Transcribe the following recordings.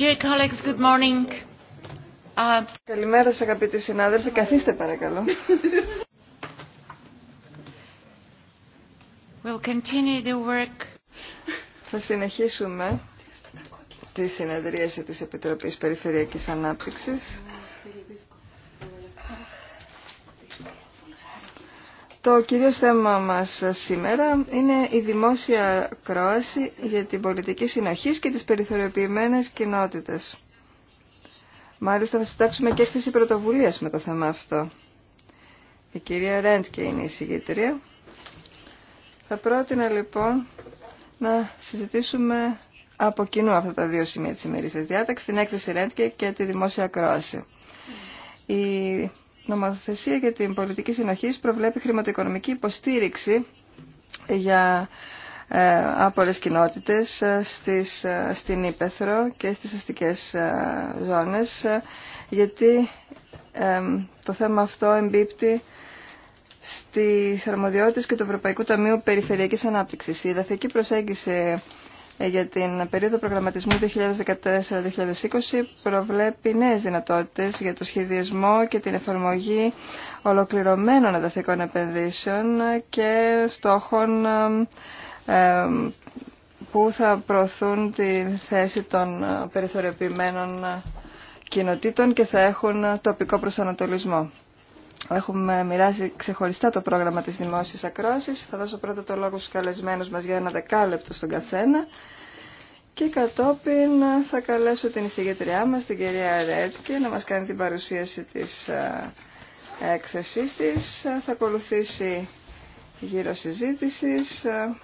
Dear colleagues, good morning. Uh, Καλημέρα σας αγαπητοί συνάδελφοι. Καθίστε παρακαλώ. We'll continue the work. Θα συνεχίσουμε τη συνεδρίαση της Επιτροπής Περιφερειακής Ανάπτυξης. Το κύριο θέμα μας σήμερα είναι η δημόσια κρόαση για την πολιτική συνοχής και τις περιθωριοποιημένες κοινότητες. Μάλιστα θα συντάξουμε και έκθεση πρωτοβουλίας με το θέμα αυτό. Η κυρία Ρέντκε είναι η συγγήτρια. Θα πρότεινα λοιπόν να συζητήσουμε από κοινού αυτά τα δύο σημεία της ημερήσιας διάταξης, την έκθεση Ρέντκε και τη δημόσια κρόαση. Η νομοθεσία για την πολιτική συνοχή προβλέπει χρηματοοικονομική υποστήριξη για ε, άπορες κοινότητες ε, στις, ε, στην Ήπεθρο και στις αστικές ε, ζώνες γιατί το θέμα αυτό εμπίπτει στις αρμοδιότητες και του Ευρωπαϊκού Ταμείου Περιφερειακής Ανάπτυξης. Η εδαφική προσέγγιση ε, για την περίοδο προγραμματισμού 2014-2020 προβλέπει νέες δυνατότητες για το σχεδιασμό και την εφαρμογή ολοκληρωμένων εδαφικών επενδύσεων και στόχων που θα προωθούν τη θέση των περιθωριοποιημένων κοινοτήτων και θα έχουν τοπικό προσανατολισμό. Έχουμε μοιράσει ξεχωριστά το πρόγραμμα της δημόσιας ακρόασης. Θα δώσω πρώτα το λόγο στους καλεσμένους μας για ένα δεκάλεπτο στον καθένα. Και κατόπιν θα καλέσω την εισηγητριά μας, την κυρία Ρέτκε, να μας κάνει την παρουσίαση της ε, έκθεσής της. Θα ακολουθήσει γύρω συζήτησης ε,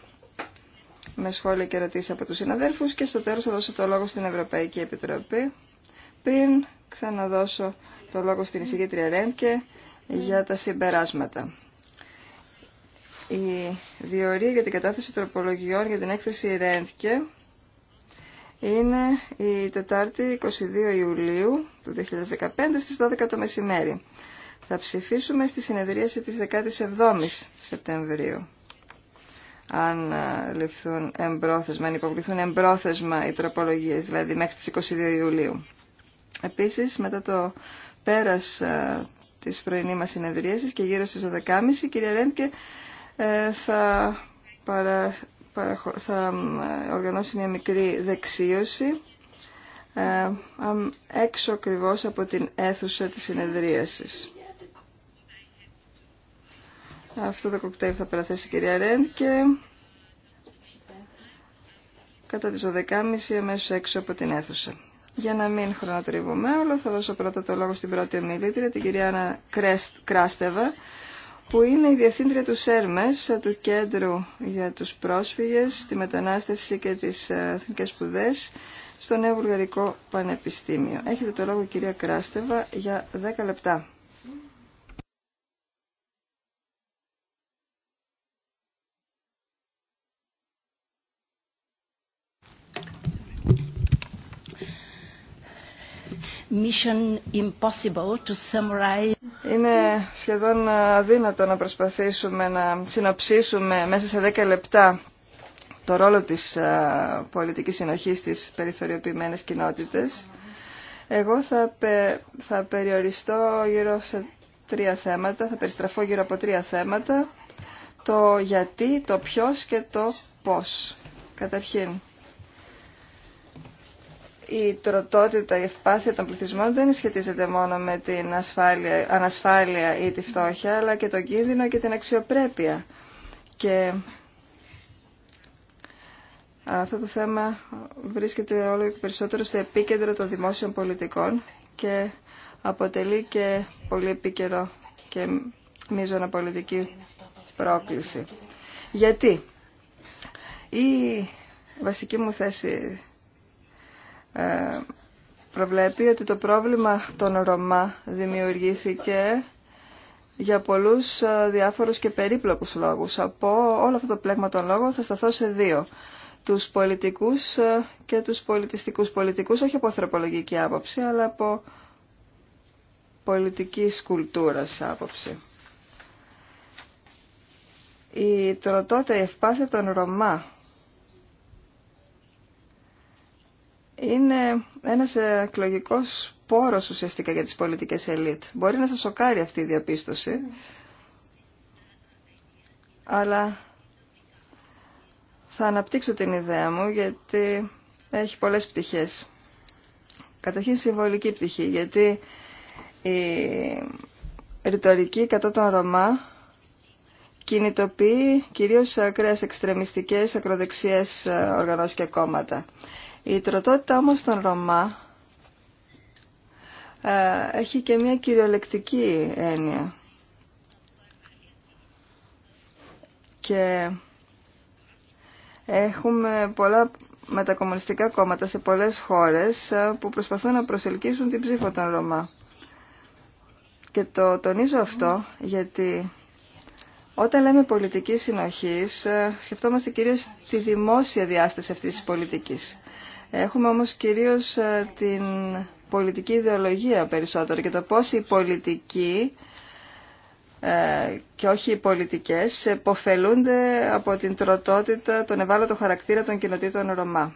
με σχόλια και ερωτήσεις από τους συναδέλφους και στο τέλος θα δώσω το λόγο στην Ευρωπαϊκή Επιτροπή πριν ξαναδώσω το λόγο στην εισηγήτρια Ρέντκε για τα συμπεράσματα. Η διορία για την κατάθεση τροπολογιών για την έκθεση Ρέντκε είναι η Τετάρτη 22 Ιουλίου του 2015 στις 12 το μεσημέρι. Θα ψηφίσουμε στη συνεδρίαση της 17ης Σεπτεμβρίου. Αν ε, ληφθούν εμπρόθεσμα, αν υποβληθούν εμπρόθεσμα οι τροπολογίες, δηλαδή μέχρι τις 22 Ιουλίου. Επίσης, μετά το πέρας ε, της πρωινή μας συνεδρίασης και γύρω στις 12.30 η κυρία Ρέντκε θα, θα ε, οργανώσει μια μικρή δεξίωση ε, έξω ακριβώ από την αίθουσα της συνεδρίασης. Αυτό το κοκτέιλ θα παραθέσει η κυρία Ρέντκε κατά τις 12.30 αμέσως έξω από την αίθουσα. Για να μην χρονοτριβούμε, όλο θα δώσω πρώτα το λόγο στην πρώτη ομιλήτρια, την κυρία Άννα Κράστεβα, που είναι η Διευθύντρια του ΣΕΡΜΕΣ, του Κέντρου για τους Πρόσφυγες, τη Μετανάστευση και τις ε, Εθνικές σπουδέ στο Νέο Βουλγαρικό Πανεπιστήμιο. Έχετε το λόγο κυρία Κράστεβα για 10 λεπτά. Είναι σχεδόν αδύνατο να προσπαθήσουμε να συνοψίσουμε μέσα σε 10 λεπτά το ρόλο της πολιτικής συνοχής στις περιθωριοποιημένες κοινότητες. Εγώ θα, θα περιοριστώ γύρω σε τρία θέματα, θα περιστραφώ γύρω από τρία θέματα. Το γιατί, το ποιος και το πώς. Καταρχήν, η τροτότητα, η ευπάθεια των πληθυσμών δεν σχετίζεται μόνο με την ασφάλεια, ανασφάλεια ή τη φτώχεια, αλλά και τον κίνδυνο και την αξιοπρέπεια. Και αυτό το θέμα βρίσκεται όλο και περισσότερο στο επίκεντρο των δημόσιων πολιτικών και αποτελεί και πολύ επίκαιρο και μείζωνα πολιτική πρόκληση. Γιατί η βασική μου θέση ε, προβλέπει ότι το πρόβλημα των Ρωμά δημιουργήθηκε για πολλούς ε, διάφορους και περίπλοκους λόγους. Από όλο αυτό το πλέγμα των λόγων θα σταθώ σε δύο. Τους πολιτικούς ε, και τους πολιτιστικούς πολιτικούς, όχι από ανθρωπολογική άποψη, αλλά από πολιτική κουλτούρα άποψη. Η τροτότητα, η των Ρωμά είναι ένας εκλογικό πόρος ουσιαστικά για τις πολιτικές ελίτ. Μπορεί να σας σοκάρει αυτή η διαπίστωση, αλλά θα αναπτύξω την ιδέα μου γιατί έχει πολλές πτυχές. Καταρχήν συμβολική πτυχή, γιατί η ρητορική κατά τον Ρωμά κινητοποιεί κυρίως ακραίες εξτρεμιστικές ακροδεξιές ε, οργανώσεις και κόμματα. Η τροτότητα όμως των Ρωμά ε, έχει και μια κυριολεκτική έννοια. Και έχουμε πολλά μετακομμουνιστικά κόμματα σε πολλές χώρες ε, που προσπαθούν να προσελκύσουν την ψήφο των Ρωμά. Και το τονίζω αυτό γιατί όταν λέμε πολιτική συνοχής ε, σκεφτόμαστε κυρίως τη δημόσια διάσταση αυτής της πολιτικής. Έχουμε όμως κυρίως ε, την πολιτική ιδεολογία περισσότερο και το πώς οι πολιτικοί ε, και όχι οι πολιτικές υποφελούνται από την τροτότητα, τον ευάλωτο χαρακτήρα των κοινοτήτων Ρωμά.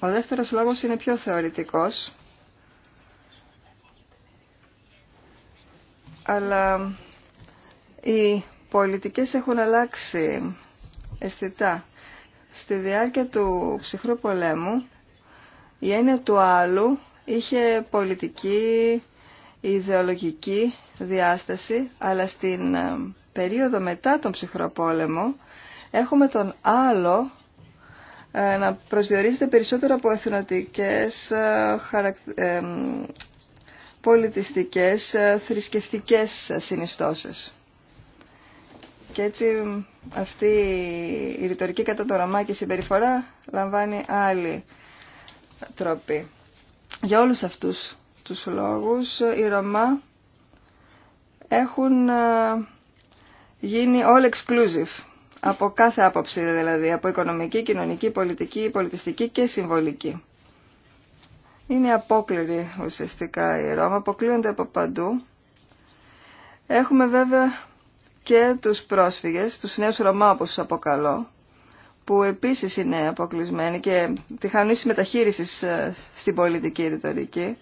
Ο δεύτερος λόγος είναι πιο θεωρητικός, αλλά οι πολιτικές έχουν αλλάξει αισθητά. Στη διάρκεια του ψυχρού πολέμου η έννοια του άλλου είχε πολιτική, ιδεολογική διάσταση, αλλά στην ε, περίοδο μετά τον ψυχρό έχουμε τον άλλο ε, να προσδιορίζεται περισσότερο από εθνοτικές, ε, πολιτιστικές, θρησκευτικές συνιστώσεις. Και έτσι αυτή η ρητορική κατά το Ρωμά και η συμπεριφορά λαμβάνει άλλη τρόπη. Για όλους αυτούς τους λόγους οι Ρωμά έχουν ε, γίνει all exclusive από κάθε άποψη δηλαδή, από οικονομική, κοινωνική, πολιτική, πολιτιστική και συμβολική. Είναι απόκληροι ουσιαστικά οι Ρώμα, αποκλείονται από παντού. Έχουμε βέβαια και τους πρόσφυγες, τους νέους Ρωμά όπως τους αποκαλώ, που επίσης είναι αποκλεισμένοι και τη χανούση μεταχείριση στην πολιτική ρητορική,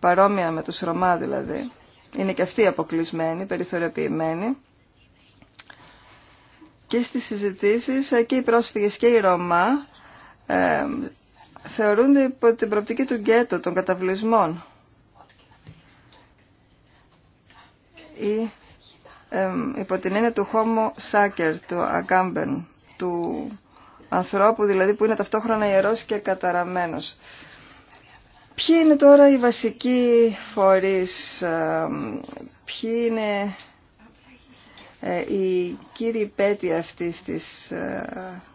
παρόμοια με τους Ρωμά δηλαδή, είναι και αυτοί αποκλεισμένοι, περιθωριοποιημένοι. Και στις συζητήσεις ε, και οι πρόσφυγες και οι Ρωμά ε, θεωρούνται υπό την προοπτική του γκέτο, των καταβλισμών υπό την έννοια του homo sacer, του agamben, του ανθρώπου δηλαδή που είναι ταυτόχρονα ιερός και καταραμένος. Ποιοι είναι τώρα οι βασικοί φορείς, ποιοι είναι ε, οι κύριοι πέτοι αυτής της ε,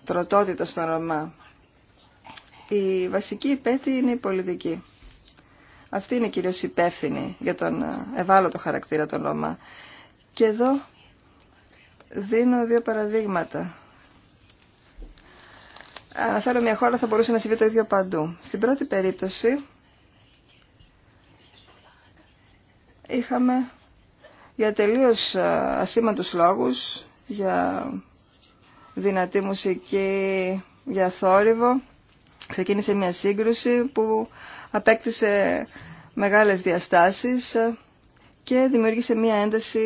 τροτότητας των Ρωμά. Η βασική πέτοι είναι η πολιτική. Αυτή είναι κυρίως υπεύθυνη για τον ε, ευάλωτο χαρακτήρα των Ρωμά. Και εδώ δίνω δύο παραδείγματα. Αναφέρω μια χώρα, θα μπορούσε να συμβεί το ίδιο παντού. Στην πρώτη περίπτωση είχαμε για τελείως ασήμαντους λόγους, για δυνατή μουσική, για θόρυβο. Ξεκίνησε μια σύγκρουση που απέκτησε μεγάλες διαστάσεις και δημιούργησε μία ένταση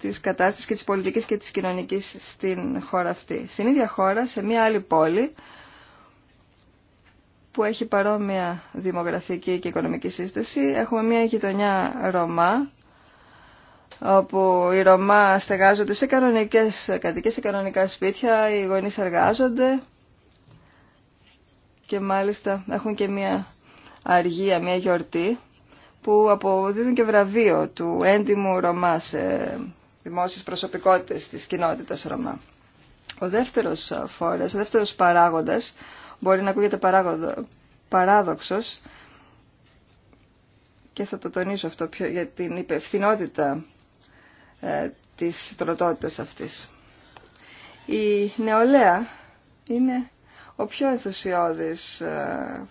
της κατάστασης και της πολιτικής και της κοινωνικής στην χώρα αυτή. Στην ίδια χώρα, σε μία άλλη πόλη που έχει παρόμοια δημογραφική και οικονομική σύσταση, έχουμε μία γειτονιά Ρωμά, όπου οι Ρωμά στεγάζονται σε κανονικές κατοικίες, σε κανονικά σπίτια, οι γονείς εργάζονται και μάλιστα έχουν και μία αργία, μία γιορτή που αποδίδουν και βραβείο του έντιμου Ρωμά σε δημόσιες προσωπικότητες της κοινότητας Ρωμά. Ο δεύτερος φόρος, ο δεύτερος παράγοντας, μπορεί να ακούγεται παράδοξος και θα το τονίσω αυτό πιο, για την υπευθυνότητα ε, της τροτότητας αυτής. Η νεολαία είναι ο πιο ενθουσιώδης ε,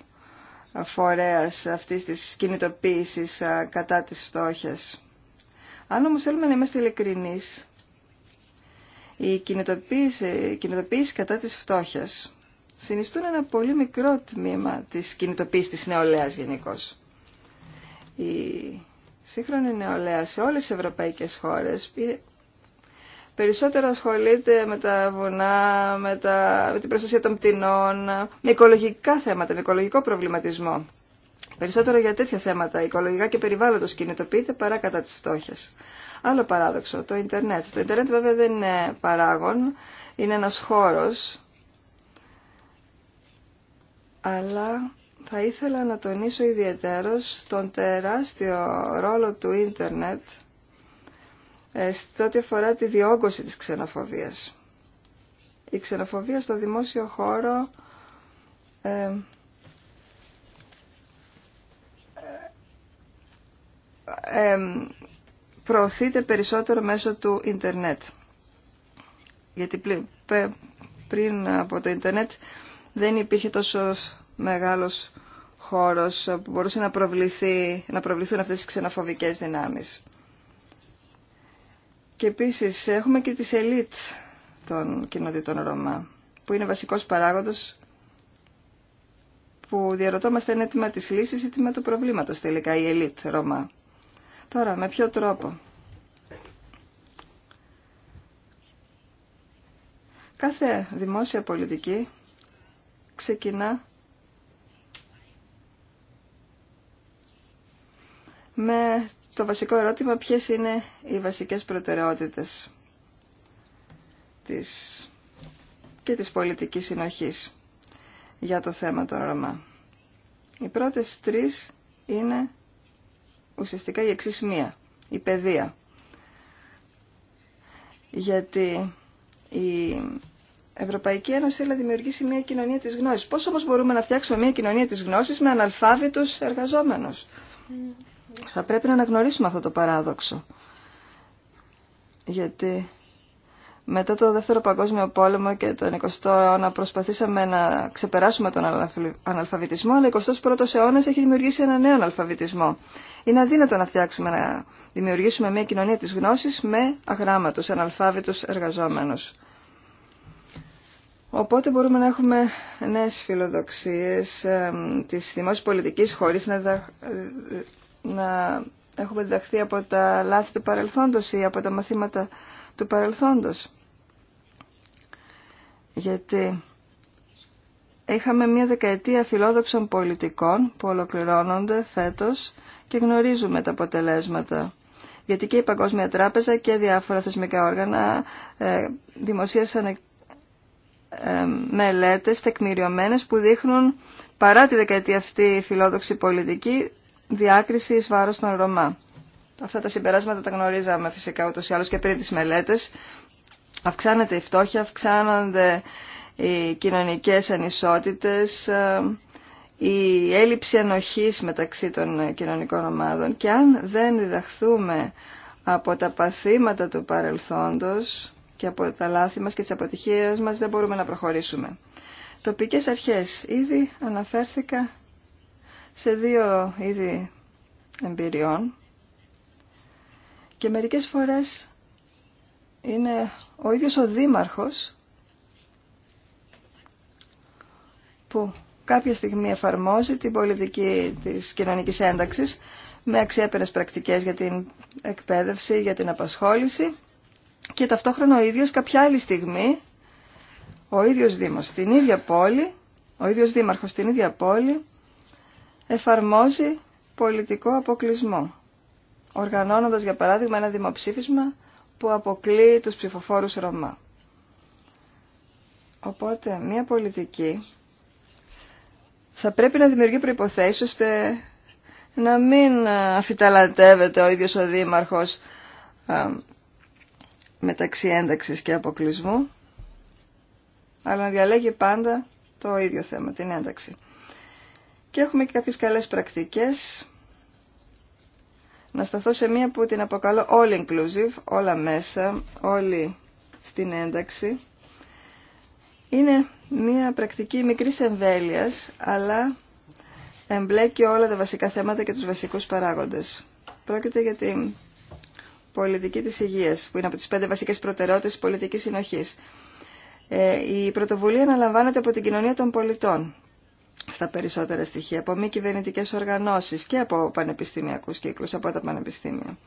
φορέας αυτής της κινητοποίησης κατά της φτώχειας. Αν όμως θέλουμε να είμαστε ειλικρινείς, η κινητοποίηση, κατά της φτώχειας συνιστούν ένα πολύ μικρό τμήμα της κινητοποίησης της νεολαίας γενικώ. Η σύγχρονη νεολαία σε όλες τις ευρωπαϊκές χώρες περισσότερο ασχολείται με τα βουνά, με, τα, με την προστασία των πτηνών, με οικολογικά θέματα, με οικολογικό προβληματισμό. Περισσότερο για τέτοια θέματα, οικολογικά και περιβάλλοντος κινητοποιείται παρά κατά τις φτώχειας. Άλλο παράδοξο, το ίντερνετ. Το ίντερνετ βέβαια δεν είναι παράγον, είναι ένας χώρος, αλλά θα ήθελα να τονίσω ιδιαίτερος τον τεράστιο ρόλο του ίντερνετ ε, σε ό,τι αφορά τη διόγκωση της ξενοφοβίας. Η ξενοφοβία στο δημόσιο χώρο ε, ε, ε προωθείται περισσότερο μέσω του ίντερνετ. Γιατί πριν από το ίντερνετ δεν υπήρχε τόσο μεγάλος χώρος που μπορούσε να, προβληθεί, να προβληθούν αυτές οι ξενοφοβικές δυνάμεις. Και επίσης έχουμε και τις ελίτ των κοινοτήτων Ρωμά, που είναι βασικός παράγοντος που διαρωτόμαστε είναι έτοιμα της λύσης ή έτοιμα του προβλήματος τελικά, η ελίτ Ρωμά. Τώρα, με ποιο τρόπο. Κάθε δημόσια πολιτική ξεκινά με το βασικό ερώτημα ποιες είναι οι βασικές προτεραιότητες της και της πολιτικής συνοχής για το θέμα των Ρωμά. Οι πρώτες τρεις είναι ουσιαστικά η εξής μία, η παιδεία. Γιατί η Ευρωπαϊκή Ένωση θέλει να δημιουργήσει μια κοινωνία της γνώσης. Πώς όμως μπορούμε να φτιάξουμε μια κοινωνία της γνώσης με αναλφάβητους εργαζόμενους. Mm. Θα πρέπει να αναγνωρίσουμε αυτό το παράδοξο. Γιατί μετά το Δεύτερο Παγκόσμιο Πόλεμο και τον 20ο αιώνα προσπαθήσαμε να ξεπεράσουμε τον αναλφαβητισμό, αλλά ο 21ος αιώνας έχει δημιουργήσει ένα νέο αναλφαβητισμό. Είναι αδύνατο να ξεπερασουμε τον αναλφαβητισμο αλλα ο 21 ο αιωνας εχει δημιουργησει ενα νεο αναλφαβητισμο ειναι αδυνατο να δημιουργήσουμε μια κοινωνία της γνώσης με αγράμματους, αναλφάβητους εργαζόμενους. Οπότε μπορούμε να έχουμε νέες φιλοδοξίες ε, της δημόσιας πολιτικής χωρίς να να έχουμε διδαχθεί από τα λάθη του παρελθόντος ή από τα μαθήματα του παρελθόντος. Γιατί είχαμε μια δεκαετία φιλόδοξων πολιτικών που ολοκληρώνονται φέτος και γνωρίζουμε τα αποτελέσματα. Γιατί και η Παγκόσμια Τράπεζα και διάφορα θεσμικά όργανα ε, δημοσίασαν ε, ε, μελέτες τεκμηριωμένες που δείχνουν παρά τη δεκαετία αυτή φιλόδοξη πολιτική διάκριση εις βάρος των Ρωμά. Αυτά τα συμπεράσματα τα γνωρίζαμε φυσικά ούτως ή άλλως και πριν τις μελέτες. Αυξάνεται η φτώχεια, αυξάνονται οι κοινωνικές ανισότητες, ε, η έλλειψη ενοχής μεταξύ των κοινωνικών ομάδων και αν δεν διδαχθούμε από τα παθήματα του παρελθόντος και από τα λάθη μας και τις αποτυχίες μας δεν μπορούμε να προχωρήσουμε. Τοπικές αρχές. Ήδη αναφέρθηκα σε δύο είδη εμπειριών και μερικές φορές είναι ο ίδιος ο δήμαρχος που κάποια στιγμή εφαρμόζει την πολιτική της κοινωνικής ένταξης με αξιέπαινες πρακτικές για την εκπαίδευση, για την απασχόληση και ταυτόχρονα ο ίδιος κάποια άλλη στιγμή, ο ίδιος Δήμος στην ίδια πόλη, ο ίδιος Δήμαρχος στην ίδια πόλη, εφαρμόζει πολιτικό αποκλεισμό, οργανώνοντας για παράδειγμα ένα δημοψήφισμα που αποκλείει τους ψηφοφόρους Ρωμά. Οπότε μια πολιτική θα πρέπει να δημιουργεί προϋποθέσεις ώστε να μην αφιταλαντεύεται ο ίδιος ο Δήμαρχος μεταξύ ένταξης και αποκλεισμού, αλλά να διαλέγει πάντα το ίδιο θέμα, την ένταξη. Και έχουμε και κάποιες καλές πρακτικές. Να σταθώ σε μία που την αποκαλώ all inclusive, όλα μέσα, όλοι στην ένταξη. Είναι μία πρακτική μικρής εμβέλειας, αλλά εμπλέκει όλα τα βασικά θέματα και τους βασικούς παράγοντες. Πρόκειται για την πολιτική της υγείας, που είναι από τις πέντε βασικές προτεραιότητες της πολιτικής συνοχής. Ε, η πρωτοβουλία αναλαμβάνεται από την κοινωνία των πολιτών στα περισσότερα στοιχεία από μη κυβερνητικέ οργανώσεις και από πανεπιστημιακούς κύκλους, από τα πανεπιστήμια.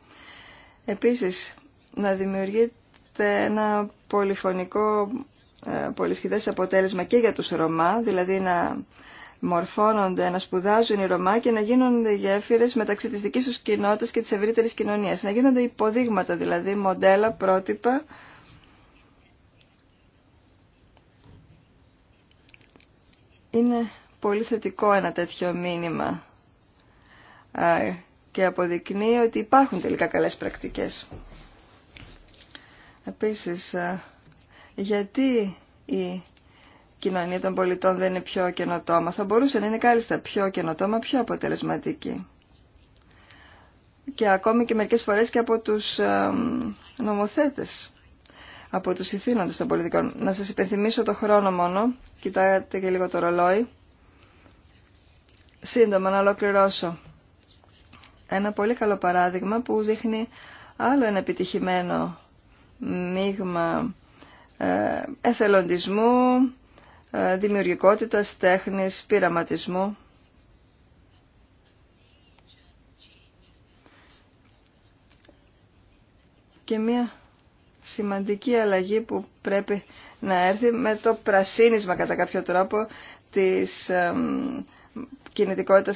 Επίσης, να δημιουργείται ένα πολυφωνικό, ε, πολυσχηδές αποτέλεσμα και για τους Ρωμά, δηλαδή να μορφώνονται, να σπουδάζουν οι Ρωμά και να γίνονται γέφυρες μεταξύ της δικής τους κοινότητας και της ευρύτερης κοινωνίας. Να γίνονται υποδείγματα, δηλαδή μοντέλα, πρότυπα, είναι πολύ θετικό ένα τέτοιο μήνυμα και αποδεικνύει ότι υπάρχουν τελικά καλές πρακτικές. Επίσης, γιατί η κοινωνία των πολιτών δεν είναι πιο καινοτόμα. Θα μπορούσε να είναι κάλλιστα πιο καινοτόμα, πιο αποτελεσματική. Και ακόμη και μερικές φορές και από τους νομοθέτες, από τους ηθήνοντες των πολιτικών. Να σας υπενθυμίσω το χρόνο μόνο, κοιτάτε και λίγο το ρολόι σύντομα να ολοκληρώσω. Ένα πολύ καλό παράδειγμα που δείχνει άλλο ένα επιτυχημένο μείγμα ε, εθελοντισμού, ε, δημιουργικότητας, τέχνης, πειραματισμού. Και μία σημαντική αλλαγή που πρέπει να έρθει με το πρασίνισμα κατά κάποιο τρόπο της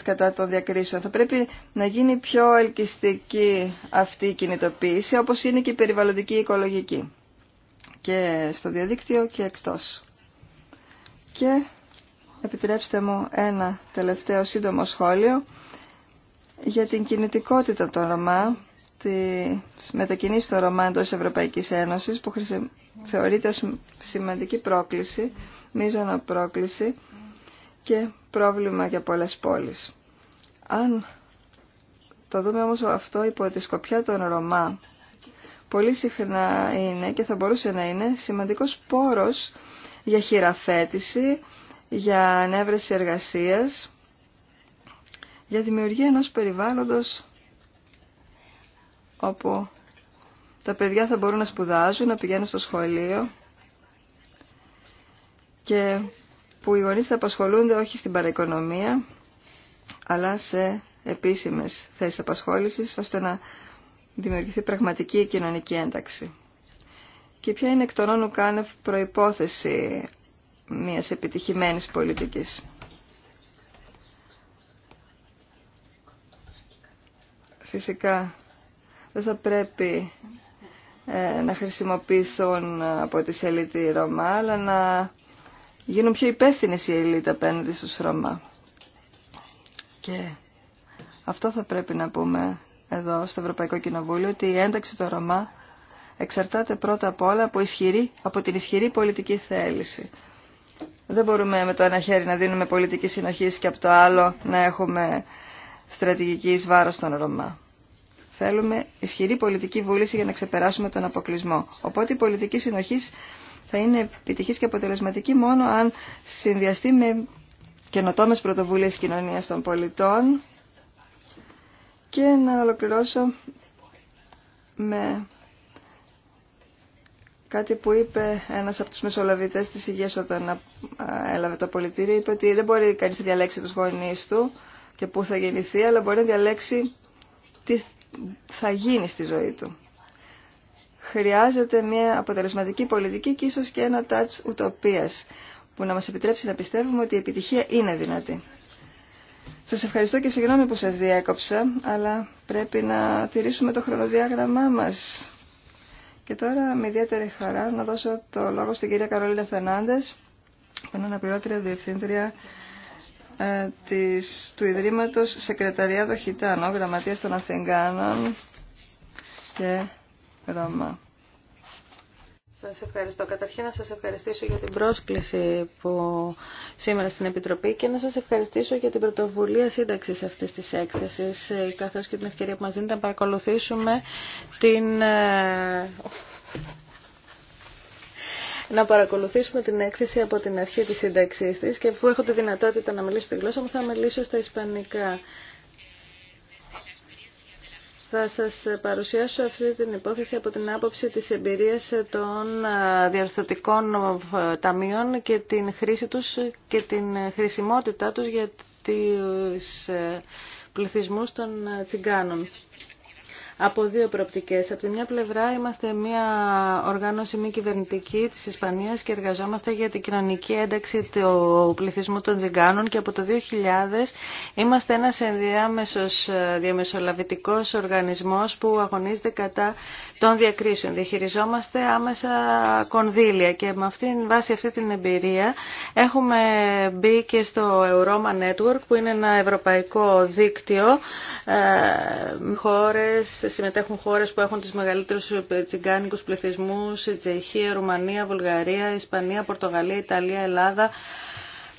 κατά των διακρίσεων. Θα πρέπει να γίνει πιο ελκυστική αυτή η κινητοποίηση, όπως είναι και η περιβαλλοντική οικολογική. Και στο διαδίκτυο και εκτός. Και επιτρέψτε μου ένα τελευταίο σύντομο σχόλιο για την κινητικότητα των Ρωμά, τη μετακίνηση των Ρωμά εντός Ευρωπαϊκής Ένωσης, που θεωρείται ως σημαντική πρόκληση, μίζωνα πρόκληση, και πρόβλημα για πολλές πόλεις. Αν το δούμε όμως αυτό υπό τη σκοπιά των Ρωμά, πολύ συχνά είναι και θα μπορούσε να είναι σημαντικός πόρος για χειραφέτηση, για ανέβρεση εργασίας, για δημιουργία ενός περιβάλλοντος όπου τα παιδιά θα μπορούν να σπουδάζουν, να πηγαίνουν στο σχολείο και που οι γονείς θα απασχολούνται όχι στην παραοικονομία, αλλά σε επίσημες θέσεις απασχόλησης, ώστε να δημιουργηθεί πραγματική κοινωνική ένταξη. Και ποια είναι εκ των όνων κάνευ προϋπόθεση μιας επιτυχημένης πολιτικής. Φυσικά δεν θα πρέπει ε, να χρησιμοποιηθούν από τη σελίτη Ρωμά, αλλά να γίνουν πιο υπεύθυνε οι ελίτ απέναντι στους Ρωμά. Και αυτό θα πρέπει να πούμε εδώ στο Ευρωπαϊκό Κοινοβούλιο, ότι η ένταξη των Ρωμά εξαρτάται πρώτα απ' όλα από, ισχυρή, από την ισχυρή πολιτική θέληση. Δεν μπορούμε με το ένα χέρι να δίνουμε πολιτική συνοχή και από το άλλο να έχουμε στρατηγική εις βάρος των Ρωμά. Θέλουμε ισχυρή πολιτική βούληση για να ξεπεράσουμε τον αποκλεισμό. Οπότε η πολιτική συνοχή θα είναι επιτυχής και αποτελεσματική μόνο αν συνδυαστεί με καινοτόμες πρωτοβουλίες κοινωνίας των πολιτών και να ολοκληρώσω με κάτι που είπε ένας από τους μεσολαβητές της υγείας όταν έλαβε το πολιτήριο, είπε ότι δεν μπορεί κανείς να διαλέξει τους γονείς του και πού θα γεννηθεί, αλλά μπορεί να διαλέξει τι θα γίνει στη ζωή του χρειάζεται μια αποτελεσματική πολιτική και ίσως και ένα τάτς ουτοπίας που να μας επιτρέψει να πιστεύουμε ότι η επιτυχία είναι δυνατή. Σας ευχαριστώ και συγγνώμη που σας διέκοψα, αλλά πρέπει να τηρήσουμε το χρονοδιάγραμμά μας. Και τώρα με ιδιαίτερη χαρά να δώσω το λόγο στην κυρία Καρολίνα Φερνάντες, που είναι αναπληρώτρια διευθύντρια ε, του Ιδρύματος Σεκρεταριάδο Χιτάνο, Γραμματέία των Αθηγάνων και Ρώμα. Σας ευχαριστώ. Καταρχήν να σας ευχαριστήσω για την πρόσκληση που σήμερα στην Επιτροπή και να σας ευχαριστήσω για την πρωτοβουλία σύνταξης αυτής της έκθεσης καθώς και την ευκαιρία που μας δίνεται να παρακολουθήσουμε την... Ε, να παρακολουθήσουμε την έκθεση από την αρχή της σύνταξής της και που έχω τη δυνατότητα να μιλήσω τη γλώσσα μου θα μιλήσω στα ισπανικά. Θα σας παρουσιάσω αυτή την υπόθεση από την άποψη της εμπειρίας των διαρθωτικών ταμείων και την χρήση τους και την χρησιμότητά τους για τις ε, πληθυσμούς των τσιγκάνων από δύο προοπτικές. Από τη μια πλευρά είμαστε μια οργάνωση μη κυβερνητική της Ισπανίας και εργαζόμαστε για την κοινωνική ένταξη του πληθυσμού των τζιγκάνων και από το 2000 είμαστε ένας ενδιάμεσος διαμεσολαβητικός οργανισμός που αγωνίζεται κατά των διακρίσεων. Διαχειριζόμαστε άμεσα κονδύλια και με αυτήν βάση αυτή την εμπειρία έχουμε μπει και στο Euroma Network που είναι ένα ευρωπαϊκό δίκτυο ε, χώρες, συμμετέχουν χώρες που έχουν τις μεγαλύτερους ε, τσιγκάνικους πληθυσμούς, Τσεχία, Ρουμανία, Βουλγαρία, Ισπανία, Πορτογαλία, Ιταλία, Ελλάδα,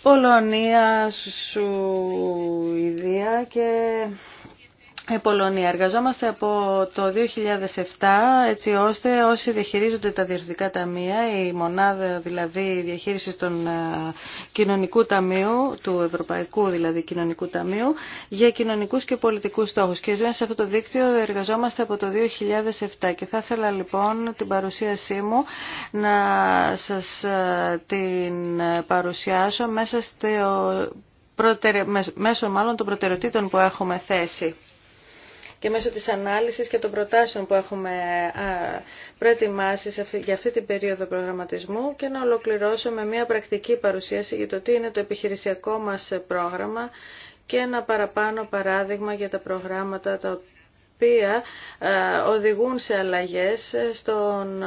Πολωνία, Σουηδία και η Πολωνία. Εργαζόμαστε από το 2007 έτσι ώστε όσοι διαχειρίζονται τα διευθυντικά ταμεία, η μονάδα δηλαδή διαχείριση των ε, κοινωνικού ταμείου, του Ευρωπαϊκού δηλαδή κοινωνικού ταμείου, για κοινωνικούς και πολιτικούς στόχους. Και μέσα σε αυτό το δίκτυο εργαζόμαστε από το 2007 και θα ήθελα λοιπόν την παρουσίασή μου να σα ε, την παρουσιάσω μέσα στο... Μέσω μάλλον των προτεραιοτήτων που έχουμε θέσει και μέσω της ανάλυσης και των προτάσεων που έχουμε προετοιμάσει για αυτή την περίοδο προγραμματισμού και να ολοκληρώσω με μια πρακτική παρουσίαση για το τι είναι το επιχειρησιακό μας πρόγραμμα και ένα παραπάνω παράδειγμα για τα προγράμματα τα οποία οδηγούν σε αλλαγές στον,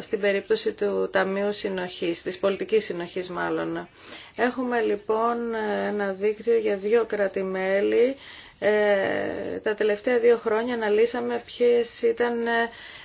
στην περίπτωση του Ταμείου Συνοχής, της πολιτικής συνοχής μάλλον. Έχουμε λοιπόν ε, ένα δίκτυο για δύο κρατημέλη ε, τα τελευταία δύο χρόνια αναλύσαμε ποιες ήταν,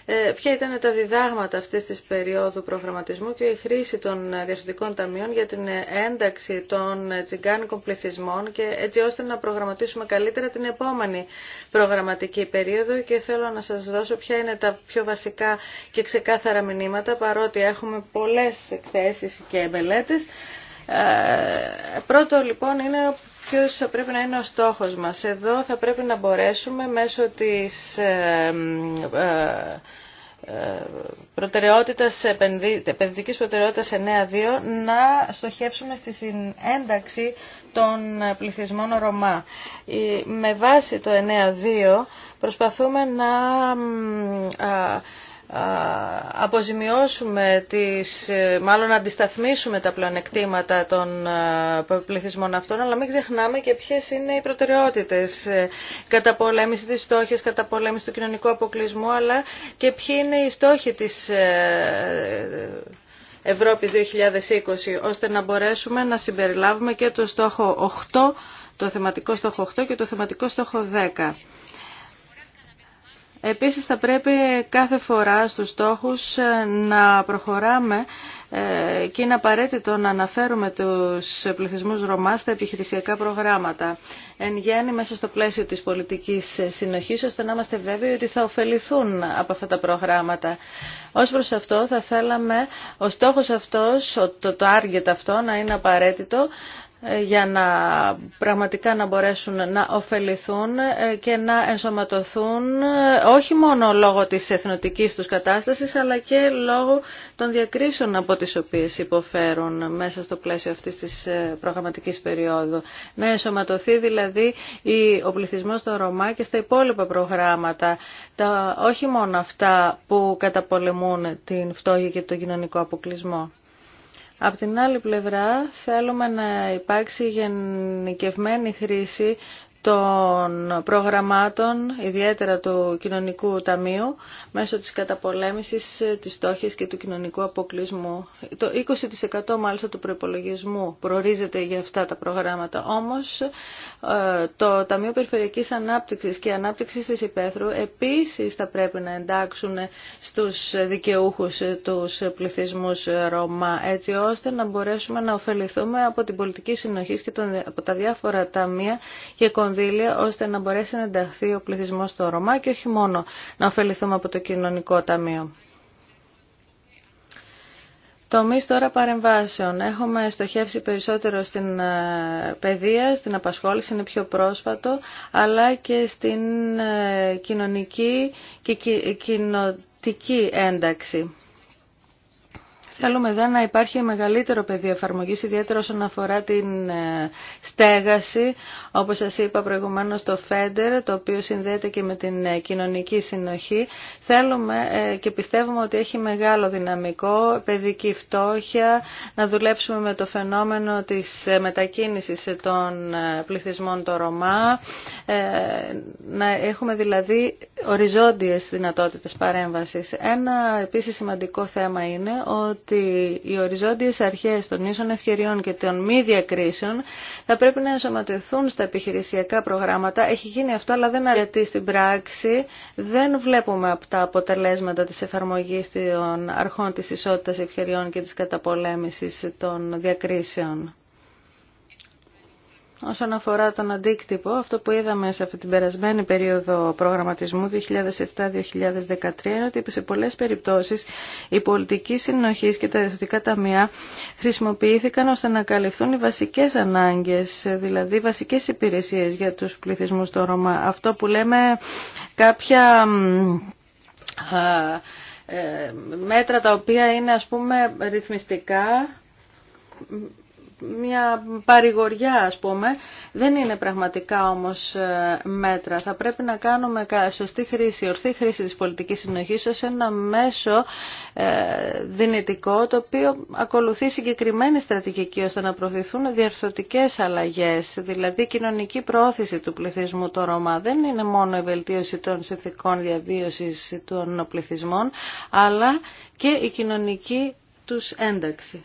ε, ε, ποια ήταν τα διδάγματα αυτής της περίοδου προγραμματισμού και η χρήση των διευθυντικών ταμείων για την ένταξη των τσιγκάνικων πληθυσμών και έτσι ώστε να προγραμματίσουμε καλύτερα την επόμενη προγραμματική περίοδο και θέλω να σας δώσω ποια είναι τα πιο βασικά και ξεκάθαρα μηνύματα παρότι έχουμε πολλές εκθέσεις και μελέτες. Πρώτο λοιπόν είναι ποιος θα πρέπει να είναι ο στόχος μας. Εδώ θα πρέπει να μπορέσουμε μέσω της ε, ε, ε, προτεραιότητας, επενδυτικής προτεραιότητας 9.2 να στοχεύσουμε στη συνένταξη των πληθυσμών Ρωμά. Με βάση το 9.2 προσπαθούμε να αποζημιώσουμε τις, ε, μάλλον αντισταθμίσουμε τα πλεονεκτήματα των ε, πληθυσμών αυτών, αλλά μην ξεχνάμε και ποιες είναι οι προτεραιότητες. Ε, καταπολέμηση της στόχης, πολέμηση του κοινωνικού αποκλεισμού, αλλά και ποιοι είναι οι στόχοι της Ευρώπης 2020, ώστε να μπορέσουμε να συμπεριλάβουμε και το στόχο 8, το θεματικό στόχο 8 και το θεματικό στόχο 10. Επίσης θα πρέπει κάθε φορά στους στόχους ε, να προχωράμε ε, και είναι απαραίτητο να αναφέρουμε τους πληθυσμούς Ρωμά στα επιχειρησιακά προγράμματα. Εν γέννη μέσα στο πλαίσιο της πολιτικής συνοχής, ώστε να είμαστε βέβαιοι ότι θα ωφεληθούν από αυτά τα προγράμματα. Ως προς αυτό θα θέλαμε ο στόχος αυτός, το target αυτό να είναι απαραίτητο ε, για να πραγματικά να μπορέσουν να ωφεληθούν ε, και να ενσωματωθούν ε, όχι μόνο λόγω της εθνοτικής τους κατάστασης αλλά και λόγω των διακρίσεων από τις οποίες υποφέρουν μέσα στο πλαίσιο αυτής της προγραμματικής περίοδου. Να ενσωματωθεί δηλαδή ο πληθυσμός των Ρωμά και στα υπόλοιπα προγράμματα, τα, όχι μόνο αυτά που καταπολεμούν την φτώχεια και τον κοινωνικό αποκλεισμό. Απ' την άλλη πλευρά θέλουμε να υπάρξει γενικευμένη χρήση των προγραμμάτων, ιδιαίτερα του Κοινωνικού Ταμείου, μέσω της καταπολέμησης της στόχης και του κοινωνικού αποκλεισμού. Το 20% μάλιστα του προϋπολογισμού προορίζεται για αυτά τα προγράμματα. Όμως, ε, το Ταμείο Περιφερειακής Ανάπτυξης και Ανάπτυξης της Υπέθρου επίσης θα πρέπει να εντάξουν στους δικαιούχους τους πληθυσμούς Ρώμα, έτσι ώστε να μπορέσουμε να ωφεληθούμε από την πολιτική συνοχή και από τα διάφορα ταμεία και κονδύλια ώστε να μπορέσει να ενταχθεί ο πληθυσμός στο Ρωμά και όχι μόνο να ωφεληθούμε από το κοινωνικό ταμείο. Τομεί τώρα παρεμβάσεων. Έχουμε στοχεύσει περισσότερο στην ε, παιδεία, στην απασχόληση, είναι πιο πρόσφατο, αλλά και στην ε, κοινωνική και ε, κοινοτική ένταξη. Θέλουμε δε, να υπάρχει μεγαλύτερο πεδίο εφαρμογής, ιδιαίτερα όσον αφορά την ε, στέγαση, όπως σας είπα προηγουμένως το FEDER, το οποίο συνδέεται και με την ε, κοινωνική συνοχή. Θέλουμε ε, και πιστεύουμε ότι έχει μεγάλο δυναμικό, παιδική φτώχεια, να δουλέψουμε με το φαινόμενο της μετακίνησης των πληθυσμών το Ρωμά, να έχουμε δηλαδή οριζόντιες δυνατότητες παρέμβασης. Ένα επίσης σημαντικό θέμα είναι ότι ότι οι οριζόντιες αρχές των ίσων ευκαιριών και των μη διακρίσεων θα πρέπει να ενσωματωθούν στα επιχειρησιακά προγράμματα. Έχει γίνει αυτό, αλλά δεν αρκετή στην πράξη δεν βλέπουμε από τα αποτελέσματα της εφαρμογής των αρχών της ισότητας ευκαιριών και της καταπολέμησης των διακρίσεων. Όσον αφορά τον αντίκτυπο, αυτό που είδαμε σε αυτή την περασμένη περίοδο προγραμματισμού 2007-2013 είναι ότι σε πολλές περιπτώσεις η πολιτική συνοχή και τα ιδιωτικά ταμεία χρησιμοποιήθηκαν ώστε να καλυφθούν οι βασικές ανάγκες, δηλαδή βασικές υπηρεσίες για τους πληθυσμούς στο Ρωμά. Αυτό που λέμε κάποια ε, μέτρα τα οποία είναι ας πούμε ρυθμιστικά μια παρηγοριά ας πούμε. Δεν είναι πραγματικά όμως ε, μέτρα. Θα πρέπει να κάνουμε σωστή χρήση, ορθή χρήση της πολιτικής συνοχής ως ένα μέσο ε, δυνητικό το οποίο ακολουθεί συγκεκριμένη στρατηγική ώστε να προωθηθούν διαρθρωτικές αλλαγές, δηλαδή κοινωνική προώθηση του πληθυσμού των Ρωμά. Δεν είναι μόνο η βελτίωση των συνθηκών διαβίωσης των πληθυσμών, αλλά και η κοινωνική τους ένταξη.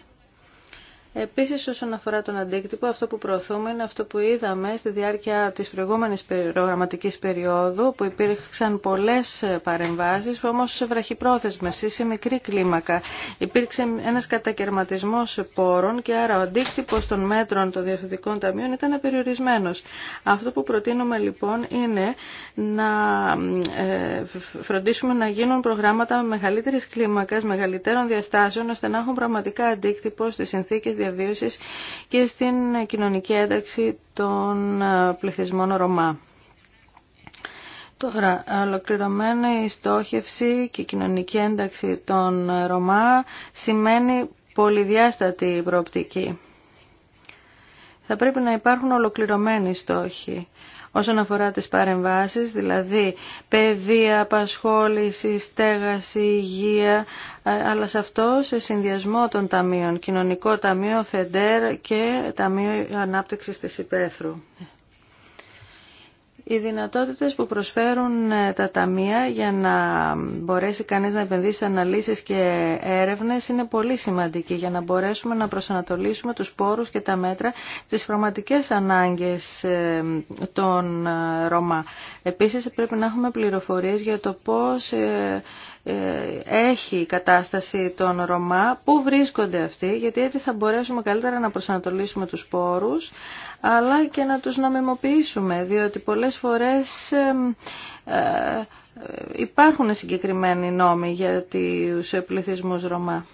Επίσης όσον αφορά τον αντίκτυπο, αυτό που προωθούμε είναι αυτό που είδαμε στη διάρκεια της προηγούμενης προγραμματικής περίοδου που υπήρξαν πολλές ε, παρεμβάσεις, όμως βραχυπρόθεσμες ή σε μικρή κλίμακα. Υπήρξε ένας κατακαιρματισμός πόρων και άρα ο αντίκτυπος των μέτρων των διευθυντικών ταμείων ήταν περιορισμένο. Αυτό που προτείνουμε λοιπόν είναι να ε, φροντίσουμε να γίνουν προγράμματα μεγαλύτερης κλίμακας, μεγαλύτερων διαστάσεων, ώστε να έχουν πραγματικά αντίκτυπο στις συνθήκες διαβίωσης και στην κοινωνική ένταξη των ε, πληθυσμών Ρωμά. Τώρα, ολοκληρωμένη η στόχευση και η κοινωνική ένταξη των Ρωμά σημαίνει πολυδιάστατη προοπτική. Θα πρέπει να υπάρχουν ολοκληρωμένοι στόχοι όσον αφορά τις παρεμβάσεις, δηλαδή παιδεία, απασχόληση, στέγαση, υγεία, ε, αλλά σε αυτό σε συνδυασμό των ταμείων, κοινωνικό ταμείο, ΦΕΝΤΕΡ και Ταμείο Ανάπτυξης της Υπέθρου οι δυνατότητες που προσφέρουν ε, τα ταμεία για να μπορέσει κανείς να επενδύσει σε αναλύσεις και έρευνες είναι πολύ σημαντικοί για να μπορέσουμε να προσανατολίσουμε τους πόρους και τα μέτρα στις πραγματικές ανάγκες ε, των ε, Ρωμά. Επίσης πρέπει να έχουμε πληροφορίες για το πώς ε, έχει η κατάσταση των Ρωμά, πού βρίσκονται αυτοί, γιατί έτσι θα μπορέσουμε καλύτερα να προσανατολίσουμε τους πόρους, αλλά και να τους νομιμοποιήσουμε, διότι πολλές φορές ε, ε, υπάρχουν συγκεκριμένοι νόμοι για τους πληθυσμούς Ρωμά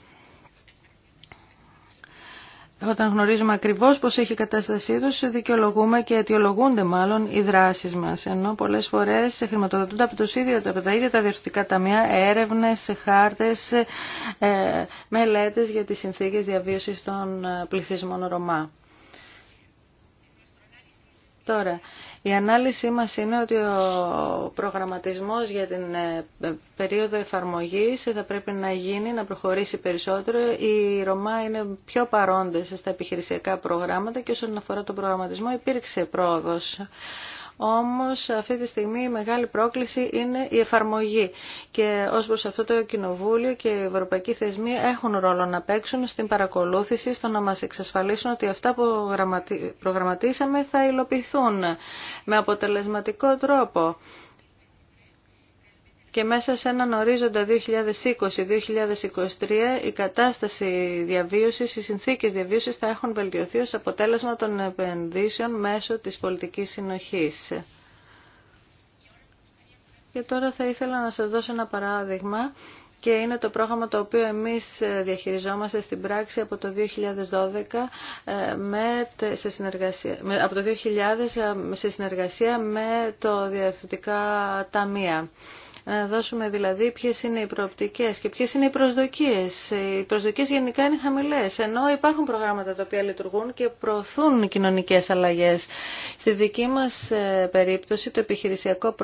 όταν γνωρίζουμε ακριβώς πώς έχει η κατάστασή τους, δικαιολογούμε και αιτιολογούνται μάλλον οι δράσεις μας. Ενώ πολλές φορές χρηματοδοτούνται από, το ίδιο, από τα ίδια τα διευθυντικά ταμεία έρευνες, χάρτες, ε, μελέτες για τις συνθήκες διαβίωσης των ε, πληθυσμών Ρωμά. Τώρα, η ανάλυση μας είναι ότι ο προγραμματισμός για την ε, ε, περίοδο εφαρμογής θα πρέπει να γίνει, να προχωρήσει περισσότερο. Η Ρωμά είναι πιο παρόντες στα επιχειρησιακά προγράμματα και όσον αφορά τον προγραμματισμό υπήρξε πρόοδος. Όμως αυτή τη στιγμή η μεγάλη πρόκληση είναι η εφαρμογή. Και ως προς αυτό το Κοινοβούλιο και οι ευρωπαϊκοί θεσμοί έχουν ρόλο να παίξουν στην παρακολούθηση, στο να μας εξασφαλίσουν ότι αυτά που προγραμματίσαμε θα υλοποιηθούν με αποτελεσματικό τρόπο και μέσα σε έναν ορίζοντα 2020-2023 η κατάσταση διαβίωσης, οι συνθήκες διαβίωσης θα έχουν βελτιωθεί ως αποτέλεσμα των επενδύσεων μέσω της πολιτικής συνοχής. Και τώρα θα ήθελα να σας δώσω ένα παράδειγμα και είναι το πρόγραμμα το οποίο εμείς διαχειριζόμαστε στην πράξη από το 2012 ε, με, σε συνεργασία, από το 2000 ε, σε συνεργασία με το Διαθετικά Ταμεία. Να δώσουμε δηλαδή ποιε είναι οι προοπτικέ και ποιε είναι οι προσδοκίε. Οι προσδοκίε γενικά είναι χαμηλέ, ενώ υπάρχουν προγράμματα τα οποία λειτουργούν και προωθούν κοινωνικέ αλλαγέ. Στη δική μα ε, περίπτωση, το επιχειρησιακό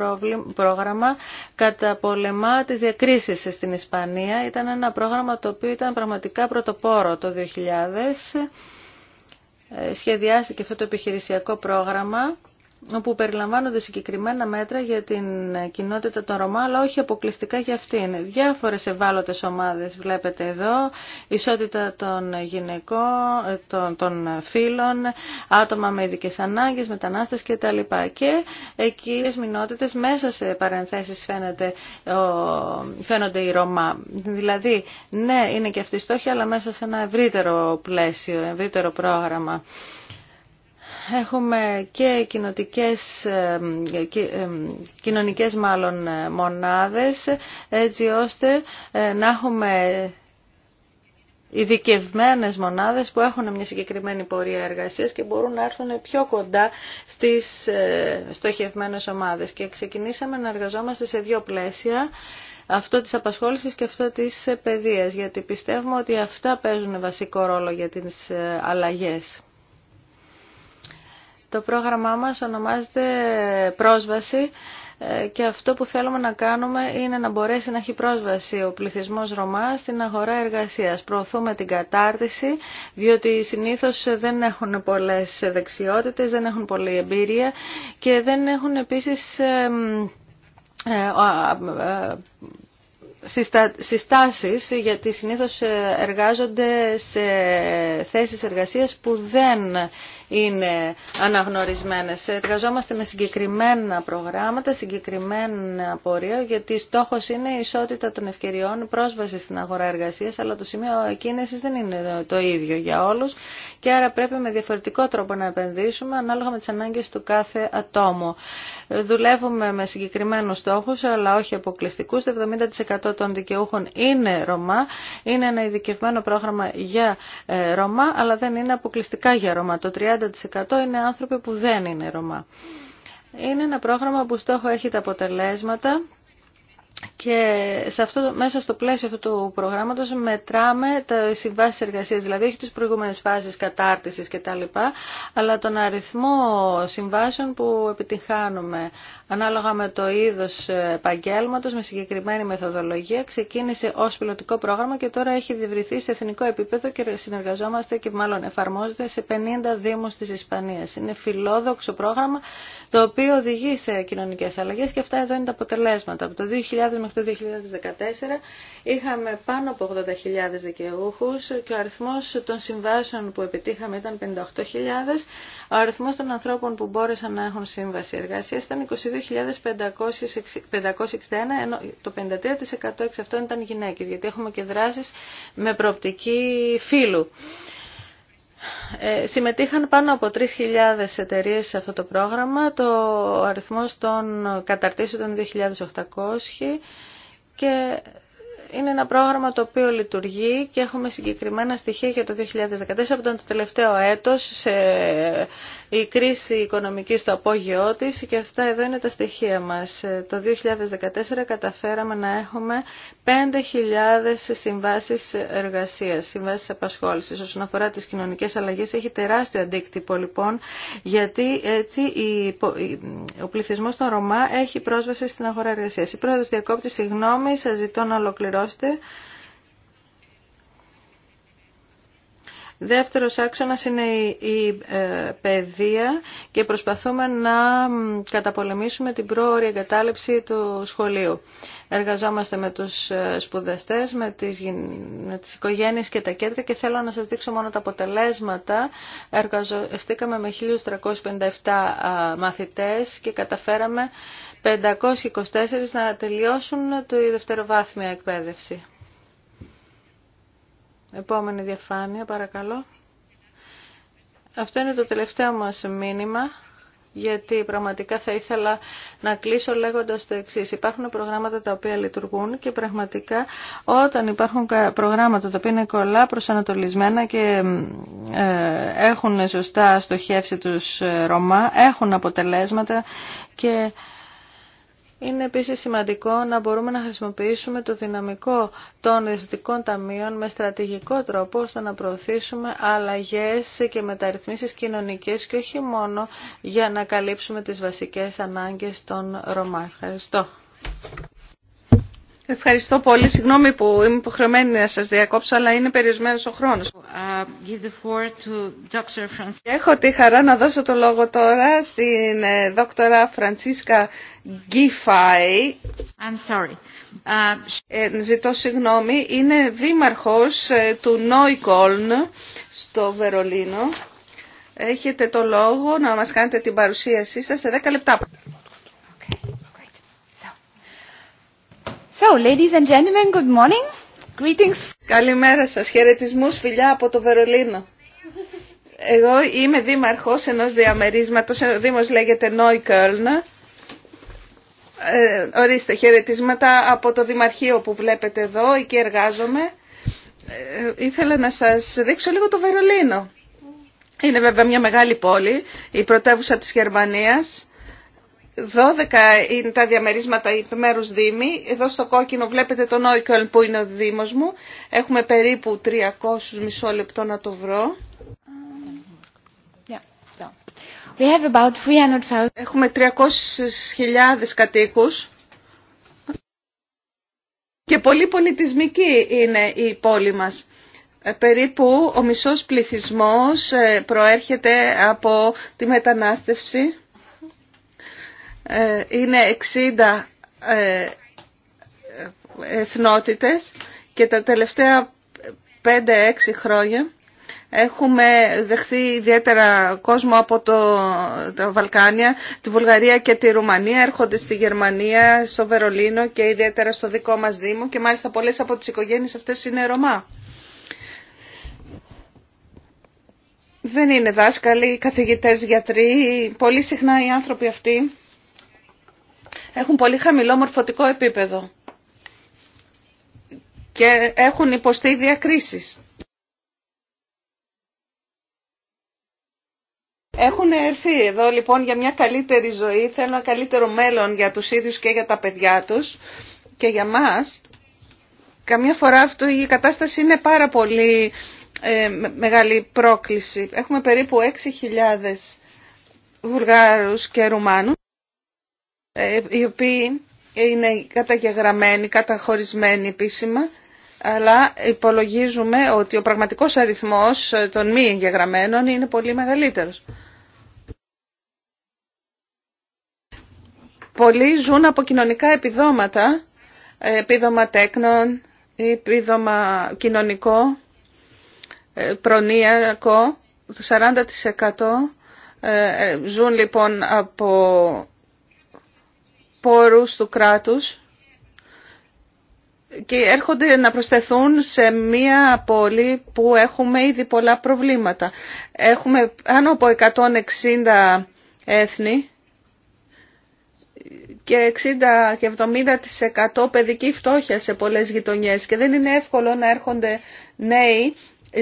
πρόγραμμα καταπολεμά τι διακρίσει στην Ισπανία ήταν ένα πρόγραμμα το οποίο ήταν πραγματικά πρωτοπόρο το 2000. Ε, σχεδιάστηκε αυτό το επιχειρησιακό πρόγραμμα όπου περιλαμβάνονται συγκεκριμένα μέτρα για την κοινότητα των Ρωμά, αλλά όχι αποκλειστικά για αυτήν. Διάφορες ευάλωτες ομάδες βλέπετε εδώ, ισότητα των γυναικών, των, φίλων, άτομα με ειδικέ ανάγκες, μετανάστες κτλ. Και εκεί οι μηνότητε μέσα σε παρενθέσεις φαίνονται οι Ρωμά. Δηλαδή, ναι, είναι και αυτή η στόχη, αλλά μέσα σε ένα ευρύτερο πλαίσιο, ευρύτερο πρόγραμμα έχουμε και κοινωνικές μάλλον ε, μονάδες έτσι ώστε ε, να έχουμε ειδικευμένε μονάδες που έχουν μια συγκεκριμένη πορεία εργασίας και μπορούν να έρθουν πιο κοντά στις ε, στοχευμένες ομάδες. Και ξεκινήσαμε να εργαζόμαστε σε δύο πλαίσια αυτό της απασχόλησης και αυτό της παιδείας, γιατί πιστεύουμε ότι αυτά παίζουν βασικό ρόλο για τις αλλαγές. Το πρόγραμμά μας ονομάζεται «Πρόσβαση» ε, και αυτό που θέλουμε να κάνουμε είναι να μπορέσει να έχει πρόσβαση ο πληθυσμός Ρωμά στην αγορά εργασίας. Προωθούμε την κατάρτιση, διότι συνήθως δεν έχουν πολλές δεξιότητες, δεν έχουν πολλή εμπειρία και δεν έχουν επίσης ε, ε, συστάσεις γιατί συνήθως εργάζονται σε θέσεις εργασίας που δεν είναι αναγνωρισμένες. Εργαζόμαστε με συγκεκριμένα προγράμματα, συγκεκριμένα πορεία, γιατί στόχος είναι η ισότητα των ευκαιριών, πρόσβαση στην αγορά εργασίας, αλλά το σημείο εκκίνησης δεν είναι το ίδιο για όλους και άρα πρέπει με διαφορετικό τρόπο να επενδύσουμε ανάλογα με τις ανάγκες του κάθε ατόμου. Δουλεύουμε με συγκεκριμένους στόχους, αλλά όχι αποκλειστικούς. Το 70% των δικαιούχων είναι Ρωμά. Είναι ένα ειδικευμένο πρόγραμμα για ε, Ρωμά, αλλά δεν είναι αποκλειστικά για Ρωμά. Το 30% είναι άνθρωποι που δεν είναι Ρωμά. Είναι ένα πρόγραμμα που στόχο έχει τα αποτελέσματα και σε αυτό, μέσα στο πλαίσιο αυτού του προγράμματος μετράμε τα συμβάσει εργασία, δηλαδή όχι τι προηγούμενε φάσει κατάρτιση κτλ, αλλά τον αριθμό συμβάσεων που επιτυχάνουμε. Ανάλογα με το είδο επαγγέλματο, με συγκεκριμένη μεθοδολογία, ξεκίνησε ω πιλωτικό πρόγραμμα και τώρα έχει διευρυθεί σε εθνικό επίπεδο και συνεργαζόμαστε και μάλλον εφαρμόζεται σε 50 Δήμου τη Ισπανία. Είναι φιλόδοξο πρόγραμμα το οποίο οδηγεί σε κοινωνικέ αλλαγέ και αυτά εδώ είναι τα αποτελέσματα. Από το με μέχρι το 2014 είχαμε πάνω από 80.000 δικαιούχους και ο αριθμός των συμβάσεων που επιτύχαμε ήταν 58.000. Ο αριθμός των ανθρώπων που μπόρεσαν να έχουν σύμβαση Εργασία ήταν 22.561, ενώ το 53% εξ αυτών ήταν γυναίκες, γιατί έχουμε και δράσεις με προοπτική φύλου. Ε, συμμετείχαν πάνω από 3.000 εταιρείε σε αυτό το πρόγραμμα. Το αριθμός των καταρτήσεων ήταν 2.800 και είναι ένα πρόγραμμα το οποίο λειτουργεί και έχουμε συγκεκριμένα στοιχεία για το 2014 που ήταν το τελευταίο έτος σε η κρίση οικονομική στο απόγειό τη και αυτά εδώ είναι τα στοιχεία μας. Ε, το 2014 καταφέραμε να έχουμε 5.000 συμβάσει εργασίας, συμβάσει απασχόλησης. Όσον αφορά τι κοινωνικέ αλλαγέ, έχει τεράστιο αντίκτυπο λοιπόν γιατί έτσι ο πληθυσμό των Ρωμά έχει πρόσβαση στην αγορά εργασίας. Η πρόεδρο διακόπτη, συγγνώμη, σα ζητώ να ολοκληρώσετε. Δεύτερος άξονας είναι η ε, παιδεία και προσπαθούμε να καταπολεμήσουμε την πρόορη εγκατάλειψη του σχολείου. Εργαζόμαστε με τους ε, σπουδαστές, με τις, με τις οικογένειες και τα κέντρα και θέλω να σας δείξω μόνο τα αποτελέσματα. Εργαζόμαστε με 1.357 μαθητές και καταφέραμε 524 να τελειώσουν τη δευτεροβάθμια εκπαίδευση. Επόμενη διαφάνεια, παρακαλώ. Αυτό είναι το τελευταίο μας μήνυμα, γιατί πραγματικά θα ήθελα να κλείσω λέγοντας το εξής. Υπάρχουν προγράμματα τα οποία λειτουργούν και πραγματικά όταν υπάρχουν προγράμματα τα οποία είναι κολλά προσανατολισμένα και ε, έχουν σωστά στοχεύσει τους ε, Ρωμά, έχουν αποτελέσματα και είναι επίσης σημαντικό να μπορούμε να χρησιμοποιήσουμε το δυναμικό των ιδιωτικών ταμείων με στρατηγικό τρόπο ώστε να προωθήσουμε αλλαγές και μεταρρυθμίσεις κοινωνικές και όχι μόνο για να καλύψουμε τις βασικές ανάγκες των Ρωμά. Ευχαριστώ. Ευχαριστώ πολύ. Συγγνώμη που είμαι υποχρεωμένη να σας διακόψω, αλλά είναι περιορισμένος ο χρόνος. Uh, Έχω τη χαρά να δώσω το λόγο τώρα στην ε, δόκτωρα Φραντσίσκα Γκίφαη. Uh, ε, ζητώ συγγνώμη. Είναι δήμαρχος ε, του Νόικολν στο Βερολίνο. Έχετε το λόγο να μας κάνετε την παρουσίασή σας σε 10 λεπτά. So, ladies and gentlemen, good morning. Greetings. Καλημέρα σας. Χαιρετισμούς φιλιά από το Βερολίνο. Εγώ είμαι δήμαρχος ενός διαμερίσματος, ο δήμος λέγεται Νόικέρν. Ε, ορίστε, χαιρετίσματα από το Δημαρχείο που βλέπετε εδώ, εκεί εργάζομαι. Ε, ήθελα να σας δείξω λίγο το Βερολίνο. Είναι βέβαια μια μεγάλη πόλη, η πρωτεύουσα της Γερμανίας 12 είναι τα διαμερίσματα επιμέρους δημη Εδώ στο κόκκινο βλέπετε τον Όικολ που είναι ο δήμος μου. Έχουμε περίπου 300 μισό λεπτό να το βρω. Έχουμε 300.000 κατοίκους και πολύ πολιτισμική είναι η πόλη μας. Ε, περίπου ο μισός πληθυσμός ε, προέρχεται από τη μετανάστευση ε, είναι 60 ε, εθνότητες και τα τελευταία 5-6 χρόνια έχουμε δεχθεί ιδιαίτερα κόσμο από το, τα Βαλκάνια, τη Βουλγαρία και τη Ρουμανία, έρχονται στη Γερμανία, στο Βερολίνο και ιδιαίτερα στο δικό μας Δήμο και μάλιστα πολλές από τις οικογένειες αυτές είναι Ρωμά. Δεν είναι δάσκαλοι, καθηγητές, γιατροί, πολύ συχνά οι άνθρωποι αυτοί έχουν πολύ χαμηλό μορφωτικό επίπεδο και έχουν υποστεί διακρίσεις. Έχουν έρθει εδώ λοιπόν για μια καλύτερη ζωή, θέλουν ένα καλύτερο μέλλον για τους ίδιους και για τα παιδιά τους και για μας. Καμιά φορά αυτό η κατάσταση είναι πάρα πολύ ε, μεγάλη πρόκληση. Έχουμε περίπου 6.000 Βουλγάρους και Ρουμάνους ε, οι οποίοι είναι καταγεγραμμένοι, καταχωρισμένοι επίσημα, αλλά υπολογίζουμε ότι ο πραγματικός αριθμός των μη εγγεγραμμένων είναι πολύ μεγαλύτερος. Πολλοί ζουν από κοινωνικά επιδόματα, ε, επίδομα τέκνων, επίδομα κοινωνικό, ε, προνοιακό, 40% ζουν λοιπόν από πόρους του κράτους και έρχονται να προσθεθούν σε μία πόλη που έχουμε ήδη πολλά προβλήματα. Έχουμε πάνω από 160 έθνη και 60 και 70% παιδική φτώχεια σε πολλές γειτονιές και δεν είναι εύκολο να έρχονται νέοι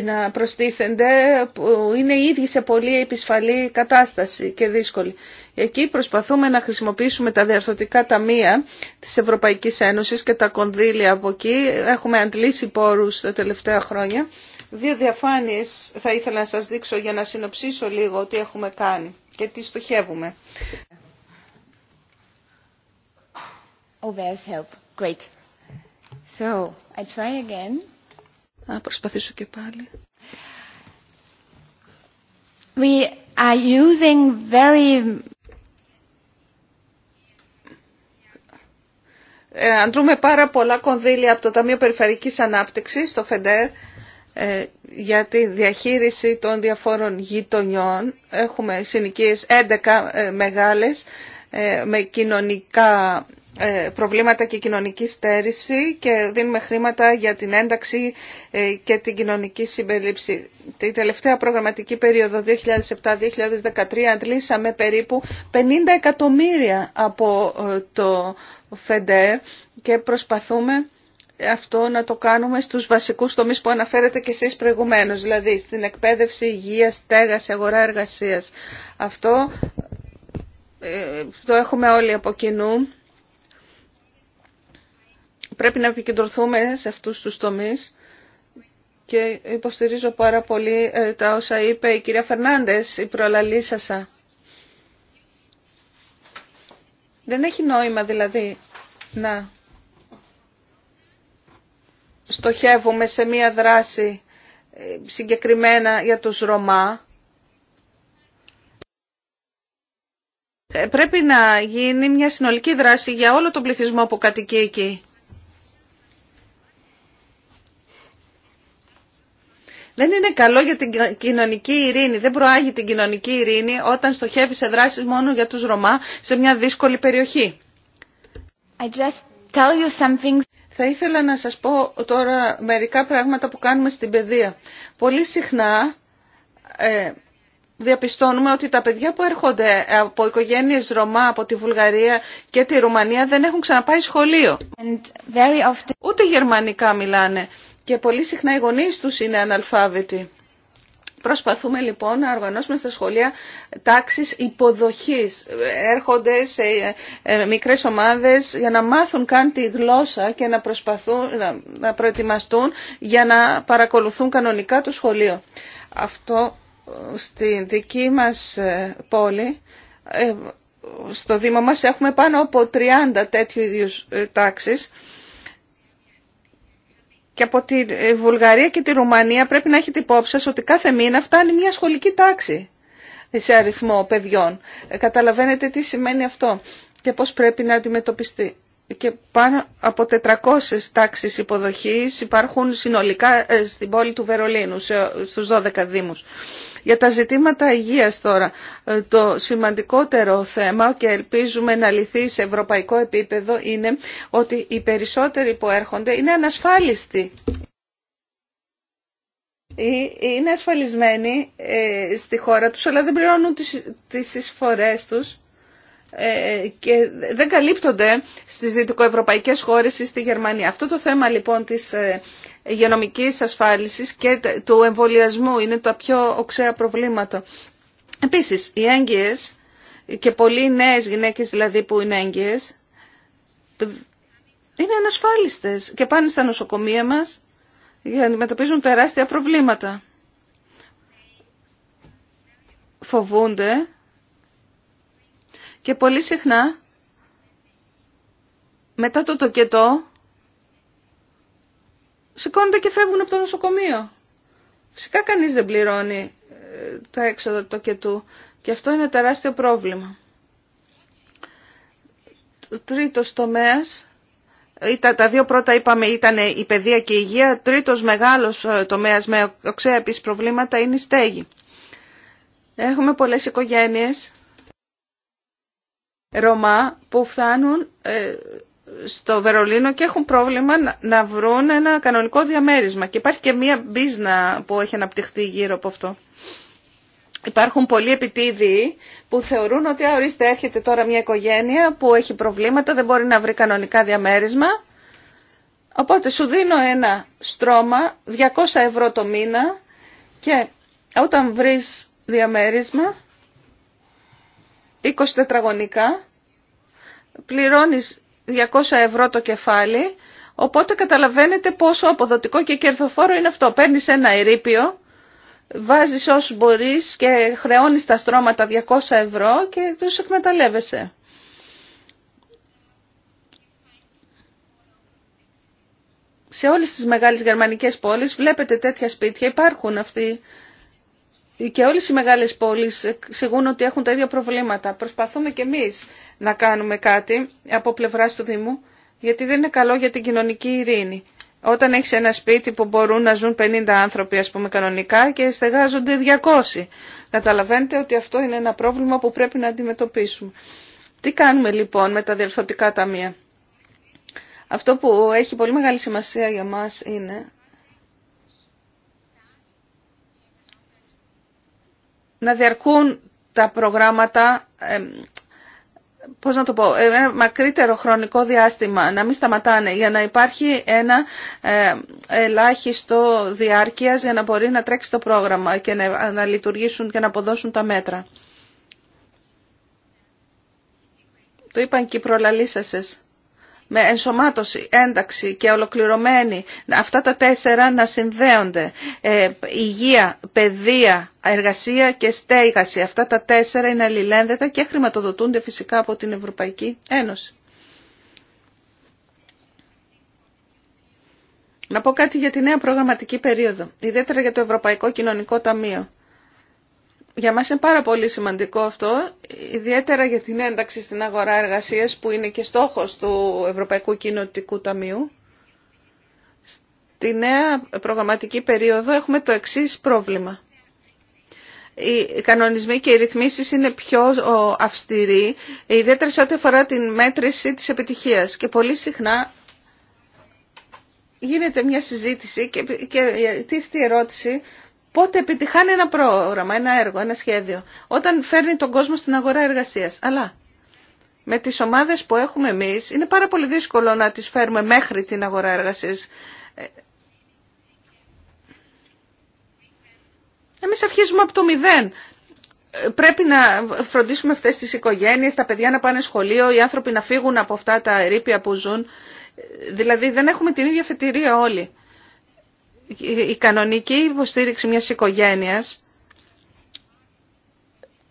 να προστίθενται που είναι οι ίδιοι σε πολύ επισφαλή κατάσταση και δύσκολη. Εκεί προσπαθούμε να χρησιμοποιήσουμε τα διαρθωτικά ταμεία της Ευρωπαϊκής Ένωσης και τα κονδύλια από εκεί. Έχουμε αντλήσει πόρους τα τελευταία χρόνια. Δύο διαφάνειες θα ήθελα να σας δείξω για να συνοψίσω λίγο τι έχουμε κάνει και τι στοχεύουμε. Oh, Great. So, I try again. προσπαθήσω και πάλι. We are using very... Ε, αντρούμε πάρα πολλά κονδύλια από το Ταμείο Περιφερικής Ανάπτυξης, το ΦΕΝΤΕΡ, ε, για τη διαχείριση των διαφόρων γειτονιών. Έχουμε συνοικίες 11 ε, μεγάλες με κοινωνικά ε, προβλήματα και κοινωνική στέρηση και δίνουμε χρήματα για την ένταξη ε, και την κοινωνική συμπερίληψη. Την τελευταία προγραμματική περίοδο 2007-2013 αντλήσαμε περίπου 50 εκατομμύρια από ε, το ΦΕΝΤΕΡ και προσπαθούμε αυτό να το κάνουμε στους βασικούς τομείς που αναφέρετε και εσείς προηγουμένως, δηλαδή στην εκπαίδευση, υγεία, στέγαση, αγορά εργασίας. Αυτό το έχουμε όλοι από κοινού πρέπει να επικεντρωθούμε σε αυτούς τους τομείς και υποστηρίζω πάρα πολύ ε, τα όσα είπε η κυρία Φερνάντες, η προλαλήσασα. Δεν έχει νόημα δηλαδή να στοχεύουμε σε μία δράση ε, συγκεκριμένα για τους Ρωμά. Ε, πρέπει να γίνει μια συνολική δράση για όλο τον πληθυσμό που κατοικεί εκεί. Δεν είναι καλό για την κοινωνική ειρήνη, δεν προάγει την κοινωνική ειρήνη όταν στοχεύει σε δράσεις μόνο για τους Ρωμά σε μια δύσκολη περιοχή. I just tell you something. Θα ήθελα να σας πω τώρα μερικά πράγματα που κάνουμε στην παιδεία. Πολύ συχνά ε, διαπιστώνουμε ότι τα παιδιά που έρχονται από οικογένειες Ρωμά, από τη Βουλγαρία και τη Ρουμανία δεν έχουν ξαναπάει σχολείο. And very often... Ούτε γερμανικά μιλάνε και πολύ συχνά οι γονείς τους είναι αναλφάβητοι. Προσπαθούμε λοιπόν να οργανώσουμε στα σχολεία τάξεις υποδοχής. Έρχονται σε ε, ε, μικρές ομάδες για να μάθουν καν τη γλώσσα και να, προσπαθούν, να προετοιμαστούν για να παρακολουθούν κανονικά το σχολείο. Αυτό ε, στη δική μας πόλη, στο Δήμο μας έχουμε πάνω από 30 τέτοιου τάξεις και από τη ε, Βουλγαρία και τη Ρουμανία πρέπει να έχετε υπόψη σας ότι κάθε μήνα φτάνει μια σχολική τάξη σε αριθμό παιδιών. Ε, καταλαβαίνετε τι σημαίνει αυτό και πώς πρέπει να αντιμετωπιστεί. Και πάνω από 400 τάξεις υποδοχής υπάρχουν συνολικά ε, στην πόλη του Βερολίνου, στους 12 δήμους. Για τα ζητήματα υγείας τώρα, ε, το σημαντικότερο θέμα και ελπίζουμε να λυθεί σε ευρωπαϊκό επίπεδο είναι ότι οι περισσότεροι που έρχονται είναι ανασφάλιστοι είναι ασφαλισμένοι ε, στη χώρα τους αλλά δεν πληρώνουν τις, τις εισφορές τους ε, και δεν καλύπτονται στις δυτικοευρωπαϊκές χώρες ή στη Γερμανία. Αυτό το θέμα λοιπόν της υγειονομικής ασφάλισης και του εμβολιασμού. Είναι τα πιο οξέα προβλήματα. Επίσης, οι έγκυες και πολλοί νέες γυναίκες δηλαδή που είναι έγκυες είναι ανασφάλιστες και πάνε στα νοσοκομεία μας για να αντιμετωπίζουν τεράστια προβλήματα. Φοβούνται και πολύ συχνά μετά το τοκετό σηκώνονται και φεύγουν από το νοσοκομείο. Φυσικά κανείς δεν πληρώνει ε, τα έξοδα του και αυτό είναι τεράστιο πρόβλημα. Το τρίτος τομέας, τα, τα δύο πρώτα είπαμε ήταν η παιδεία και η υγεία, τρίτος μεγάλος ε, τομέας με οξέα επίσης προβλήματα είναι η στέγη. Έχουμε πολλές οικογένειες Ρωμά που φτάνουν ε, στο Βερολίνο και έχουν πρόβλημα να βρουν ένα κανονικό διαμέρισμα. Και υπάρχει και μία μπίζνα που έχει αναπτυχθεί γύρω από αυτό. Υπάρχουν πολλοί επιτίδιοι που θεωρούν ότι α, ορίστε έρχεται τώρα μια οικογένεια που έχει οτι οριστε ερχεται τωρα μια οικογενεια που εχει προβληματα δεν μπορεί να βρει κανονικά διαμέρισμα. Οπότε σου δίνω ένα στρώμα, 200 ευρώ το μήνα και όταν βρεις διαμέρισμα, 20 τετραγωνικά, πληρώνεις 200 ευρώ το κεφάλι, οπότε καταλαβαίνετε πόσο αποδοτικό και κερδοφόρο είναι αυτό. Παίρνεις ένα ερείπιο, βάζεις όσους μπορείς και χρεώνεις τα στρώματα 200 ευρώ και τους εκμεταλλεύεσαι. Σε όλες τις μεγάλες γερμανικές πόλεις βλέπετε τέτοια σπίτια, υπάρχουν αυτοί και όλες οι μεγάλες πόλεις εξηγούν ότι έχουν τα ίδια προβλήματα. Προσπαθούμε και εμείς να κάνουμε κάτι από πλευρά του Δήμου, γιατί δεν είναι καλό για την κοινωνική ειρήνη. Όταν έχεις ένα σπίτι που μπορούν να ζουν 50 άνθρωποι ας πούμε κανονικά και στεγάζονται 200. Καταλαβαίνετε ότι αυτό είναι ένα πρόβλημα που πρέπει να αντιμετωπίσουμε. Τι κάνουμε λοιπόν με τα διορθωτικά ταμεία. Αυτό που έχει πολύ μεγάλη σημασία για μας είναι να διαρκούν τα προγράμματα, πώς να το πω, ε, ένα μακρύτερο χρονικό διάστημα, να μην σταματάνε, για να υπάρχει ένα ε, ελάχιστο διάρκειας για να μπορεί να τρέξει το πρόγραμμα και να, λειτουργήσουν και να αποδώσουν τα μέτρα. Το είπαν και οι προλαλήσασες με ενσωμάτωση, ένταξη και ολοκληρωμένη, αυτά τα τέσσερα να συνδέονται. Ε, υγεία, παιδεία, εργασία και στέγαση. Αυτά τα τέσσερα είναι αλληλένδετα και χρηματοδοτούνται φυσικά από την Ευρωπαϊκή Ένωση. Να πω κάτι για τη νέα προγραμματική περίοδο, ιδιαίτερα για το Ευρωπαϊκό Κοινωνικό Ταμείο για μας είναι πάρα πολύ σημαντικό αυτό, ιδιαίτερα για την ένταξη στην αγορά εργασίας που είναι και στόχος του Ευρωπαϊκού Κοινοτικού Ταμείου. Στη νέα προγραμματική περίοδο έχουμε το εξής πρόβλημα. Οι κανονισμοί και οι ρυθμίσεις είναι πιο αυστηροί, ιδιαίτερα σε ό,τι αφορά την μέτρηση της επιτυχίας. Και πολύ συχνά γίνεται μια συζήτηση και, και, ερώτηση Πότε επιτυχάνει ένα πρόγραμμα, ένα έργο, ένα σχέδιο. Όταν φέρνει τον κόσμο στην αγορά εργασίας. Αλλά με τις ομάδες που έχουμε εμείς είναι πάρα πολύ δύσκολο να τις φέρουμε μέχρι την αγορά εργασίας. Εμείς αρχίζουμε από το μηδέν. Πρέπει να φροντίσουμε αυτές τις οικογένειες, τα παιδιά να πάνε σχολείο, οι άνθρωποι να φύγουν από αυτά τα ερήπια που ζουν. Δηλαδή δεν έχουμε την ίδια φετηρία όλοι η κανονική υποστήριξη μιας οικογένειας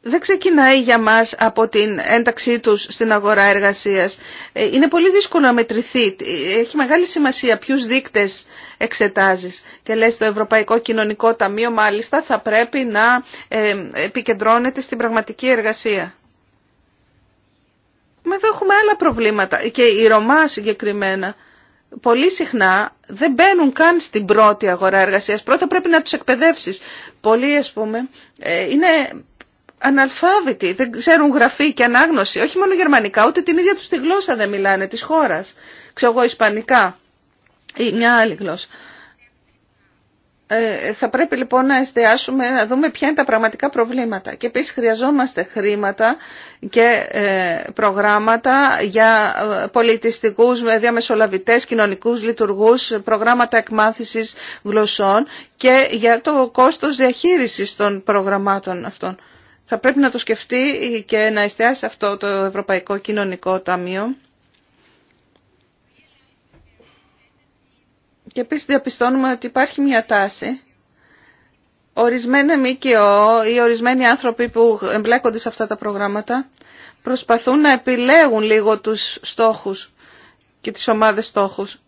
δεν ξεκινάει για μας από την ένταξή τους στην αγορά εργασίας. Ε, είναι πολύ δύσκολο να μετρηθεί. Έχει μεγάλη σημασία ποιους δείκτες εξετάζεις. Και λες το Ευρωπαϊκό Κοινωνικό Ταμείο μάλιστα θα πρέπει να ε, επικεντρώνεται στην πραγματική εργασία. Με εδώ έχουμε άλλα προβλήματα και η Ρωμά συγκεκριμένα πολύ συχνά δεν μπαίνουν καν στην πρώτη αγορά εργασίας. Πρώτα πρέπει να τους εκπαιδεύσεις. Πολλοί, ας πούμε, ε, είναι αναλφάβητοι, δεν ξέρουν γραφή και ανάγνωση, όχι μόνο γερμανικά, ούτε την ίδια τους τη γλώσσα δεν μιλάνε της χώρας. Ξέρω εγώ, ισπανικά ή μια άλλη γλώσσα. Ε, θα πρέπει λοιπόν να εστιάσουμε, να δούμε ποια είναι τα πραγματικά προβλήματα. Και επίσης χρειαζόμαστε χρήματα και ε, προγράμματα για ε, πολιτιστικούς διαμεσολαβητές, κοινωνικούς λειτουργούς, προγράμματα εκμάθησης γλωσσών και για το κόστος διαχείρισης των προγραμμάτων αυτών. Θα πρέπει να το σκεφτεί και να εστιάσει αυτό το Ευρωπαϊκό Κοινωνικό Ταμείο Και επίσης διαπιστώνουμε ότι υπάρχει μια τάση. Ορισμένα ΜΚΟ ή ορισμένοι άνθρωποι που εμπλέκονται σε αυτά τα προγράμματα προσπαθούν να επιλέγουν λίγο τους στόχους και τις ομάδες στόχους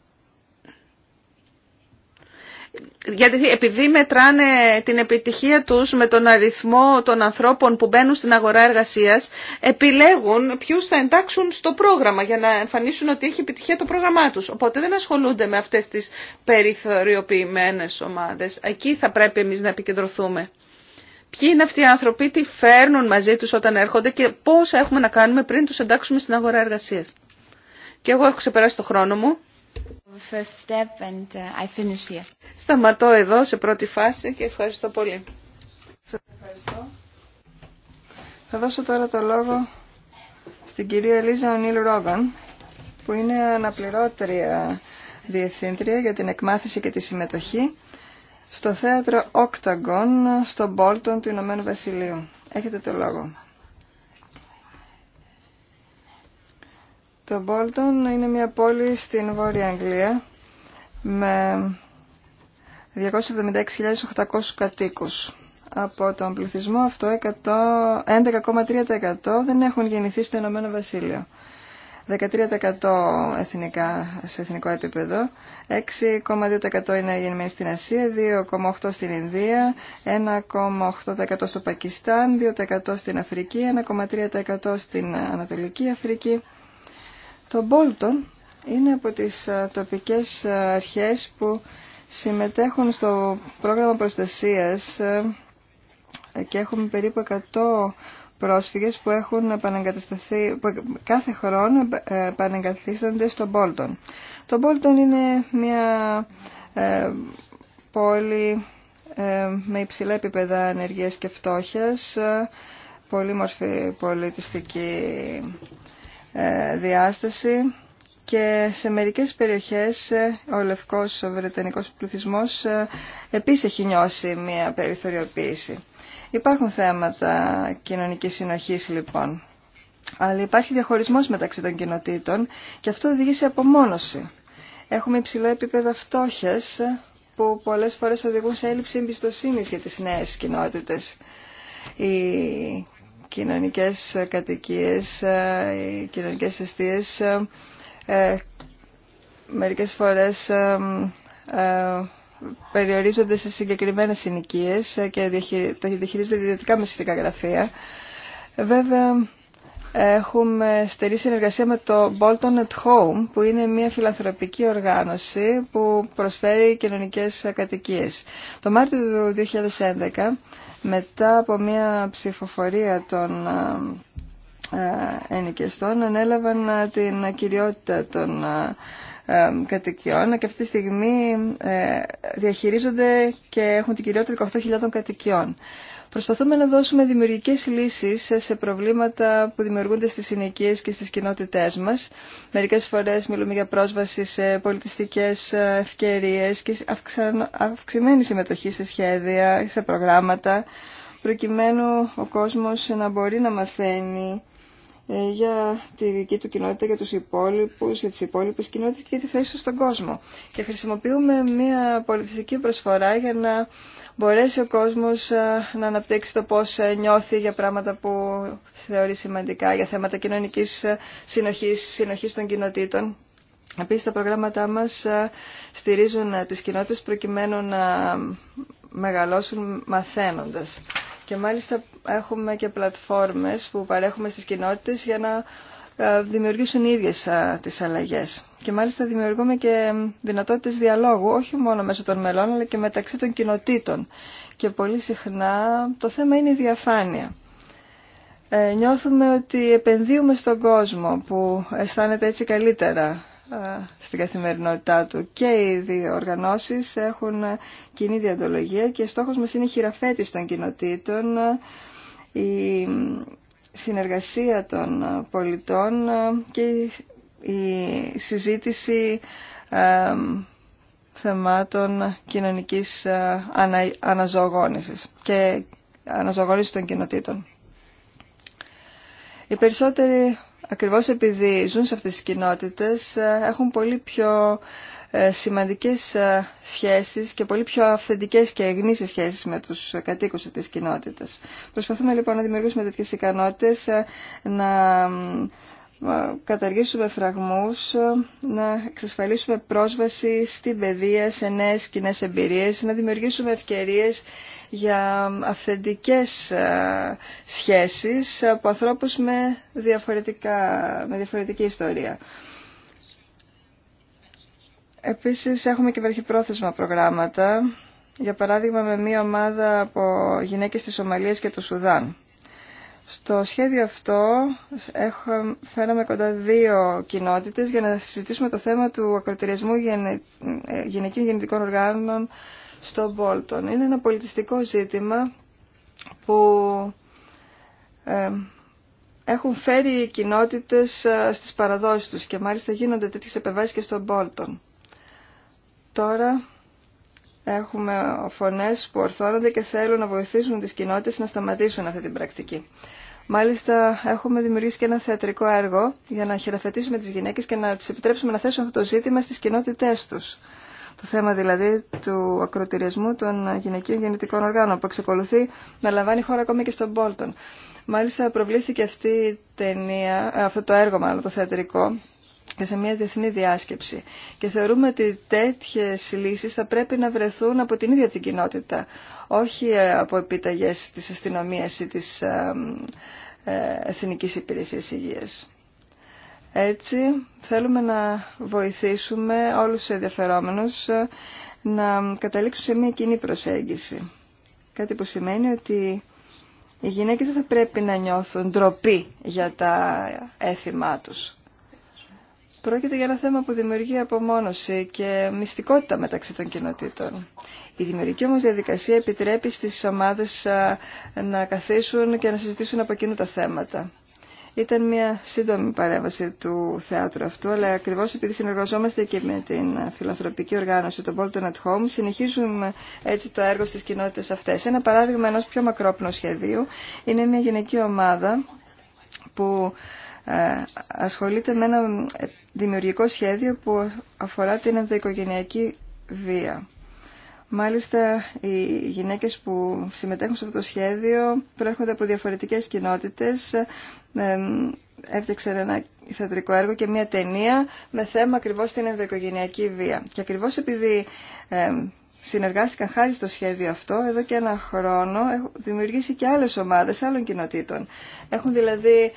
γιατί επειδή μετράνε την επιτυχία τους με τον αριθμό των ανθρώπων που μπαίνουν στην αγορά εργασίας, επιλέγουν ποιους θα εντάξουν στο πρόγραμμα για να εμφανίσουν ότι έχει επιτυχία το πρόγραμμά τους. Οπότε δεν ασχολούνται με αυτές τις περιθωριοποιημένες ομάδες. Εκεί θα πρέπει εμείς να επικεντρωθούμε. Ποιοι είναι αυτοί οι άνθρωποι, τι φέρνουν μαζί τους όταν έρχονται και πώς έχουμε να κάνουμε πριν τους εντάξουμε στην αγορά εργασίας. Και εγώ έχω ξεπεράσει το χρόνο μου. Uh, Σταματώ εδώ σε πρώτη φάση και ευχαριστώ πολύ. ευχαριστώ. Θα δώσω τώρα το λόγο στην κυρία Ελίζα Ονίλ Ρόγαν, που είναι αναπληρώτρια διευθύντρια για την εκμάθηση και τη συμμετοχή στο θέατρο Octagon στο Μπόλτον του Ηνωμένου Βασιλείου. Έχετε το λόγο. Το Μπόλτον είναι μια πόλη στην Βόρεια Αγγλία με 276.800 κατοίκους. Από τον πληθυσμό αυτό 11,3% δεν έχουν γεννηθεί στο Ηνωμένο Βασίλειο. 13% εθνικά, σε εθνικό επίπεδο, 6,2% είναι γεννημένοι στην Ασία, 2,8% στην Ινδία, 1,8% στο Πακιστάν, 2% στην Αφρική, 1,3% στην Ανατολική Αφρική, το Μπόλτον είναι από τις ε, τοπικές ε, αρχές που συμμετέχουν στο πρόγραμμα προστασίας ε, και έχουμε περίπου 100 πρόσφυγες που έχουν επαναγκατασταθεί, που κάθε χρόνο επαναγκαθίστανται στο Μπόλτον. Το Μπόλτον είναι μια ε, πόλη με υψηλά επίπεδα ανεργίας και φτώχειας, ε, μορφή πολιτιστική ε, διάσταση και σε μερικές περιοχές ε, ο λευκός ο βρετανικός πληθυσμός ε, επίσης έχει νιώσει μια περιθωριοποίηση. Υπάρχουν θέματα κοινωνικής συνοχής λοιπόν, αλλά υπάρχει διαχωρισμός μεταξύ των κοινοτήτων και αυτό οδηγεί σε απομόνωση. Έχουμε υψηλό επίπεδα φτώχειας που πολλές φορές οδηγούν σε έλλειψη εμπιστοσύνης για τις νέες κοινότητες κοινωνικές κατοικίες, οι ε, κοινωνικές αιστείες ε, ε, μερικές φορές περιορίζονται σε συγκεκριμένες συνοικίες και τα διαχειρίζονται ιδιωτικά μεσητικά γραφεία. Βέβαια, έχουμε στερή συνεργασία με το Bolton at Home που είναι μια φιλανθρωπική οργάνωση που προσφέρει κοινωνικές κατοικίες. Το Μάρτιο του 2011 μετά από μια ψηφοφορία των ε, ε, ενοικιαστών ανέλαβαν ε, την κυριότητα των κατοικιών και αυτή τη στιγμή διαχειρίζονται και έχουν την κυριότητα 18.000 κατοικιών. Προσπαθούμε να δώσουμε δημιουργικές λύσεις σε προβλήματα που δημιουργούνται στις συνοικίες και στις κοινότητές μας. Μερικές φορές μιλούμε για πρόσβαση σε πολιτιστικές ευκαιρίες και αυξημένη συμμετοχή σε σχέδια, σε προγράμματα, προκειμένου ο κόσμος να μπορεί να μαθαίνει ε, για τη δική του κοινότητα, για τους υπόλοιπους, για τις υπόλοιπες κοινότητες και για τη θέση του στον κόσμο. Και χρησιμοποιούμε μια πολιτιστική προσφορά για να μπορέσει ο κόσμος ε, να αναπτύξει το πώς ε, νιώθει για πράγματα που θεωρεί σημαντικά, για θέματα κοινωνικής συνοχής, συνοχής των κοινοτήτων. Επίσης τα προγράμματά μας στηρίζουν τις κοινότητες προκειμένου να μεγαλώσουν μαθαίνοντας. Και μάλιστα έχουμε και πλατφόρμες που παρέχουμε στις κοινότητες για να ε, δημιουργήσουν οι ίδιες τις αλλαγές. Και μάλιστα δημιουργούμε και δυνατότητες διαλόγου, όχι μόνο μέσω των μελών, αλλά και μεταξύ των κοινοτήτων. Και πολύ συχνά το θέμα είναι η διαφάνεια. Ε, νιώθουμε ότι επενδύουμε στον κόσμο που αισθάνεται έτσι καλύτερα ε, στην καθημερινότητά του. Και οι δύο έχουν κοινή διαντολογία και στόχος μας είναι η χειραφέτηση των κοινοτήτων η συνεργασία των πολιτών ε, και η συζήτηση ε, θεμάτων κοινωνικής ε, αναζωογόνησης και αναζωογόνησης των κοινοτήτων. Οι περισσότεροι, ακριβώς επειδή ζουν σε αυτές τις κοινότητες, έχουν πολύ πιο ε, σημαντικές ε, σχέσεις και πολύ πιο αυθεντικές και εγνήσεις σχέσεις με τους κατοίκους αυτής της κοινότητας. Προσπαθούμε λοιπόν να δημιουργήσουμε τέτοιες ικανότητες, ε, να καταργήσουμε φραγμούς, να εξασφαλίσουμε πρόσβαση στην παιδεία, σε νέες κοινέ εμπειρίες, να δημιουργήσουμε ευκαιρίες για αυθεντικές σχέσεις από ανθρώπους με, με διαφορετική ιστορία. Επίσης έχουμε και βραχυπρόθεσμα προγράμματα, για παράδειγμα με μία ομάδα από γυναίκες της Σομαλίας και του Σουδάν. Στο σχέδιο αυτό έχω, φέραμε κοντά δύο κοινότητες για να συζητήσουμε το θέμα του ακροτηριασμού γενε, ε, γυναικείων γεννητικών οργάνων στο Μπόλτον. Είναι ένα πολιτιστικό ζήτημα που ε, έχουν φέρει οι κοινότητες ε, στις παραδόσεις τους και μάλιστα γίνονται τέτοιες επεμβάσεις και στο Μπόλτον. Τώρα έχουμε φωνές που ορθώνονται και θέλουν να βοηθήσουν τις κοινότητες να σταματήσουν αυτή την πρακτική. Μάλιστα έχουμε δημιουργήσει και ένα θεατρικό έργο για να χειραφετήσουμε τις γυναίκες και να τις επιτρέψουμε να θέσουν αυτό το ζήτημα στις κοινότητές τους. Το θέμα δηλαδή του ακροτηριασμού των γυναικείων γεννητικών οργάνων που εξακολουθεί να λαμβάνει χώρα ακόμη και στον Πόλτον. Μάλιστα προβλήθηκε αυτή η ταινία, ε, αυτό το έργο μάλλον το θεατρικό και σε μια διεθνή διάσκεψη. Και θεωρούμε ότι τέτοιες λύσεις θα πρέπει να βρεθούν από την ίδια την κοινότητα, όχι ε, από επιταγές της αστυνομίας ή της ε, ε, Εθνικής Υπηρεσίας Υγείας. Έτσι, θέλουμε να βοηθήσουμε όλους τους ενδιαφερόμενους να καταλήξουν σε μια κοινή προσέγγιση. Κάτι που σημαίνει ότι οι γυναίκες δεν θα πρέπει να νιώθουν ντροπή για τα έθιμά τους. Πρόκειται για ένα θέμα που δημιουργεί απομόνωση και μυστικότητα μεταξύ των κοινοτήτων. Η δημιουργική όμως διαδικασία επιτρέπει στις ομάδες να καθίσουν και να συζητήσουν από εκείνο τα θέματα. Ήταν μια σύντομη παρέμβαση του θεάτρου αυτού, αλλά ακριβώ επειδή συνεργαζόμαστε και με την φιλανθρωπική οργάνωση, τον Bolton at Home, συνεχίζουμε έτσι το έργο στι κοινότητε αυτέ. Ένα παράδειγμα ενό πιο μακρόπνο σχεδίου είναι μια γυναική ομάδα που ε, ασχολείται με ένα δημιουργικό σχέδιο που αφορά την ενδοοικογενειακή βία. Μάλιστα, οι γυναίκες που συμμετέχουν σε αυτό το σχέδιο προέρχονται από διαφορετικές κοινότητες. Ε, Έφτιαξαν ένα θεατρικό έργο και μια ταινία με θέμα ακριβώς την ενδοοικογενειακή βία. Και ακριβώς επειδή ε, συνεργάστηκαν χάρη στο σχέδιο αυτό, εδώ και ένα χρόνο έχουν δημιουργήσει και άλλες ομάδες άλλων κοινοτήτων. Έχουν δηλαδή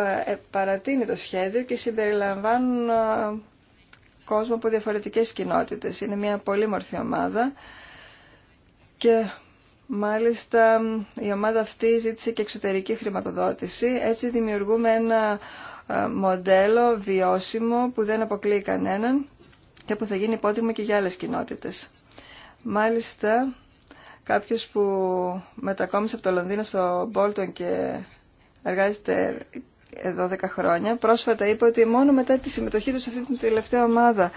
ε, παρατείνει το σχέδιο και συμπεριλαμβάνουν κόσμο από διαφορετικές κοινότητες. Είναι μια πολύμορφη ομάδα και μάλιστα η ομάδα αυτή ζήτησε και εξωτερική χρηματοδότηση. Έτσι δημιουργούμε ένα μοντέλο βιώσιμο που δεν αποκλείει κανέναν και που θα γίνει υπότιμο και για άλλες κοινότητες. Μάλιστα, κάποιος που μετακόμισε από το Λονδίνο στο Μπόλτον και εργάζεται 12 χρόνια, πρόσφατα είπε ότι μόνο μετά τη συμμετοχή του σε αυτή την τελευταία ομάδα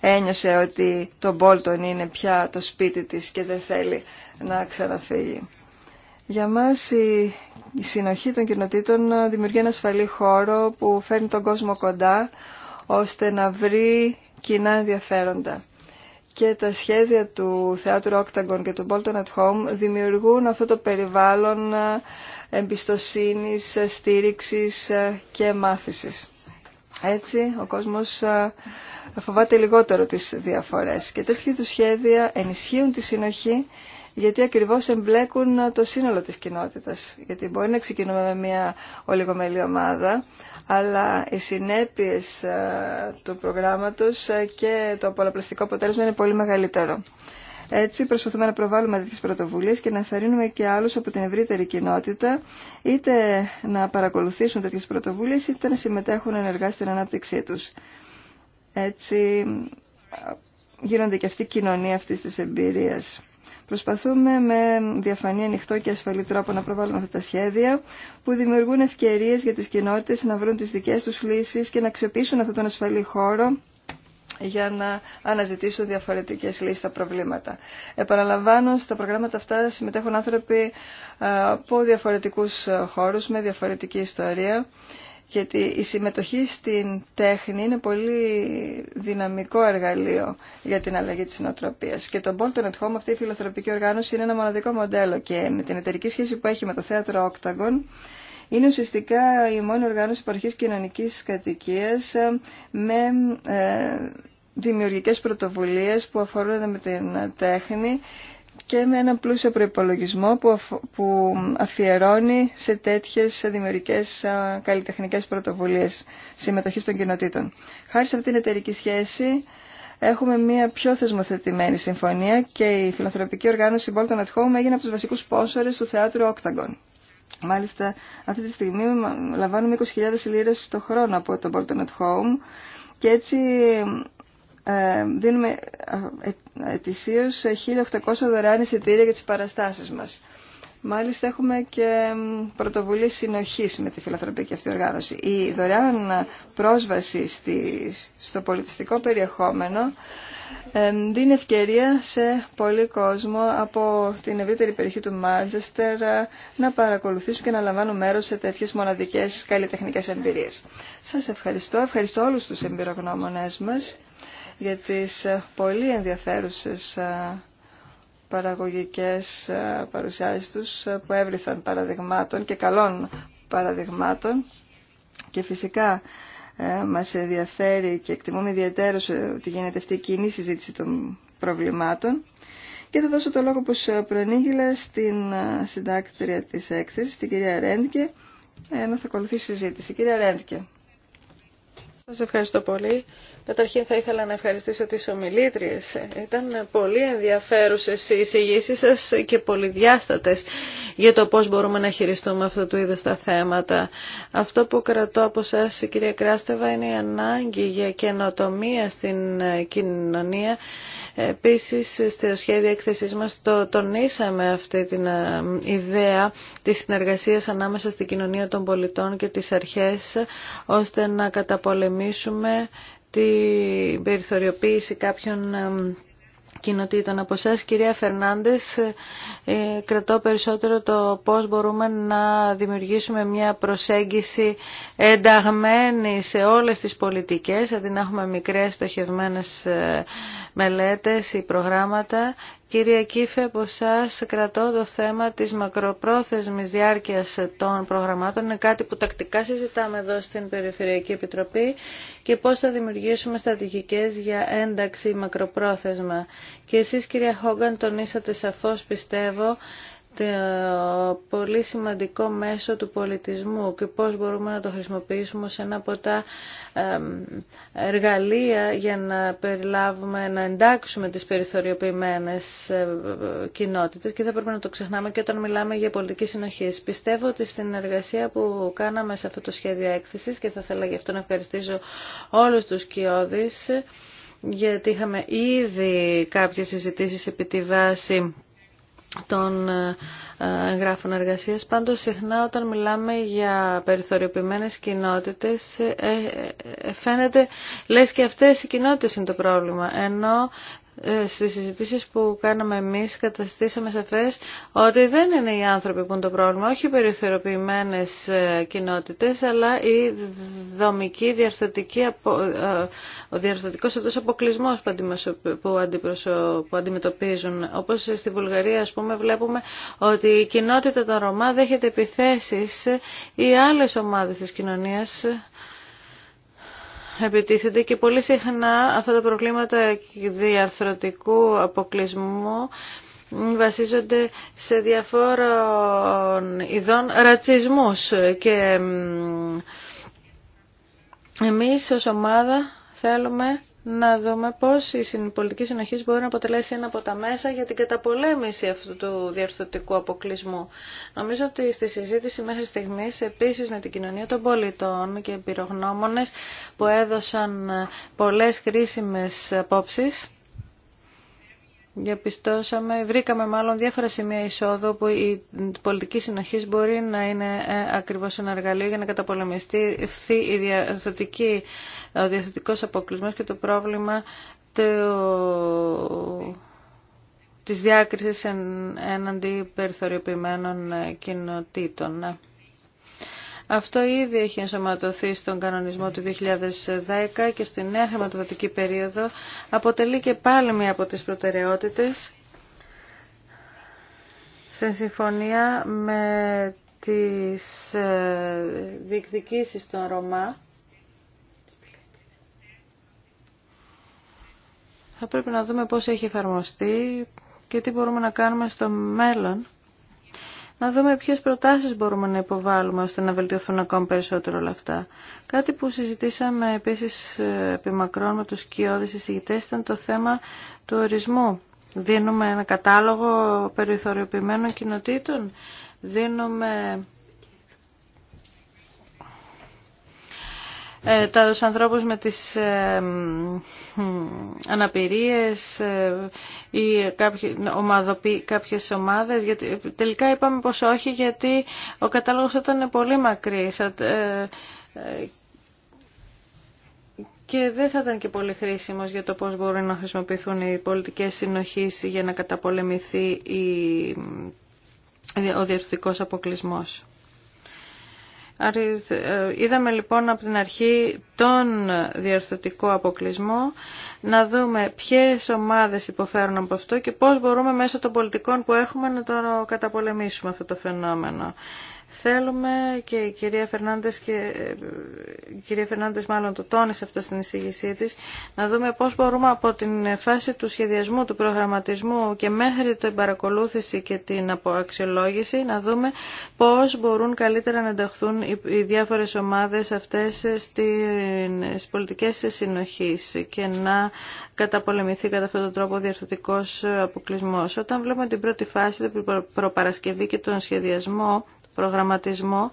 ένιωσε ότι το Μπόλτον είναι πια το σπίτι της και δεν θέλει να ξαναφύγει. Για μας η, συνοχή των κοινοτήτων δημιουργεί ένα ασφαλή χώρο που φέρνει τον κόσμο κοντά ώστε να βρει κοινά ενδιαφέροντα. Και τα σχέδια του Θεάτρου Octagon και του Bolton at Home δημιουργούν αυτό το περιβάλλον εμπιστοσύνης, στήριξης και μάθησης. Έτσι ο κόσμος ε, φοβάται λιγότερο τις διαφορές και τέτοιου του σχέδια ενισχύουν τη συνοχή γιατί ακριβώς εμπλέκουν το σύνολο της κοινότητας. Γιατί μπορεί να ξεκινούμε με μια ολιγομελή ομάδα, αλλά οι συνέπειες ε, του προγράμματος ε, και το πολλαπλαστικό αποτέλεσμα είναι πολύ μεγαλύτερο. Έτσι προσπαθούμε να προβάλλουμε τέτοιε πρωτοβουλίε και να ενθαρρύνουμε και άλλου από την ευρύτερη κοινότητα είτε να παρακολουθήσουν τέτοιε πρωτοβουλίε είτε να συμμετέχουν ενεργά στην ανάπτυξή του. Έτσι γίνονται και αυτή η κοινωνία αυτή τη εμπειρία. Προσπαθούμε με διαφανή, ανοιχτό και ασφαλή τρόπο να προβάλλουμε αυτά τα σχέδια που δημιουργούν ευκαιρίες για τις κοινότητε να βρουν τις δικέ τους λύσεις και να ξεπίσουν αυτόν τον ασφαλή χώρο για να αναζητήσουν διαφορετικές λύσεις στα προβλήματα. Επαναλαμβάνω, στα προγράμματα αυτά συμμετέχουν άνθρωποι από διαφορετικούς χώρου με διαφορετική ιστορία, γιατί η συμμετοχή στην τέχνη είναι πολύ δυναμικό εργαλείο για την αλλαγή της νοοτροπίας. Και το Bolton at Home, αυτή η φιλοθεραπική οργάνωση, είναι ένα μοναδικό μοντέλο και με την εταιρική σχέση που έχει με το θέατρο Octagon, είναι ουσιαστικά η μόνη οργάνωση παροχής κοινωνικής κατοικίας ε, με ε, δημιουργικές πρωτοβουλίες που αφορούν με την τέχνη και με έναν πλούσιο προϋπολογισμό που αφιερώνει σε τέτοιες δημιουργικές καλλιτεχνικές πρωτοβουλίες συμμετοχής των κοινοτήτων. Χάρη σε αυτήν την εταιρική σχέση έχουμε μια πιο θεσμοθετημένη συμφωνία και η φιλανθρωπική οργάνωση Bolton at Home έγινε από τους βασικούς σπόνσορες του θεάτρου Octagon. Μάλιστα αυτή τη στιγμή λαμβάνουμε 20.000 λίρες το χρόνο από το Bolton at Home και έτσι ε, δίνουμε ε, ε, ετησίως 1.800 δωρεάν εισιτήρια για τις παραστάσεις μας. Μάλιστα έχουμε και πρωτοβουλή συνοχής με τη φιλανθρωπική αυτή οργάνωση. Η δωρεάν πρόσβαση στο πολιτιστικό περιεχόμενο δίνει ευκαιρία σε πολλοί κόσμο από την ευρύτερη περιοχή του Μάζεστερ να παρακολουθήσουν και να λαμβάνουν μέρος σε τέτοιες μοναδικές καλλιτεχνικές εμπειρίες. Σας ευχαριστώ. Ευχαριστώ όλους τους εμπειρογνώμονές μας για τις ε, πολύ ενδιαφέρουσες ε, παραγωγικές ε, παρουσιάσεις τους που έβριθαν παραδειγμάτων και καλών παραδειγμάτων και φυσικά μας ενδιαφέρει και εκτιμούμε ιδιαίτερως ότι γίνεται αυτή η κοινή συζήτηση των προβλημάτων και θα δώσω το λόγο σε προενήγηλα στην συντάκτρια της έκθεσης, την κυρία Ρέντκε, ενώ θα ακολουθήσει η συζήτηση. Κυρία Ρέντκε. Σας ευχαριστώ πολύ. Καταρχήν θα ήθελα να ευχαριστήσω τις ομιλήτριες. Ήταν πολύ ενδιαφέρουσες οι εισηγήσεις σας και πολυδιάστατες για το πώς μπορούμε να χειριστούμε αυτό του είδους τα θέματα. Αυτό που κρατώ από σας, κυρία Κράστεβα, είναι η ανάγκη για καινοτομία στην κοινωνία Επίσης, στο σχέδιο έκθεσής μας το τονίσαμε αυτή την ε, ιδέα της συνεργασίας ανάμεσα στην κοινωνία των πολιτών και τις αρχές, ώστε να καταπολεμήσουμε την περιθωριοποίηση κάποιων κοινοτήτων. Από εσά, κυρία Φερνάντε, ε, κρατώ περισσότερο το πώ μπορούμε να δημιουργήσουμε μια προσέγγιση ενταγμένη σε όλε τι πολιτικέ, δηλαδή να έχουμε μικρέ στοχευμένε ε, μελέτε ή προγράμματα. Κυρία Κίφε, από εσά κρατώ το θέμα της μακροπρόθεσμης διάρκειας των προγραμμάτων. Είναι κάτι που τακτικά συζητάμε εδώ στην Περιφερειακή Επιτροπή και πώς θα δημιουργήσουμε στρατηγικές για ένταξη μακροπρόθεσμα. Και εσείς κυρία Χόγκαν τονίσατε σαφώς πιστεύω το πολύ σημαντικό μέσο του πολιτισμού και πώς μπορούμε να το χρησιμοποιήσουμε σε ένα από τα εργαλεία για να περιλάβουμε, να εντάξουμε τις περιθωριοποιημένες ε, κοινότητες και θα πρέπει να το ξεχνάμε και όταν μιλάμε για πολιτική συνοχή. Πιστεύω ότι στην εργασία που κάναμε σε αυτό το σχέδιο έκθεσης και θα ήθελα γι' αυτό να ευχαριστήσω όλους τους κοιόδης γιατί είχαμε ήδη κάποιες συζητήσεις επί τη βάση των ε, ε, εγγράφων εργασίας. Πάντως συχνά όταν μιλάμε για περιθωριοποιημένες κοινότητες ε, φαίνεται λες και αυτές οι κοινότητες είναι το πρόβλημα. Ενώ ε, στις συζητήσεις που κάναμε εμείς καταστήσαμε σαφές ότι δεν είναι οι άνθρωποι που είναι το πρόβλημα, όχι οι περιθωριοποιημένες ε, κοινότητες, αλλά η δομική, διαρθωτική, ε, ο διαρθωτικός αυτός αποκλεισμός που αντιμετωπίζουν. Όπως στη Βουλγαρία, ας πούμε, βλέπουμε ότι η κοινότητα των Ρωμά δέχεται επιθέσεις ή άλλες ομάδες της κοινωνίας επιτίθεται και πολύ συχνά αυτά τα προβλήματα διαρθρωτικού αποκλεισμού βασίζονται σε διαφόρων ειδών ρατσισμούς και εμείς ως ομάδα θέλουμε να δούμε πώς η πολιτική συνοχή μπορεί να αποτελέσει ένα από τα μέσα για την καταπολέμηση αυτού του διαρθρωτικού αποκλεισμού. Νομίζω ότι στη συζήτηση μέχρι στιγμής επίσης με την κοινωνία των πολιτών και εμπειρογνώμονες που έδωσαν πολλές χρήσιμες απόψεις διαπιστώσαμε, βρήκαμε μάλλον διάφορα σημεία εισόδου που η πολιτική συνοχή μπορεί να είναι ε, ακριβώς ένα εργαλείο για να καταπολεμηθεί η ο διαθωτικός αποκλεισμό και το πρόβλημα τη της διάκρισης εναντί περιθωριοποιημένων ε, κοινοτήτων. Αυτό ήδη έχει ενσωματωθεί στον κανονισμό του 2010 και στη νέα χρηματοδοτική περίοδο αποτελεί και πάλι μία από τις προτεραιότητες σε συμφωνία με τις ε, διεκδικήσεις των Ρωμά. Θα πρέπει να δούμε πώς έχει εφαρμοστεί και τι μπορούμε να κάνουμε στο μέλλον να δούμε ποιες προτάσεις μπορούμε να υποβάλουμε ώστε να βελτιωθούν ακόμη περισσότερο όλα αυτά. Κάτι που συζητήσαμε επίσης ε, μακρόν με τους κοιόδες εισηγητές ήταν το θέμα του ορισμού. Δίνουμε ένα κατάλογο περιθωριοποιημένων κοινοτήτων, δίνουμε ε, τα ανθρώπους με τις ε, αναπηρίες ε, ή κάποιοι, ομαδοποι, κάποιες ομάδες. Γιατί, τελικά είπαμε πως όχι γιατί ο κατάλογος ήταν πολύ μακρύς ε, ε, και δεν θα ήταν και πολύ χρήσιμος για το πώς μπορούν να χρησιμοποιηθούν οι πολιτικές συνοχής για να καταπολεμηθεί ο διευθυντικός αποκλεισμός. Ε, είδαμε λοιπόν από την αρχή τον διορθωτικό αποκλεισμό, να δούμε ποιες ομάδες υποφέρουν από αυτό και πώς μπορούμε μέσω των πολιτικών που έχουμε να το καταπολεμήσουμε αυτό το φαινόμενο. Θέλουμε και η κυρία Φερνάντες, και, ε, η κυρία Φερνάντες μάλλον το τόνισε αυτό στην εισηγησή της, να δούμε πώς μπορούμε από την φάση του σχεδιασμού, του προγραμματισμού και μέχρι την παρακολούθηση και την αποαξιολόγηση, να δούμε πώς μπορούν καλύτερα να ενταχθούν οι διάφορες ομάδες αυτές στις πολιτικές συνοχής και να καταπολεμηθεί κατά αυτόν τον τρόπο ο διαρθωτικός αποκλεισμός. Όταν βλέπουμε την πρώτη φάση, την προπαρασκευή και τον σχεδιασμό, προγραμματισμό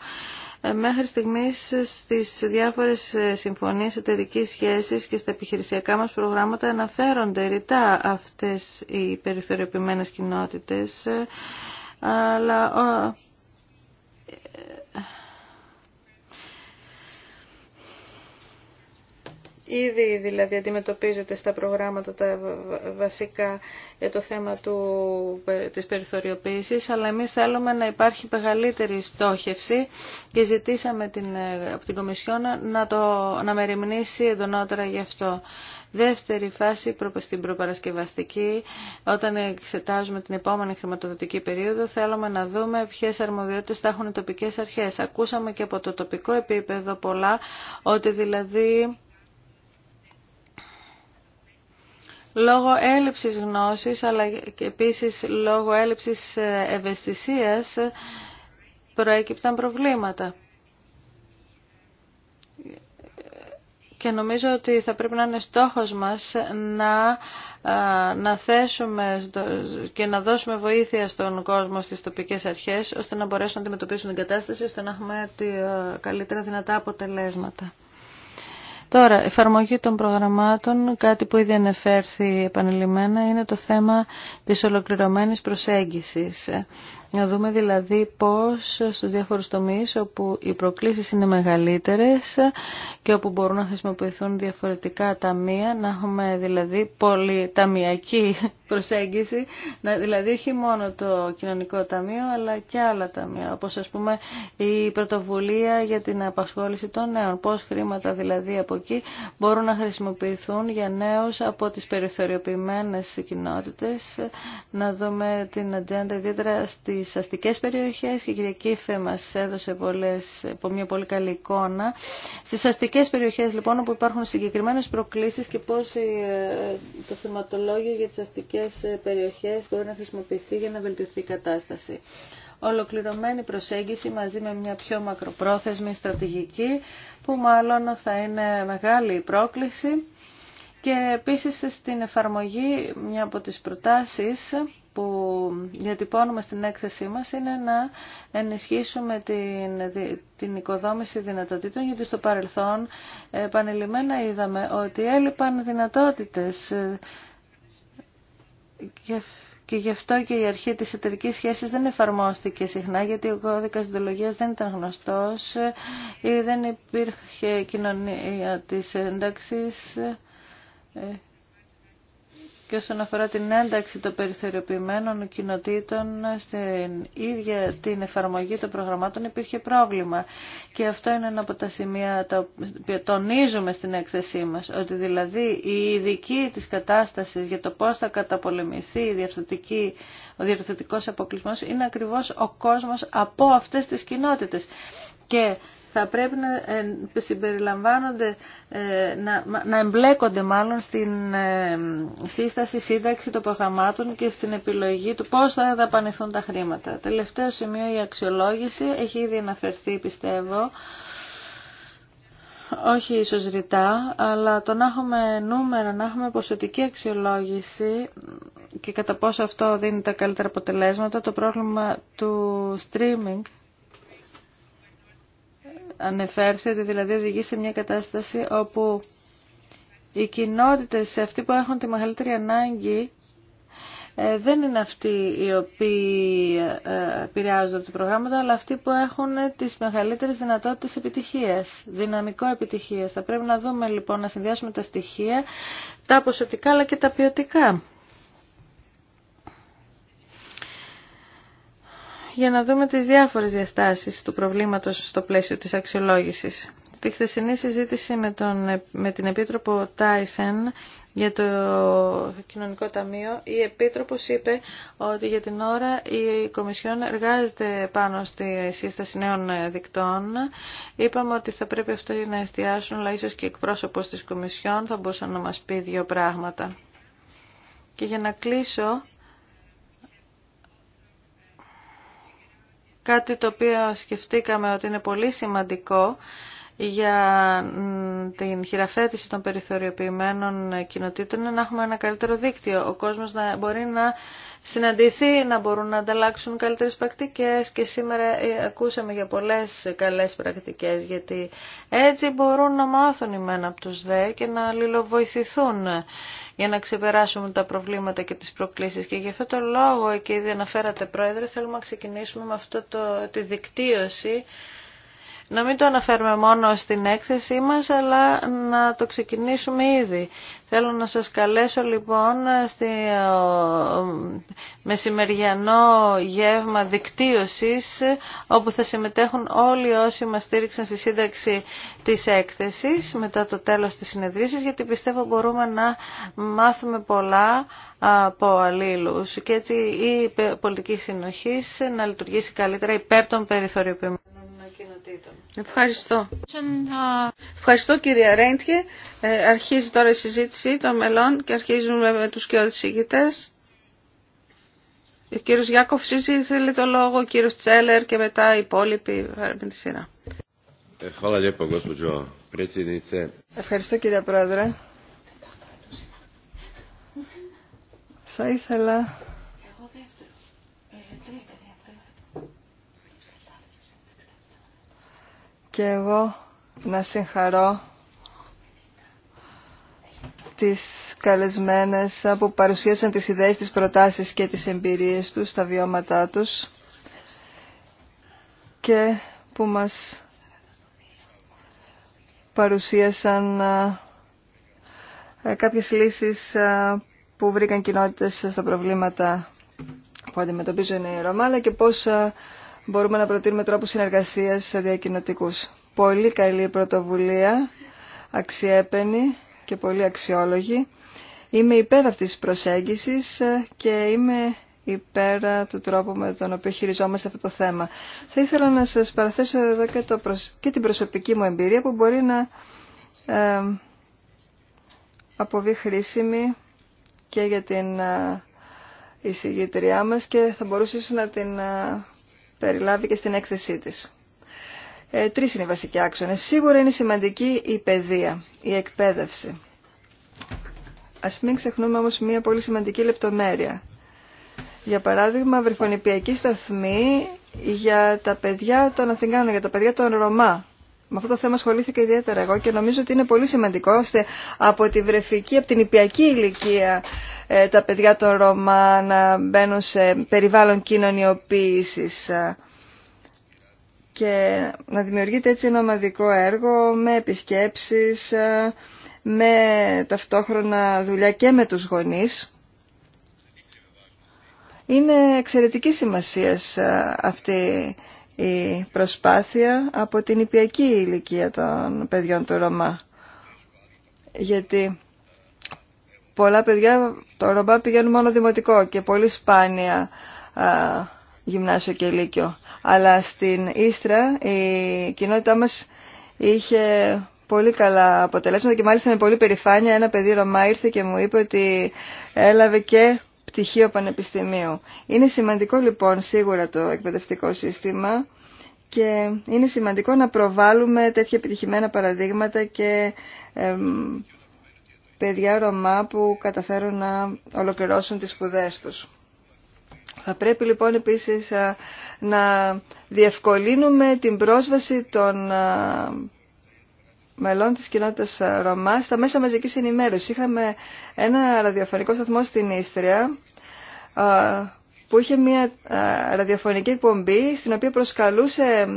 ε, μέχρι στιγμής στις διάφορες ε, συμφωνίες εταιρική σχέσης και στα επιχειρησιακά μας προγράμματα αναφέρονται ρητά αυτές οι περιθωριοποιημένες κοινότητες ε, αλλά Ήδη δηλαδή αντιμετωπίζονται στα προγράμματα τα βασικά για το θέμα του, ε, της περιθωριοποίησης, αλλά εμείς θέλουμε να υπάρχει μεγαλύτερη στόχευση και ζητήσαμε την, ε, από την Κομισιόνα να, το, να μεριμνήσει εντονότερα γι' αυτό. Δεύτερη φάση στην προπαρασκευαστική, όταν εξετάζουμε την επόμενη χρηματοδοτική περίοδο, θέλουμε να δούμε ποιε αρμοδιότητε θα έχουν οι τοπικέ αρχέ. Ακούσαμε και από το τοπικό επίπεδο πολλά ότι δηλαδή λόγω έλλειψης γνώσης αλλά και επίσης λόγω έλλειψης ε, ευαισθησίας προέκυπταν προβλήματα. Και νομίζω ότι θα πρέπει να είναι στόχος μας να, ε, να θέσουμε και να δώσουμε βοήθεια στον κόσμο στις τοπικές αρχές ώστε να μπορέσουν να αντιμετωπίσουν την κατάσταση ώστε να έχουμε ε, καλύτερα δυνατά αποτελέσματα. Τώρα, εφαρμογή των προγραμμάτων, κάτι που ήδη ανεφέρθη επανελειμμένα, είναι το θέμα της ολοκληρωμένης προσέγγισης. Να δούμε δηλαδή πώς στους διάφορους τομείς όπου οι προκλήσεις είναι μεγαλύτερες και όπου μπορούν να χρησιμοποιηθούν διαφορετικά ταμεία, να έχουμε δηλαδή πολυταμιακή προσέγγιση, να, δηλαδή όχι μόνο το κοινωνικό ταμείο αλλά και άλλα ταμεία, όπως ας πούμε η πρωτοβουλία για την απασχόληση των νέων, πώς χρήματα δηλαδή από εκεί μπορούν να χρησιμοποιηθούν για νέους από τις περιθωριοποιημένες κοινότητες, να δούμε την ατζέντα ιδιαίτερα στις αστικές περιοχές και η κυρία Κίφε μας έδωσε πολλές, μια πολύ καλή εικόνα. Στις αστικές περιοχές λοιπόν όπου υπάρχουν συγκεκριμένες προκλήσεις και πώς ε, ε, το θεματολόγιο για τις αστικές ε, περιοχές μπορεί να χρησιμοποιηθεί για να βελτιωθεί η κατάσταση ολοκληρωμένη προσέγγιση μαζί με μια πιο μακροπρόθεσμη στρατηγική που μάλλον θα είναι μεγάλη πρόκληση και επίσης στην εφαρμογή μια από τις προτάσεις που διατυπώνουμε στην έκθεσή μας είναι να ενισχύσουμε την, την οικοδόμηση δυνατοτήτων γιατί στο παρελθόν επανειλημμένα είδαμε ότι έλειπαν δυνατότητες και γι' αυτό και η αρχή της εταιρικής σχέσης δεν εφαρμόστηκε συχνά γιατί ο κώδικας συντολογίας δεν ήταν γνωστός ή δεν υπήρχε κοινωνία της ένταξης ε, και όσον αφορά την ένταξη των περιθωριοποιημένων κοινοτήτων στην ίδια την εφαρμογή των προγραμμάτων υπήρχε πρόβλημα. Και αυτό είναι ένα από τα σημεία τα οποία τονίζουμε στην έκθεσή μας, ότι δηλαδή η ειδική της κατάστασης για το πώς θα καταπολεμηθεί η ο διαρθωτικός αποκλεισμός είναι ακριβώς ο κόσμος από αυτές τις κοινότητες. Και θα πρέπει να ε, συμπεριλαμβάνονται, ε, να, εμπλέκονται μάλλον στην ε, σύσταση, σύνταξη των προγραμμάτων και στην επιλογή του πώς θα δαπανηθούν τα χρήματα. Τελευταίο σημείο η αξιολόγηση έχει ήδη αναφερθεί πιστεύω όχι ίσως ρητά, αλλά το να έχουμε νούμερα, να έχουμε ποσοτική αξιολόγηση και κατά πόσο αυτό δίνει τα καλύτερα αποτελέσματα, το πρόβλημα του streaming ανεφέρθη ότι δηλαδή οδηγεί σε μια κατάσταση όπου οι κοινότητες, αυτοί που έχουν τη μεγαλύτερη ανάγκη, ε, δεν είναι αυτοί οι οποίοι ε, επηρεάζονται από τα προγράμματα, αλλά αυτοί που έχουν τις μεγαλύτερες δυνατότητες επιτυχίας, δυναμικό επιτυχίας. Θα πρέπει να δούμε λοιπόν να συνδυάσουμε τα στοιχεία, τα ποσοτικά αλλά και τα ποιοτικά. για να δούμε τις διάφορες διαστάσεις του προβλήματος στο πλαίσιο της αξιολόγησης. Στη χθεσινή συζήτηση με, τον, με την Επίτροπο Τάισεν για το Κοινωνικό Ταμείο, η Επίτροπος είπε ότι για την ώρα η Κομισιόν εργάζεται πάνω στη σύσταση νέων δικτών. Είπαμε ότι θα πρέπει αυτοί να εστιάσουν, αλλά ίσως και εκπρόσωπος της Κομισιόν θα μπορούσε να μας πει δύο πράγματα. Και για να κλείσω, κάτι το οποίο σκεφτήκαμε ότι είναι πολύ σημαντικό για την χειραφέτηση των περιθωριοποιημένων κοινοτήτων είναι να έχουμε ένα καλύτερο δίκτυο. Ο κόσμος να μπορεί να συναντηθεί, να μπορούν να ανταλλάξουν καλύτερες πρακτικές και σήμερα ε, ακούσαμε για πολλές καλές πρακτικές γιατί έτσι μπορούν να μάθουν οι μένα από τους δε και να αλληλοβοηθηθούν για να ξεπεράσουμε τα προβλήματα και τις προκλήσεις. Και γι' αυτό το λόγο, και ήδη αναφέρατε Πρόεδρε, θέλουμε να ξεκινήσουμε με αυτό το, τη δικτύωση να μην το αναφέρουμε μόνο στην έκθεσή μας, αλλά να το ξεκινήσουμε ήδη. Θέλω να σας καλέσω λοιπόν στη μεσημεριανό γεύμα δικτύωσης, όπου θα συμμετέχουν όλοι όσοι μας στήριξαν στη σύνταξη της έκθεσης μετά το τέλος της συνεδρίσης, γιατί πιστεύω μπορούμε να μάθουμε πολλά από αλλήλους και έτσι η πολιτική συνοχή να λειτουργήσει καλύτερα υπέρ των περιθωριοποιημένων. Ευχαριστώ. Ευχαριστώ κυρία Ρέντχε. Ε, αρχίζει τώρα η συζήτηση των μελών και αρχίζουμε με τους και ηγητές. Ο κύριος Γιάκοφ ήθελε το λόγο, ο κύριος Τσέλερ και μετά οι υπόλοιποι ε, ε, Ευχαριστώ κύριε Πρόεδρε. Θα ήθελα και εγώ να συγχαρώ τις καλεσμένες που παρουσίασαν τις ιδέες, τις προτάσεις και τις εμπειρίες τους, τα βιώματά τους και που μας παρουσίασαν ε, κάποιες λύσεις που βρήκαν κοινότητες στα προβλήματα που αντιμετωπίζουν οι Ρωμά, αλλά και πώς μπορούμε να προτείνουμε τρόπους συνεργασίας διακοινωτικούς. Πολύ καλή πρωτοβουλία, αξιέπαινη και πολύ αξιόλογη. Είμαι υπέρ αυτής της προσέγγισης και είμαι υπέρ του τρόπου με τον οποίο χειριζόμαστε αυτό το θέμα. Θα ήθελα να σας παραθέσω εδώ και, το και την προσωπική μου εμπειρία που μπορεί να ε, αποβεί χρήσιμη και για την ε, εισηγήτριά μας και θα μπορούσε ίσως να την ε, περιλάβει και στην έκθεσή της. Ε, τρεις είναι οι βασικοί άξονες. Σίγουρα είναι σημαντική η παιδεία, η εκπαίδευση. Ας μην ξεχνούμε όμως μία πολύ σημαντική λεπτομέρεια. Για παράδειγμα, βρυφονιπιακή σταθμή για τα παιδιά των Αθηγάνων, για τα παιδιά των Ρωμά. Με αυτό το θέμα ασχολήθηκα ιδιαίτερα εγώ και νομίζω ότι είναι πολύ σημαντικό ώστε από τη βρεφική, από την υπιακή ηλικία ε, τα παιδιά των Ρωμά να μπαίνουν σε περιβάλλον κοινωνιοποίησης ε, και να δημιουργείται έτσι ένα ομαδικό έργο με επισκέψεις, ε, με ταυτόχρονα δουλειά και με τους γονείς. Είναι εξαιρετική σημασία αυτή η προσπάθεια από την υπιακή ηλικία των παιδιών του Ρωμά. Γιατί πολλά παιδιά το ρομπά πηγαίνουν μόνο δημοτικό και πολύ σπάνια α, γυμνάσιο και λύκειο. Αλλά στην Ίστρα η κοινότητά μας είχε πολύ καλά αποτελέσματα και μάλιστα με πολύ περηφάνεια ένα παιδί Ρωμά ήρθε και μου είπε ότι έλαβε και πτυχίο πανεπιστημίου. Είναι σημαντικό λοιπόν σίγουρα το εκπαιδευτικό σύστημα και είναι σημαντικό να προβάλλουμε τέτοια επιτυχημένα παραδείγματα και παιδιά Ρωμά που καταφέρουν να ολοκληρώσουν τις σπουδές τους. Θα πρέπει λοιπόν επίσης να διευκολύνουμε την πρόσβαση των μελών της κοινότητας Ρωμά στα μέσα μαζικής ενημέρωσης. Είχαμε ένα ραδιοφωνικό σταθμό στην Ίστρια που είχε μια ραδιοφωνική εκπομπή στην οποία προσκαλούσε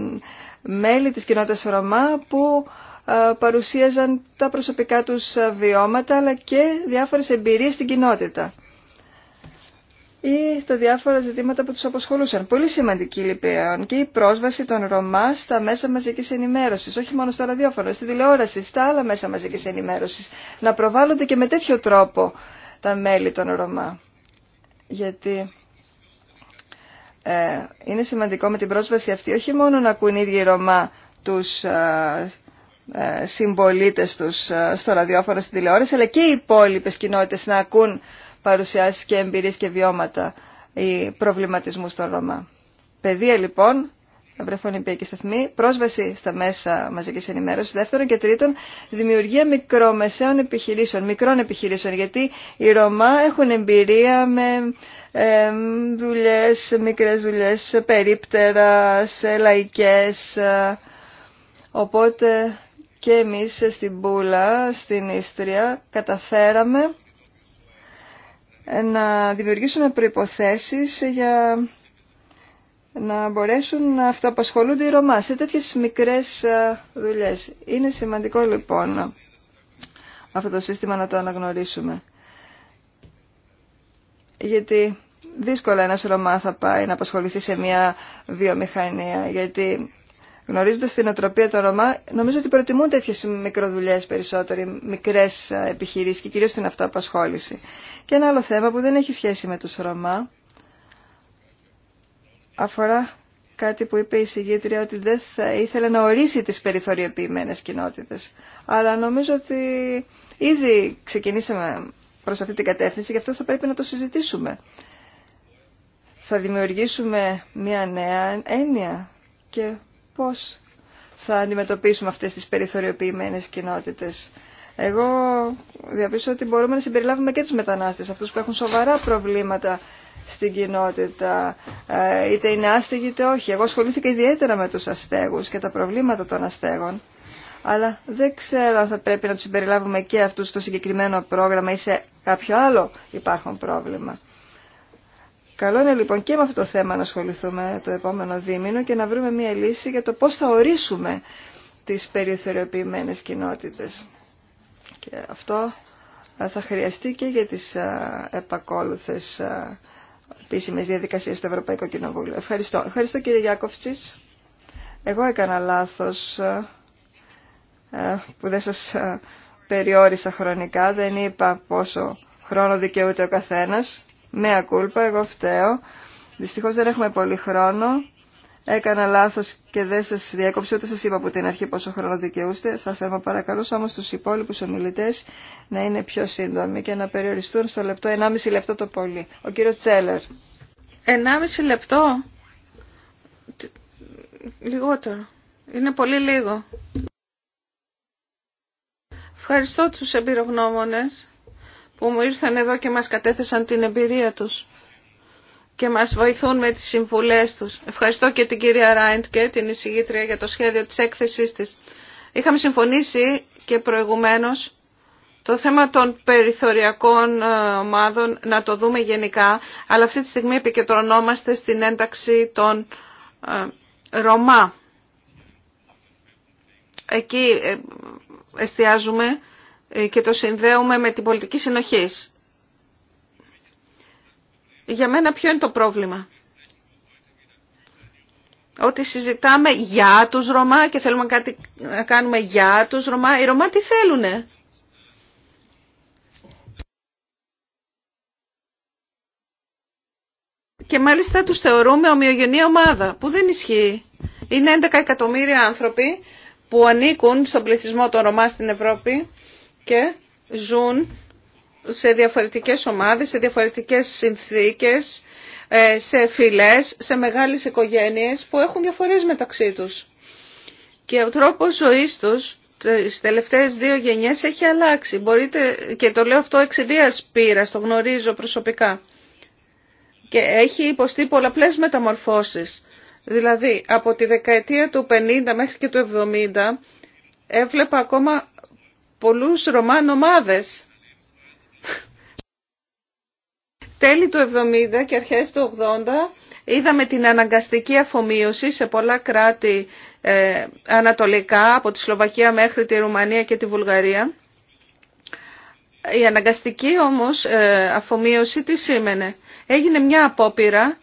μέλη της κοινότητας Ρωμά που ε, παρουσίαζαν τα προσωπικά τους ε, βιώματα αλλά και διάφορες εμπειρίες στην κοινότητα ή τα διάφορα ζητήματα που τους αποσχολούσαν. Πολύ σημαντική λοιπόν και η πρόσβαση των Ρωμά στα μέσα μαζικής ενημέρωσης, όχι μόνο στα ραδιόφωνα, στη τηλεόραση, στα άλλα μέσα μαζικής ενημέρωσης, να προβάλλονται και με τέτοιο τρόπο τα μέλη των Ρωμά. Γιατί ε, είναι σημαντικό με την πρόσβαση αυτή όχι μόνο να ακούν οι ίδιοι Ρωμά τους ε, συμπολίτε του ε, στο ραδιόφωνο, στην τηλεόραση, αλλά και οι υπόλοιπε κοινότητε να ακούν παρουσιάσει και εμπειρίες και βιώματα ή προβληματισμού στο Ρωμά. Παιδεία λοιπόν, και σταθμή, πρόσβαση στα μέσα μαζικής ενημέρωσης, δεύτερον και τρίτον, δημιουργία μικρομεσαίων επιχειρήσεων, μικρών επιχειρήσεων, γιατί οι Ρωμά έχουν εμπειρία με ε, μικρέ μικρές δουλειές, περίπτερα, σε ε, οπότε και εμείς στην Πούλα, στην Ίστρια, καταφέραμε να δημιουργήσουμε προϋποθέσεις για να μπορέσουν να αυτοαπασχολούνται οι Ρωμά σε τέτοιες μικρές δουλειές. Είναι σημαντικό λοιπόν αυτό το σύστημα να το αναγνωρίσουμε. Γιατί δύσκολα ένας Ρωμά θα πάει να απασχοληθεί σε μια βιομηχανία, γιατί Γνωρίζοντα την οτροπία των Ρωμά, νομίζω ότι προτιμούν τέτοιε μικροδουλειέ περισσότερο, μικρέ επιχειρήσει και κυρίω την αυτοαπασχόληση. Και ένα άλλο θέμα που δεν έχει σχέση με του Ρωμά αφορά κάτι που είπε η συγγήτρια ότι δεν θα ήθελε να ορίσει τις περιθωριοποιημένες κοινότητες. Αλλά νομίζω ότι ήδη ξεκινήσαμε προς αυτή την κατεύθυνση, γι' αυτό θα πρέπει να το συζητήσουμε. Θα δημιουργήσουμε μια νέα έννοια και πώς θα αντιμετωπίσουμε αυτές τις περιθωριοποιημένες κοινότητες. Εγώ διαπίστωσα ότι μπορούμε να συμπεριλάβουμε και τους μετανάστες, αυτούς που έχουν σοβαρά προβλήματα στην κοινότητα, ε, είτε είναι άστεγοι είτε όχι. Εγώ ασχολήθηκα ιδιαίτερα με τους αστέγους και τα προβλήματα των αστέγων, αλλά δεν ξέρω αν θα πρέπει να τους συμπεριλάβουμε και αυτούς στο συγκεκριμένο πρόγραμμα ή σε κάποιο άλλο υπάρχον πρόβλημα. Καλό είναι λοιπόν και με αυτό το θέμα να ασχοληθούμε το επόμενο δίμηνο και να βρούμε μια λύση για το πώς θα ορίσουμε τις περιθωριοποιημένες κοινότητες. Και αυτό ε, θα χρειαστεί και για τις ε, επακόλουθες ε, επίσημες διαδικασίες στο Ευρωπαϊκό Κοινοβούλιο. Ευχαριστώ. Ευχαριστώ κύριε Γιάκοφτσης. Εγώ έκανα λάθος που δεν σας περιόρισα χρονικά, δεν είπα πόσο χρόνο δικαιούται ο καθένας με κούλπα, εγώ φταίω. Δυστυχώς δεν έχουμε πολύ χρόνο. Έκανα λάθος και δεν σας διέκοψε, ούτε σας είπα από την αρχή πόσο χρόνο δικαιούστε. Θα θέλω παρακαλούσα όμως τους υπόλοιπους ομιλητές να είναι πιο σύντομοι και να περιοριστούν στο λεπτό, 1,5 λεπτό το πολύ. Ο κύριος Τσέλερ. 1,5 λεπτό. Λιγότερο. Είναι πολύ λίγο. Ευχαριστώ τους εμπειρογνώμονες που μου ήρθαν εδώ και μας κατέθεσαν την εμπειρία τους και μας βοηθούν με τις συμβουλές τους. Ευχαριστώ και την κυρία Ράιντ και την εισηγήτρια για το σχέδιο της έκθεσής της. Είχαμε συμφωνήσει και προηγουμένως το θέμα των περιθωριακών ε, ομάδων να το δούμε γενικά, αλλά αυτή τη στιγμή επικεντρωνόμαστε στην ένταξη των ε, Ρωμά. Εκεί ε, εστιάζουμε ε, και το συνδέουμε με την πολιτική συνοχής. Για μένα ποιο είναι το πρόβλημα. Ότι συζητάμε για τους Ρωμά και θέλουμε κάτι να κάνουμε για τους Ρωμά. Οι Ρωμά τι θέλουνε. Και μάλιστα τους θεωρούμε ομοιογενή ομάδα, που δεν ισχύει. Είναι 11 εκατομμύρια άνθρωποι που ανήκουν στον πληθυσμό των Ρωμά στην Ευρώπη και ζουν σε διαφορετικές ομάδες, σε διαφορετικές συνθήκες, ε, σε φυλές, σε μεγάλες οικογένειες που έχουν διαφορές μεταξύ τους. Και ο τρόπος ζωής τους τις τελευταίες δύο γενιές έχει αλλάξει. Μπορείτε, και το λέω αυτό εξαιτίας πείρας, το γνωρίζω προσωπικά. Και έχει υποστεί πολλαπλές μεταμορφώσεις. Δηλαδή, από τη δεκαετία του 50 μέχρι και του 70 έβλεπα ακόμα πολλούς Ρωμά Τέλη του 70 και αρχές του 80 είδαμε την αναγκαστική αφομίωση σε πολλά κράτη ε, ανατολικά, από τη Σλοβακία μέχρι τη Ρουμανία και τη Βουλγαρία. Η αναγκαστική όμως ε, αφομίωση τι σήμαινε. Έγινε μια απόπειρα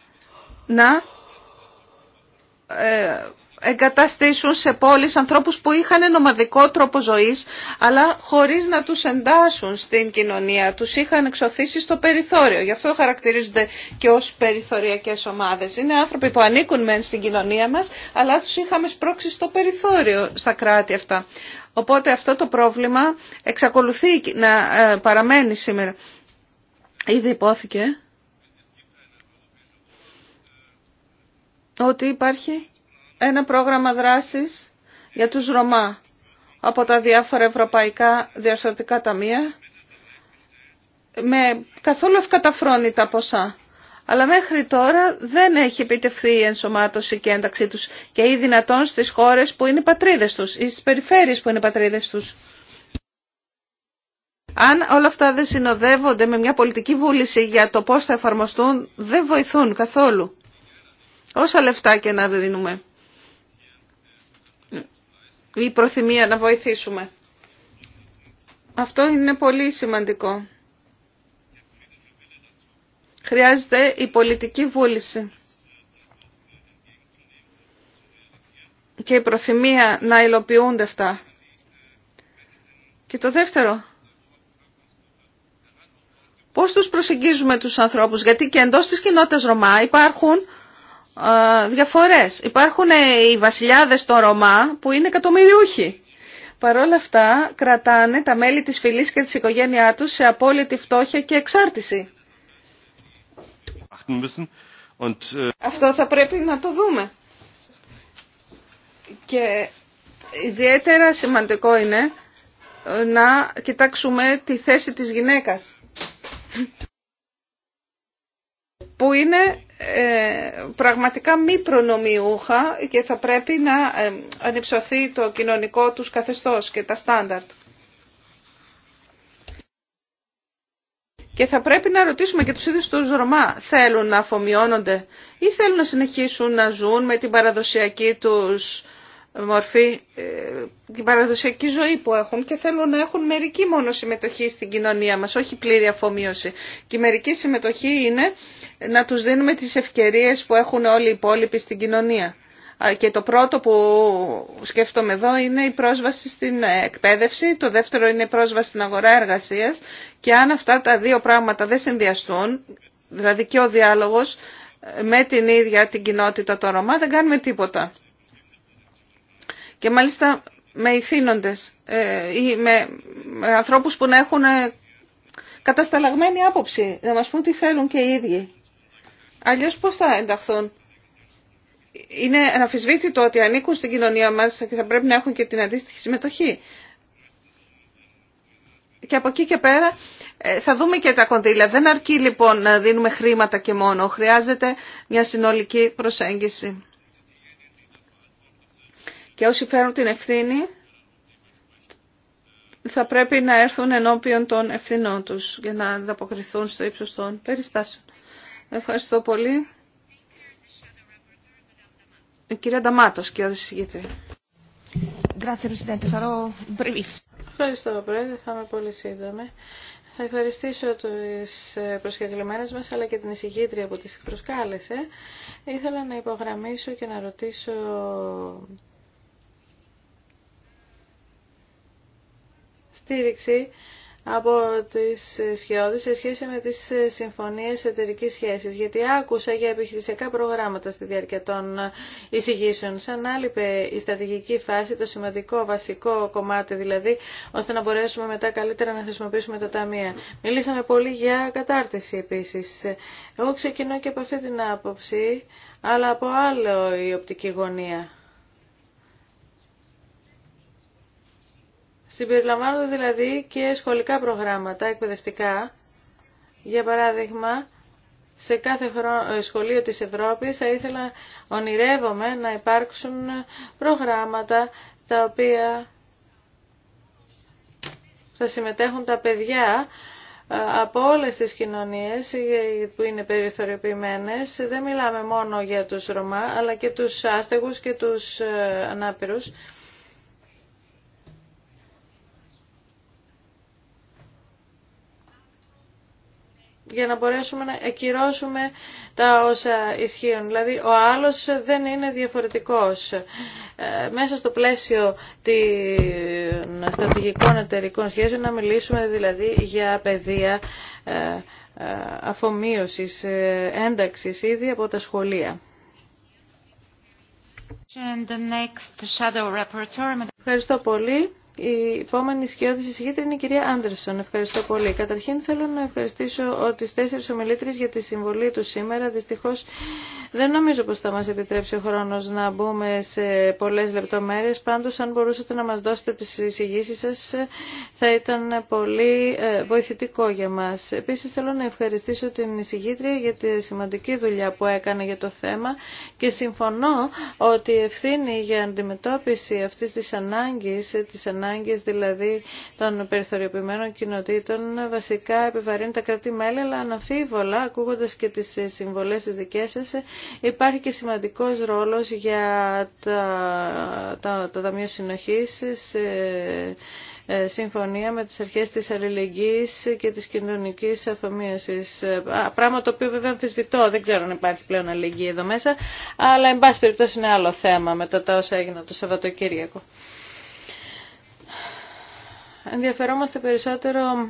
να ε, εγκαταστήσουν σε πόλεις ανθρώπους που είχαν νομαδικό τρόπο ζωής, αλλά χωρίς να τους εντάσσουν στην κοινωνία. Τους είχαν εξωθήσει στο περιθώριο. Γι' αυτό χαρακτηρίζονται και ως περιθωριακές ομάδες. Είναι άνθρωποι που ανήκουν μεν στην κοινωνία μας, αλλά τους είχαμε σπρώξει στο περιθώριο στα κράτη αυτά. Οπότε αυτό το πρόβλημα εξακολουθεί να ε, παραμένει σήμερα. Ήδη υπόθηκε ότι υπάρχει ένα πρόγραμμα δράσης για τους Ρωμά από τα διάφορα ευρωπαϊκά διασωτικά ταμεία με καθόλου ευκαταφρόνητα ποσά. Αλλά μέχρι τώρα δεν έχει επιτευχθεί η ενσωμάτωση και ένταξή τους και οι δυνατόν στις χώρες που είναι πατρίδες τους ή στις περιφέρειες που είναι πατρίδες τους. Αν όλα αυτά δεν συνοδεύονται με μια πολιτική βούληση για το πώς θα εφαρμοστούν, δεν βοηθούν καθόλου. Όσα λεφτά και να δίνουμε ή προθυμία να βοηθήσουμε. Αυτό είναι πολύ σημαντικό. Χρειάζεται η πολιτική βούληση και η προθυμία να υλοποιούνται αυτά. Και το δεύτερο, πώς τους προσεγγίζουμε τους ανθρώπους, γιατί και εντός της κοινότητας Ρωμά υπάρχουν διαφορές. Υπάρχουν ε, οι βασιλιάδες των Ρωμά που είναι εκατομμυριούχοι. Παρ' όλα αυτά κρατάνε τα μέλη της φυλής και της οικογένειά τους σε απόλυτη φτώχεια και εξάρτηση. Ε, Αυτό θα πρέπει να το δούμε. Και ιδιαίτερα σημαντικό είναι να κοιτάξουμε τη θέση της γυναίκας που είναι ε, πραγματικά μη προνομιούχα και θα πρέπει να ε, ανυψωθεί το κοινωνικό τους καθεστώς και τα στάνταρτ. Και θα πρέπει να ρωτήσουμε και τους ίδιους τους Ρωμά, θέλουν να αφομοιώνονται ή θέλουν να συνεχίσουν να ζουν με την παραδοσιακή τους μορφή, ε, την παραδοσιακή ζωή που έχουν και θέλουν να έχουν μερική μόνο συμμετοχή στην κοινωνία μας, όχι πλήρη αφομοίωση. Και η μερική συμμετοχή είναι να τους δίνουμε τις ευκαιρίες που έχουν όλοι οι υπόλοιποι στην κοινωνία. Και το πρώτο που σκέφτομαι εδώ είναι η πρόσβαση στην εκπαίδευση, το δεύτερο είναι η πρόσβαση στην αγορά εργασίας και αν αυτά τα δύο πράγματα δεν συνδυαστούν, δηλαδή και ο διάλογος με την ίδια την κοινότητα το Ρωμά, δεν κάνουμε τίποτα και μάλιστα με ηθήνοντες ε, ή με ανθρώπους που να έχουν ε, κατασταλαγμένη άποψη, να μας πούν τι θέλουν και οι ίδιοι. Αλλιώς πώς θα ενταχθούν. Είναι αναφυσβήτητο ότι ανήκουν στην κοινωνία μας και θα πρέπει να έχουν και την αντίστοιχη συμμετοχή. Και από εκεί και πέρα ε, θα δούμε και τα κονδύλια. Δεν αρκεί λοιπόν να δίνουμε χρήματα και μόνο. Χρειάζεται μια συνολική προσέγγιση και όσοι φέρουν την ευθύνη θα πρέπει να έρθουν ενώπιον των ευθυνών τους για να ανταποκριθούν στο ύψος των περιστάσεων. Ευχαριστώ πολύ. Η κυρία Νταμάτος, κυρία Δησηγήτρια. Ευχαριστώ, Πρόεδρε. Θα είμαι πολύ σύντομη. Θα ευχαριστήσω τις ε, προσκεκλημένες μας αλλά και την εισηγήτρια που τις προσκάλεσε. Ήθελα να υπογραμμίσω και να ρωτήσω στήριξη από τις σχεώδεις σε σχέση με τις συμφωνίες εταιρικής σχέσης. Γιατί άκουσα για επιχειρησιακά προγράμματα στη διάρκεια των εισηγήσεων. Σαν άλυπε η στρατηγική φάση, το σημαντικό βασικό κομμάτι δηλαδή, ώστε να μπορέσουμε μετά καλύτερα να χρησιμοποιήσουμε τα ταμεία. Μιλήσαμε πολύ για κατάρτιση επίσης. Εγώ ξεκινώ και από αυτή την άποψη, αλλά από άλλο η οπτική γωνία. συμπεριλαμβάνοντας δηλαδή και σχολικά προγράμματα εκπαιδευτικά. Για παράδειγμα, σε κάθε ε, σχολείο της Ευρώπης θα ήθελα, ονειρεύομαι, να υπάρξουν προγράμματα τα οποία θα συμμετέχουν τα παιδιά ε, από όλες τις κοινωνίες ε, που είναι περιθωριοποιημένες. Δεν μιλάμε μόνο για τους Ρωμά, αλλά και τους άστεγους και τους ανάπηρους. για να μπορέσουμε να ακυρώσουμε τα όσα ισχύουν. Δηλαδή ο άλλος δεν είναι διαφορετικός. Ε, μέσα στο πλαίσιο των στρατηγικών εταιρικών σχέσεων να μιλήσουμε δηλαδή για παιδεία ε, ε, αφομοίωσης, ένταξης ήδη από τα σχολεία. Ευχαριστώ πολύ. Η επόμενη σκιώδη εισηγήτρια είναι η κυρία Άντερσον. Ευχαριστώ πολύ. Καταρχήν θέλω να ευχαριστήσω τι τέσσερι ομιλήτρε για τη συμβολή του σήμερα. Δυστυχώ δεν νομίζω πω θα μα επιτρέψει ο χρόνο να μπούμε σε πολλέ λεπτομέρειε. Πάντω, αν μπορούσατε να μα δώσετε τι εισηγήσει σα, θα ήταν πολύ ε, βοηθητικό για μα. Επίση, θέλω να ευχαριστήσω την εισηγήτρια για τη σημαντική δουλειά που έκανε για το θέμα και συμφωνώ ότι η ευθύνη για αντιμετώπιση αυτή τη ανάγκη, τη ανάγκη ανάγκες δηλαδή των περιθωριοποιημένων κοινοτήτων βασικά επιβαρύνει τα κρατή-μέλη, αλλά αναφίβολα, ακούγοντας και τις συμβολές της δικές σας, υπάρχει και σημαντικός ρόλος για τα, τα, τα Ταμείο Συνοχής σε ε, συμφωνία με τις αρχές της αλληλεγγύης και της κοινωνικής αφομοίωσης. Πράγμα το οποίο βέβαια αμφισβητώ, δεν ξέρω αν υπάρχει πλέον αλληλεγγύη εδώ μέσα, αλλά εν πάση περιπτώσει είναι άλλο θέμα μετά τα όσα έγιναν το Σαββατοκύριακο. Ενδιαφερόμαστε περισσότερο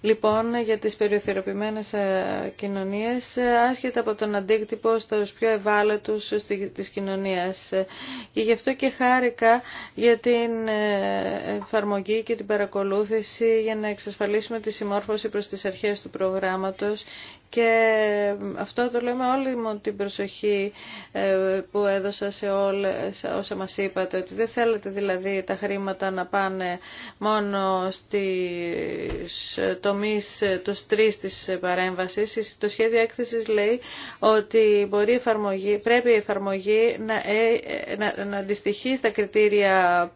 λοιπόν για τις περιοθεροποιημένες ε, κοινωνίες ε, άσχετα από τον αντίκτυπο στους πιο ευάλωτους της κοινωνίας και γι' αυτό και χάρηκα για την ε, εφαρμογή και την παρακολούθηση για να εξασφαλίσουμε τη συμμόρφωση προς τις αρχές του προγράμματος και αυτό το λέμε όλη μου την προσοχή ε, που έδωσα σε όλα όσα μας είπατε, ότι δεν θέλετε δηλαδή τα χρήματα να πάνε μόνο στις τομείς τους τρεις της παρέμβασης. Το σχέδιο έκθεσης λέει ότι μπορεί εφαρμογή, πρέπει η εφαρμογή να, ε, να, να αντιστοιχεί στα κριτήρια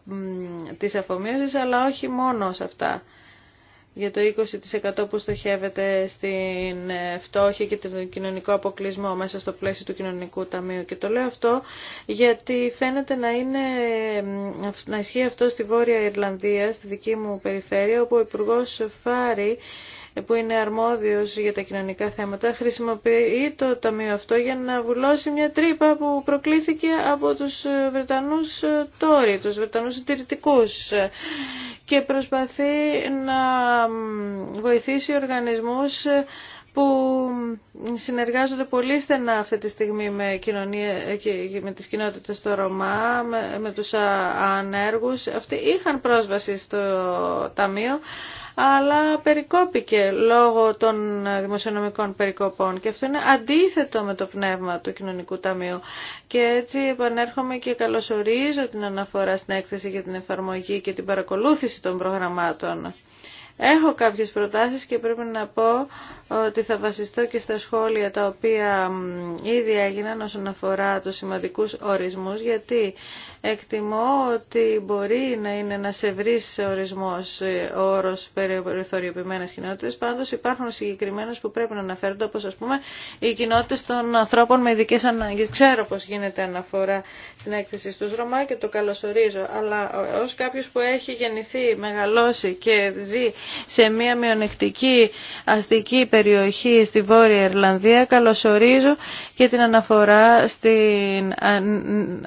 της αφομοίωσης, αλλά όχι μόνο σε αυτά για το 20% που στοχεύεται στην ε, φτώχεια και τον κοινωνικό αποκλεισμό μέσα στο πλαίσιο του κοινωνικού ταμείου. Και το λέω αυτό γιατί φαίνεται να, είναι, ε, να ισχύει αυτό στη Βόρεια Ιρλανδία, στη δική μου περιφέρεια, όπου ο υπουργό Φάρη που είναι αρμόδιος για τα κοινωνικά θέματα χρησιμοποιεί το ταμείο αυτό για να βουλώσει μια τρύπα που προκλήθηκε από τους Βρετανούς Τόρι, τους Βρετανούς συντηρητικού και προσπαθεί να βοηθήσει οργανισμούς που συνεργάζονται πολύ στενά αυτή τη στιγμή με, κοινωνία, με τις κοινότητες στο Ρωμά, με, με τους ανέργους. Αυτοί είχαν πρόσβαση στο Ταμείο, αλλά περικόπηκε λόγω των δημοσιονομικών περικοπών και αυτό είναι αντίθετο με το πνεύμα του Κοινωνικού Ταμείου. Και έτσι επανέρχομαι και καλωσορίζω την αναφορά στην έκθεση για την εφαρμογή και την παρακολούθηση των προγραμμάτων. Έχω κάποιες προτάσεις και πρέπει να πω ότι θα βασιστώ και στα σχόλια τα οποία ήδη έγιναν όσον αφορά τους σημαντικούς ορισμούς γιατί Εκτιμώ ότι μπορεί να είναι ένας ευρύς ορισμός ο ε, όρος περιθωριοποιημένες κοινότητες, πάντως υπάρχουν συγκεκριμένες που πρέπει να αναφέρονται, όπως ας πούμε οι κοινότητες των ανθρώπων με ειδικέ ανάγκες. Ξέρω πώς γίνεται αναφορά στην έκθεση στους Ρωμά και το καλωσορίζω, αλλά ως κάποιος που έχει γεννηθεί, μεγαλώσει και ζει σε μια μειονεκτική αστική περιοχή στη Βόρεια Ιρλανδία, καλωσορίζω και την αναφορά στην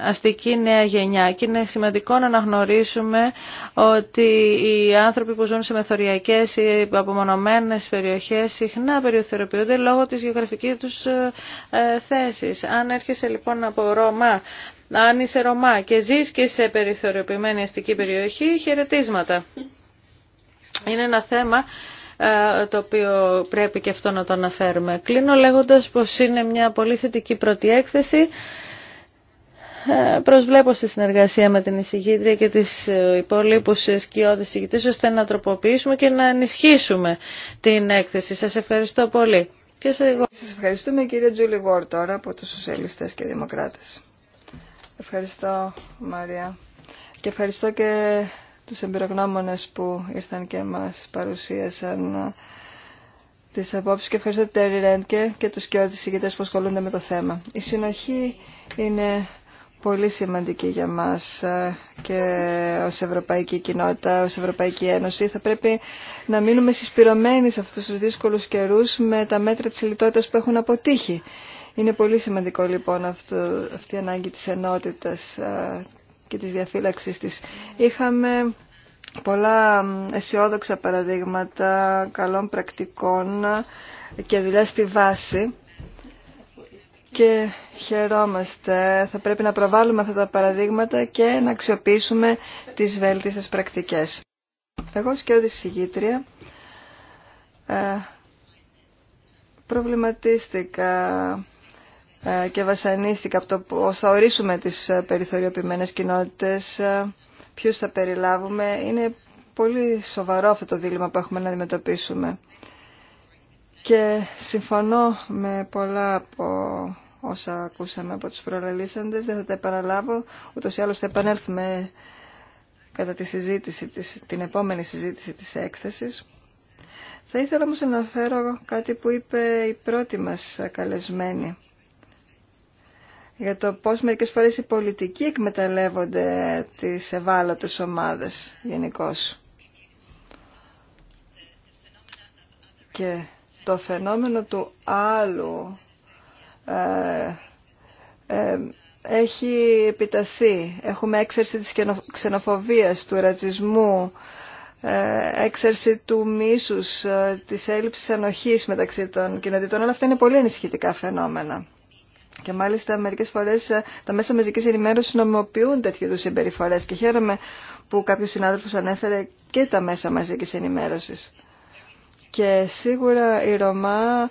αστική νέα γενιά και είναι σημαντικό να αναγνωρίσουμε ότι οι άνθρωποι που ζουν σε μεθοριακές ή απομονωμένες περιοχές συχνά περιοθεροποιούνται λόγω της γεωγραφικής τους ε, ε, θέσης. Αν έρχεσαι λοιπόν από Ρώμα, αν είσαι Ρωμά και ζεις και σε περιθωριοποιημένη αστική περιοχή, χαιρετίσματα. Είναι ένα θέμα ε, το οποίο πρέπει και αυτό να το αναφέρουμε. Κλείνω λέγοντας πως είναι μια πολύ θετική πρώτη έκθεση ε, προσβλέπω στη συνεργασία με την εισηγήτρια και τις ε, υπόλοιπους σκιώδες εισηγητές ώστε να τροποποιήσουμε και να ενισχύσουμε την έκθεση. Σας ευχαριστώ πολύ. Και σε εγώ. Σας ευχαριστούμε κύριε Τζούλι Γουόρ τώρα από τους Σοσιαλιστές και Δημοκράτες. Ευχαριστώ Μαρία και ευχαριστώ και τους εμπειρογνώμονες που ήρθαν και μας παρουσίασαν ε, τις απόψεις και ευχαριστώ την Τέρι Ρέντκε και τους και όλους που ασχολούνται με το θέμα. Η συνοχή είναι πολύ σημαντική για μας ε, και ως Ευρωπαϊκή Κοινότητα, ως Ευρωπαϊκή Ένωση. Θα πρέπει να μείνουμε συσπηρωμένοι σε αυτούς τους δύσκολους καιρούς με τα μέτρα της λιτότητας που έχουν αποτύχει. Είναι πολύ σημαντικό λοιπόν αυτή η ανάγκη της ενότητας ε, και της διαφύλαξης της. Είχαμε πολλά αισιόδοξα παραδείγματα καλών πρακτικών και δουλειά στη βάση και χαιρόμαστε. Θα πρέπει να προβάλλουμε αυτά τα παραδείγματα και να αξιοποιήσουμε τις βέλτιστες πρακτικές. Εγώ σκέωτη συγγήτρια ε, προβληματίστηκα ε, και βασανίστηκα από το πώς θα ορίσουμε τις ε, περιθωριοποιημένες κοινότητες, ποιους θα περιλάβουμε. Είναι πολύ σοβαρό αυτό το δίλημα που έχουμε να αντιμετωπίσουμε. Και συμφωνώ με πολλά από όσα ακούσαμε από τους προλαλήσαντες. Δεν θα τα επαναλάβω, ούτως ή άλλως θα επανέλθουμε κατά τη συζήτηση, την επόμενη συζήτηση της έκθεσης. Θα ήθελα όμως να αναφέρω κάτι που είπε η πρώτη μας καλεσμένη για το πώς μερικές φορές οι πολιτικοί εκμεταλλεύονται τις ευάλωτες ομάδες γενικώ. Και το φαινόμενο του άλλου ε, ε, έχει επιταθεί. Έχουμε έξαρση της ξενοφοβίας, του ρατσισμού, ε, έξαρση του μίσους, της έλλειψης ανοχής μεταξύ των κοινοτήτων. Όλα αυτά είναι πολύ ανησυχητικά φαινόμενα. Και μάλιστα μερικέ φορές τα μέσα μαζικής ενημέρωσης νομιμοποιούν τέτοιου είδου συμπεριφορέ. Και χαίρομαι που κάποιος συνάδελφος ανέφερε και τα μέσα μαζικής ενημέρωσης. Και σίγουρα η Ρωμά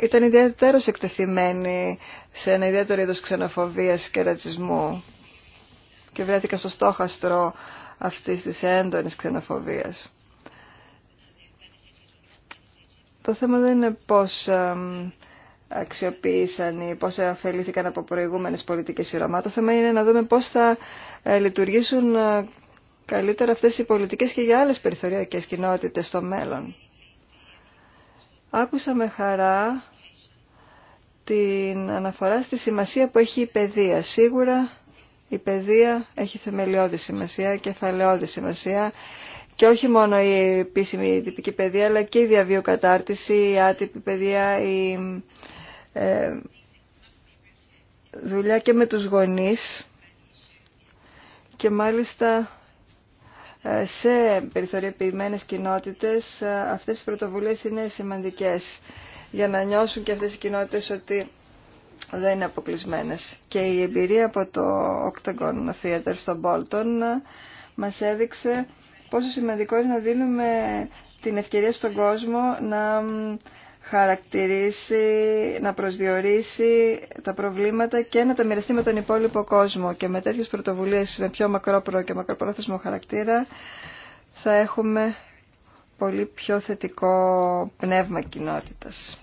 ήταν ιδιαίτερος εκτεθειμένη σε ένα ιδιαίτερο είδος ξενοφοβίας και ρατσισμού και βρέθηκα στο στόχαστρο αυτής της έντονης ξενοφοβίας. Το θέμα δεν είναι πώς αξιοποίησαν ή πώς αφελήθηκαν από προηγούμενες πολιτικές οι Ρωμά. Το θέμα είναι να δούμε πώς θα ε, λειτουργήσουν ε, καλύτερα αυτές οι πολιτικές και για άλλες περιθωριακές κοινότητες στο μέλλον. Άκουσα με χαρά την αναφορά στη σημασία που έχει η παιδεία. Σίγουρα η παιδεία έχει θεμελιώδη σημασία, κεφαλαιώδη σημασία και όχι μόνο η επίσημη τυπική παιδεία αλλά και η διαβιοκατάρτιση, η άτυπη παιδεία, η ε, δουλειά και με τους γονείς και μάλιστα ε, σε περιθωριοποιημένες κοινότητες ε, αυτές οι πρωτοβουλίες είναι σημαντικές για να νιώσουν και αυτές οι κοινότητες ότι δεν είναι αποκλεισμένε. Και η εμπειρία από το Octagon Theater στο Μπόλτον ε, μας έδειξε πόσο σημαντικό είναι να δίνουμε την ευκαιρία στον κόσμο να χαρακτηρίσει, να προσδιορίσει τα προβλήματα και να τα μοιραστεί με τον υπόλοιπο κόσμο. Και με τέτοιες πρωτοβουλίες με πιο μακρόπρο και μακροπρόθεσμο χαρακτήρα θα έχουμε πολύ πιο θετικό πνεύμα κοινότητας.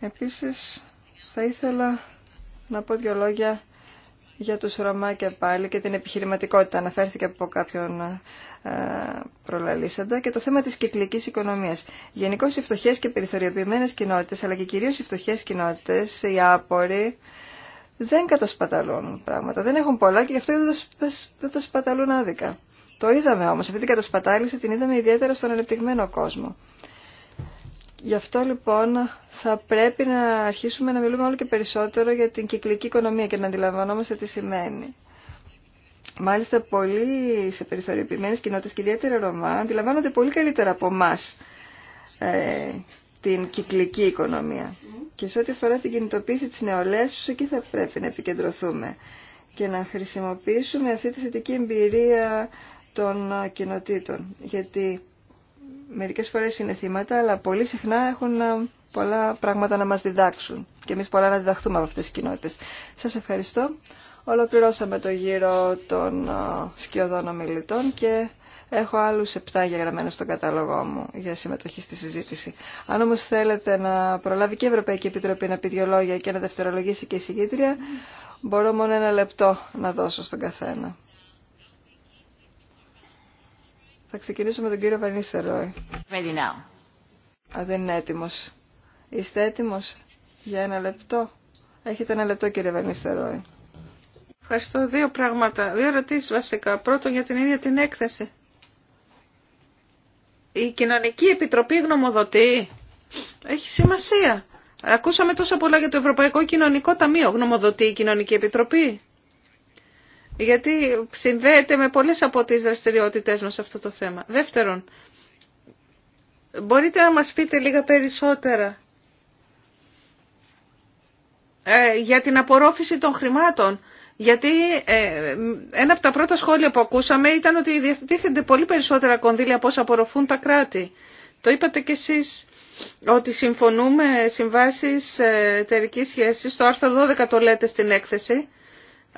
Επίσης θα ήθελα να πω δύο λόγια για τους Ρωμά και πάλι και την επιχειρηματικότητα αναφέρθηκε από κάποιον ε, προλαλήσαντα και το θέμα της κυκλικής οικονομίας. Γενικώ οι φτωχές και περιθωριοποιημένες κοινότητες αλλά και κυρίως οι φτωχές κοινότητες, οι άποροι δεν κατασπαταλούν πράγματα. Δεν έχουν πολλά και γι' αυτό δεν τα σπαταλούν άδικα. Το είδαμε όμως, αυτή την κατασπατάληση την είδαμε ιδιαίτερα στον ανεπτυγμένο κόσμο. Γι' αυτό λοιπόν θα πρέπει να αρχίσουμε να μιλούμε όλο και περισσότερο για την κυκλική οικονομία και να αντιλαμβανόμαστε τι σημαίνει. Μάλιστα, πολλοί σε περιθωριοποιημένε κοινότητε και ιδιαίτερα Ρωμά αντιλαμβάνονται πολύ καλύτερα από εμά ε, την κυκλική οικονομία. Και σε ό,τι αφορά την κινητοποίηση της νεολαία, εκεί θα πρέπει να επικεντρωθούμε και να χρησιμοποιήσουμε αυτή τη θετική εμπειρία των κοινοτήτων. Γιατί μερικές φορές είναι θύματα, αλλά πολύ συχνά έχουν ε, πολλά πράγματα να μας διδάξουν και εμείς πολλά να διδαχθούμε από αυτές τις κοινότητες. Σας ευχαριστώ. Ολοκληρώσαμε το γύρο των ε, σκιωδών ομιλητών και έχω άλλους 7 γεγραμμένους στον κατάλογό μου για συμμετοχή στη συζήτηση. Αν όμως θέλετε να προλάβει και η Ευρωπαϊκή Επιτροπή να πει δύο λόγια και να δευτερολογήσει και η συγκήτρια, μπορώ μόνο ένα λεπτό να δώσω στον καθένα. Θα ξεκινήσουμε τον κύριο Βανίστερόι. Ready now. δεν είναι έτοιμος. Είστε έτοιμος για ένα λεπτό. Έχετε ένα λεπτό κύριε Βανίστερόι. Ευχαριστώ. Δύο πράγματα. Δύο ερωτήσει βασικά. Πρώτον για την ίδια την έκθεση. Η Κοινωνική Επιτροπή γνωμοδοτεί. Έχει σημασία. Ακούσαμε τόσα πολλά για το Ευρωπαϊκό Κοινωνικό Ταμείο. Γνωμοδοτεί η Κοινωνική Επιτροπή γιατί συνδέεται με πολλές από τις δραστηριότητες μας αυτό το θέμα. Δεύτερον, μπορείτε να μας πείτε λίγα περισσότερα ε, για την απορρόφηση των χρημάτων. Γιατί ε, ένα από τα πρώτα σχόλια που ακούσαμε ήταν ότι διευθύνται πολύ περισσότερα κονδύλια από απορροφούν τα κράτη. Το είπατε κι εσείς ότι συμφωνούμε συμβάσεις ε, εταιρικής σχέσης, το άρθρο 12 το λέτε στην έκθεση,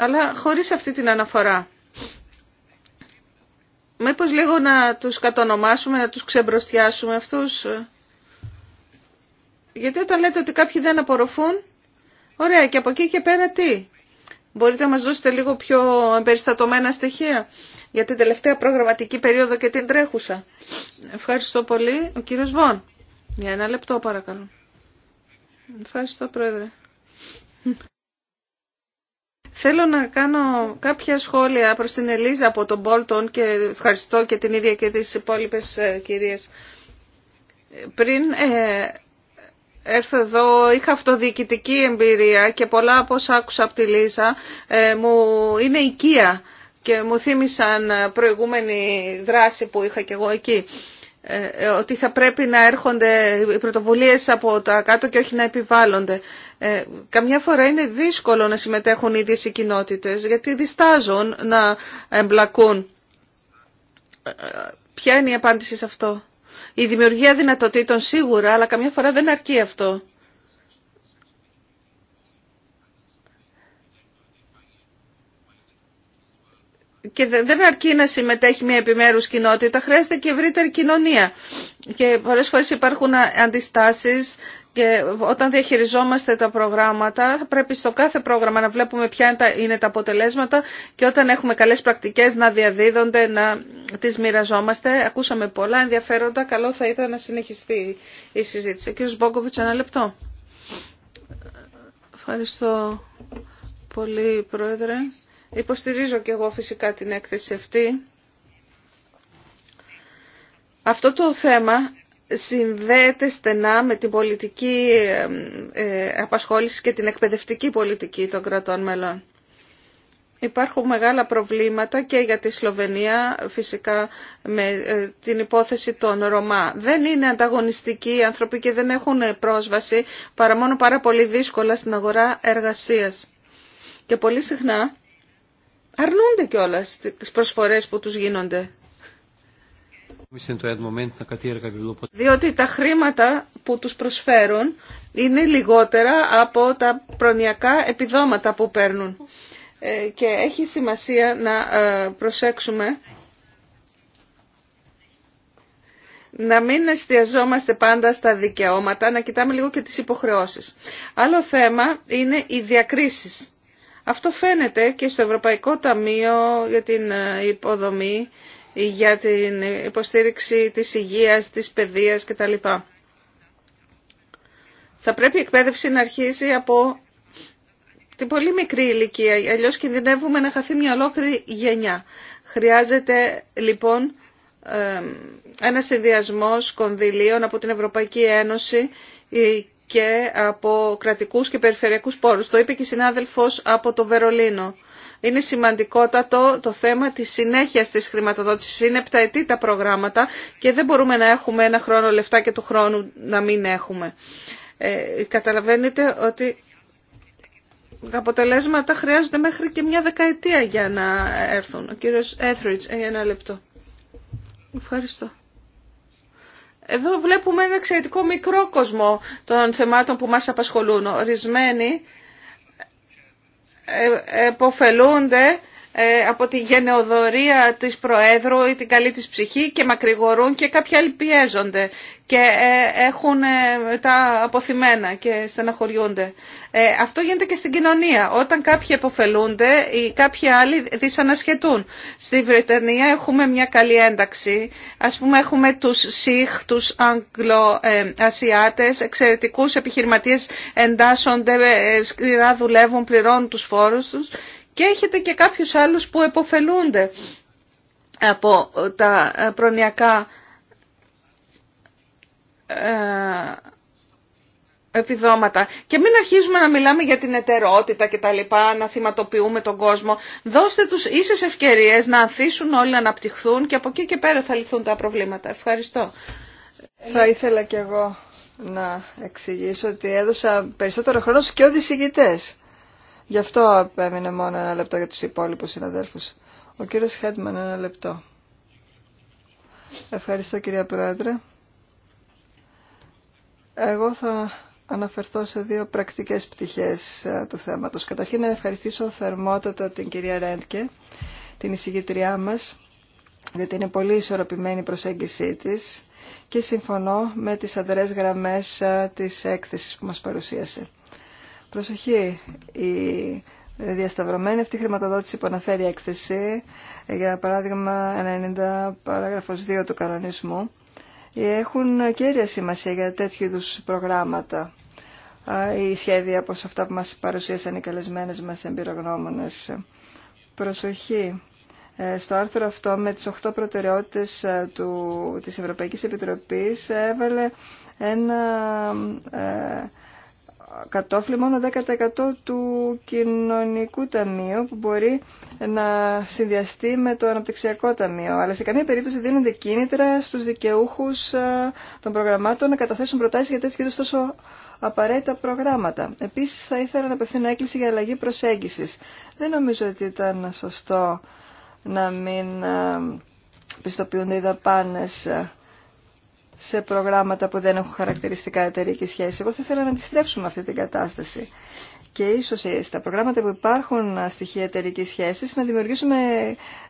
αλλά χωρίς αυτή την αναφορά. Μήπως λίγο να τους κατονομάσουμε, να τους ξεμπροστιάσουμε αυτούς. Γιατί όταν λέτε ότι κάποιοι δεν απορροφούν, ωραία και από εκεί και πέρα τι. Μπορείτε να μας δώσετε λίγο πιο εμπεριστατωμένα στοιχεία για την τελευταία προγραμματική περίοδο και την τρέχουσα. Ευχαριστώ πολύ. Ο κύριος Βον. Για ένα λεπτό παρακαλώ. Ευχαριστώ πρόεδρε. Θέλω να κάνω κάποια σχόλια προς την Ελίζα από τον Μπόλτον και ευχαριστώ και την ίδια και τις υπόλοιπες ε, κυρίες. Πριν ε, έρθω εδώ είχα αυτοδιοικητική εμπειρία και πολλά από όσα άκουσα από τη Λίζα ε, μου είναι οικία και μου θύμισαν προηγούμενη δράση που είχα και εγώ εκεί. Ε, ε, ότι θα πρέπει να έρχονται οι πρωτοβουλίες από τα κάτω και όχι να επιβάλλονται. Ε, καμιά φορά είναι δύσκολο να συμμετέχουν οι ίδιες οι κοινότητες γιατί διστάζουν να εμπλακούν. Ποια είναι η απάντηση σε αυτό. Η δημιουργία δυνατοτήτων σίγουρα, αλλά καμιά φορά δεν αρκεί αυτό. και δεν αρκεί να συμμετέχει μια επιμέρους κοινότητα, χρειάζεται και ευρύτερη κοινωνία. Και πολλές φορές υπάρχουν αντιστάσεις και όταν διαχειριζόμαστε τα προγράμματα θα πρέπει στο κάθε πρόγραμμα να βλέπουμε ποια είναι τα αποτελέσματα και όταν έχουμε καλές πρακτικές να διαδίδονται, να τις μοιραζόμαστε. Ακούσαμε πολλά ενδιαφέροντα, καλό θα ήταν να συνεχιστεί η συζήτηση. Κύριος Μπόγκοβιτς, ένα λεπτό. Ευχαριστώ πολύ, Πρόεδρε. Υποστηρίζω και εγώ φυσικά την έκθεση αυτή. Αυτό το θέμα συνδέεται στενά με την πολιτική ε, απασχόληση και την εκπαιδευτική πολιτική των κρατών μελών. Υπάρχουν μεγάλα προβλήματα και για τη Σλοβενία φυσικά με ε, την υπόθεση των Ρωμά. Δεν είναι ανταγωνιστικοί οι άνθρωποι και δεν έχουν πρόσβαση παρά μόνο πάρα πολύ δύσκολα στην αγορά εργασίας. Και πολύ συχνά αρνούνται κιόλα τι προσφορέ που του γίνονται. Διότι τα χρήματα που τους προσφέρουν είναι λιγότερα από τα προνοιακά επιδόματα που παίρνουν. Ε, και έχει σημασία να ε, προσέξουμε να μην εστιαζόμαστε πάντα στα δικαιώματα, να κοιτάμε λίγο και τις υποχρεώσεις. Άλλο θέμα είναι οι διακρίσεις αυτό φαίνεται και στο Ευρωπαϊκό Ταμείο για την ε, υποδομή, για την υποστήριξη της υγείας, της παιδείας κτλ. Θα πρέπει η εκπαίδευση να αρχίσει από την πολύ μικρή ηλικία, αλλιώς κινδυνεύουμε να χαθεί μια ολόκληρη γενιά. Χρειάζεται λοιπόν ε, ένα συνδυασμό κονδυλίων από την Ευρωπαϊκή Ένωση ε, και από κρατικούς και περιφερειακούς πόρους. Το είπε και η συνάδελφος από το Βερολίνο. Είναι σημαντικότατο το θέμα της συνέχειας της χρηματοδότησης. Είναι επταετή τα προγράμματα και δεν μπορούμε να έχουμε ένα χρόνο λεφτά και του χρόνου να μην έχουμε. Ε, καταλαβαίνετε ότι τα αποτελέσματα χρειάζονται μέχρι και μια δεκαετία για να έρθουν. Ο κύριος Έθριτς, ε, ένα λεπτό. Ευχαριστώ. Εδώ βλέπουμε ένα εξαιρετικό μικρό κόσμο των θεμάτων που μας απασχολούν. Ορισμένοι ε, ε, εποφελούνται ε, από τη γενεοδορία της Προέδρου ή την καλή της ψυχή και μακρηγορούν και κάποιοι άλλοι πιέζονται και ε, έχουν ε, τα αποθυμένα και στεναχωριούνται. αυτό γίνεται και στην κοινωνία. Όταν κάποιοι επωφελούνται ή κάποιοι άλλοι δυσανασχετούν. Στη Βρετανία έχουμε μια καλή ένταξη. Ας πούμε έχουμε τους ΣΥΧ, τους Αγγλοασιάτες, εξαιρετικούς επιχειρηματίες εντάσσονται, σκληρά δουλεύουν, πληρώνουν τους φόρους τους και έχετε και κάποιους άλλους που επωφελούνται από τα προνοιακά ε, επιδόματα. Και μην αρχίζουμε να μιλάμε για την ετερότητα και τα λοιπά, να θυματοποιούμε τον κόσμο. Δώστε τους ίσες ευκαιρίες να ανθίσουν όλοι να αναπτυχθούν και από εκεί και πέρα θα λυθούν τα προβλήματα. Ευχαριστώ. Θα ήθελα κι εγώ να εξηγήσω ότι έδωσα περισσότερο χρόνο και οδησηγητές. Γι' αυτό έμεινε μόνο ένα λεπτό για τους υπόλοιπους συναδέλφους. Ο κύριος Χέντμαν, ένα λεπτό. Ευχαριστώ κυρία Πρόεδρε. Εγώ θα αναφερθώ σε δύο πρακτικές πτυχές ε, του θέματος. Καταρχήν να ευχαριστήσω θερμότατα την κυρία Ρέντκε, την εισηγητριά μας, γιατί είναι πολύ ισορροπημένη η προσέγγισή της και συμφωνώ με τις αδερές γραμμές ε, της έκθεσης που μας παρουσίασε. Προσοχή, η διασταυρωμένη αυτή χρηματοδότηση που αναφέρει η έκθεση, για παράδειγμα 90 παράγραφος 2 του κανονισμού, έχουν κύρια σημασία για τέτοιου είδου προγράμματα ή σχέδια όπως αυτά που μας παρουσίασαν οι καλεσμένες μας εμπειρογνώμονες. Προσοχή. Ε, στο άρθρο αυτό με τις 8 προτεραιότητες ε, του, της Ευρωπαϊκής Επιτροπής έβαλε ένα ε, κατόφλι μόνο 10% του κοινωνικού ταμείου που μπορεί να συνδυαστεί με το αναπτυξιακό ταμείο. Αλλά σε καμία περίπτωση δίνονται κίνητρα στους δικαιούχους ε, των προγραμμάτων να καταθέσουν προτάσεις για τέτοιου είδους τόσο απαραίτητα προγράμματα. Επίσης θα ήθελα να απευθύνω έκκληση για αλλαγή προσέγγισης. Δεν νομίζω ότι ήταν σωστό να μην ε, πιστοποιούνται οι δαπάνες ε, σε προγράμματα που δεν έχουν χαρακτηριστικά εταιρική σχέση. Εγώ θα ήθελα να αντιστρέψουμε αυτή την κατάσταση και ίσως ε, στα προγράμματα που υπάρχουν ε, στοιχεία εταιρική σχέση να δημιουργήσουμε,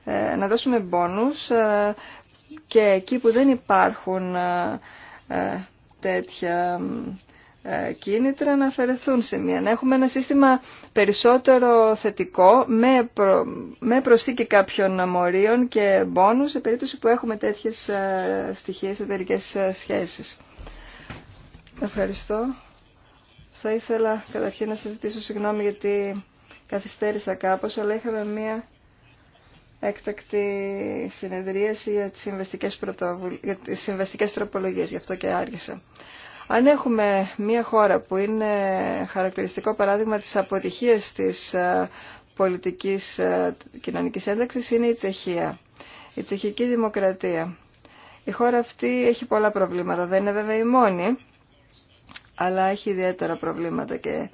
ε, να δώσουμε μπόνους και εκεί που δεν υπάρχουν τέτοια ε, κίνητρα να αφαιρεθούν μία. Να έχουμε ένα σύστημα περισσότερο θετικό με, προ, με προσθήκη κάποιων αμορίων και μπόνους, σε περίπτωση που έχουμε τέτοιες ε, στοιχείες εταιρικε εταιρικές ε, σχέσεις. Ευχαριστώ. Θα ήθελα καταρχήν να σας ζητήσω συγγνώμη γιατί καθυστέρησα κάπως, αλλά είχαμε μία έκτακτη συνεδρίαση για τις συμβαστικές, πρωτοβουλ... τροπολογίες, γι' αυτό και άργησα. Αν έχουμε μια χώρα που είναι χαρακτηριστικό παράδειγμα της αποτυχίας της ε, πολιτικής ε, κοινωνικής ένταξης είναι η Τσεχία, η τσεχική δημοκρατία. Η χώρα αυτή έχει πολλά προβλήματα, δεν είναι βέβαια η μόνη, αλλά έχει ιδιαίτερα προβλήματα και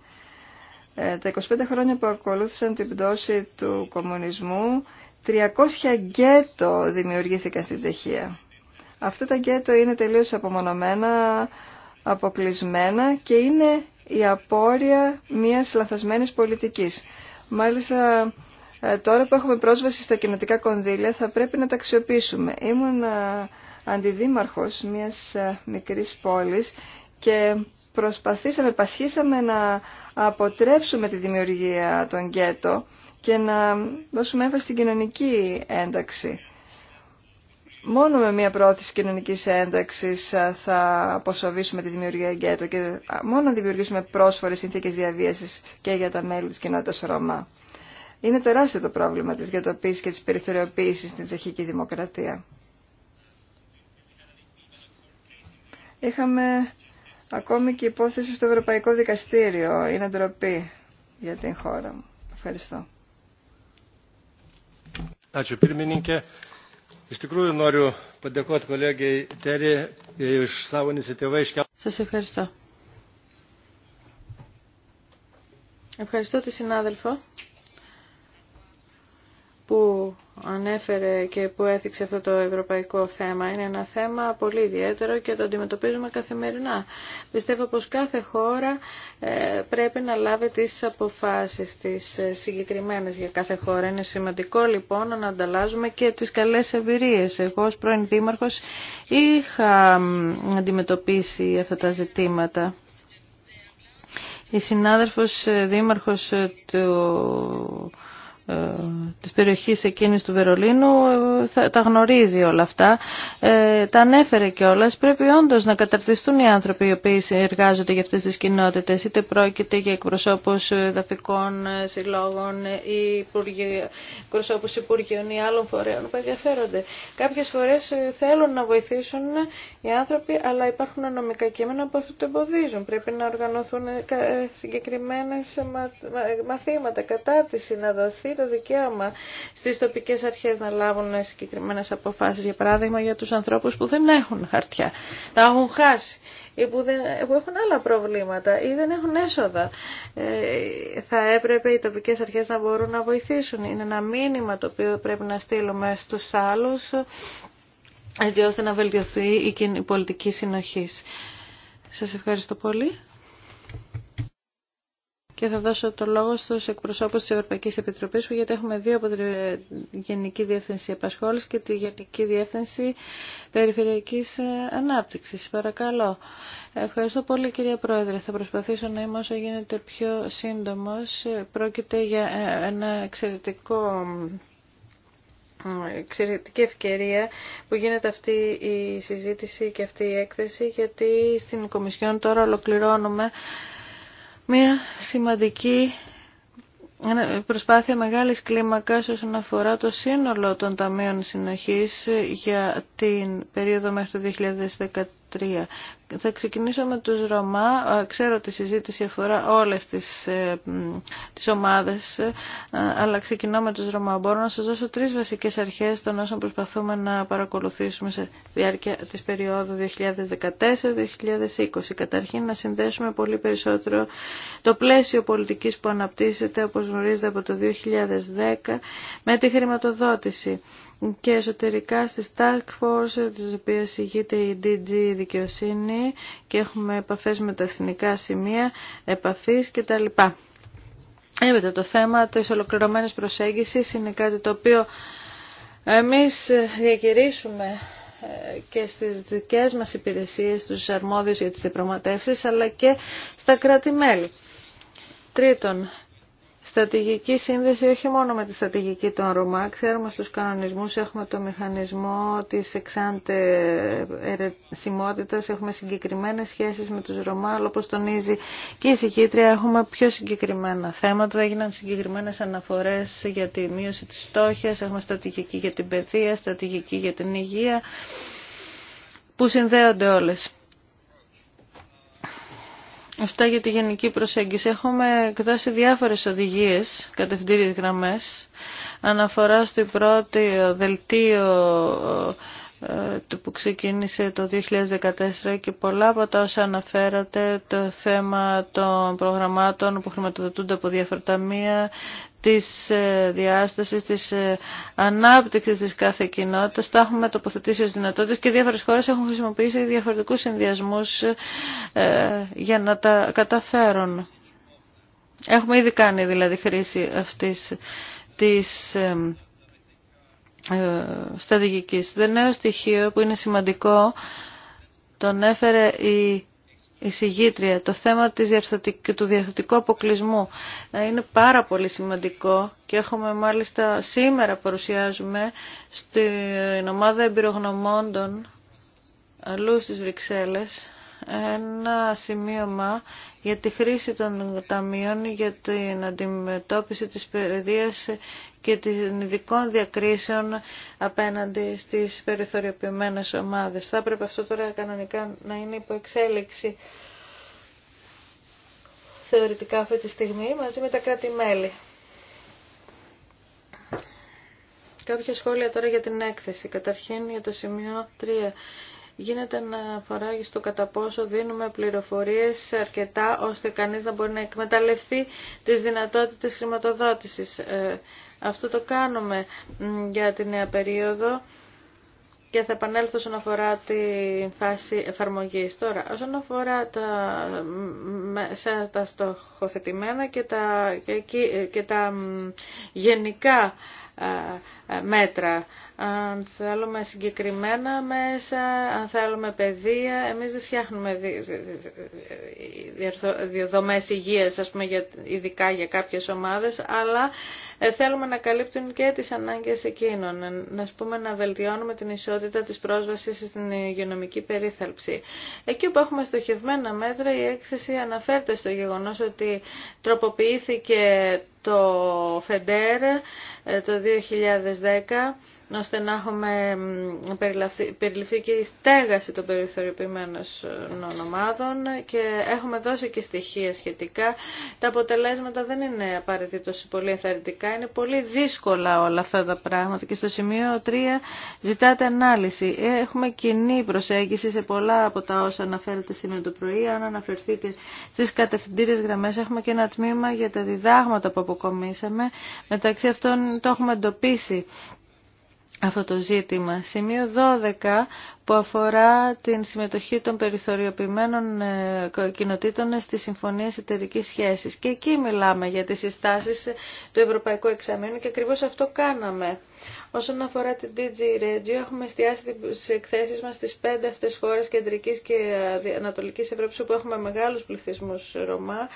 ε, τα 25 χρόνια που ακολούθησαν την πτώση του κομμουνισμού, 300 γκέτο δημιουργήθηκαν στη Τσεχία. Αυτά τα γκέτο είναι τελείως απομονωμένα αποκλεισμένα και είναι η απόρρια μιας λαθασμένης πολιτικής. Μάλιστα ε, τώρα που έχουμε πρόσβαση στα κοινοτικά κονδύλια θα πρέπει να τα αξιοποιήσουμε. Ήμουν ε, αντιδήμαρχος μιας ε, μικρής πόλης και προσπαθήσαμε, πασχίσαμε να αποτρέψουμε τη δημιουργία των γκέτο και να δώσουμε έμφαση στην κοινωνική ένταξη. Μόνο με μία πρόθεση κοινωνική ένταξη ε, θα αποσοβήσουμε τη δημιουργία γκέτο και μόνο να δημιουργήσουμε πρόσφορες συνθήκε διαβίαση και για τα μέλη της κοινότητα Ρωμά. Είναι τεράστιο το πρόβλημα της γετοποίηση και τη περιθωριοποίησης στην τσεχική δημοκρατία. Είχαμε ακόμη και υπόθεση στο Ευρωπαϊκό Δικαστήριο. Είναι ντροπή για την χώρα μου. Ευχαριστώ. Iš tikrųjų noriu padėkoti kolegijai Terį iš savo iniciatyvą iškelti. Σας ευχαριστώ. Ευχαριστώ τη συνάδελφο που ανέφερε και που έθιξε αυτό το ευρωπαϊκό θέμα. Είναι ένα θέμα πολύ ιδιαίτερο και το αντιμετωπίζουμε καθημερινά. Πιστεύω πως κάθε χώρα ε, πρέπει να λάβει τις αποφάσεις τις ε, συγκεκριμένες για κάθε χώρα. Είναι σημαντικό λοιπόν να ανταλλάζουμε και τις καλές εμπειρίες. Εγώ ως πρώην δήμαρχος είχα αντιμετωπίσει αυτά τα ζητήματα. Η συνάδελφος ε, δήμαρχος του ε, της περιοχής εκείνης του Βερολίνου ε, θα, τα γνωρίζει όλα αυτά. Ε, τα ανέφερε κιόλας. Πρέπει όντως να καταρτιστούν οι άνθρωποι οι οποίοι εργάζονται για αυτές τις κοινότητες. Είτε πρόκειται για εκπροσώπους ε, δαφικών συλλόγων ή εκπροσώπους υπουργείων ή άλλων φορέων που ενδιαφέρονται. Κάποιες φορές θέλουν να βοηθήσουν οι άνθρωποι αλλά υπάρχουν νομικά κείμενα που αυτό το εμποδίζουν. Πρέπει να οργανωθούν συγκεκριμένες μαθήματα, κατάρτιση, να δοθεί το δικαίωμα στις τοπικές αρχές να λάβουν συγκεκριμένε αποφάσεις, για παράδειγμα για τους ανθρώπους που δεν έχουν χαρτιά, να έχουν χάσει ή που, δεν, έχουν άλλα προβλήματα ή δεν έχουν έσοδα. Ε, θα έπρεπε οι τοπικές αρχές να μπορούν να βοηθήσουν. Είναι ένα μήνυμα το οποίο πρέπει να στείλουμε στους άλλους έτσι ώστε να βελτιωθεί η πολιτική συνοχής. Σας ευχαριστώ πολύ και θα δώσω το λόγο στους εκπροσώπους της Ευρωπαϊκής Επιτροπής γιατί έχουμε δύο από τη Γενική Διεύθυνση Επασχόλησης και τη Γενική Διεύθυνση Περιφερειακής Ανάπτυξης. Παρακαλώ. Ευχαριστώ πολύ κυρία Πρόεδρε. Θα προσπαθήσω να είμαι όσο γίνεται πιο σύντομος. Πρόκειται για ένα εξαιρετικό εξαιρετική ευκαιρία που γίνεται αυτή η συζήτηση και αυτή η έκθεση γιατί στην Κομισιόν τώρα ολοκληρώνουμε μια σημαντική προσπάθεια μεγάλης κλίμακας όσον αφορά το σύνολο των ταμείων συνοχής για την περίοδο μέχρι το θα ξεκινήσω με τους Ρωμά. Ξέρω ότι η συζήτηση αφορά όλες τις, ε, τις ομάδες, ε, αλλά ξεκινώ με τους Ρωμά. Μπορώ να σας δώσω τρεις βασικές αρχές των όσων προσπαθούμε να παρακολουθήσουμε σε διάρκεια της περίοδου 2014-2020. Καταρχήν να συνδέσουμε πολύ περισσότερο το πλαίσιο πολιτικής που αναπτύσσεται, όπως γνωρίζετε από το 2010, με τη χρηματοδότηση και εσωτερικά στις task force τις οποίες ηγείται η DG δικαιοσύνη και έχουμε επαφές με τα εθνικά σημεία επαφής κτλ. Έπειτα το θέμα της ολοκληρωμένης προσέγγισης είναι κάτι το οποίο εμείς διακηρύσουμε ε, και στις δικές μας υπηρεσίες, στους αρμόδιους για τις διαπραγματεύσεις, αλλά και στα κράτη-μέλη. Τρίτον, στρατηγική σύνδεση όχι μόνο με τη στρατηγική των Ρωμά. Ξέρουμε στους κανονισμούς έχουμε το μηχανισμό της εξάντε ερεσιμότητας, έχουμε συγκεκριμένες σχέσεις με τους Ρωμά, αλλά όπως τονίζει και η συγκήτρια έχουμε πιο συγκεκριμένα θέματα. Έγιναν συγκεκριμένες αναφορές για τη μείωση της στόχιας, έχουμε στρατηγική για την παιδεία, στρατηγική για την υγεία, που συνδέονται όλες. Αυτά για τη γενική προσέγγιση. Έχουμε εκδώσει διάφορες οδηγίες, κατευθύντηρες γραμμές, αναφορά στο πρώτη δελτίο ε, που ξεκίνησε το 2014 και πολλά από τα όσα αναφέρατε, το θέμα των προγραμμάτων που χρηματοδοτούνται από διάφορα ταμεία, της ε, διάστασης, της ε, ανάπτυξης της κάθε κοινότητας. Τα έχουμε τοποθετήσει ως δυνατότητες και διάφορες χώρες έχουν χρησιμοποιήσει διαφορετικούς συνδυασμούς για να τα καταφέρουν. Έχουμε ήδη κάνει δηλαδή χρήση αυτής της ε, στρατηγικής. Δεν νέο στοιχείο που είναι σημαντικό τον έφερε η συγγήτρια, Το θέμα της του διαρθωτικού αποκλεισμού ε, είναι πάρα πολύ σημαντικό και έχουμε μάλιστα σήμερα παρουσιάζουμε στην ομάδα εμπειρογνωμόντων αλλού στις Βρυξέλλες ένα σημείωμα για τη χρήση των ταμείων για την αντιμετώπιση της παιδείας και των ειδικών διακρίσεων απέναντι στις περιθωριοποιημένες ομάδες. Θα έπρεπε αυτό τώρα κανονικά να είναι υπό εξέλιξη θεωρητικά αυτή τη στιγμή μαζί με τα κράτη-μέλη. Κάποια σχόλια τώρα για την έκθεση. Καταρχήν για το σημείο 3 γίνεται να αφορά στο κατά πόσο δίνουμε πληροφορίες αρκετά ώστε κανείς να μπορεί να εκμεταλλευτεί τις δυνατότητες χρηματοδότησης. Ε, αυτό το κάνουμε για τη νέα περίοδο και θα επανέλθω όσον αφορά τη φάση εφαρμογής. Τώρα, όσον αφορά τα, σε τα στοχοθετημένα και και, και τα γενικά ε, ε, μέτρα αν θέλουμε συγκεκριμένα μέσα, αν θέλουμε παιδεία. Εμείς δεν φτιάχνουμε δομές υγείας, ας πούμε, ειδικά για κάποιες ομάδες, αλλά ε, θέλουμε να καλύπτουν και τις ανάγκες εκείνων. Ε, να πούμε να βελτιώνουμε την ισότητα της πρόσβασης στην υγειονομική περίθαλψη. Εκεί που έχουμε στοχευμένα μέτρα η έκθεση αναφέρεται στο γεγονός ότι τροποποιήθηκε το ΦΕΝΤΕΡ ε, το 2010 ώστε να έχουμε περιληφθεί και η στέγαση των περιθωριοποιημένων ομάδων και έχουμε δώσει και στοιχεία σχετικά. Τα αποτελέσματα δεν είναι απαραίτητο πολύ ενθαρρυντικά είναι πολύ δύσκολα όλα αυτά τα πράγματα και στο σημείο 3 ζητάτε ανάλυση. Ε, έχουμε κοινή προσέγγιση σε πολλά από τα όσα αναφέρετε σήμερα το πρωί. Αν αναφερθείτε στις κατευθυντήριες γραμμές έχουμε και ένα τμήμα για τα διδάγματα που αποκομίσαμε. Μεταξύ αυτών το έχουμε εντοπίσει αυτό το ζήτημα. Σημείο 12 που αφορά την συμμετοχή των περιθωριοποιημένων ε, κοινοτήτων στις συμφωνίες εταιρική σχέσης. Και εκεί μιλάμε για τις συστάσεις του Ευρωπαϊκού Εξαμήνου και ακριβώς αυτό κάναμε. Όσον αφορά την DG Regio, έχουμε εστιάσει τις εκθέσεις μας στις πέντε αυτές χώρες κεντρικής και ανατολικής Ευρώπης όπου έχουμε μεγάλους πληθυσμούς Ρωμά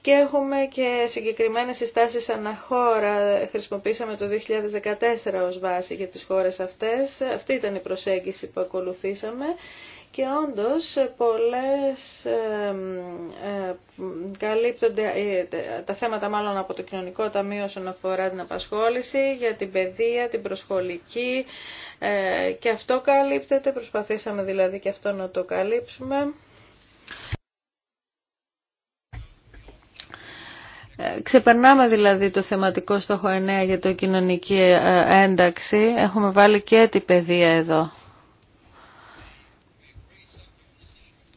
και έχουμε και συγκεκριμένες συστάσεις αναχώρα. Χρησιμοποίησαμε το 2014 ως βάση για τις χώρες αυτές. Αυτή ήταν η προσέγγιση που ακολουθήσαμε. Και όντως πολλές ε, καλύπτονται τα θέματα μάλλον από το κοινωνικό ταμείο όσον αφορά την απασχόληση, για την παιδεία, την προσχολική ε, και αυτό καλύπτεται, προσπαθήσαμε δηλαδή και αυτό να το καλύψουμε. Ε, ξεπερνάμε δηλαδή το θεματικό στόχο 9 για το κοινωνική ε, ένταξη. Έχουμε βάλει και την παιδεία εδώ.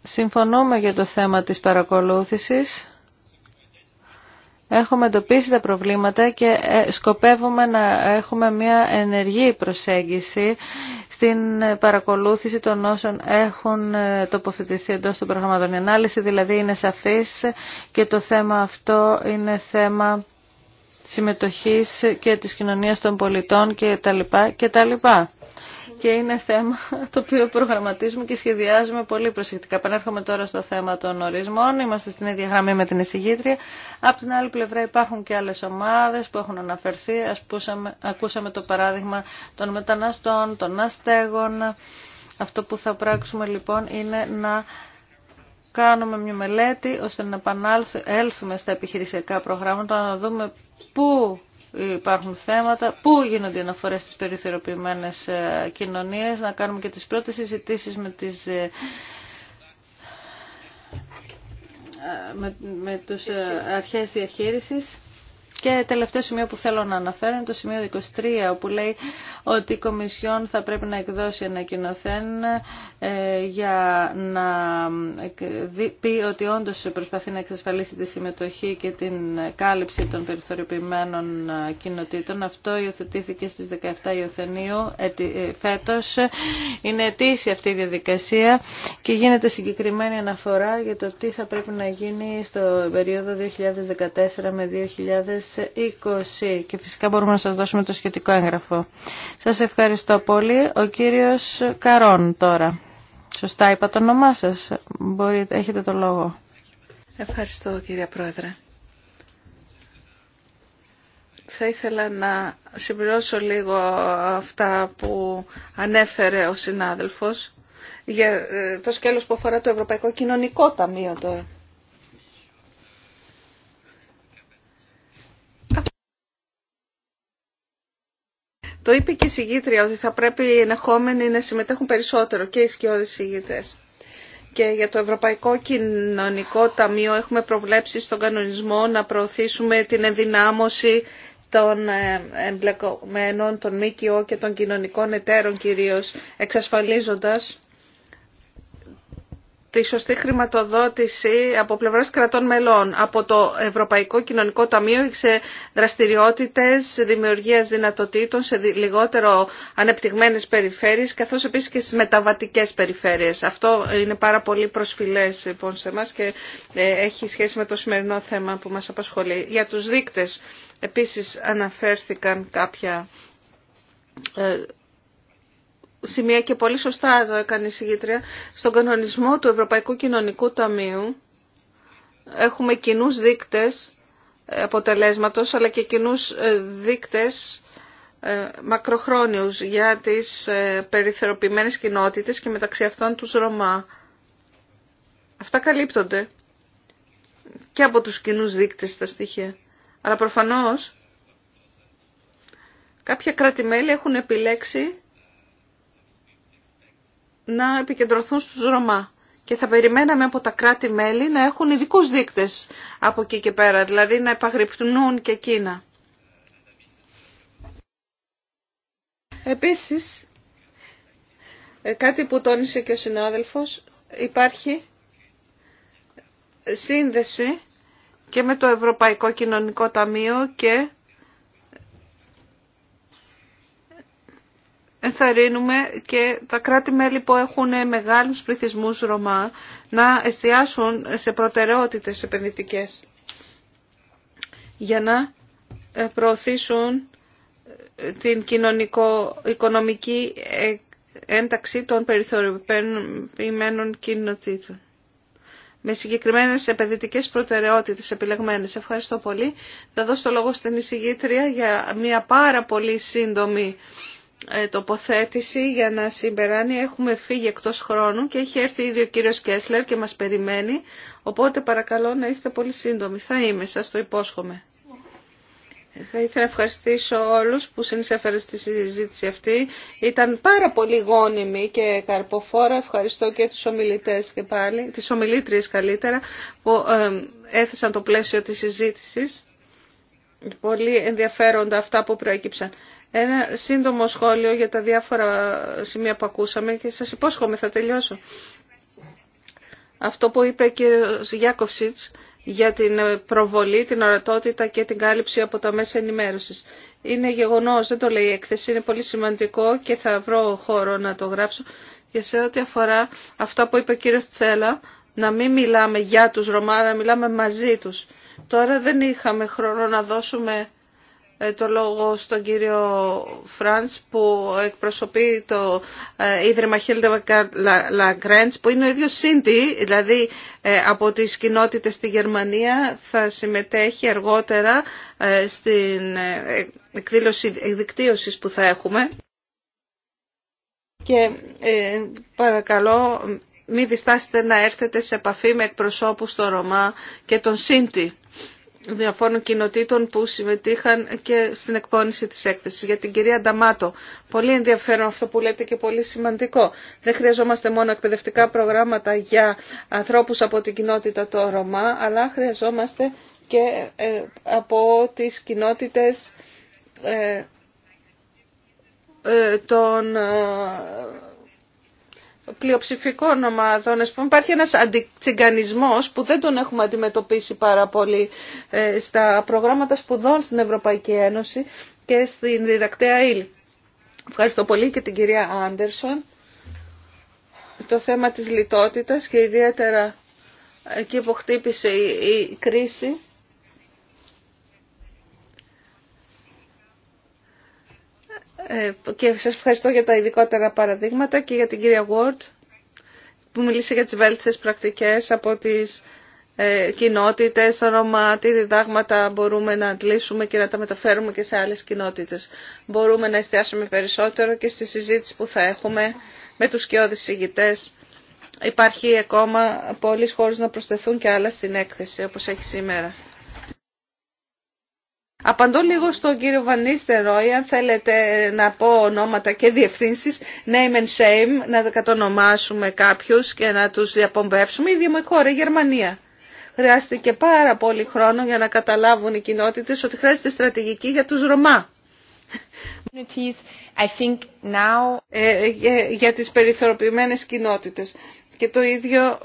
Συμφωνούμε για το θέμα της παρακολούθησης. Έχουμε εντοπίσει τα προβλήματα και ε, σκοπεύουμε να έχουμε μια ενεργή προσέγγιση στην παρακολούθηση των όσων έχουν ε, τοποθετηθεί εντός των προγραμμάτων. Η ανάλυση δηλαδή είναι σαφής και το θέμα αυτό είναι θέμα συμμετοχής και της κοινωνίας των πολιτών και τα και τα και είναι θέμα το οποίο προγραμματίζουμε και σχεδιάζουμε πολύ προσεκτικά. Πανέρχομαι τώρα στο θέμα των ορισμών. Είμαστε στην ίδια γραμμή με την εισηγήτρια. Από την άλλη πλευρά υπάρχουν και άλλες ομάδες που έχουν αναφερθεί. Ας ακούσαμε το παράδειγμα των μεταναστών, των αστέγων. Αυτό που θα πράξουμε λοιπόν είναι να κάνουμε μια μελέτη ώστε να επανέλθουμε στα επιχειρησιακά προγράμματα, να δούμε πού υπάρχουν θέματα, πού γίνονται οι αναφορές στις περιθωριοποιημένες ε, κοινωνίες, να κάνουμε και τις πρώτες συζητήσεις με τις ε, ε, με, με τους αρχές διαχείρισης. Και τελευταίο σημείο που θέλω να αναφέρω είναι το σημείο 23, όπου λέει ότι η Κομισιόν θα πρέπει να εκδώσει ανακοινωθέν ε, για να πει ότι όντως προσπαθεί να εξασφαλίσει τη συμμετοχή και την κάλυψη των περιθωριοποιημένων ε, κοινοτήτων. Αυτό υιοθετήθηκε στις 17 Ιωθενίου ε, φέτος. Είναι αιτήσια αυτή η διαδικασία και γίνεται συγκεκριμένη αναφορά για το τι θα πρέπει να γίνει στο περίοδο 2014 με 2000 2020 και φυσικά μπορούμε να σας δώσουμε το σχετικό έγγραφο. Σας ευχαριστώ πολύ. Ο κύριος Καρόν τώρα. Σωστά είπα το όνομά σας. Μπορείτε, έχετε το λόγο. Ευχαριστώ κύριε Πρόεδρε. Θα ήθελα να συμπληρώσω λίγο αυτά που ανέφερε ο συνάδελφος για ε, το σκέλος που αφορά το Ευρωπαϊκό Κοινωνικό Ταμείο τώρα. Το είπε και η συγγήτρια ότι θα πρέπει οι ενεχόμενοι να συμμετέχουν περισσότερο και οι σκιώδεις συγγητές. Και για το Ευρωπαϊκό Κοινωνικό Ταμείο έχουμε προβλέψει στον κανονισμό να προωθήσουμε την ενδυνάμωση των ε, εμπλεκομένων, των ΜΚΟ και των κοινωνικών εταίρων κυρίως, εξασφαλίζοντας τη σωστή χρηματοδότηση από πλευράς κρατών μελών, από το Ευρωπαϊκό Κοινωνικό Ταμείο σε δραστηριότητες δημιουργίας δυνατοτήτων σε λιγότερο ανεπτυγμένες περιφέρειες, καθώς επίσης και στις μεταβατικές περιφέρειες. Αυτό είναι πάρα πολύ προσφυλές λοιπόν, σε εμά και ε, έχει σχέση με το σημερινό θέμα που μας απασχολεί. Για τους δείκτες επίσης αναφέρθηκαν κάποια ε, σημεία και πολύ σωστά το έκανε η συγγήτρια, στον κανονισμό του Ευρωπαϊκού Κοινωνικού Ταμείου έχουμε κοινούς δείκτες ε, αποτελέσματος αλλά και κοινούς ε, δείκτες ε, μακροχρόνιους για τις περιθεροποιημένες κοινότητες και μεταξύ αυτών τους Ρωμά. Αυτά καλύπτονται και από τους κοινούς δείκτες τα στοιχεία. Αλλά προφανώς κάποια κράτη-μέλη έχουν επιλέξει να επικεντρωθούν στους Ρωμά. Και θα περιμέναμε από τα κράτη-μέλη να έχουν ειδικού δείκτες από εκεί και πέρα, δηλαδή να επαγρυπνούν και εκείνα. Επίσης, ε, κάτι που τόνισε και ο συνάδελφος, υπάρχει σύνδεση και με το Ευρωπαϊκό Κοινωνικό Ταμείο και ενθαρρύνουμε και τα κράτη-μέλη που έχουν μεγάλους πληθυσμούς Ρωμά να εστιάσουν σε προτεραιότητες επενδυτικές για να ε, προωθήσουν ε, την κοινωνικο-οικονομική ε, ένταξη των περιθωριοποιημένων κοινοτήτων με συγκεκριμένες επενδυτικές προτεραιότητες επιλεγμένες. Ευχαριστώ πολύ. Θα δώσω το λόγο στην εισηγήτρια για μια πάρα πολύ σύντομη ε, τοποθέτηση για να συμπεράνει. Έχουμε φύγει εκτός χρόνου και έχει έρθει ήδη ο κύριος Κέσλερ και μας περιμένει. Οπότε παρακαλώ να είστε πολύ σύντομοι. Θα είμαι, σας το υπόσχομαι. Θα ήθελα να ευχαριστήσω όλους που συνεισέφεραν στη συζήτηση αυτή. Ήταν πάρα πολύ γόνιμη και καρποφόρα. Ευχαριστώ και τους ομιλητές και πάλι, τις ομιλήτριες καλύτερα, που έθεσαν το πλαίσιο της συζήτησης. Πολύ ενδιαφέροντα αυτά που προέκυψαν. Ένα σύντομο σχόλιο για τα διάφορα σημεία που ακούσαμε και σας υπόσχομαι θα τελειώσω. Αυτό που είπε ο ο Γιάκοφσιτς για την προβολή, την ορατότητα και την κάλυψη από τα μέσα ενημέρωσης. Είναι γεγονός, δεν το λέει η έκθεση, είναι πολύ σημαντικό και θα βρω χώρο να το γράψω. Για σε ό,τι αφορά αυτό που είπε ο κύριος Τσέλα, να μην μιλάμε για τους Ρωμά, να μιλάμε μαζί τους. Τώρα δεν είχαμε χρόνο να δώσουμε ε, το λόγο στον κύριο Φράνς που εκπροσωπεί το ε, Ίδρυμα Χίλτεβα Λαγκρέντς που είναι ο ίδιος Σίντι, δηλαδή ε, από τις κοινότητες στη Γερμανία θα συμμετέχει αργότερα στην εκδήλωση δικτύωσης που θα έχουμε. Και παρακαλώ μην διστάσετε να έρθετε σε επαφή με εκπροσώπους στο Ρωμά και τον ΣΥΝΤΗ διαφόρων κοινοτήτων που συμμετείχαν και στην εκπόνηση της έκθεσης. Για την κυρία Νταμάτο, πολύ ενδιαφέρον αυτό που λέτε και πολύ σημαντικό. Δεν χρειαζόμαστε μόνο εκπαιδευτικά προγράμματα για ανθρώπους από την κοινότητα το Ρωμά, αλλά χρειαζόμαστε και ε, από τις κοινότητες ε, ε, των πλειοψηφικών ομάδων. Ας υπάρχει ένας αντιτσιγκανισμός που δεν τον έχουμε αντιμετωπίσει πάρα πολύ ε, στα προγράμματα σπουδών στην Ευρωπαϊκή Ένωση και στην διδακτέα Ήλ. Ευχαριστώ πολύ και την κυρία Άντερσον. Το θέμα της λιτότητας και ιδιαίτερα εκεί που χτύπησε η κρίση Ε, και σας ευχαριστώ για τα ειδικότερα παραδείγματα και για την κυρία Ward που μιλήσε για τις βέλτιστες πρακτικές από τις ε, κοινότητες, όνομα, τι διδάγματα μπορούμε να αντλήσουμε και να τα μεταφέρουμε και σε άλλες κοινότητες. Μπορούμε να εστιάσουμε περισσότερο και στη συζήτηση που θα έχουμε με τους σκιώδεις ηγητές. Υπάρχει ακόμα πολλοί χώρους να προσθεθούν και άλλα στην έκθεση όπως έχει σήμερα. Απαντώ λίγο στον κύριο Βανίστερόι, αν θέλετε να πω ονόματα και διευθύνσεις, name and shame, να κατονομάσουμε κάποιους και να τους διαπομπεύσουμε. Η ίδια μου χώρα, η Γερμανία. Χρειάστηκε πάρα πολύ χρόνο για να καταλάβουν οι κοινότητες ότι χρειάζεται στρατηγική για τους Ρωμά. Ε, ε, για, τις περιθωριοποιημένες κοινότητες. Και το ίδιο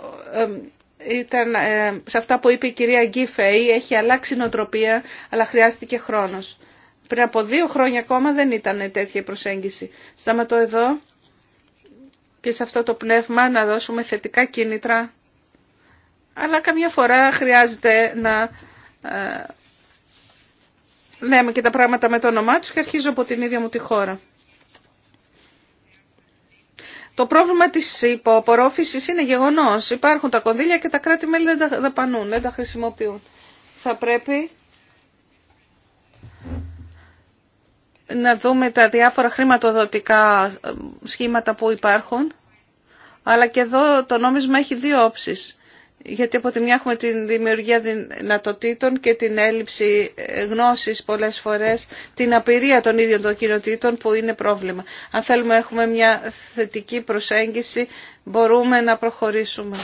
ήταν, ε, σε αυτά που είπε η κυρία Γκίφεϊ, έχει αλλάξει νοοτροπία, αλλά χρειάστηκε χρόνος. Πριν από δύο χρόνια ακόμα δεν ήταν τέτοια η προσέγγιση. Σταματώ εδώ και σε αυτό το πνεύμα να δώσουμε θετικά κίνητρα, αλλά καμιά φορά χρειάζεται να ε, λέμε και τα πράγματα με το όνομά τους και αρχίζω από την ίδια μου τη χώρα. Το πρόβλημα της υποπορόφηση είναι γεγονός. Υπάρχουν τα κονδύλια και τα κράτη-μέλη δεν τα δαπανούν, δεν τα χρησιμοποιούν. Θα πρέπει να δούμε τα διάφορα χρηματοδοτικά ε, σχήματα που υπάρχουν. Αλλά και εδώ το νόμισμα έχει δύο όψεις γιατί από τη μια έχουμε την δημιουργία δυνατοτήτων και την έλλειψη ε, γνώσης πολλές φορές, την απειρία των ίδιων των κοινοτήτων που είναι πρόβλημα. Αν θέλουμε έχουμε μια θετική προσέγγιση μπορούμε να προχωρήσουμε.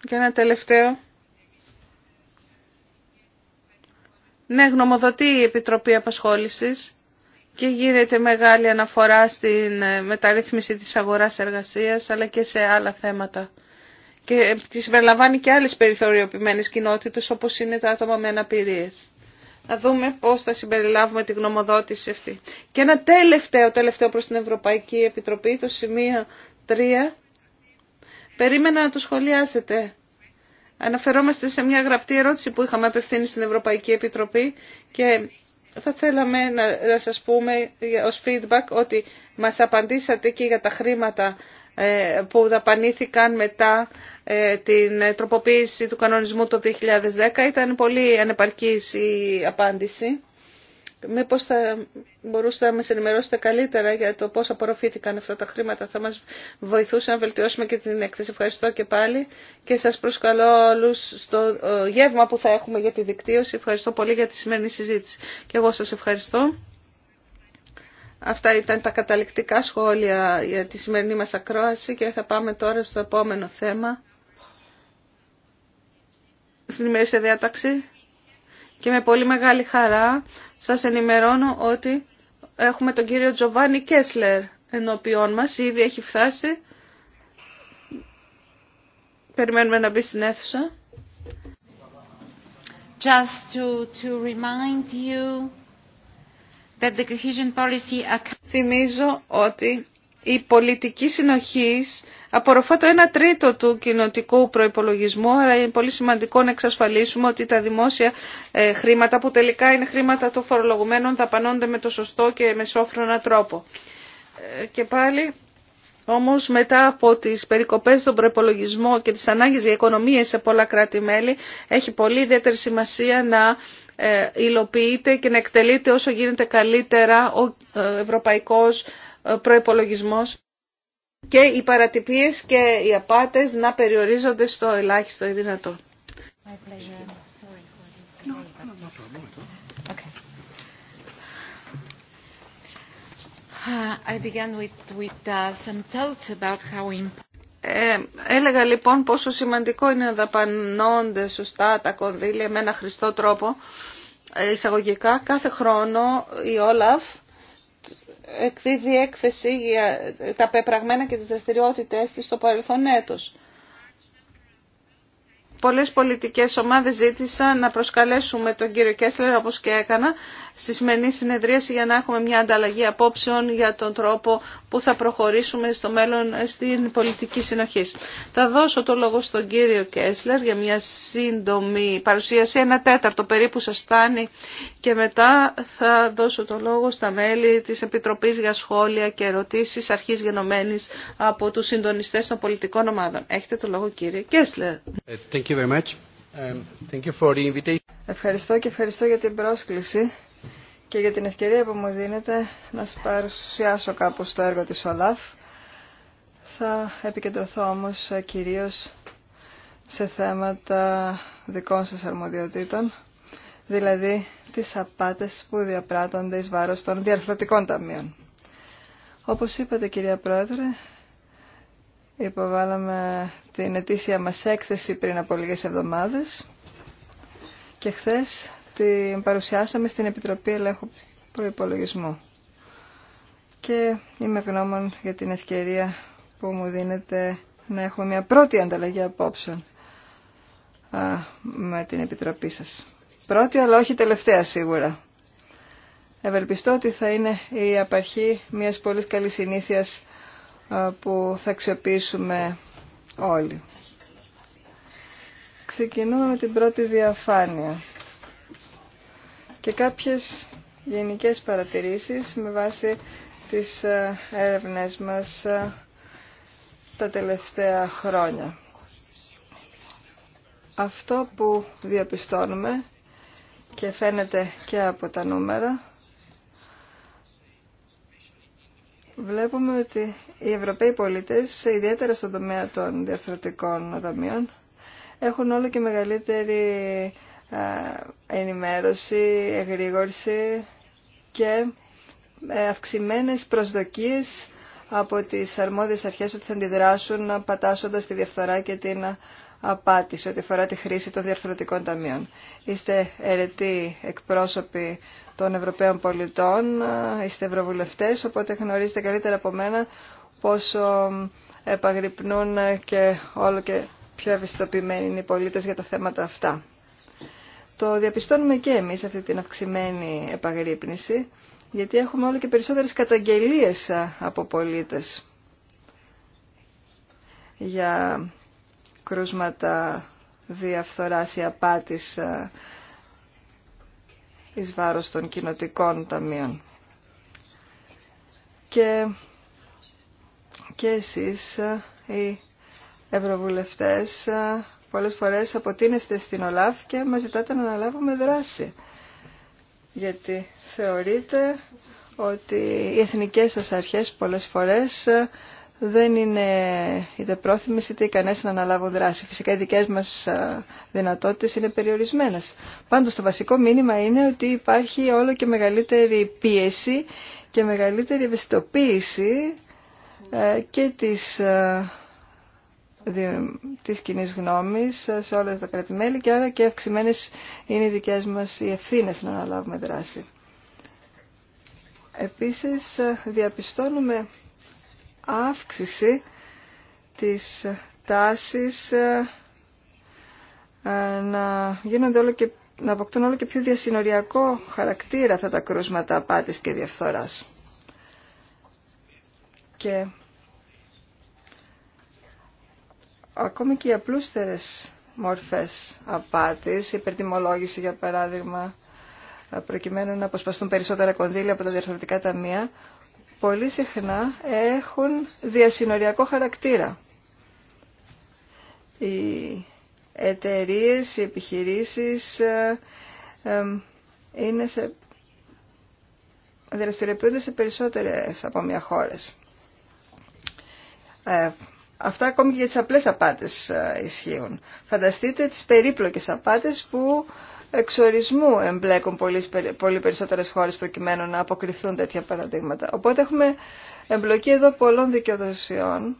Και ένα τελευταίο. Ναι, γνωμοδοτεί η Επιτροπή Απασχόλησης και γίνεται μεγάλη αναφορά στην ε, μεταρρύθμιση της αγοράς εργασίας αλλά και σε άλλα θέματα. Και ε, τη συμπεριλαμβάνει και άλλες περιθωριοποιημένες κοινότητες όπως είναι τα άτομα με αναπηρίες. Να δούμε πώς θα συμπεριλάβουμε τη γνωμοδότηση αυτή. Και ένα τελευταίο, τελευταίο προς την Ευρωπαϊκή Επιτροπή, το σημείο 3. Περίμενα να το σχολιάσετε. Αναφερόμαστε σε μια γραπτή ερώτηση που είχαμε απευθύνει στην Ευρωπαϊκή Επιτροπή και θα θέλαμε να σας πούμε ως feedback ότι μας απαντήσατε και για τα χρήματα ε, που δαπανήθηκαν μετά ε, την τροποποίηση του κανονισμού το 2010. Ήταν πολύ ανεπαρκής η απάντηση. Μήπως θα μπορούσατε να ενημερώσετε καλύτερα για το πώς απορροφήθηκαν αυτά τα χρήματα. Θα μας βοηθούσε να βελτιώσουμε και την έκθεση. Ευχαριστώ και πάλι και σας προσκαλώ όλους στο ε, γεύμα που θα έχουμε για τη δικτύωση. Ευχαριστώ πολύ για τη σημερινή συζήτηση. Και εγώ σας ευχαριστώ. Αυτά ήταν τα καταληκτικά σχόλια για τη σημερινή μας ακρόαση και θα πάμε τώρα στο επόμενο θέμα. Στην ημερήσια διάταξη και με πολύ μεγάλη χαρά σας ενημερώνω ότι έχουμε τον κύριο Τζοβάνι Κέσλερ ενώπιόν μας. Ήδη έχει φτάσει. Περιμένουμε να μπει στην αίθουσα. Just to, to remind you that the cohesion policy... Θυμίζω ότι η πολιτική συνοχής απορροφά το 1 τρίτο του κοινοτικού προϋπολογισμού, άρα είναι πολύ σημαντικό να εξασφαλίσουμε ότι τα δημόσια ε, χρήματα, που τελικά είναι χρήματα των φορολογουμένων, δαπανώνται με το σωστό και με σόφρονα τρόπο. Ε, και πάλι... Όμως μετά από τις περικοπές στον προπολογισμό και τις ανάγκες για οικονομίε σε πολλά κράτη-μέλη έχει πολύ ιδιαίτερη σημασία να ε, υλοποιείται και να εκτελείται όσο γίνεται καλύτερα ο ευρωπαϊκός ε, προϋπολογισμός και οι παρατυπίες και οι απάτες να περιορίζονται στο ελάχιστο ή δυνατό. Uh, ε, έλεγα λοιπόν πόσο σημαντικό είναι να δαπανώνται σωστά τα κονδύλια με ένα χρηστό τρόπο. Ε, εισαγωγικά κάθε χρόνο η δυνατο ελεγα λοιπον ποσο σημαντικο ειναι να δαπανωνται σωστα τα κονδυλια με ενα χρηστο τροπο εισαγωγικα καθε χρονο η ολαφ εκδίδει έκθεση για τα πεπραγμένα και τις δραστηριότητε της στο παρελθόν έτος πολλές πολιτικές ομάδες ζήτησα να προσκαλέσουμε τον κύριο Κέσλερ, όπως και έκανα, στη σημερινή συνεδρίαση για να έχουμε μια ανταλλαγή απόψεων για τον τρόπο που θα προχωρήσουμε στο μέλλον στην πολιτική συνοχή. Θα δώσω το λόγο στον κύριο Κέσλερ για μια σύντομη παρουσίαση, ένα τέταρτο περίπου σας φτάνει και μετά θα δώσω το λόγο στα μέλη της Επιτροπής για σχόλια και ερωτήσεις αρχής γενομένης από τους συντονιστές των πολιτικών ομάδων. Έχετε το λόγο κύριε Κέσλερ. Um, thank you for the invitation. Ευχαριστώ και ευχαριστώ για την πρόσκληση και για την ευκαιρία που μου δίνετε να σας παρουσιάσω κάπως το έργο της ΟΛΑΦ. Θα επικεντρωθώ όμως ε, κυρίως σε θέματα δικών σας αρμοδιοτήτων, δηλαδή τις απάτες που διαπράττονται εις βάρος των διαρθρωτικών ταμείων. Όπως είπατε κυρία Πρόεδρε, Υποβάλαμε την ετήσια μας έκθεση πριν από λίγες εβδομάδες και χθες την παρουσιάσαμε στην Επιτροπή Ελέγχου Προϋπολογισμού. Και είμαι ευγνώμων για την ευκαιρία που μου δίνεται να έχω μια πρώτη ανταλλαγή απόψεων με την Επιτροπή σας. Πρώτη αλλά όχι τελευταία σίγουρα. Ευελπιστώ ότι θα είναι η απαρχή μιας πολύ καλής συνήθειας που θα αξιοποιήσουμε όλοι. Ξεκινούμε με την πρώτη διαφάνεια και κάποιες γενικές παρατηρήσεις με βάση τις έρευνές μας τα τελευταία χρόνια. Αυτό που διαπιστώνουμε και φαίνεται και από τα νούμερα βλέπουμε ότι οι Ευρωπαίοι πολίτες, ιδιαίτερα στον τομέα των διαφορετικών δαμείων, έχουν όλο και μεγαλύτερη ενημέρωση, εγρήγορση και ε, αυξημένες προσδοκίες από τις αρμόδιες αρχές ότι θα αντιδράσουν πατάσσοντας τη διαφθορά και την απάτης ό,τι αφορά τη χρήση των διαρθρωτικών ταμείων. Είστε αιρετοί εκπρόσωποι των Ευρωπαίων πολιτών, είστε ευρωβουλευτές, οπότε γνωρίζετε καλύτερα από μένα πόσο επαγρυπνούν και όλο και πιο ευαισθητοποιημένοι είναι οι πολίτες για τα θέματα αυτά. Το διαπιστώνουμε και εμείς αυτή την αυξημένη επαγρύπνηση, γιατί έχουμε όλο και περισσότερες καταγγελίες από πολίτες για κρούσματα διαφθοράς ή απάτης ε, εις βάρος των κοινοτικών ταμείων. Και, και εσείς ε, οι ευρωβουλευτές ε, πολλές φορές αποτείνεστε στην ΟΛΑΦ και μας ζητάτε να αναλάβουμε δράση. Γιατί θεωρείτε ότι οι εθνικές σας αρχές πολλές φορές δεν είναι είτε πρόθυμες είτε ικανές να αναλάβουν δράση. Φυσικά οι δικές μας δυνατότητες είναι περιορισμένες. Πάντως το βασικό μήνυμα είναι ότι υπάρχει όλο και μεγαλύτερη πίεση και μεγαλύτερη ευαισθητοποίηση ε, και της, της κοινή γνώμη ε, σε όλα τα κρατημέλη και άρα και αυξημένε είναι οι δικές μας οι ευθύνε να αναλάβουμε δράση. Επίσης ε, διαπιστώνουμε αύξηση της τάσης ε, ε, να, γίνονται όλο και, να αποκτούν όλο και πιο διασυνοριακό χαρακτήρα αυτά τα κρούσματα απάτης και διαφθοράς. Και ακόμη και οι απλούστερες μορφές απάτης, υπερτιμολόγηση για παράδειγμα, ε, προκειμένου να αποσπαστούν περισσότερα κονδύλια από τα διαρθρωτικά ταμεία, πολύ συχνά έχουν διασυνοριακό χαρακτήρα. Οι εταιρείε, οι επιχειρήσεις ε, ε, είναι σε, δραστηριοποιούνται σε περισσότερες από μια χώρες. Ε, αυτά ακόμη και για τις απλές απάτες ισχύουν. Φανταστείτε τις περίπλοκες απάτες που εξορισμού εμπλέκουν πολύ, πολύ περισσότερες χώρες προκειμένου να αποκριθούν τέτοια παραδείγματα. Οπότε έχουμε εμπλοκή εδώ πολλών δικαιοδοσιών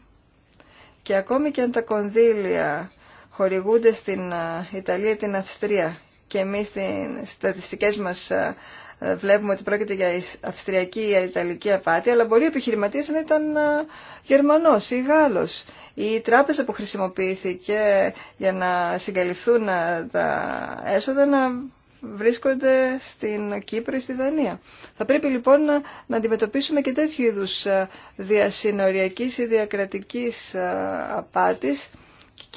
και ακόμη και αν τα κονδύλια χορηγούνται στην ε, Ιταλία ή την Αυστρία και εμείς στις στατιστικές μας ε, ε, βλέπουμε ότι πρόκειται για αυστριακή ή ιταλική απάτη, αλλά μπορεί ο επιχειρηματίας να ήταν ε, Γερμανός ή Γάλλος. Η ιταλικη απατη αλλα μπορει ο να ηταν γερμανος η γαλλος η τραπεζα που χρησιμοποιήθηκε για να συγκαλυφθούν τα έσοδα να βρίσκονται στην Κύπρο ή στη Δανία. Θα πρέπει λοιπόν να, να αντιμετωπίσουμε και τέτοιου είδους διασυνοριακής ή διακρατικής απάτης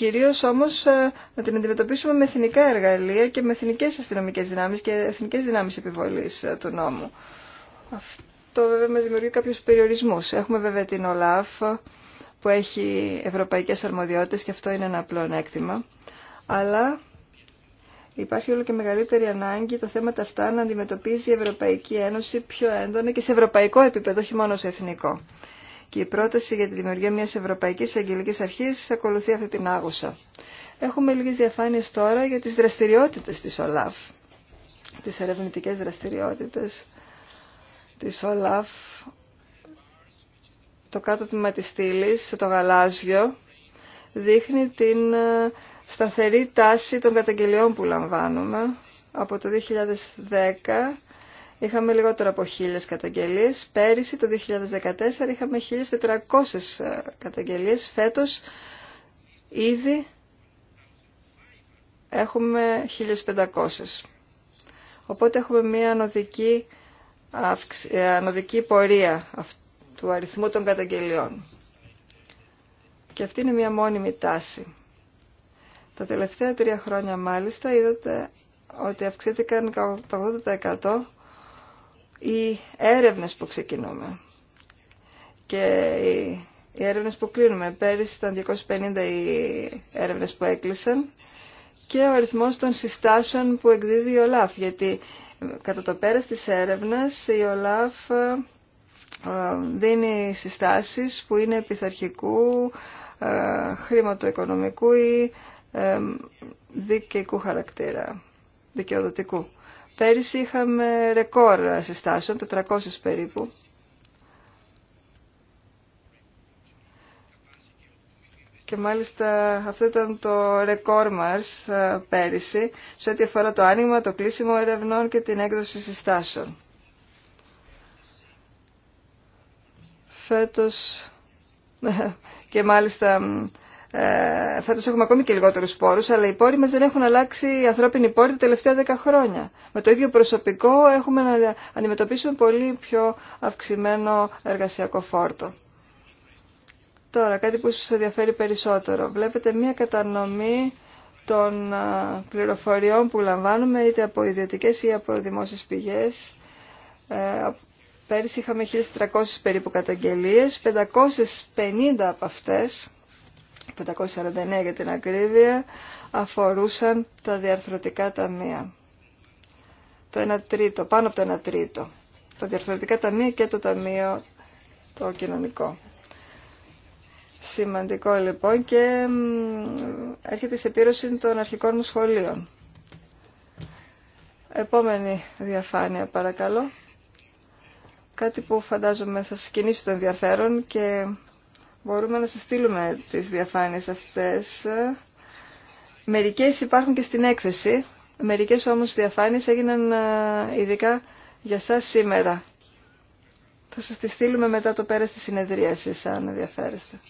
Κυρίως όμως ε, να την αντιμετωπίσουμε με εθνικά εργαλεία και με εθνικές αστυνομικές δυνάμεις και εθνικές δυνάμεις επιβολής ε, του νόμου. Αυτό βέβαια μας δημιουργεί κάποιους περιορισμούς. Έχουμε βέβαια την ΟΛΑΦ που έχει ευρωπαϊκές αρμοδιότητες και αυτό είναι ένα απλό ανέκτημα, Αλλά υπάρχει όλο και μεγαλύτερη ανάγκη τα θέματα αυτά να αντιμετωπίζει η Ευρωπαϊκή Ένωση πιο έντονα και σε ευρωπαϊκό επίπεδο, όχι μόνο σε εθνικό και η πρόταση για τη δημιουργία μιας Ευρωπαϊκής Αγγελική Αρχής ακολουθεί αυτή την άγουσα. Έχουμε λίγε διαφάνειες τώρα για τις δραστηριότητες τη ΟΛΑΦ, τις ερευνητικές δραστηριότητες τη ΟΛΑΦ, το κάτω τμήμα της Στήλη το γαλάζιο, δείχνει την ε, σταθερή τάση των καταγγελιών που λαμβάνουμε από το 2010 είχαμε λιγότερο από 1.000 καταγγελίες. Πέρυσι το 2014 είχαμε 1.400 ε, καταγγελίες. Φέτος ήδη έχουμε 1.500. Οπότε έχουμε μια ανωδική, ε, ανωδική πορεία του αριθμού των καταγγελιών. Και αυτή είναι μια μόνιμη τάση. Τα τελευταία τρία χρόνια μάλιστα είδατε ότι αυξήθηκαν το 80% οι έρευνες που ξεκινούμε και οι έρευνες που κλείνουμε. Πέρυσι ήταν 250 οι έρευνες που έκλεισαν και ο αριθμός των συστάσεων που εκδίδει η ΟΛΑΦ, γιατί ε, κατά το πέρας της έρευνας η ΟΛΑΦ ε, ε, δίνει συστάσεις που είναι επιθαρχικού, χρηματοοικονομικού ή δικαιικού χαρακτήρα, δικαιοδοτικού. Πέρυσι είχαμε ρεκόρ συστάσεων, 400 περίπου. Και μάλιστα αυτό ήταν το ρεκόρ μας ε, πέρυσι σε ό,τι αφορά το άνοιγμα, το κλείσιμο ερευνών και την έκδοση συστάσεων. Φέτος και μάλιστα ε, φέτο έχουμε ακόμη και λιγότερου πόρου, αλλά οι πόροι μα δεν έχουν αλλάξει οι ανθρώπινοι πόροι τα τελευταία δέκα χρόνια. Με το ίδιο προσωπικό έχουμε να αντιμετωπίσουμε πολύ πιο αυξημένο εργασιακό φόρτο. Τώρα, κάτι που σας ενδιαφέρει περισσότερο. Βλέπετε μια κατανομή των ε, πληροφοριών που λαμβάνουμε είτε από ιδιωτικές ή από δημόσιες πηγές. Ε, πέρυσι είχαμε 1.300 περίπου καταγγελίες, 550 από αυτές 549 για την ακρίβεια, αφορούσαν τα διαρθρωτικά ταμεία. Το 1 τρίτο, πάνω από το 1 τρίτο. Τα διαρθρωτικά ταμεία και το ταμείο το κοινωνικό. Σημαντικό λοιπόν και έρχεται σε πύρωση των αρχικών μου σχολείων. Επόμενη διαφάνεια παρακαλώ. Κάτι που φαντάζομαι θα σας κινήσει το ενδιαφέρον και Μπορούμε να σας στείλουμε τις διαφάνειες αυτές. Μερικές υπάρχουν και στην έκθεση, μερικές όμως διαφάνειες έγιναν ε, ειδικά για σας σήμερα. Θα σας τις στείλουμε μετά το πέρας της συνεδρίασης, αν ενδιαφέρεστε.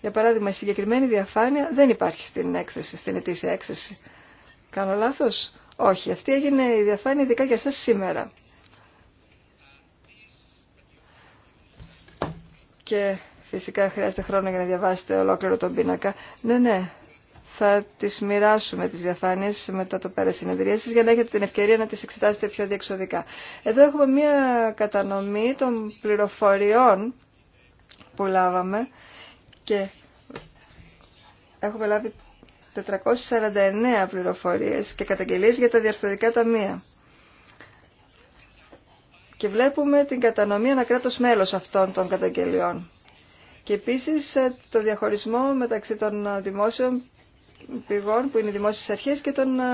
Για παράδειγμα, η συγκεκριμένη διαφάνεια δεν υπάρχει στην έκθεση, στην ετήσια έκθεση. Κάνω λάθος? Όχι, αυτή έγινε η διαφάνεια ειδικά για σας σήμερα. Και Φυσικά χρειάζεται χρόνο για να διαβάσετε ολόκληρο τον πίνακα. Ναι, ναι, θα τις μοιράσουμε τις διαφάνειες μετά το πέρα σα για να έχετε την ευκαιρία να τις εξετάσετε πιο διεξοδικά. Εδώ έχουμε μία κατανομή των πληροφοριών που λάβαμε και έχουμε λάβει 449 πληροφορίες και καταγγελίες για τα διαρθρωτικά ταμεία. Και βλέπουμε την κατανομή ανακράτως μέλος αυτών των καταγγελιών. Και επίσης ε, το διαχωρισμό μεταξύ των ε, δημόσιων πηγών που είναι οι δημόσιες αρχές και των ε,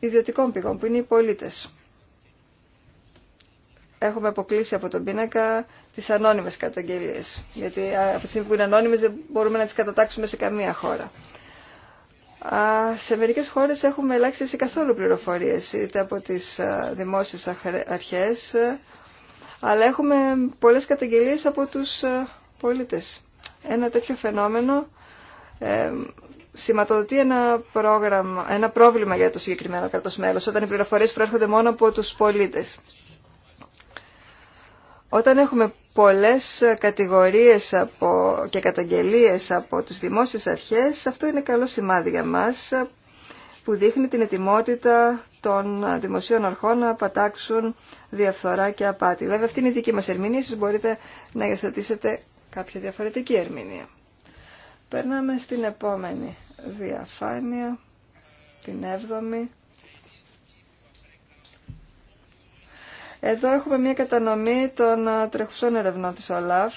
ιδιωτικών πηγών που είναι οι πολίτες. Έχουμε αποκλείσει από τον πίνακα τις ανώνυμες καταγγελίες, γιατί από τη στιγμή που είναι ανώνυμες δεν μπορούμε να τις κατατάξουμε σε καμία χώρα. Σε μερικές χώρες έχουμε ελάχιστες ή καθόλου πληροφορίες, είτε από τις δημόσιες αρχές, αλλά έχουμε πολλές καταγγελίες από τους πολίτες. Ένα τέτοιο φαινόμενο ε, σηματοδοτεί ένα, πρόγραμμα, ένα πρόβλημα για το συγκεκριμένο κράτος μέλος, όταν οι πληροφορίες προέρχονται μόνο από τους πολίτες. Όταν έχουμε πολλές κατηγορίες από, και καταγγελίες από τις δημόσιες αρχές, αυτό είναι καλό σημάδι για μας, που δείχνει την ετοιμότητα των δημοσίων αρχών να πατάξουν διαφθορά και απάτη. Βέβαια αυτή είναι η δική μας ερμηνεία, μπορείτε να υιοθετήσετε κάποια διαφορετική ερμηνεία. Περνάμε στην επόμενη διαφάνεια, την έβδομη. Εδώ έχουμε μια κατανομή των ε, τρεχουσών ερευνών της ΟΛΑΦ.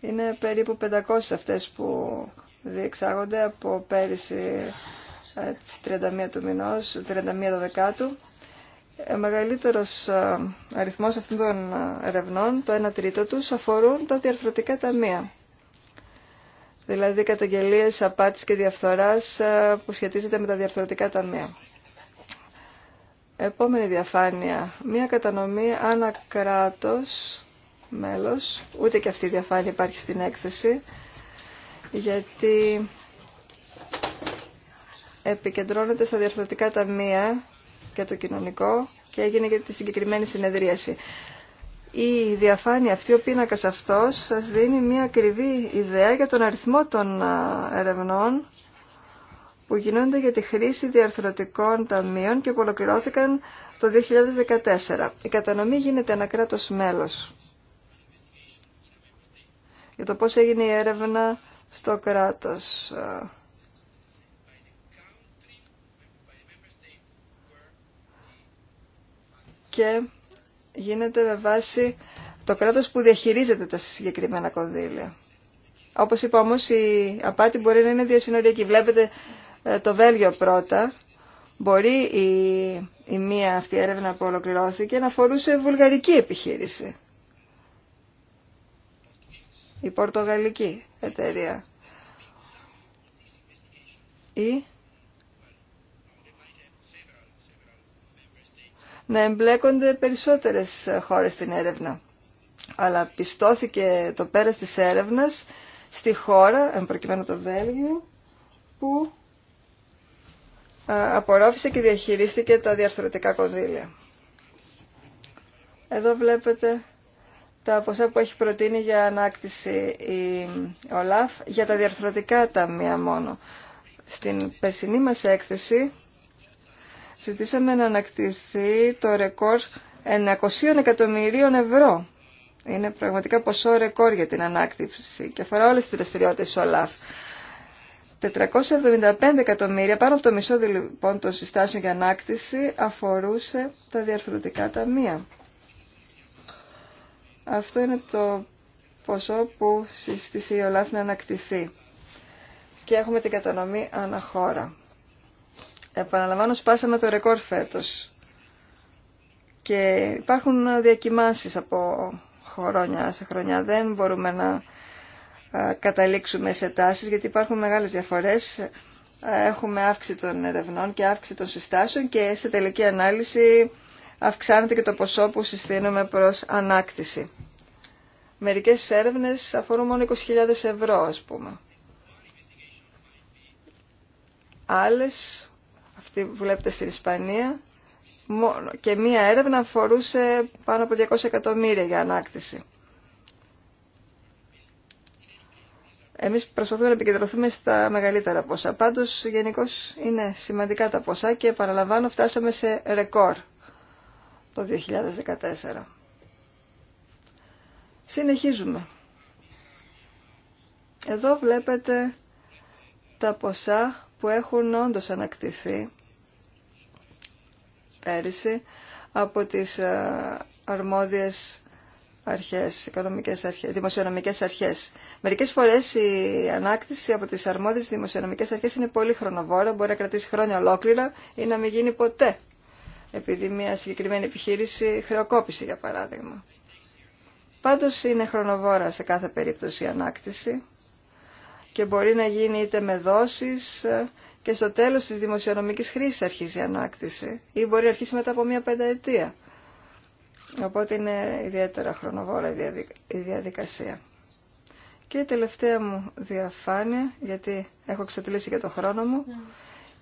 Είναι περίπου 500 αυτές που διεξάγονται από πέρυσι ε, τις 31 του μηνός, 31 Δεκάτου. Ε, μεγαλύτερος ε, αριθμός αυτών των ε, ερευνών, το 1 τρίτο τους, αφορούν τα διαρθρωτικά ταμεία. Δηλαδή καταγγελίες απάτης και διαφθοράς που σχετίζεται με τα διαρθρωτικά ταμεία. Επόμενη διαφάνεια. Μία κατανομή ανά κράτος, μέλος. Ούτε και αυτή η διαφάνεια υπάρχει στην έκθεση. Γιατί επικεντρώνεται στα διαρθρωτικά ταμεία για το κοινωνικό και έγινε για τη συγκεκριμένη συνεδρίαση. Η διαφάνεια αυτή, ο πίνακα αυτό σα δίνει μια ακριβή ιδέα για τον αριθμό των ερευνών που γινόνται για τη χρήση διαρθρωτικών ταμείων και που ολοκληρώθηκαν το 2014. Η κατανομή γίνεται ένα κράτο μέλος. Για το πώς έγινε η έρευνα στο κράτος και γίνεται με βάση το κράτος που διαχειρίζεται τα συγκεκριμένα κονδύλια. Όπως είπα όμως η απάτη μπορεί να είναι διασυνοριακή. Βλέπετε ε, το Βέλγιο πρώτα. Μπορεί η, η μία αυτή έρευνα που ολοκληρώθηκε να αφορούσε βουλγαρική επιχείρηση. Η πορτογαλική εταιρεία. Ή να εμπλέκονται περισσότερες χώρες στην έρευνα. Αλλά πιστώθηκε το πέρας της έρευνας στη χώρα, εμπροκειμένου το Βέλγιο, που ε, απορρόφησε και διαχειρίστηκε τα διαρθρωτικά κονδύλια. Εδώ βλέπετε τα ποσά που έχει προτείνει για ανάκτηση η ΟΛΑΦ για τα διαρθρωτικά ταμεία μόνο. Στην περσινή μας έκθεση ζητήσαμε να ανακτηθεί το ρεκόρ 900 εκατομμυρίων ευρώ. Είναι πραγματικά ποσό ρεκόρ για την ανάκτηση και αφορά όλες τις δραστηριότητες ΟΛΑΦ. 475 εκατομμύρια, πάνω από το μισό λοιπόν των συστάσεων για ανάκτηση, αφορούσε τα διαρθρωτικά ταμεία. Αυτό είναι το ποσό που συστήσει η ΟΛΑΦ να ανακτηθεί. Και έχουμε την κατανομή αναχώρα. Επαναλαμβάνω, σπάσαμε το ρεκόρ φέτος. Και υπάρχουν διακοιμάνσεις από χρόνια σε χρονιά. Δεν μπορούμε να καταλήξουμε σε τάσεις γιατί υπάρχουν μεγάλες διαφορές. Έχουμε αύξηση των ερευνών και αύξηση των συστάσεων και σε τελική ανάλυση αυξάνεται και το ποσό που συστήνουμε προς ανάκτηση. Μερικές έρευνες αφορούν μόνο 20.000 ευρώ, ας πούμε. Άλλες αυτή που βλέπετε στην Ισπανία και μία έρευνα αφορούσε πάνω από 200 εκατομμύρια για ανάκτηση. Εμείς προσπαθούμε να επικεντρωθούμε στα μεγαλύτερα ποσά. Πάντως γενικώ είναι σημαντικά τα ποσά και παραλαμβάνω φτάσαμε σε ρεκόρ το 2014. Συνεχίζουμε. Εδώ βλέπετε τα ποσά που έχουν όντως ανακτηθεί πέρυσι από τις ε, αρμόδιες αρχές, οικονομικές αρχές, δημοσιονομικές αρχές. Μερικές φορές η ανάκτηση από τις αρμόδιες δημοσιονομικές αρχές είναι πολύ χρονοβόρα, μπορεί να κρατήσει χρόνια ολόκληρα ή να μην γίνει ποτέ, επειδή μια συγκεκριμένη επιχείρηση χρεοκόπησε για παράδειγμα. Πάντως είναι χρονοβόρα σε κάθε περίπτωση η ανάκτηση και μπορεί να γίνει είτε με δόσεις ε, και στο τέλος της δημοσιονομικής χρήσης αρχίζει η ανάκτηση ή μπορεί να αρχίσει μετά από μία πενταετία. Οπότε είναι ιδιαίτερα χρονοβόρα η διαδικασία. Και η τελευταία μου διαφάνεια, γιατί έχω εξατλήσει και το χρόνο μου, ναι.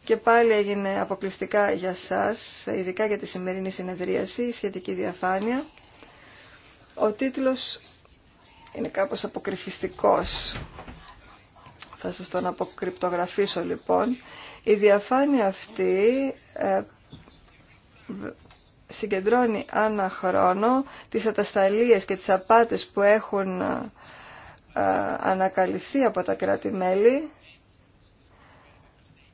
και πάλι έγινε αποκλειστικά για σας, ειδικά για τη σημερινή συνεδρίαση, η σχετική διαφάνεια. Ο τίτλος είναι κάπως αποκρυφιστικός. Θα σας τον αποκρυπτογραφήσω λοιπόν. Η διαφάνεια αυτή ε, συγκεντρώνει ανά χρόνο τις ατασταλίες και τις απάτες που έχουν ε, ε, ανακαλυφθεί από τα κράτη-μέλη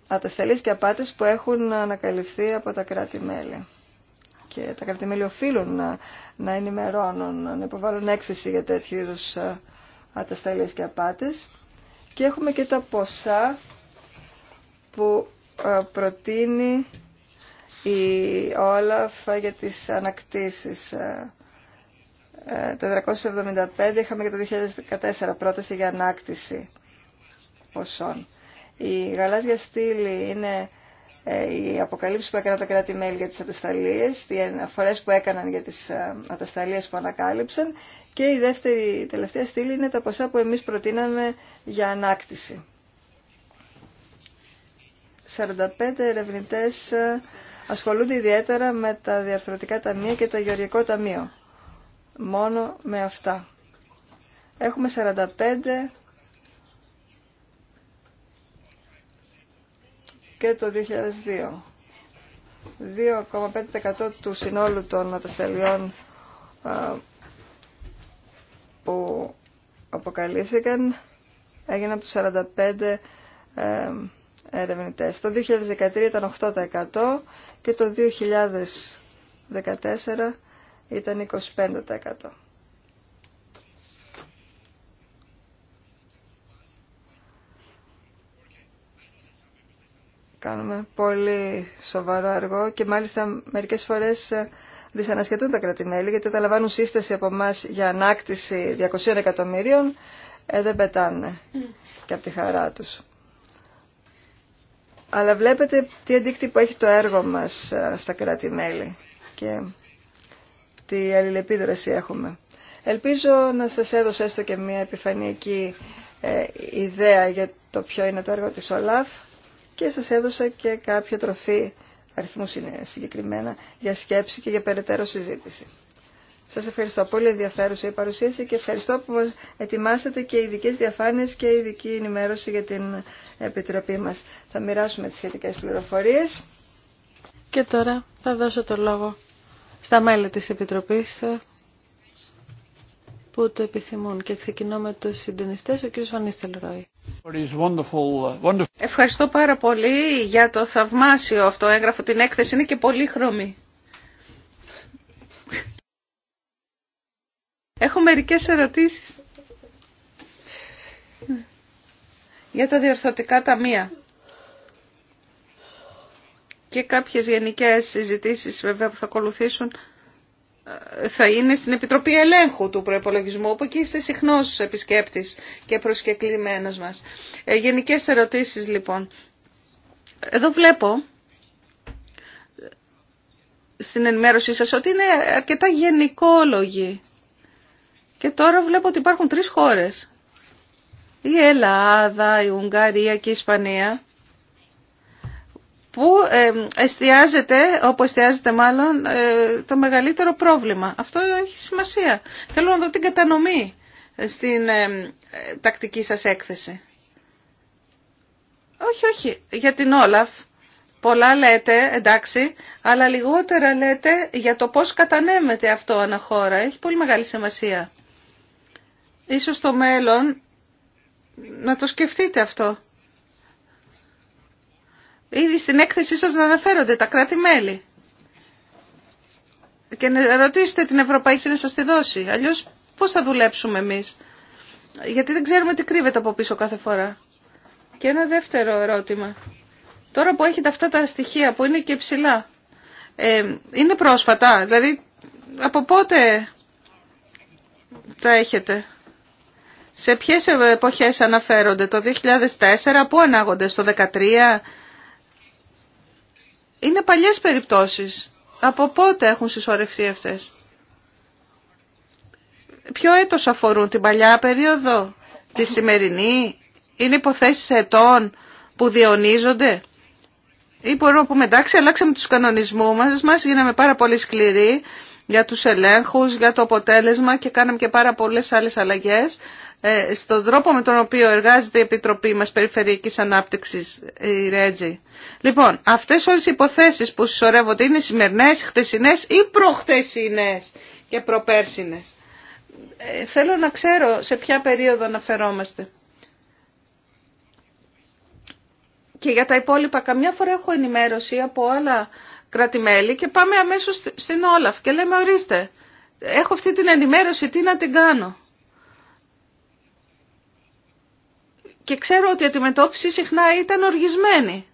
ατασταλίες και απάτες που έχουν ανακαλυφθεί από τα κράτη-μέλη. Και τα κράτη-μέλη οφείλουν να, να ενημερώνουν, να υποβάλουν έκθεση για τέτοιου είδους ατασταλίες και απάτες. Και έχουμε και τα ποσά που ε, προτείνει η Όλαφ για τις ανακτήσεις. 475 ε, ε, είχαμε και το 2014 πρόταση για ανάκτηση ποσών. Η γαλάζια στήλη είναι ε, οι αποκαλύψεις που έκαναν τα κράτη-μέλη για τις ατασταλίες, οι αναφορές που έκαναν για τις ε, ατασταλίες που ανακάλυψαν και η δεύτερη τελευταία στήλη είναι τα ποσά που εμείς προτείναμε για ανάκτηση. 45 ερευνητές ε, ασχολούνται ιδιαίτερα με τα διαρθρωτικά ταμεία και τα γεωργικό ταμείο. Μόνο με αυτά. Έχουμε 45 και το 2002. 2,5% του συνόλου των ατασταλιών που αποκαλύφθηκαν έγιναν από τους 45 ε, ερευνητές. Το 2013 ήταν 8% και το 2014 ήταν 25%. Κάνουμε πολύ σοβαρό αργό και μάλιστα μερικές φορές ε, δυσανασχετούν τα κρατημέλη γιατί όταν λαμβάνουν σύσταση από εμά για ανάκτηση 200 εκατομμυρίων ε, δεν πετάνε και από τη χαρά τους. Αλλά βλέπετε τι αντίκτυπο έχει το έργο μας ε, στα κρατημέλη και τι αλληλεπίδραση έχουμε. Ελπίζω να σας έδωσα έστω και μια επιφανειακή ε, ιδέα για το ποιο είναι το έργο της ΟΛΑΦ και σας έδωσα και κάποια τροφή, αριθμούς είναι συγκεκριμένα, για σκέψη και για περαιτέρω συζήτηση. Σας ευχαριστώ πολύ ενδιαφέρουσα η παρουσίαση και ευχαριστώ που ετοιμάσατε και ειδικέ διαφάνειες και ειδική ενημέρωση για την Επιτροπή μας. Θα μοιράσουμε τις σχετικές πληροφορίες. Και τώρα θα δώσω το λόγο στα μέλη της Επιτροπής που το επιθυμούν. Και ξεκινώ με τους συντονιστές, ο κ. Βανίστελ Ευχαριστώ πάρα πολύ για το θαυμάσιο αυτό έγγραφο. Την έκθεση είναι και πολύ χρωμή. Έχω μερικές ερωτήσεις για τα διορθωτικά ταμεία και κάποιες γενικές συζητήσεις βέβαια που θα ακολουθήσουν θα είναι στην Επιτροπή Ελέγχου του Προεπολογισμού όπου εκεί είστε συχνός επισκέπτης και προσκεκλημένος μας. Ε, γενικές ερωτήσεις λοιπόν. Εδώ βλέπω στην ενημέρωσή σας ότι είναι αρκετά γενικόλογοι. Και τώρα βλέπω ότι υπάρχουν τρεις χώρες. Η Ελλάδα, η Ουγγαρία και η Ισπανία που εστιάζεται, όπου εστιάζεται μάλλον ε, το μεγαλύτερο πρόβλημα. Αυτό έχει σημασία. Θέλω να δω την κατανομή ε, στην ε, τακτική σας έκθεση. Όχι, όχι, για την Όλαφ. Πολλά λέτε, εντάξει, αλλά λιγότερα λέτε για το πώς κατανέμεται αυτό αναχώρα. Έχει πολύ μεγάλη σημασία. Ίσως στο μέλλον να το σκεφτείτε αυτό. Ήδη στην έκθεσή σας να αναφέρονται τα κράτη-μέλη. Και να ρωτήσετε την Ευρωπαϊκή να σας τη δώσει. Αλλιώς πώς θα δουλέψουμε εμείς. Γιατί δεν ξέρουμε τι κρύβεται από πίσω κάθε φορά. Και ένα δεύτερο ερώτημα. Τώρα που έχετε αυτά τα στοιχεία που είναι και ψηλά. Ε, είναι πρόσφατα. Δηλαδή από πότε τα έχετε. Σε ποιες εποχές αναφέρονται. Το 2004. Πού ανάγονται. Στο 2013. Είναι παλιές περιπτώσεις. Από πότε έχουν συσσωρευτεί αυτές. Ποιο έτος αφορούν, την παλιά περίοδο, τη σημερινή. Είναι υποθέσεις ετών που διονίζονται. Ή μπορούμε να πούμε εντάξει, αλλάξαμε τους κανονισμούς μας, μας γίναμε πάρα πολύ σκληροί για τους ελέγχους, για το αποτέλεσμα και κάναμε και πάρα πολλές άλλες αλλαγές. Ε, στον τρόπο με τον οποίο εργάζεται η Επιτροπή μας Περιφερειακής Ανάπτυξης, η Ρέτζη. Λοιπόν, αυτές όλες οι υποθέσεις που συσσωρεύονται είναι σημερινές, χτεσινές ή προχτεσινές και προπέρσινες. Ε, θέλω να ξέρω σε ποια περίοδο αναφερόμαστε. Και για τα υπόλοιπα, καμιά φορά έχω ενημέρωση από άλλα κρατημέλη και πάμε αμέσως στην Όλαφ και λέμε ορίστε, έχω αυτή την ενημέρωση, τι να την κάνω. και ξέρω ότι η αντιμετώπιση συχνά ήταν οργισμένη.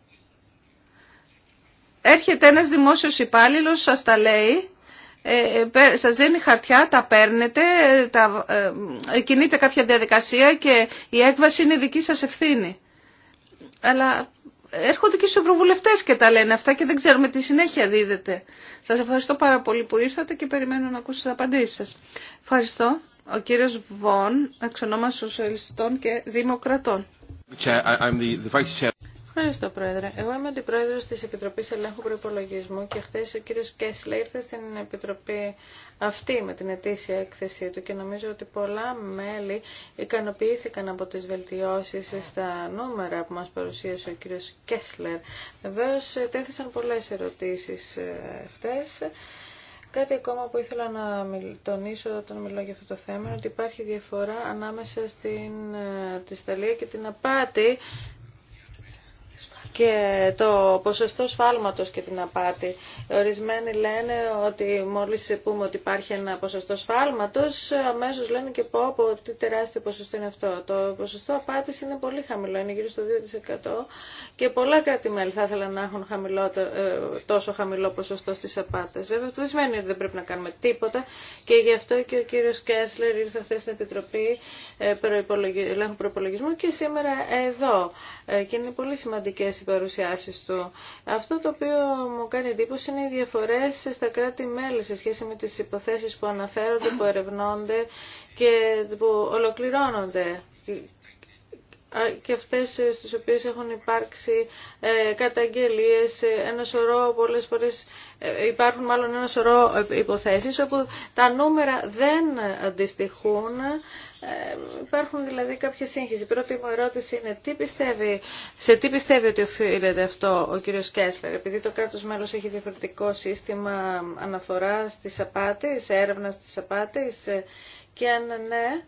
Έρχεται ένας δημόσιος υπάλληλος, σας τα λέει, ε, σας δίνει χαρτιά, τα παίρνετε, τα, ε, κινείται κάποια διαδικασία και η έκβαση είναι δική σας ευθύνη. Αλλά έρχονται και στους ευρωβουλευτές και τα λένε αυτά και δεν ξέρουμε τι συνέχεια δίδεται. Σας ευχαριστώ πάρα πολύ που ήρθατε και περιμένω να ακούσω τις απαντήσεις σας. Ευχαριστώ ο κύριος Βον, εξ Σοσιαλιστών και Δημοκρατών. Ευχαριστώ, Πρόεδρε. Εγώ είμαι αντιπρόεδρος της Επιτροπής Ελέγχου Προπολογισμού και χθε ο κύριο Κέσλε ήρθε στην Επιτροπή αυτή με την ετήσια έκθεσή του και νομίζω ότι πολλά μέλη ικανοποιήθηκαν από τις βελτιώσεις στα νούμερα που μας παρουσίασε ο κύριο Κέσλερ. Βεβαίω, τέθησαν πολλέ ερωτήσει ε, χθες. Κάτι ακόμα που ήθελα να τονίσω όταν μιλάω για αυτό το θέμα είναι ότι υπάρχει διαφορά ανάμεσα στην ε, τη και την απάτη και το ποσοστό σφάλματος και την απάτη. Ορισμένοι λένε ότι μόλις πούμε ότι υπάρχει ένα ποσοστό σφάλματος, αμέσως λένε και πω από τι τεράστιο ποσοστό είναι αυτό. Το ποσοστό απάτης είναι πολύ χαμηλό, είναι γύρω στο 2% και πολλά κράτη-μέλη θα ήθελαν να έχουν χαμηλό, ε, τόσο χαμηλό ποσοστό στις απάτες. Βέβαια αυτό δεν σημαίνει ότι δεν πρέπει να κάνουμε τίποτα και γι' αυτό και ο κύριος Κέσλερ ήρθε χθε στην Επιτροπή ε, Ελέγχου Προπολογισμού και σήμερα εδώ. Ε, και είναι πολύ σημαντικές οι παρουσιάσεις του. Αυτό το οποίο μου κάνει εντύπωση είναι οι διαφορές στα κράτη-μέλη σε σχέση με τις υποθέσεις που αναφέρονται, που ερευνώνται και που ολοκληρώνονται και αυτές στις οποίες έχουν υπάρξει ε, καταγγελίες, ε, ένα σωρό πολλές φορές, ε, υπάρχουν μάλλον ένα σωρό υποθέσεις όπου τα νούμερα δεν αντιστοιχούν ε, υπάρχουν δηλαδή κάποια σύγχυση. Η πρώτη μου ερώτηση είναι τι πιστεύει, σε τι πιστεύει ότι οφείλεται αυτό ο κύριος Κέσλερ, επειδή το κάτω μέλος έχει διαφορετικό σύστημα αναφοράς της απάτης, έρευνας της απάτης ε, και αν ναι,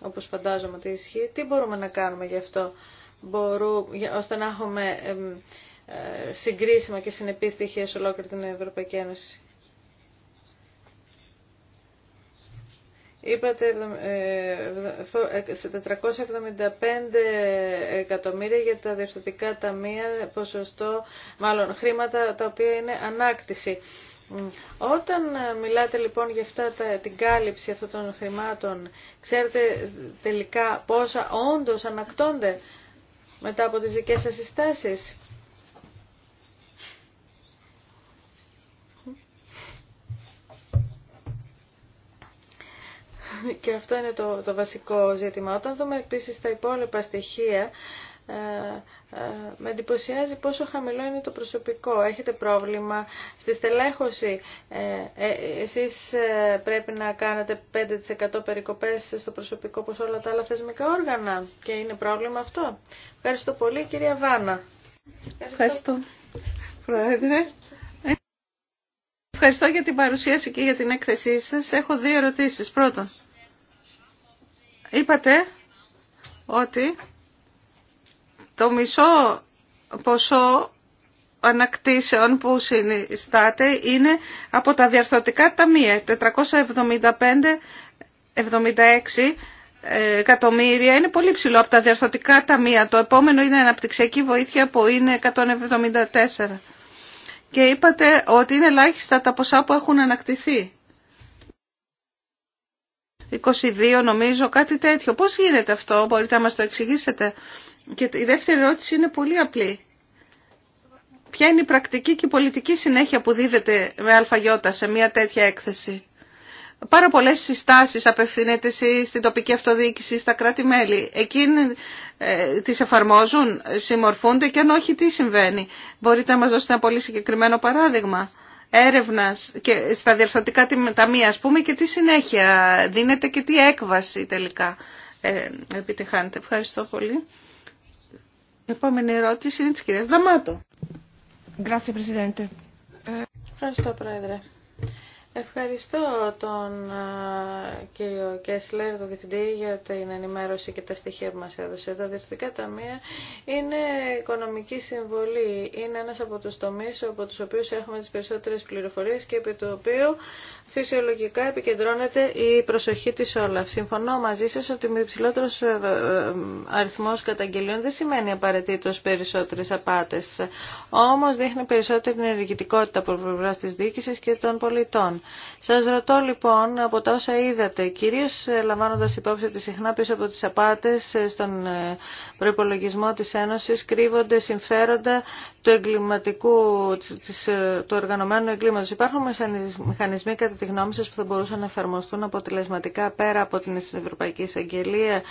όπως φαντάζομαι ότι ισχύει, τι μπορούμε να κάνουμε γι' αυτό, ώστε να έχουμε ε, συγκρίσιμα και συνεπίστοιχες ολόκληρη την Ευρωπαϊκή Ένωση. Είπατε ε, ε, σε 475 εκατομμύρια για τα διευθυντικά ταμεία, ποσοστό, μάλλον χρήματα τα οποία είναι ανάκτηση. Όταν μιλάτε λοιπόν για αυτά τα, την κάλυψη αυτών των χρημάτων, ξέρετε τελικά πόσα όντως ανακτώνται μετά από τις δικές σας συστάσεις. και αυτό είναι το, το βασικό ζήτημα. Όταν δούμε επίσης τα υπόλοιπα στοιχεία, ε, ε, με εντυπωσιάζει πόσο χαμηλό είναι το προσωπικό. Έχετε πρόβλημα στη στελέχωση. Ε, ε εσείς ε, πρέπει να κάνετε 5% περικοπές στο προσωπικό όπως όλα τα άλλα θεσμικά όργανα και είναι πρόβλημα αυτό. Ευχαριστώ πολύ κυρία Βάνα. Ευχαριστώ. Πρόεδρε. Ευχαριστώ για την παρουσίαση και για την έκθεσή σας. Έχω δύο ερωτήσεις. Πρώτον, Είπατε ότι το μισό ποσό ανακτήσεων που συνιστάται είναι από τα διαρθωτικα ταμεία. 475 76 ε, εκατομμύρια είναι πολύ ψηλό από τα διαρθωτικά ταμεία. Το επόμενο είναι αναπτυξιακή βοήθεια που είναι 174. Και είπατε ότι είναι ελάχιστα τα ποσά που έχουν ανακτηθεί. 22 νομίζω, κάτι τέτοιο. Πώς γίνεται αυτό, μπορείτε να μας το εξηγήσετε. Και η δεύτερη ερώτηση είναι πολύ απλή. Ποια είναι η πρακτική και η πολιτική συνέχεια που δίδεται με αλφαγιώτα σε μια τέτοια έκθεση. Πάρα πολλέ συστάσει απευθύνεται εσεί στην τοπική αυτοδιοίκηση, στα κράτη-μέλη. Εκείνοι ε, τι εφαρμόζουν, συμμορφούνται και αν όχι, τι συμβαίνει. Μπορείτε να μα δώσετε ένα πολύ συγκεκριμένο παράδειγμα έρευνας και στα διαρθρωτικά ταμεία ας πούμε και τι συνέχεια δίνεται και τι έκβαση τελικά ε, επιτυχάνεται. Ευχαριστώ πολύ. Επόμενη ερώτηση είναι της κυρίας Δαμάτο. Ευχαριστώ Πρόεδρε. Ευχαριστώ τον κύριο Κέσλερ, τον Διευθυντή, για την ενημέρωση και τα στοιχεία που μας έδωσε. Τα διευθυντικά ταμεία είναι οικονομική συμβολή. Είναι ένας από τους τομείς από τους οποίους έχουμε τις περισσότερες πληροφορίες και επί του οποίου φυσιολογικά επικεντρώνεται η προσοχή της όλα. Συμφωνώ μαζί σας ότι με υψηλότερο ε, ε, αριθμό καταγγελιών δεν σημαίνει απαραίτητο περισσότερες απάτες. Όμως δείχνει περισσότερη ενεργητικότητα από πλευρά της διοίκησης και των πολιτών. Σας ρωτώ λοιπόν από τα όσα είδατε, κυρίως ε, λαμβάνοντας υπόψη ότι συχνά πίσω από τις απάτες στον προπολογισμό της Ένωσης κρύβονται συμφέροντα του, εγκληματικού, του οργανωμένου εγκλήματο. Υπάρχουν μηχανισμοί κατά τη γνώμη σας που θα μπορούσαν να εφαρμοστούν αποτελεσματικά πέρα από την Ευρωπαϊκή Εισαγγελία,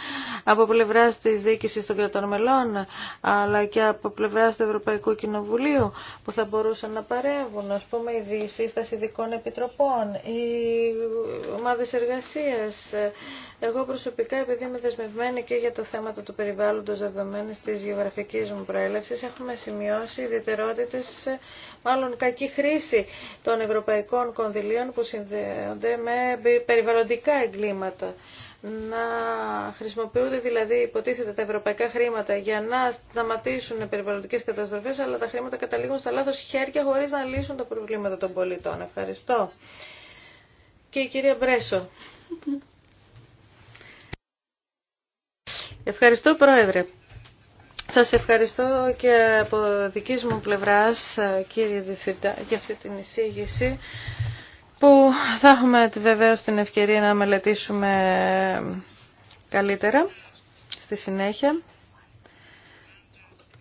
από πλευρά τη διοίκηση των κρατών μελών, αλλά και από πλευρά του Ευρωπαϊκού Κοινοβουλίου που θα μπορούσαν να παρεύουν, α πούμε η σύσταση ειδικών επιτροπών, οι ομάδε εργασία. Εγώ προσωπικά, επειδή είμαι δεσμευμένη και για το θέμα του περιβάλλοντο δεδομένη τη γεωγραφική μου προέλευση, έχουμε σημειώσει ιδιαιτερότητε μάλλον κακή χρήση των ευρωπαϊκών κονδυλίων που συνδέονται με περιβαλλοντικά εγκλήματα. Να χρησιμοποιούνται δηλαδή υποτίθεται τα ευρωπαϊκά χρήματα για να σταματήσουν περιβαλλοντικές καταστροφές, αλλά τα χρήματα καταλήγουν στα λάθος χέρια χωρίς να λύσουν τα προβλήματα των πολιτών. Ευχαριστώ. Και η κυρία Μπρέσο. Ευχαριστώ Πρόεδρε. Σας ευχαριστώ και από δικής μου πλευράς, κύριε Διευθυντά, για αυτή την εισήγηση που θα έχουμε βεβαίως την ευκαιρία να μελετήσουμε καλύτερα στη συνέχεια.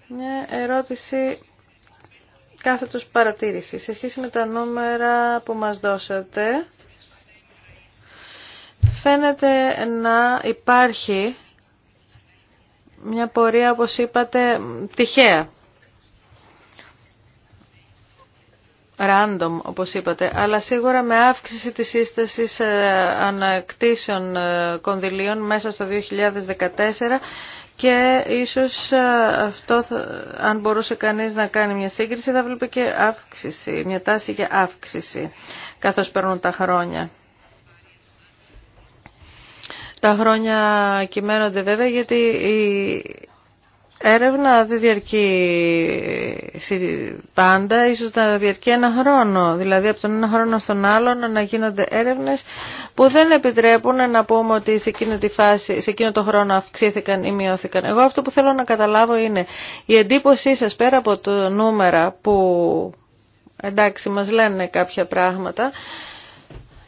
Μια ερώτηση κάθετος παρατήρηση σε σχέση με τα νούμερα που μας δώσατε. Φαίνεται να υπάρχει μια πορεία, όπως είπατε, τυχαία. random όπως είπατε, αλλά σίγουρα με αύξηση της σύστασης ε, ανακτήσεων ε, κονδυλίων μέσα στο 2014 και ίσως ε, αυτό αν μπορούσε κανείς να κάνει μια σύγκριση θα βλέπει και αύξηση, μια τάση για αύξηση καθώς περνούν τα χρόνια. Τα χρόνια κυμαίνονται βέβαια γιατί η έρευνα δεν διαρκεί πάντα, ίσως να διαρκεί ένα χρόνο. Δηλαδή από τον ένα χρόνο στον άλλο να γίνονται έρευνες που δεν επιτρέπουν να πούμε ότι σε εκείνο, τη φάση, σε εκείνο το χρόνο αυξήθηκαν ή μειώθηκαν. Εγώ αυτό που θέλω να καταλάβω είναι η εντύπωσή σας πέρα από τα νούμερα που θελω να καταλαβω ειναι η εντυπωση σας περα απο το νουμερα που ενταξει μας λένε κάποια πράγματα,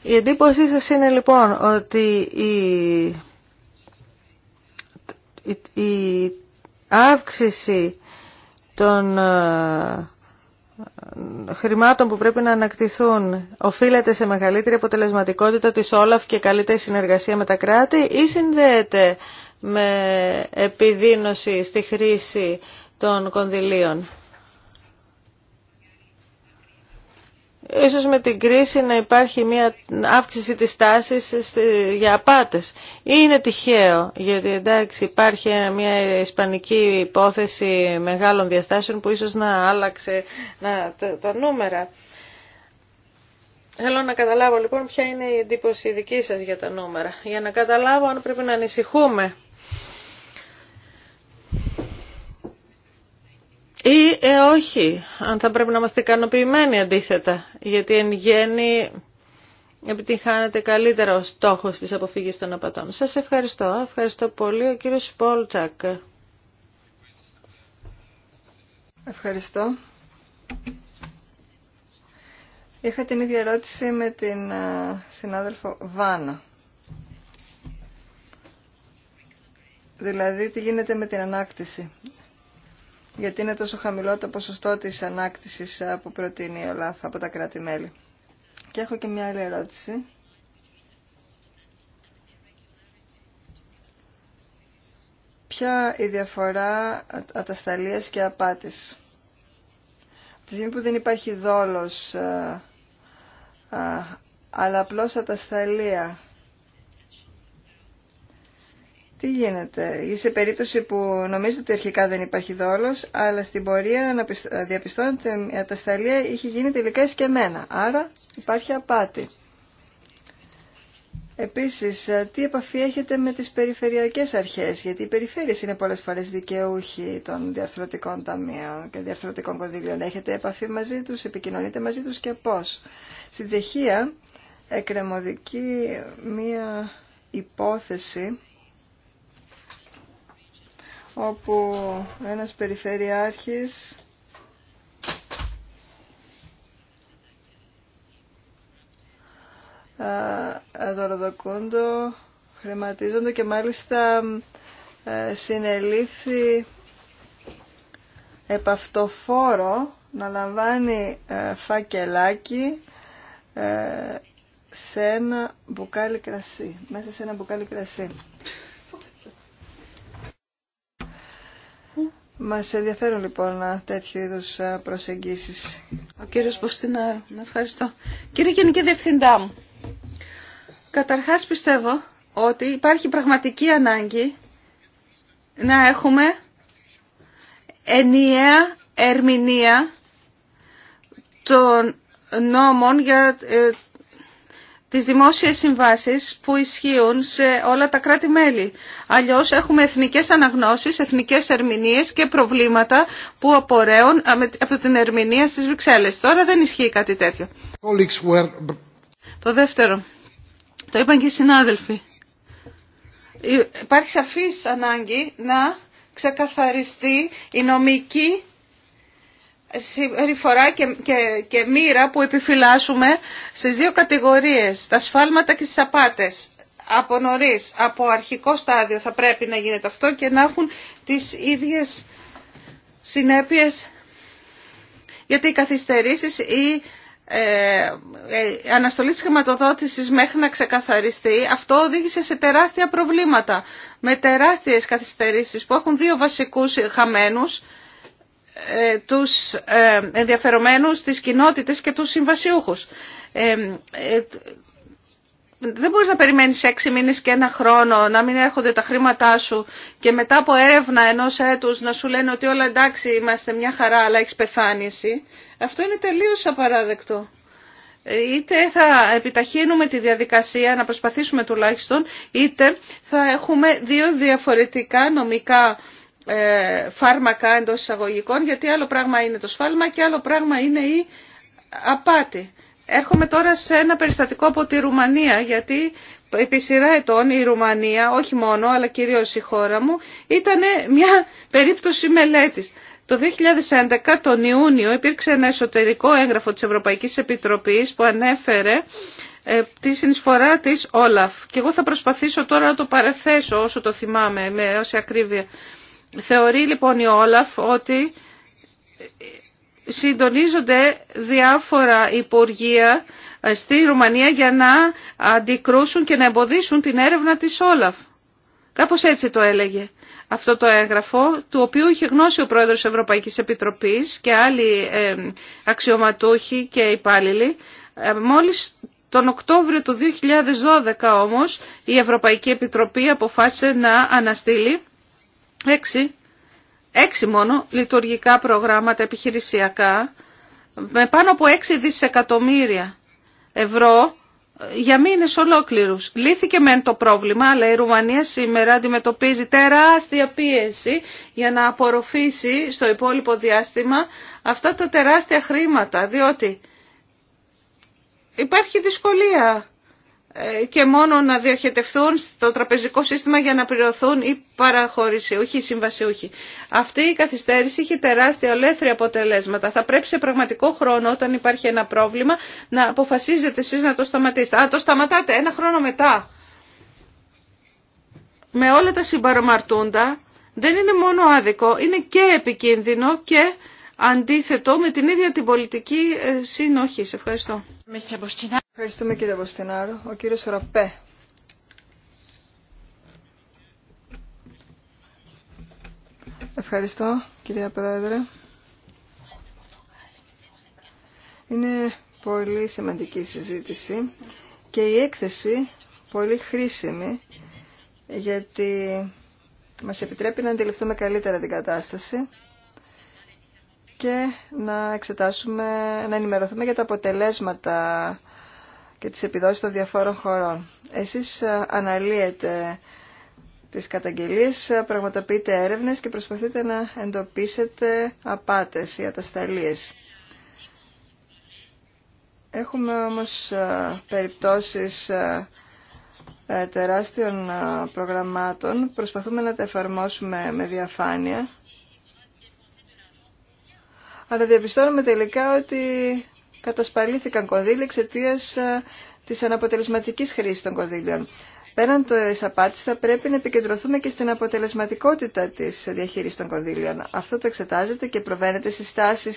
η εντύπωσή σας είναι λοιπόν ότι η, η αύξηση των ε, χρημάτων που πρέπει να ανακτηθούν οφείλεται σε μεγαλύτερη αποτελεσματικότητα της Όλαφ και καλύτερη συνεργασία με τα κράτη ή συνδέεται με επιδίνωση στη χρήση των κονδυλίων. ίσως με την κρίση να υπάρχει μια αύξηση της τάσης για απάτες. Είναι τυχαίο, γιατί εντάξει υπάρχει μια ισπανική υπόθεση μεγάλων διαστάσεων που ίσως να άλλαξε να, τα, τα νούμερα. Θέλω να καταλάβω λοιπόν ποια είναι η εντύπωση δική σας για τα νούμερα, για να καταλάβω αν πρέπει να ανησυχούμε. ή ε, όχι, αν θα πρέπει να είμαστε ικανοποιημένοι αντίθετα, γιατί εν γέννη επιτυχάνεται καλύτερα ο στόχος της αποφύγης των απατών. Σας ευχαριστώ. Ευχαριστώ πολύ. Ο κύριος Πόλτσακ. Ευχαριστώ. Είχα την ίδια ερώτηση με την ε, συνάδελφο Βάνα. Δηλαδή, τι γίνεται με την ανάκτηση γιατί είναι τόσο χαμηλό το ποσοστό της ανάκτησης ε, που προτείνει η ΟΛΑΦ από τα κράτη-μέλη. Και έχω και μια άλλη ερώτηση. Ποια η διαφορά ατασταλίας και απάτης. Τη στιγμή που δεν υπάρχει δόλος, ε, αλλά απλώς ατασταλία τι γίνεται, ή σε περίπτωση που νομίζετε ότι αρχικά δεν υπάρχει δόλος, αλλά στην πορεία διαπιστώνεται ότι Είσαι ατασταλία είχε γίνει τελικά εσκεμμένα, άρα υπάρχει απάτη. Επίσης, τι επαφή έχετε με τις περιφερειακές αρχές, γιατί οι περιφέρειες είναι πολλές φορές δικαιούχοι των διαρθρωτικών ταμείων και διαρθρωτικών κονδύλιων. Έχετε επαφή μαζί τους, επικοινωνείτε μαζί τους και πώς. Στην Τσεχία, εκκρεμωδική μία υπόθεση όπου ένας περιφερειάρχης δωροδοκούντο, χρηματίζονται και μάλιστα ε, συνελήφθη επαυτοφόρο να λαμβάνει ε, φακελάκι ε, σε ένα μπουκάλι κρασί, μέσα σε ένα μπουκάλι κρασί. Μας ενδιαφέρουν λοιπόν τέτοιου είδους ε, προσεγγίσεις. Ο κύριος να ευχαριστώ. Κύριε Γενική Διευθυντά μου, καταρχάς πιστεύω ότι υπάρχει πραγματική ανάγκη να έχουμε ενιαία ερμηνεία των νόμων για ε, τις δημόσιες συμβάσεις που ισχύουν σε όλα τα κράτη-μέλη. Αλλιώς έχουμε εθνικές αναγνώσεις, εθνικές ερμηνείες και προβλήματα που απορρέουν από την ερμηνεία στις Βρυξέλλες. Τώρα δεν ισχύει κάτι τέτοιο. Το δεύτερο, το είπαν και οι συνάδελφοι. Υπάρχει σαφής ανάγκη να ξεκαθαριστεί η νομική συμπεριφορά και, και, μοίρα που επιφυλάσσουμε στις δύο κατηγορίες, τα σφάλματα και τις απάτες. Από νωρίς, από αρχικό στάδιο θα πρέπει να γίνεται αυτό και να έχουν τις ίδιες συνέπειες γιατί οι καθυστερήσεις ή ε, ε αναστολή της χρηματοδότησης μέχρι να ξεκαθαριστεί, αυτό οδήγησε σε τεράστια προβλήματα με τεράστιες καθυστερήσεις που έχουν δύο βασικούς χαμένους ε, τους ε, ενδιαφερομένους, τις κοινότητες και τους συμβασιούχους. Ε, δεν μπορείς να περιμένεις έξι μήνες και ένα χρόνο να μην έρχονται τα χρήματά σου και μετά από έρευνα ενός έτους να σου λένε ότι όλα εντάξει είμαστε μια χαρά αλλά έχεις πεθάνει Αυτό είναι τελείως απαράδεκτο. Είτε θα επιταχύνουμε τη διαδικασία, να προσπαθήσουμε τουλάχιστον, είτε θα έχουμε δύο διαφορετικά νομικά ε, φάρμακα εντό εισαγωγικών, γιατί άλλο πράγμα είναι το σφάλμα και άλλο πράγμα είναι η απάτη. Έρχομαι τώρα σε ένα περιστατικό από τη Ρουμανία, γιατί επί σειρά ετών η Ρουμανία, όχι μόνο, αλλά κυρίως η χώρα μου, ήταν μια περίπτωση μελέτης. Το 2011, τον Ιούνιο, υπήρξε ένα εσωτερικό έγγραφο της Ευρωπαϊκής Επιτροπής που ανέφερε ε, τη συνεισφορά της Όλαφ. Και εγώ θα προσπαθήσω τώρα να το παραθέσω όσο το θυμάμαι, με όση ακρίβεια. Θεωρεί λοιπόν η Όλαφ ότι συντονίζονται διάφορα υπουργεία ε, στη Ρουμανία για να αντικρούσουν και να εμποδίσουν την έρευνα της Όλαφ. Κάπως έτσι το έλεγε αυτό το έγγραφο, του οποίου είχε γνώση ο πρόεδρος της Ευρωπαϊκής Επιτροπής και άλλοι ε, αξιωματούχοι και υπάλληλοι. Ε, μόλις τον Οκτώβριο του 2012 όμως η Ευρωπαϊκή Επιτροπή αποφάσισε να αναστείλει Έξι, έξι μόνο λειτουργικά προγράμματα επιχειρησιακά με πάνω από 6 δισεκατομμύρια ευρώ ε, για μήνες ολόκληρους. Λύθηκε μεν το πρόβλημα, αλλά η Ρουμανία σήμερα αντιμετωπίζει τεράστια πίεση για να απορροφήσει στο υπόλοιπο διάστημα αυτά τα τεράστια χρήματα, διότι υπάρχει δυσκολία ε, και μόνο να διοχετευτούν στο τραπεζικό σύστημα για να πληρωθούν οι παραχωρησιούχοι, οι συμβασιούχοι. Αυτή η καθυστέρηση εχει τεράστια ολέθρια αποτελέσματα. Θα πρέπει σε πραγματικό χρόνο όταν υπάρχει ένα πρόβλημα να αποφασίζετε εσείς να το σταματήσετε. Α, το σταματάτε ένα χρόνο μετά με όλα τα συμπαρομαρτούντα δεν είναι μόνο άδικο, είναι και επικίνδυνο και αντίθετο με την ίδια την πολιτική ε, συνοχή. Ευχαριστώ. Ευχαριστούμε κύριε Μποστινάρο. Ο κύριος Ραπέ. Ευχαριστώ κυρία Πρόεδρε. Είναι πολύ σημαντική η συζήτηση και η έκθεση πολύ χρήσιμη γιατί μας επιτρέπει να αντιληφθούμε καλύτερα την κατάσταση και να εξετάσουμε, να ενημερωθούμε για τα αποτελέσματα και τις επιδόσεις των διαφόρων χωρών. Εσείς ε, αναλύετε τις καταγγελίες, ε, πραγματοποιείτε έρευνες και προσπαθείτε να εντοπίσετε απάτες ή ατασταλίες. Έχουμε όμως ε, περιπτώσεις τεράστιων προγραμμάτων. Προσπαθούμε να τα εφαρμόσουμε με διαφάνεια αλλά διαπιστώνουμε τελικά ότι κατασπαλήθηκαν κονδύλια εξαιτία ε, τη αναποτελεσματική χρήση των κονδύλιων. Πέραν το απάτη, θα πρέπει να επικεντρωθούμε και στην αποτελεσματικότητα τη διαχείριση των κονδύλιων. Αυτό το εξετάζεται και προβαίνεται τάσει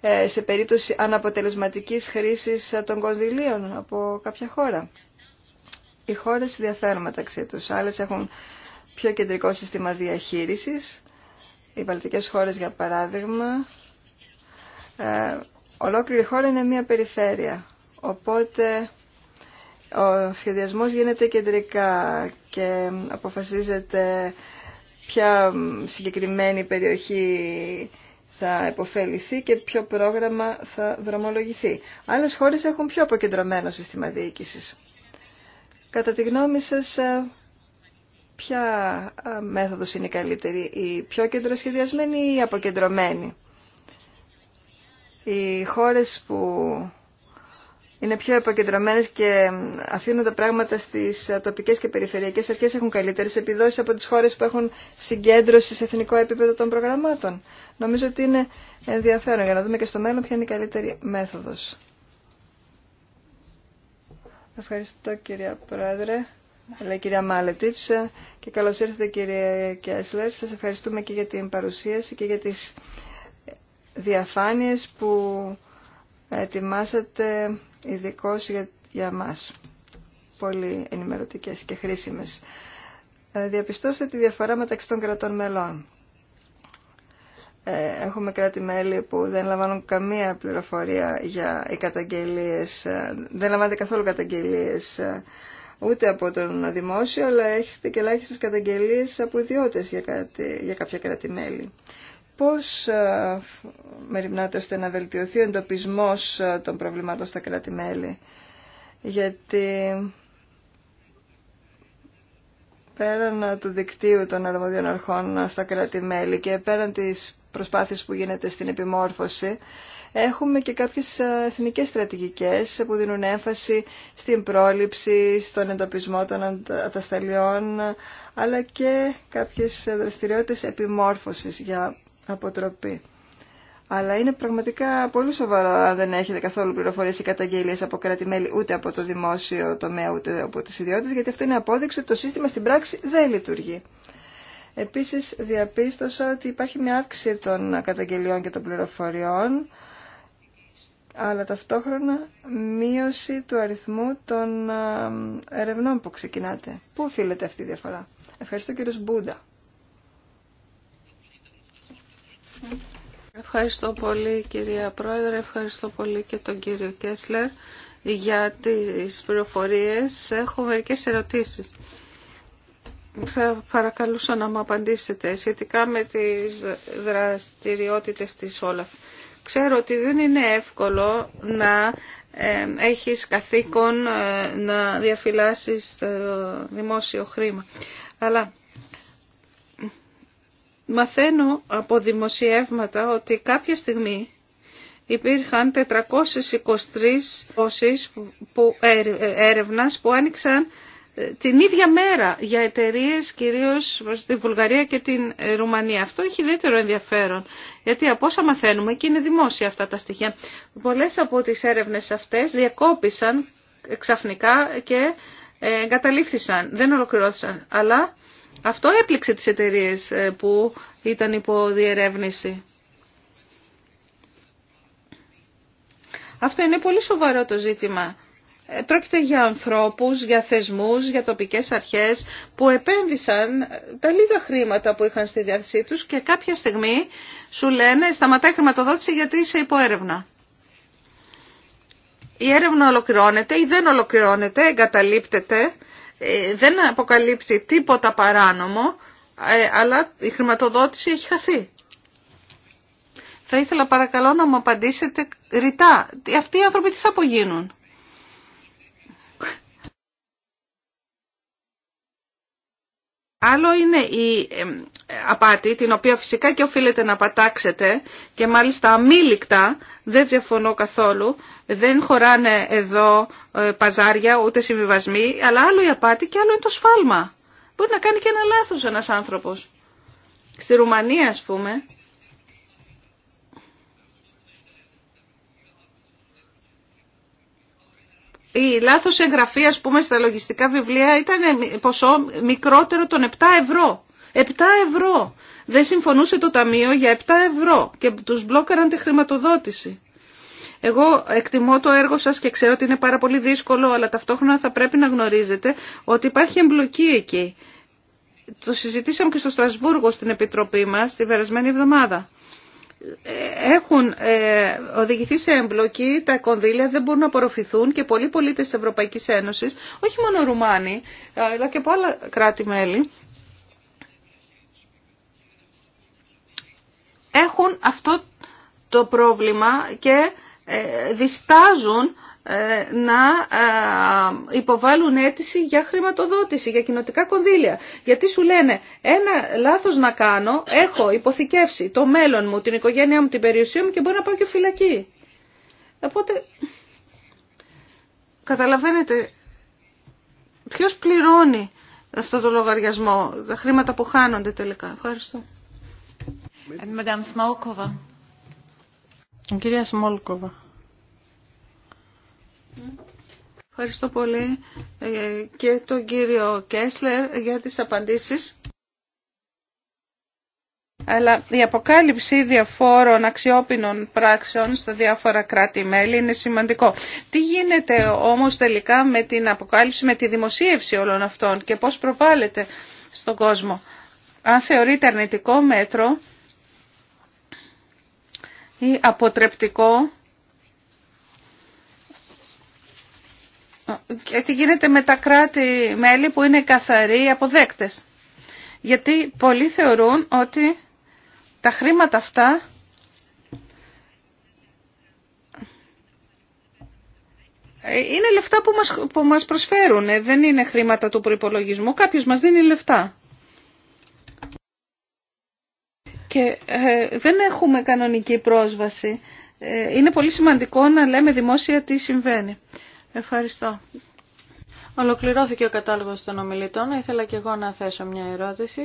ε, σε περίπτωση αναποτελεσματικής χρήσης ε, των κονδυλίων από κάποια χώρα. Οι χώρες διαφέρουν μεταξύ τους. Άλλες έχουν πιο κεντρικό σύστημα διαχείρισης. Οι βαλτικές χώρες, για παράδειγμα, ε, ολόκληρη χώρα είναι μία περιφέρεια. Οπότε ο σχεδιασμός γίνεται κεντρικά και αποφασίζεται ποια συγκεκριμένη περιοχή θα επωφεληθεί και ποιο πρόγραμμα θα δρομολογηθεί. Άλλες χώρες έχουν πιο αποκεντρωμένο σύστημα διοίκησης. Κατά τη γνώμη σας, ε, ποια μέθοδος είναι η καλύτερη, η πιο κεντροσχεδιασμένη ή η αποκεντρωμένη οι χώρες που είναι πιο επικεντρωμένες και αφήνουν τα πράγματα στις τοπικές και περιφερειακές αρχές έχουν καλύτερες επιδόσεις από τις χώρες που έχουν συγκέντρωση σε εθνικό επίπεδο των προγραμμάτων. Νομίζω ότι είναι ενδιαφέρον για να δούμε και στο μέλλον ποια είναι η καλύτερη μέθοδος. Ευχαριστώ κυρία Πρόεδρε, αλλά κυρία Μάλετιτς και καλώς ήρθατε κύριε Κέσλερ. Σας ευχαριστούμε και για την παρουσίαση και για τις διαφάνειες που ετοιμάσατε ειδικώ για, για μας. Πολύ ενημερωτικές και χρήσιμες. Ε, διαπιστώστε τη διαφορά μεταξύ των κρατών μελών. Ε, έχουμε κράτη-μέλη που δεν λαμβάνουν καμία πληροφορία για οι καταγγελίες, ε, δεν λαμβάνετε καθόλου καταγγελίες ούτε από τον δημόσιο, αλλά έχετε και ελάχιστε καταγγελίε από ιδιώτες για, για κάποια κράτη-μέλη. Πώς ε, μεριμνάτε ώστε να βελτιωθεί ο εντοπισμός ε, των προβλημάτων στα κράτη-μέλη. Γιατί πέραν ε, του δικτύου των αρμοδίων αρχών στα κράτη-μέλη και πέραν της προσπάθειας που γίνεται στην επιμόρφωση, έχουμε και κάποιες εθνικές στρατηγικές που δίνουν έμφαση στην πρόληψη, στον εντοπισμό των ατασταλιών, αλλά και κάποιες δραστηριότητες επιμόρφωσης για αποτροπή. Αλλά είναι πραγματικά πολύ σοβαρό αν δεν έχετε καθόλου πληροφορίε ή καταγγελίε από κράτη-μέλη ούτε από το δημόσιο τομέα ούτε από τι ιδιώτε, γιατί αυτό είναι απόδειξη ότι το σύστημα στην πράξη δεν λειτουργεί. Επίση, διαπίστωσα ότι υπάρχει μια αύξηση των καταγγελιών και των πληροφοριών, αλλά ταυτόχρονα μείωση του αριθμού των ερευνών που ξεκινάτε. Πού οφείλεται αυτή η διαφορά. Ευχαριστώ κύριο Μπούντα. Ευχαριστώ πολύ κυρία Πρόεδρε, ευχαριστώ πολύ και τον κύριο Κέσλερ για τις πληροφορίες. Έχω μερικές ερωτήσεις. Θα παρακαλούσα να μου απαντήσετε σχετικά με τις δραστηριότητες της Όλαφ. Ξέρω ότι δεν είναι εύκολο να έχεις καθήκον ε, να διαφυλάσεις το δημόσιο χρήμα. Αλλά Μαθαίνω από δημοσιεύματα ότι κάποια στιγμή υπήρχαν 423 όσεις που, έρευνας που άνοιξαν ε, την ίδια μέρα για εταιρείε κυρίως στη Βουλγαρία και την ε, Ρουμανία. Αυτό έχει ιδιαίτερο ενδιαφέρον, γιατί από όσα μαθαίνουμε και είναι δημόσια αυτά τα στοιχεία. Πολλές από τις έρευνες αυτές διακόπησαν ξαφνικά και ε, εγκαταλείφθησαν, δεν ολοκληρώθησαν, αλλά αυτό έπληξε τις εταιρείε ε, που ήταν υπό διερεύνηση. Αυτό είναι πολύ σοβαρό το ζήτημα. Ε, πρόκειται για ανθρώπους, για θεσμούς, για τοπικές αρχές που επένδυσαν ε, τα λίγα χρήματα που είχαν στη διάθεσή τους και κάποια στιγμή σου λένε σταματάει χρηματοδότηση γιατί είσαι υπό έρευνα. Η έρευνα ολοκληρώνεται ή δεν ολοκληρώνεται, εγκαταλείπτεται ε, δεν αποκαλύπτει τίποτα παράνομο, ε, αλλά η χρηματοδότηση έχει χαθεί. Θα ήθελα παρακαλώ να μου απαντήσετε ρητά. Αυτοί οι άνθρωποι τι θα απογίνουν. Άλλο είναι η απάτη, την οποία φυσικά και οφείλετε να πατάξετε και μάλιστα αμήλικτα, δεν διαφωνώ καθόλου, δεν χωράνε εδώ ε, παζάρια ούτε συμβιβασμοί, αλλά άλλο η απάτη και άλλο είναι το σφάλμα. Μπορεί να κάνει και ένα λάθος ένας άνθρωπος. Στη Ρουμανία, ας πούμε, η λάθος εγγραφή ας πούμε στα λογιστικά βιβλία ήταν ποσό μικρότερο των 7 ευρώ. 7 ευρώ. Δεν συμφωνούσε το ταμείο για 7 ευρώ και τους μπλόκαραν τη χρηματοδότηση. Εγώ εκτιμώ το έργο σας και ξέρω ότι είναι πάρα πολύ δύσκολο, αλλά ταυτόχρονα θα πρέπει να γνωρίζετε ότι υπάρχει εμπλοκή εκεί. Το συζητήσαμε και στο Στρασβούργο στην Επιτροπή μας την περασμένη εβδομάδα έχουν ε, οδηγηθεί σε εμπλοκή, τα κονδύλια δεν μπορούν να απορροφηθούν και πολλοί πολίτε τη Ευρωπαϊκής Ένωσης, όχι μόνο Ρουμάνοι, αλλά και από άλλα κράτη-μέλη, έχουν αυτό το πρόβλημα και ε, διστάζουν ε, να ε, υποβάλουν αίτηση για χρηματοδότηση, για κοινοτικά κονδύλια. Γιατί σου λένε ένα λάθος να κάνω, έχω υποθηκεύσει το μέλλον μου, την οικογένειά μου, την περιουσία μου και μπορώ να πάω και φυλακή. Οπότε καταλαβαίνετε ποιος πληρώνει αυτό το λογαριασμό, τα χρήματα που χάνονται τελικά. Ευχαριστώ. And Madame Smolkova. Κυρία Σμόλκοβα. Ευχαριστώ πολύ ε, και τον κύριο Κέσλερ για τις απαντήσεις. Αλλά η αποκάλυψη διαφόρων αξιόπινων πράξεων στα διάφορα κράτη-μέλη είναι σημαντικό. Τι γίνεται όμως τελικά με την αποκάλυψη, με τη δημοσίευση όλων αυτών και πώς προβάλλεται στον κόσμο. Αν θεωρείται αρνητικό μέτρο, ή αποτρεπτικό και ε, τι γίνεται με τα κράτη-μέλη που είναι καθαροί αποδέκτες. Γιατί πολλοί θεωρούν ότι τα χρήματα αυτά είναι λεφτά που μας, μας προσφέρουν, ε, δεν είναι χρήματα του προϋπολογισμού, κάποιος μας δίνει λεφτά και ε, δεν έχουμε κανονική πρόσβαση. Ε, είναι πολύ σημαντικό να λέμε δημόσια τι συμβαίνει. Ευχαριστώ. Ολοκληρώθηκε ο κατάλογος των ομιλητών. Ήθελα και εγώ να θέσω μια ερώτηση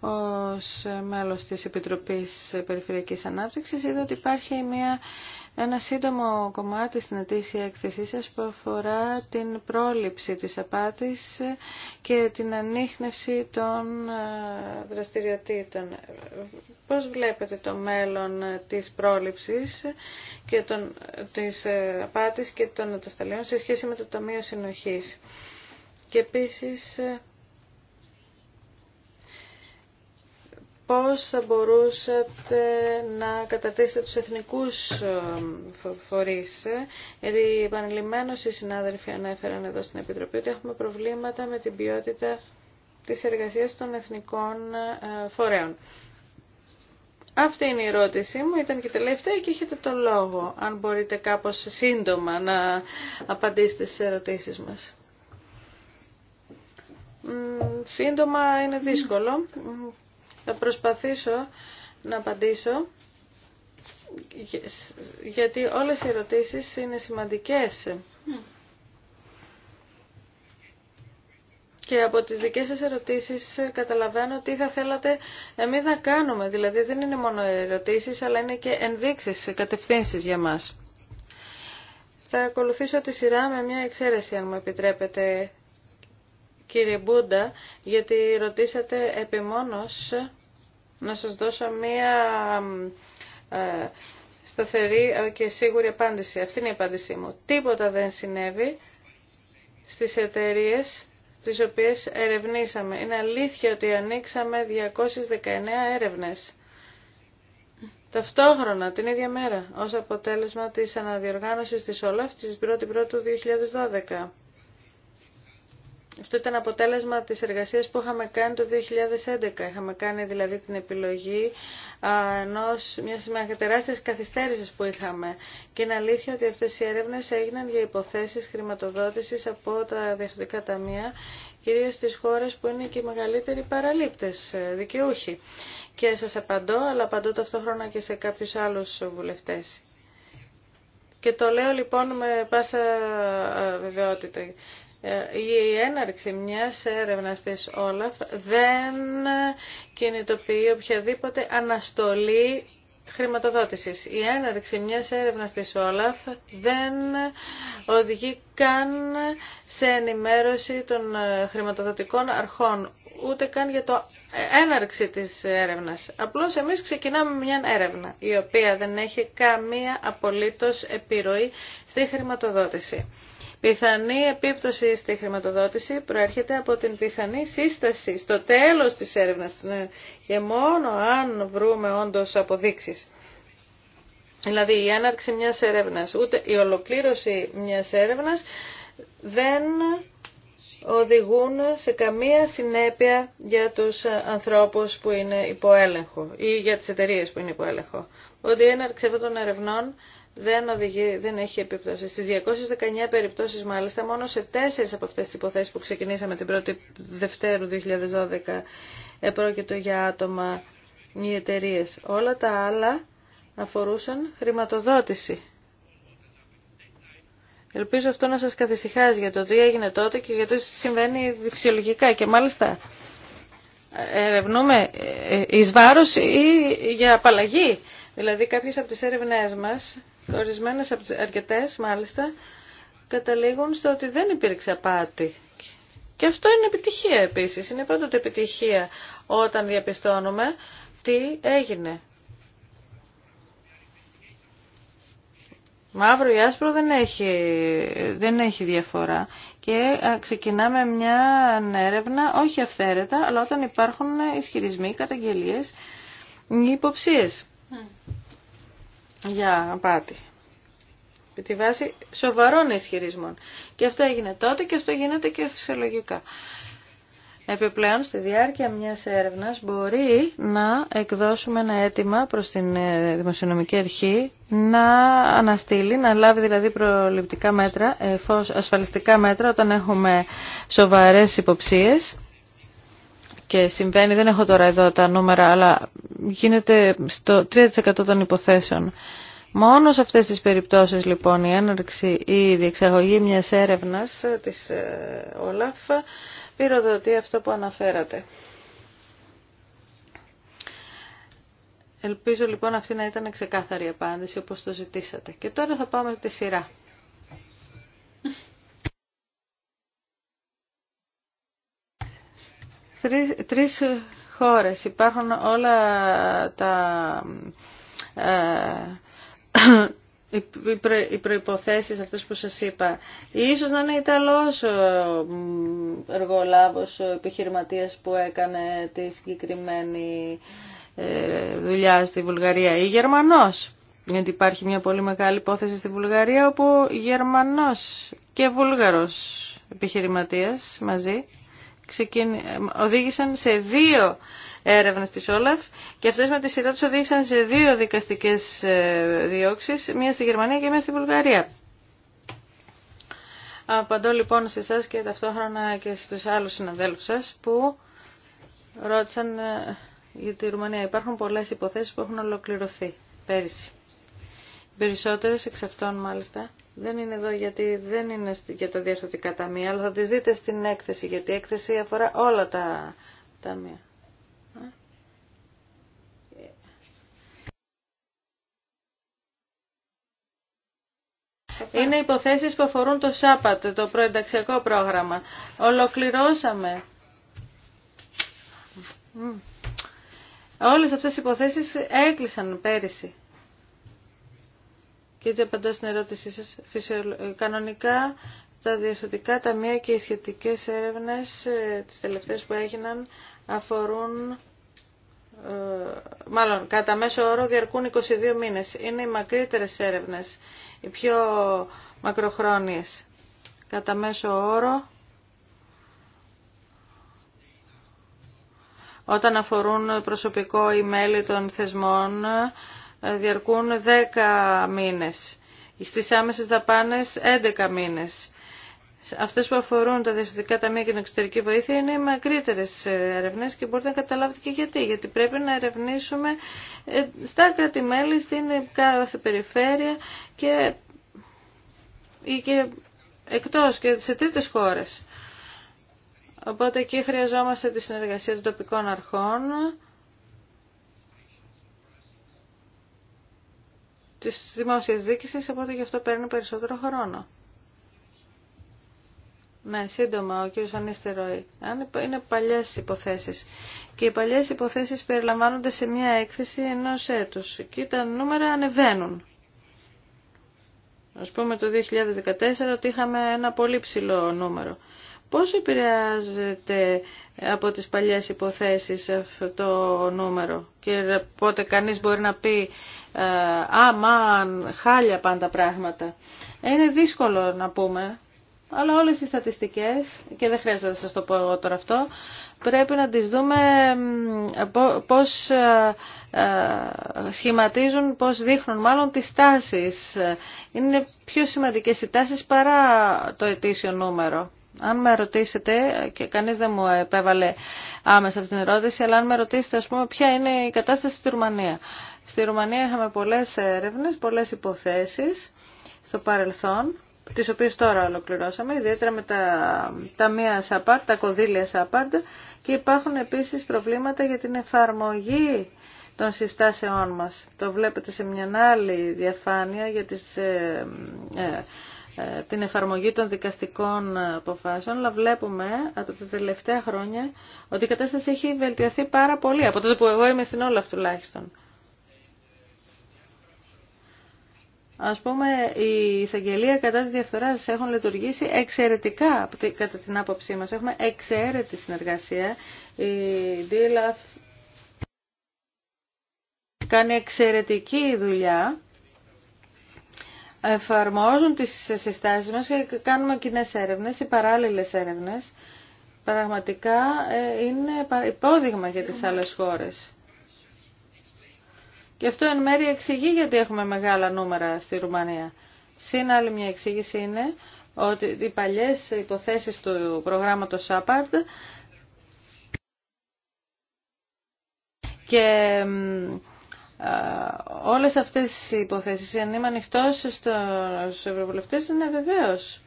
ως μέλος της Επιτροπής Περιφερειακής Ανάπτυξης. Είδα ότι υπάρχει μια ένα σύντομο κομμάτι στην ετήσια έκθεσή σας που αφορά την πρόληψη της απάτης και την ανείχνευση των ε, δραστηριοτήτων. Πώς βλέπετε το μέλλον της πρόληψης και των, της ε, απάτης και των ατασταλιών σε σχέση με το τομείο Συνοχής. Και επίσης ε, πώς θα μπορούσατε να κατατήσετε τους εθνικούς ε, φορείς. Ε? Γιατί επανειλημμένως οι συνάδελφοι ανέφεραν εδώ στην Επιτροπή ότι έχουμε προβλήματα με την ποιότητα της εργασίας των εθνικών ε, φορέων. Αυτή είναι η ερώτησή μου, ήταν και τελευταία και έχετε το λόγο, αν μπορείτε κάπως σύντομα να απαντήσετε στις ερωτήσεις μας. Σύντομα είναι δύσκολο θα προσπαθήσω να απαντήσω γιατί όλες οι ερωτήσεις είναι σημαντικές. Και από τις δικές σας ερωτήσεις καταλαβαίνω τι θα θέλατε εμείς να κάνουμε. Δηλαδή δεν είναι μόνο ερωτήσεις, αλλά είναι και ενδείξεις, κατευθύνσεις για μας. Θα ακολουθήσω τη σειρά με μια εξαίρεση, αν μου επιτρέπετε, κύριε Μπούντα, γιατί ρωτήσατε επιμόνως να σας δώσω μία ε, σταθερή και σίγουρη απάντηση. Αυτή είναι η απάντησή μου. Τίποτα δεν συνέβη στις εταιρείε τις οποίες ερευνήσαμε. Είναι αλήθεια ότι ανοίξαμε 219 έρευνες. Ταυτόχρονα, την ίδια μέρα, ως αποτέλεσμα της αναδιοργάνωσης της ΟΛΑΦ της 1η Πρώτου 2012. Αυτό ήταν αποτέλεσμα της εργασίας που είχαμε κάνει το 2011. Είχαμε κάνει δηλαδή την επιλογή ενός, μιας τεράστιας καθυστέρησης που είχαμε. Και είναι αλήθεια ότι αυτές οι έρευνες έγιναν για υποθέσεις χρηματοδότησης από τα διευθυντικά ταμεία, κυρίως στις χώρες που είναι και οι μεγαλύτεροι παραλήπτες ε, δικαιούχοι. Και σας απαντώ, αλλά απαντώ ταυτόχρονα και σε κάποιους άλλους βουλευτές. Και το λέω λοιπόν με πάσα ε, βεβαιότητα. Ε, η έναρξη μιας έρευνας της Όλαφ δεν κινητοποιεί οποιαδήποτε αναστολή χρηματοδότησης. Η έναρξη μιας έρευνας της Όλαφ δεν οδηγεί καν σε ενημέρωση των ε, χρηματοδοτικών αρχών ούτε καν για το έναρξη της έρευνας. Απλώς εμείς ξεκινάμε μια έρευνα, η οποία δεν έχει καμία απολύτως επιρροή στη χρηματοδότηση. Πιθανή επίπτωση στη χρηματοδότηση προέρχεται από την πιθανή σύσταση στο τέλος της έρευνας ναι, και μόνο αν βρούμε όντως αποδείξεις. Δηλαδή η έναρξη μιας έρευνας, ούτε η ολοκλήρωση μιας έρευνας δεν οδηγούν σε καμία συνέπεια για τους ανθρώπους που είναι υποέλεγχο ή για τις εταιρείες που είναι υπό έλεγχο. Ότι η έναρξη των ερευνών δεν, οδηγεί, δεν έχει επιπτώσει. Στις 219 περιπτώσεις μάλιστα μόνο σε τέσσερι από αυτές τις υποθέσεις που ξεκινήσαμε την 1η Δευτέρου 2012 επρόκειτο για άτομα ή εταιρείε. Όλα τα άλλα αφορούσαν χρηματοδότηση. Ελπίζω αυτό να σας καθησυχάζει για το τι έγινε τότε και για το τι συμβαίνει φυσιολογικά και μάλιστα ερευνούμε ε, ε, εις βάρος ή για απαλλαγή. Δηλαδή κάποιες από τις έρευνές μας ορισμένες από τις αρκετές μάλιστα, καταλήγουν στο ότι δεν υπήρξε απάτη. Και αυτό είναι επιτυχία επίσης. Είναι πάντοτε επιτυχία όταν διαπιστώνουμε τι έγινε. Μαύρο ή άσπρο δεν έχει, δεν έχει διαφορά. Και ξεκινάμε μια έρευνα, όχι αυθαίρετα, αλλά όταν υπάρχουν ισχυρισμοί, καταγγελίες, υποψίες για απάτη. Με τη βάση σοβαρών ισχυρισμών. Και αυτό έγινε τότε και αυτό γίνεται και φυσιολογικά. Επιπλέον, στη διάρκεια μιας έρευνας μπορεί να εκδώσουμε ένα αίτημα προς την ε, Δημοσιονομική Αρχή να αναστείλει, να λάβει δηλαδή προληπτικά μέτρα, ασφαλιστικά μέτρα όταν έχουμε σοβαρές υποψίες και συμβαίνει, δεν έχω τώρα εδώ τα νούμερα, αλλά γίνεται στο 3% των υποθέσεων. Μόνο σε αυτές τις περιπτώσεις λοιπόν η έναρξη ή η διεξαγωγή μιας έρευνας ε, της ΟΛΑΦ ε, πυροδοτεί αυτό που αναφέρατε. Ελπίζω λοιπόν αυτή να ήταν ξεκάθαρη απάντηση όπως το ζητήσατε. Και τώρα θα πάμε στη σειρά. τρεις, χώρες. Υπάρχουν όλα τα... Ε, οι, προϋποθέσεις αυτές που σας είπα. Ίσως να είναι Ιταλός εργολάβος, επιχειρηματίας που έκανε τη συγκεκριμένη ε, δουλειά στη Βουλγαρία ή Γερμανός. Γιατί υπάρχει μια πολύ μεγάλη υπόθεση στη Βουλγαρία όπου Γερμανός και Βούλγαρος επιχειρηματίας μαζί οδήγησαν σε δύο έρευνες της Όλαφ και αυτές με τη σειρά τους οδήγησαν σε δύο δικαστικές ε, διώξεις, μία στη Γερμανία και μία στη Βουλγαρία. Απαντώ λοιπόν σε εσά και ταυτόχρονα και στους άλλους συναδέλφους σας που ρώτησαν ε, για τη Ρουμανία. Υπάρχουν πολλές υποθέσεις που έχουν ολοκληρωθεί πέρυσι. Οι περισσότερες εξ αυτών μάλιστα δεν είναι εδώ γιατί δεν είναι για τα διευθυντικά ταμεία, αλλά θα τις δείτε στην έκθεση, γιατί η έκθεση αφορά όλα τα ταμεία. Είναι υποθέσεις που αφορούν το ΣΑΠΑΤ, το προενταξιακό πρόγραμμα. Ολοκληρώσαμε. Όλες αυτές οι υποθέσεις έκλεισαν πέρυσι. Και έτσι απαντώ στην ερώτησή σας. Ε, κανονικά τα διαστατικά ταμεία και οι σχετικές έρευνες, ε, τις τελευταίες που έγιναν, αφορούν ε, μάλλον κατά μέσο όρο διαρκούν 22 μήνες. Είναι οι μακρύτερες έρευνες, οι πιο μακροχρόνιες. Κατά μέσο όρο, όταν αφορούν προσωπικό ή μέλη των θεσμών, διαρκούν 10 μήνες. Στις άμεσες δαπάνες 11 μήνες. Αυτές που αφορούν τα διευθυντικά ταμεία και την εξωτερική βοήθεια είναι οι μακρύτερες ερευνές και μπορείτε να καταλάβετε και γιατί. Γιατί πρέπει να ερευνήσουμε ε, στα κράτη-μέλη, στην κάθε περιφέρεια και, και εκτός και σε τρίτες χώρες. Οπότε εκεί χρειαζόμαστε τη συνεργασία των τοπικών αρχών της δημόσιας διοίκησης, οπότε γι' αυτό παίρνει περισσότερο χρόνο. Ναι, σύντομα, ο κύριος Αν Είναι παλιές υποθέσεις. Και οι παλιές υποθέσεις περιλαμβάνονται σε μια έκθεση ενός έτους. Και τα νούμερα ανεβαίνουν. Ας πούμε το 2014 ότι είχαμε ένα πολύ ψηλό νούμερο. Πώς επηρεάζεται από τις παλιές υποθέσεις αυτό το νούμερο και πότε κανείς μπορεί να πει ε, αμάν, χάλια πάντα πράγματα. Είναι δύσκολο να πούμε, αλλά όλες οι στατιστικές, και δεν χρειάζεται να σας το πω εγώ τώρα αυτό, πρέπει να τις δούμε πώς ε, ε, σχηματίζουν, πώς δείχνουν μάλλον τις τάσεις. Είναι πιο σημαντικές οι τάσεις παρά το ετήσιο νούμερο. Αν με ρωτήσετε, και κανείς δεν μου επέβαλε άμεσα αυτή την ερώτηση, αλλά αν με ρωτήσετε, ας πούμε, ποια είναι η κατάσταση στη Ρουμανία. Στη Ρουμανία είχαμε πολλές έρευνες, πολλές υποθέσεις στο παρελθόν, τις οποίες τώρα ολοκληρώσαμε, ιδιαίτερα με τα ταμεία ΣΑΠΑΡΤ, τα κονδύλια ΣΑΠΑΡΤ και υπάρχουν επίσης προβλήματα για την εφαρμογή των συστάσεών μας. Το βλέπετε σε μια άλλη διαφάνεια για τις, ε, ε, ε, την εφαρμογή των δικαστικών αποφάσεων, αλλά βλέπουμε από τα τελευταία χρόνια ότι η κατάσταση έχει βελτιωθεί πάρα πολύ, από τότε που εγώ είμαι στην όλα τουλάχιστον. Ας πούμε, η εισαγγελία κατά της διαφθοράς έχουν λειτουργήσει εξαιρετικά, κατά την άποψή μας. Έχουμε εξαίρετη συνεργασία. Η DILAF κάνει εξαιρετική δουλειά. Εφαρμόζουν τις συστάσεις μας και κάνουμε κοινέ έρευνες ή παράλληλες έρευνες. Πραγματικά ε, είναι υπόδειγμα για τις άλλες χώρες. Και αυτό εν μέρει εξηγεί γιατί έχουμε μεγάλα νούμερα στη Ρουμανία. Συν άλλη μια εξήγηση είναι ότι οι παλιές υποθέσεις του προγράμματος ΣΑΠΑΡΤ και όλες αυτές οι υποθέσεις, αν είμαι ανοιχτό στους ευρωβουλευτές, είναι βεβαίως.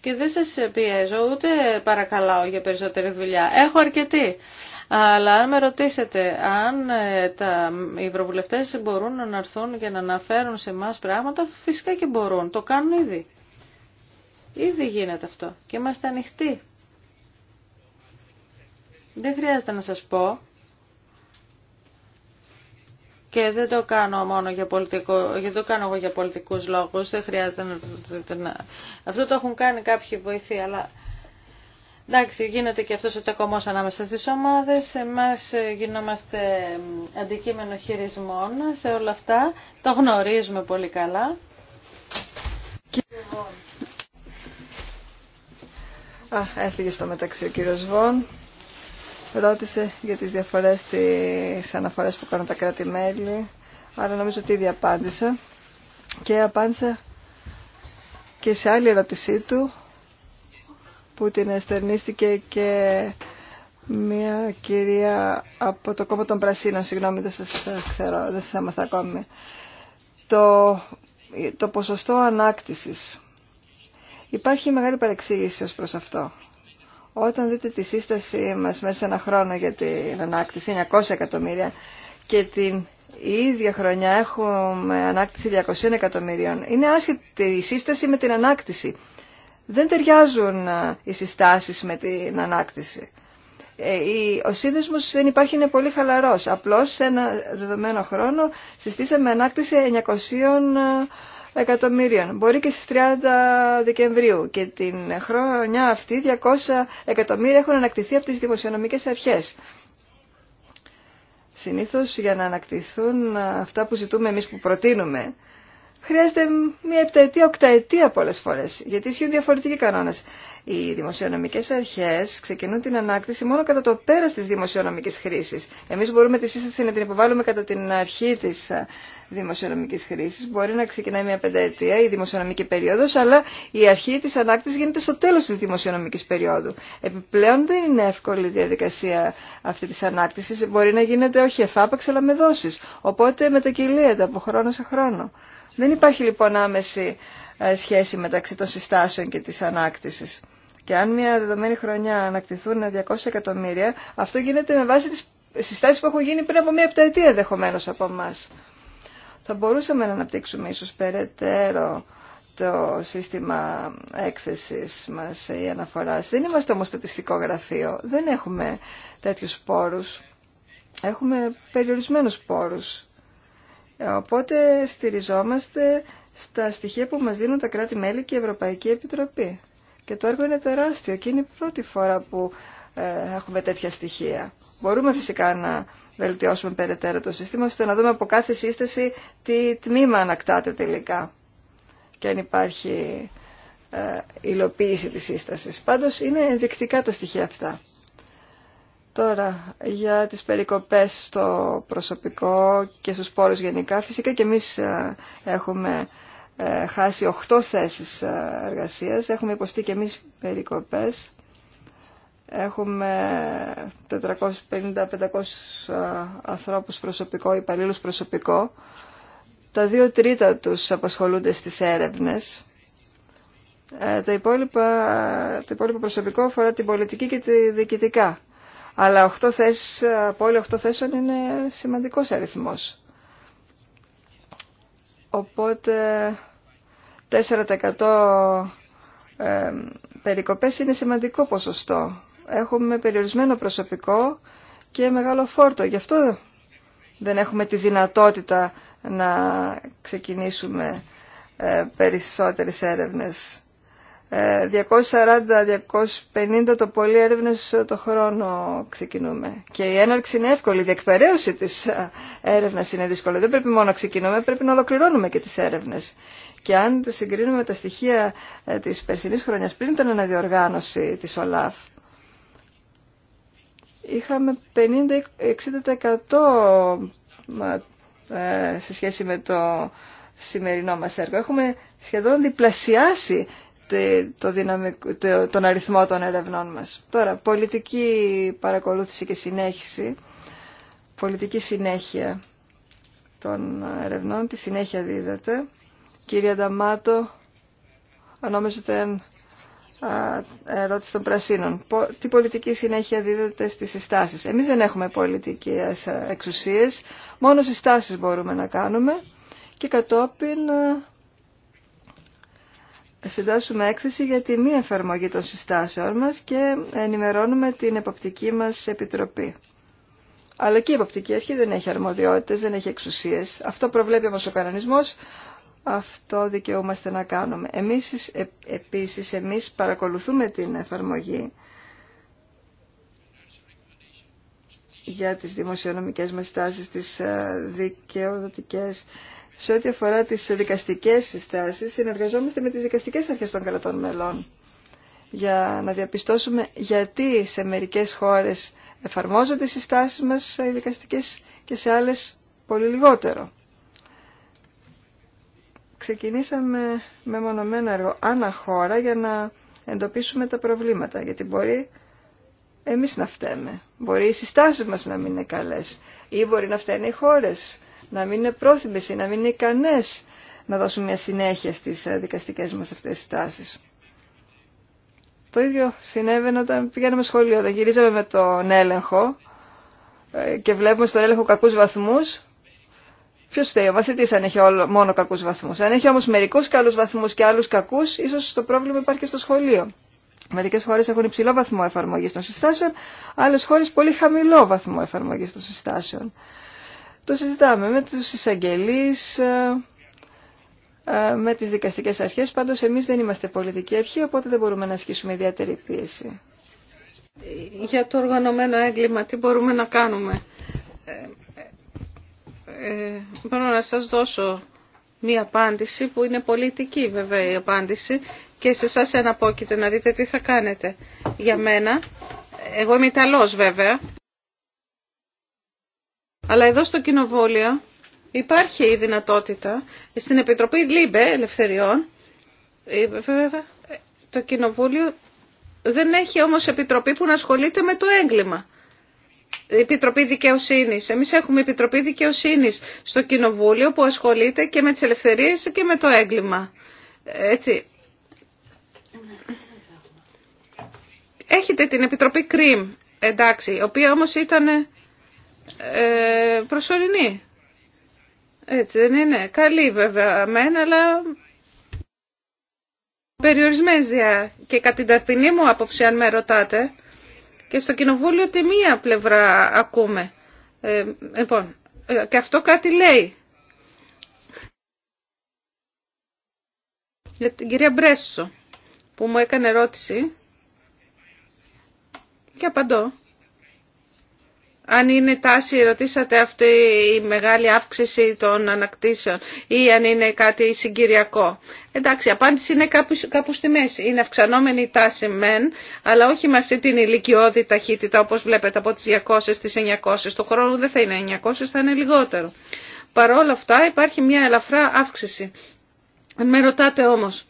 Και δεν σας πιέζω, ούτε παρακαλάω για περισσότερη δουλειά. Έχω αρκετή. Αλλά αν με ρωτήσετε αν ε, τα, οι ευρωβουλευτές μπορούν να έρθουν και να αναφέρουν σε εμά πράγματα, φυσικά και μπορούν. Το κάνουν ήδη. Ήδη γίνεται αυτό και είμαστε ανοιχτοί. Δεν χρειάζεται να σας πω και δεν το κάνω μόνο για πολιτικό, το κάνω εγώ για πολιτικούς λόγους, δεν χρειάζεται να... Αυτό το έχουν κάνει κάποιοι βοηθοί, αλλά Εντάξει, γίνεται και αυτός ο τσακωμός ανάμεσα στις ομάδες. Εμάς ε, γινόμαστε αντικείμενο χειρισμών σε όλα αυτά. Το γνωρίζουμε πολύ καλά. Και... Α, έφυγε στο μεταξύ ο κύριος Βον. Ρώτησε για τις διαφορές, τις αναφορές που κάνουν τα κράτη-μέλη. Άρα νομίζω ότι ήδη απάντησα. Και απάντησα και σε άλλη ερώτησή του που την εστερνίστηκε και μια κυρία από το κόμμα των Πρασίνων. Συγγνώμη, δεν σας ε, ξέρω, δεν σας έμαθα ακόμη. Το, ποσοστό ανάκτησης. Υπάρχει μεγάλη παρεξήγηση ως προς αυτό. Όταν δείτε τη σύσταση μας μέσα σε ένα χρόνο για την ανάκτηση, 900 εκατομμύρια, και την ίδια χρονιά έχουμε ανάκτηση 200 εκατομμυρίων, είναι άσχετη η σύσταση με την ανάκτηση δεν ταιριάζουν ε, οι συστάσεις με την ανάκτηση. Ε, ο σύνδεσμος δεν υπάρχει, είναι πολύ χαλαρός. Απλώς σε ένα δεδομένο χρόνο συστήσαμε ανάκτηση 900 ε, εκατομμυρίων. Μπορεί και στις 30 Δεκεμβρίου και την χρονιά αυτή 200 εκατομμύρια έχουν ανακτηθεί από τις δημοσιονομικές αρχές. Συνήθως για να ανακτηθούν αυτά που ζητούμε εμείς που προτείνουμε χρειάζεται μια επταετία, οκταετία πολλέ φορέ. γιατί ισχύουν διαφορετικοί κανόνε. Οι δημοσιονομικέ αρχέ ξεκινούν την ανάκτηση μόνο κατά το πέρα τη δημοσιονομική χρήση. Εμεί μπορούμε τη σύσταση να την υποβάλουμε κατά την αρχή τη δημοσιονομική χρήση. Μπορεί να ξεκινάει μια πενταετία η δημοσιονομική περίοδο, αλλά η αρχή τη ανακτηση γίνεται στο τέλο τη δημοσιονομική περίοδου. Επιπλέον δεν είναι εύκολη η διαδικασία αυτή τη ανάκτηση. Μπορεί να γίνεται όχι εφάπαξ, αλλά με δόσει. Οπότε μετακυλίεται από χρόνο σε χρόνο. Δεν υπάρχει λοιπόν άμεση ε, σχέση μεταξύ των συστάσεων και της ανάκτησης. Και αν μια δεδομένη χρονιά ανακτηθούν 200 εκατομμύρια, αυτό γίνεται με βάση τις συστάσεις που έχουν γίνει πριν από μια επταετία ενδεχομένω από εμά. Θα μπορούσαμε να αναπτύξουμε ίσως περαιτέρω το σύστημα έκθεσης μας ή αναφοράς. Δεν είμαστε όμως στατιστικό γραφείο. Δεν έχουμε τέτοιους πόρους. Έχουμε περιορισμένους πόρους. Οπότε στηριζόμαστε στα στοιχεία που μας δίνουν τα κράτη-μέλη και η Ευρωπαϊκή Επιτροπή. Και το έργο είναι τεράστιο και είναι η πρώτη φορά που ε, έχουμε τέτοια στοιχεία. Μπορούμε φυσικά να βελτιώσουμε περαιτέρω το σύστημα, ώστε να δούμε από κάθε σύσταση τι τμήμα ανακτάται τελικά και αν υπάρχει ε, υλοποίηση της σύστασης. Πάντως είναι ενδεικτικά τα στοιχεία αυτά. Τώρα, για τις περικοπές στο προσωπικό και στους πόρους γενικά, φυσικά και εμείς ε, έχουμε ε, χάσει 8 θέσεις ε, εργασίας, έχουμε υποστεί και εμείς περικοπές, έχουμε 450-500 ανθρώπους προσωπικό, υπαλλήλους προσωπικό, τα δύο τρίτα τους απασχολούνται στις έρευνες, τα υπόλοιπα, το υπόλοιπο προσωπικό αφορά την πολιτική και τη διοικητικά αλλά 8 θέσεις, από όλοι 8 θέσεων είναι σημαντικός αριθμός. Οπότε 4% ε, περικοπές είναι σημαντικό ποσοστό. Έχουμε περιορισμένο προσωπικό και μεγάλο φόρτο. Γι' αυτό δεν έχουμε τη δυνατότητα να ξεκινήσουμε ε, περισσότερες έρευνες. 240-250 το πολύ έρευνε ε, το χρόνο ξεκινούμε. Και η έναρξη είναι εύκολη. Η διεκπαιρέωση τη ε, έρευνα είναι δύσκολη. Δεν πρέπει μόνο να ξεκινούμε, πρέπει να ολοκληρώνουμε και τι έρευνε. Και αν το συγκρίνουμε τα στοιχεία ε, τη περσινή χρονιά πριν την αναδιοργάνωση τη ΟΛΑΦ, είχαμε 50-60% σε σχέση με το σημερινό μας έργο. Έχουμε σχεδόν διπλασιάσει το τον αριθμό των ερευνών μας. Τώρα, πολιτική παρακολούθηση και συνέχιση, πολιτική συνέχεια των ερευνών, τη συνέχεια δίδεται. Κύριε Νταμάτο, ανόμεσα την ερώτηση των Πρασίνων. Τι πολιτική συνέχεια δίδεται στις συστάσεις. Εμείς δεν έχουμε πολιτικές εξουσίες, μόνο συστάσεις μπορούμε να κάνουμε και κατόπιν συντάσσουμε έκθεση για τη μη εφαρμογή των συστάσεων μας και ενημερώνουμε την εποπτική μας επιτροπή. Αλλά και η εποπτική αρχή δεν έχει αρμοδιότητες, δεν έχει εξουσίες. Αυτό προβλέπει όμως ο κανονισμός, αυτό δικαιούμαστε να κάνουμε. Εμείς, ε, επίσης, εμείς παρακολουθούμε την εφαρμογή για τις δημοσιονομικές μας τάσεις, τις ε, δικαιοδοτικές σε ό,τι αφορά τις δικαστικές συστάσεις, συνεργαζόμαστε με τις δικαστικές αρχές των κρατών μελών για να διαπιστώσουμε γιατί σε μερικές χώρες εφαρμόζονται οι συστάσεις μας οι δικαστικές και σε άλλες πολύ λιγότερο. Ξεκινήσαμε με μονομένο έργο ανά χώρα για να εντοπίσουμε τα προβλήματα, γιατί μπορεί εμείς να φταίμε. Μπορεί οι συστάσεις μας να μην είναι καλές ή μπορεί να φταίνουν οι χώρες να μην είναι πρόθυμες ή να μην είναι ικανές να δώσουν μια συνέχεια στις ε, δικαστικές μας αυτές τις τάσεις. Το ίδιο συνέβαινε όταν πηγαίναμε σχολείο, όταν γυρίζαμε με τον έλεγχο ε, και βλέπουμε στον έλεγχο κακούς βαθμούς, Ποιο θέλει, ο μαθητή αν έχει μόνο κακού βαθμού. Αν έχει όμω μερικού καλού βαθμού και άλλου κακού, ίσω το πρόβλημα υπάρχει και στο σχολείο. Μερικέ χώρε έχουν υψηλό βαθμό εφαρμογή των συστάσεων, άλλε χώρε πολύ χαμηλό βαθμό εφαρμογή των συστάσεων. Το συζητάμε με τους εισαγγελείς, ε, ε, με τις δικαστικές αρχές. Πάντως εμείς δεν είμαστε πολιτική αρχή, οπότε δεν μπορούμε να ασκήσουμε ιδιαίτερη πίεση. Για το οργανωμένο έγκλημα, τι μπορούμε να κάνουμε. Ε, μπορώ να σας δώσω μία απάντηση που είναι πολιτική βέβαια η απάντηση και σε εσάς εναπόκειται να δείτε τι θα κάνετε. Για μένα, εγώ είμαι Ιταλός βέβαια, αλλά εδώ στο Κοινοβούλιο υπάρχει η δυνατότητα στην Επιτροπή ΛΥΜΠΕ Ελευθεριών ε, το Κοινοβούλιο δεν έχει όμως επιτροπή που να ασχολείται με το έγκλημα. Επιτροπή Δικαιοσύνη. Εμεί έχουμε Επιτροπή Δικαιοσύνη στο Κοινοβούλιο που ασχολείται και με τι ελευθερίε και με το έγκλημα. Έτσι. Έχετε την Επιτροπή ΚΡΙΜ, εντάξει, η οποία όμως ήταν ε, προσωρινή. Έτσι δεν είναι. Καλή βέβαια μένα, αλλά περιορισμένες δια. Και κατά την ταπεινή μου άποψη, αν με ρωτάτε, και στο κοινοβούλιο τη μία πλευρά ακούμε. Ε, λοιπόν, ε, και αυτό κάτι λέει. Για την κυρία Μπρέσο, που μου έκανε ερώτηση και απαντώ αν είναι τάση, ρωτήσατε αυτή η μεγάλη αύξηση των ανακτήσεων ή αν είναι κάτι συγκυριακό. Εντάξει, η απάντηση είναι κάπου, κάπου στη μέση. Είναι αυξανόμενη η τάση μεν, αλλά όχι με αυτή την ηλικιώδη ταχύτητα όπως βλέπετε από τις 200 στις 900. Το χρόνο δεν θα είναι 900, θα είναι λιγότερο. Παρ' όλα αυτά υπάρχει μια ελαφρά αύξηση. Αν με ρωτάτε όμως,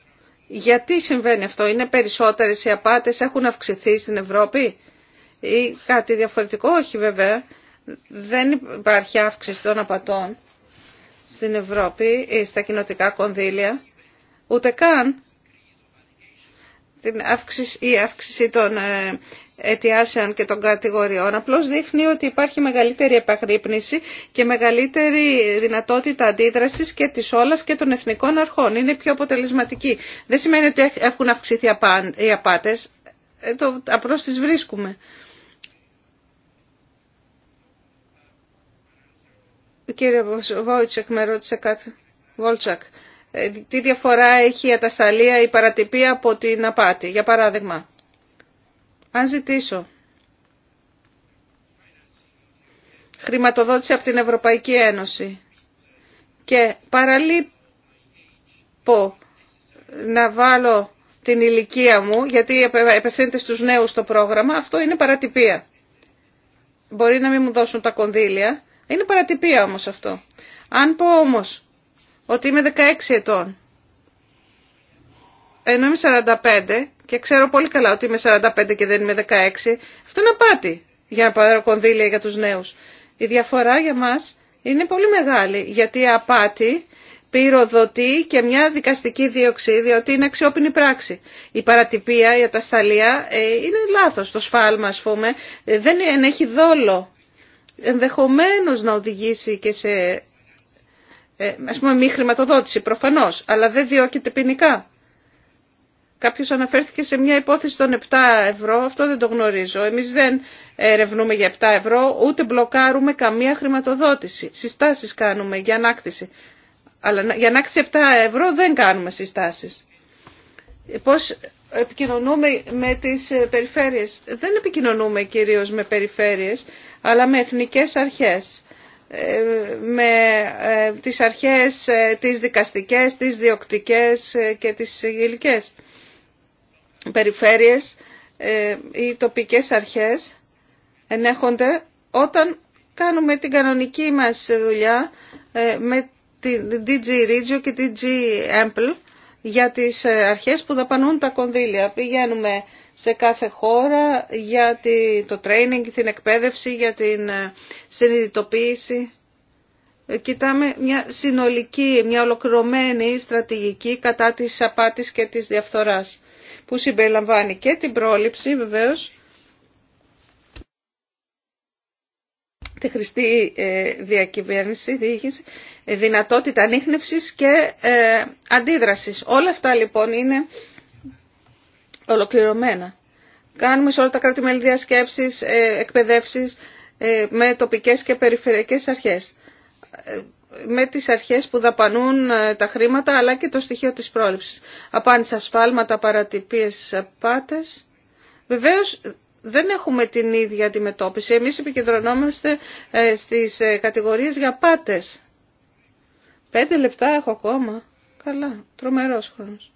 γιατί συμβαίνει αυτό, είναι περισσότερες οι απάτες, έχουν αυξηθεί στην Ευρώπη ή κάτι διαφορετικό. Όχι βέβαια, δεν υπάρχει αύξηση των απατών στην Ευρώπη ή στα κοινοτικά κονδύλια, ούτε καν την αύξηση, η αύξηση των ε, αιτιάσεων και των κατηγοριών. Απλώς δείχνει ότι υπάρχει μεγαλύτερη επαγρύπνηση και μεγαλύτερη δυνατότητα αντίδρασης και της Όλαφ και των εθνικών αρχών. Είναι πιο αποτελεσματική. Δεν σημαίνει ότι έχουν αυξηθεί οι απάτες, ε, το, απλώς τις βρίσκουμε. Κύριε Βόιτσεκ, με ρώτησε κάτι. Βόλτσακ. Ε, τι διαφορά έχει η ατασταλία, η παρατυπία από την απάτη, για παράδειγμα. Αν ζητήσω χρηματοδότηση από την Ευρωπαϊκή Ένωση και παραλείπω να βάλω την ηλικία μου, γιατί επευθύνεται στους νέους το πρόγραμμα, αυτό είναι παρατυπία. Μπορεί να μην μου δώσουν τα κονδύλια είναι παρατυπία όμως αυτό. Αν πω όμως ότι είμαι 16 ετών, ενώ είμαι 45 και ξέρω πολύ καλά ότι είμαι 45 και δεν είμαι 16, αυτό είναι απάτη για να πάρω κονδύλια για τους νέους. Η διαφορά για μας είναι πολύ μεγάλη, γιατί η απάτη πυροδοτεί και μια δικαστική δίωξη, διότι είναι αξιόπινη πράξη. Η παρατυπία, η ατασταλία ε, είναι λάθος, το σφάλμα ας πούμε, δεν έχει δόλο ενδεχομένως να οδηγήσει και σε ε, ας πούμε μη χρηματοδότηση προφανώς, αλλά δεν διώκεται ποινικά. Κάποιος αναφέρθηκε σε μια υπόθεση των 7 ευρώ, αυτό δεν το γνωρίζω. Εμείς δεν ερευνούμε για 7 ευρώ, ούτε μπλοκάρουμε καμία χρηματοδότηση. Συστάσεις κάνουμε για ανάκτηση. Αλλά για ανάκτηση 7 ευρώ δεν κάνουμε συστάσεις. Πώς επικοινωνούμε με τις ε, περιφέρειες. Δεν επικοινωνούμε κυρίως με περιφέρειες, αλλά με εθνικές αρχές ε, με ε, τις αρχές ε, τις δικαστικές, τις διοκτικές και τις γελικές περιφέρειες ή τοπικές αρχές ενέχονται όταν κάνουμε την κανονική μας δουλειά με την DG Regio και την DG Ample για τις αρχές που δαπανούν τα κονδύλια. Πηγαίνουμε σε κάθε χώρα για το training, την εκπαίδευση, για την ε, συνειδητοποίηση. Ε, κοιτάμε μια συνολική, μια ολοκληρωμένη στρατηγική κατά της απάτης και της διαφθοράς που συμπεριλαμβάνει και την πρόληψη βεβαίως, τη χρηστή ε, διακυβέρνηση, διοίκηση, δυνατότητα ανείχνευσης και αντίδρασης. Όλα αυτά λοιπόν είναι ολοκληρωμένα. Κάνουμε σε όλα τα κράτη-μέλη διασκέψεις, ε, εκπαιδεύσεις ε, με τοπικές και περιφερειακές αρχές. Ε, με τις αρχές που δαπανούν τα χρήματα αλλά και το στοιχείο της πρόληψης. Απάντησα ασφάλματα, παρατυπίες, απάτες. Βεβαίω δεν έχουμε την ίδια αντιμετώπιση. Εμείς επικεντρωνόμαστε στις κατηγορίες για πάτες. Πέντε λεπτά έχω ακόμα. Καλά, τρομερός χρόνος.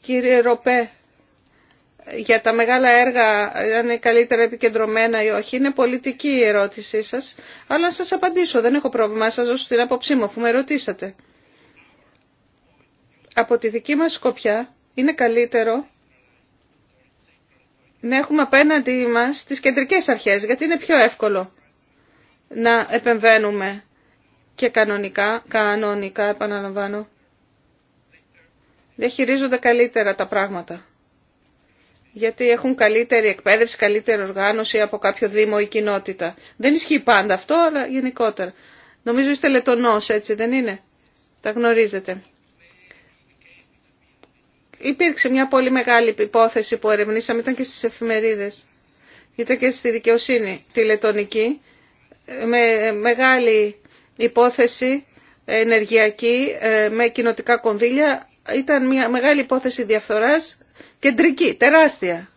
Κύριε Ροπέ, για τα μεγάλα έργα, αν είναι καλύτερα επικεντρωμένα ή όχι, είναι πολιτική η ερώτησή σας, αλλά να σας απαντήσω, δεν έχω πρόβλημα, σας δώσω την άποψή μου, αφού με ρωτήσατε. Από τη δική μας σκοπιά είναι καλύτερο να έχουμε απέναντι μας τις κεντρικές αρχές, γιατί είναι πιο εύκολο να επεμβαίνουμε και κανονικά, κανονικά επαναλαμβάνω, διαχειρίζονται καλύτερα τα πράγματα. Γιατί έχουν καλύτερη εκπαίδευση, καλύτερη οργάνωση από κάποιο δήμο ή κοινότητα. Δεν ισχύει πάντα αυτό, αλλά γενικότερα. Νομίζω είστε λετονός, έτσι δεν είναι. Τα γνωρίζετε. Υπήρξε μια πολύ μεγάλη υπόθεση που ερευνήσαμε, ήταν και στις εφημερίδες. Ήταν και στη δικαιοσύνη, τη λετονική, με μεγάλη υπόθεση ενεργειακή, ε, με κοινοτικά κονδύλια, ήταν μια μεγάλη υπόθεση διαφθοράς κεντρική, τεράστια.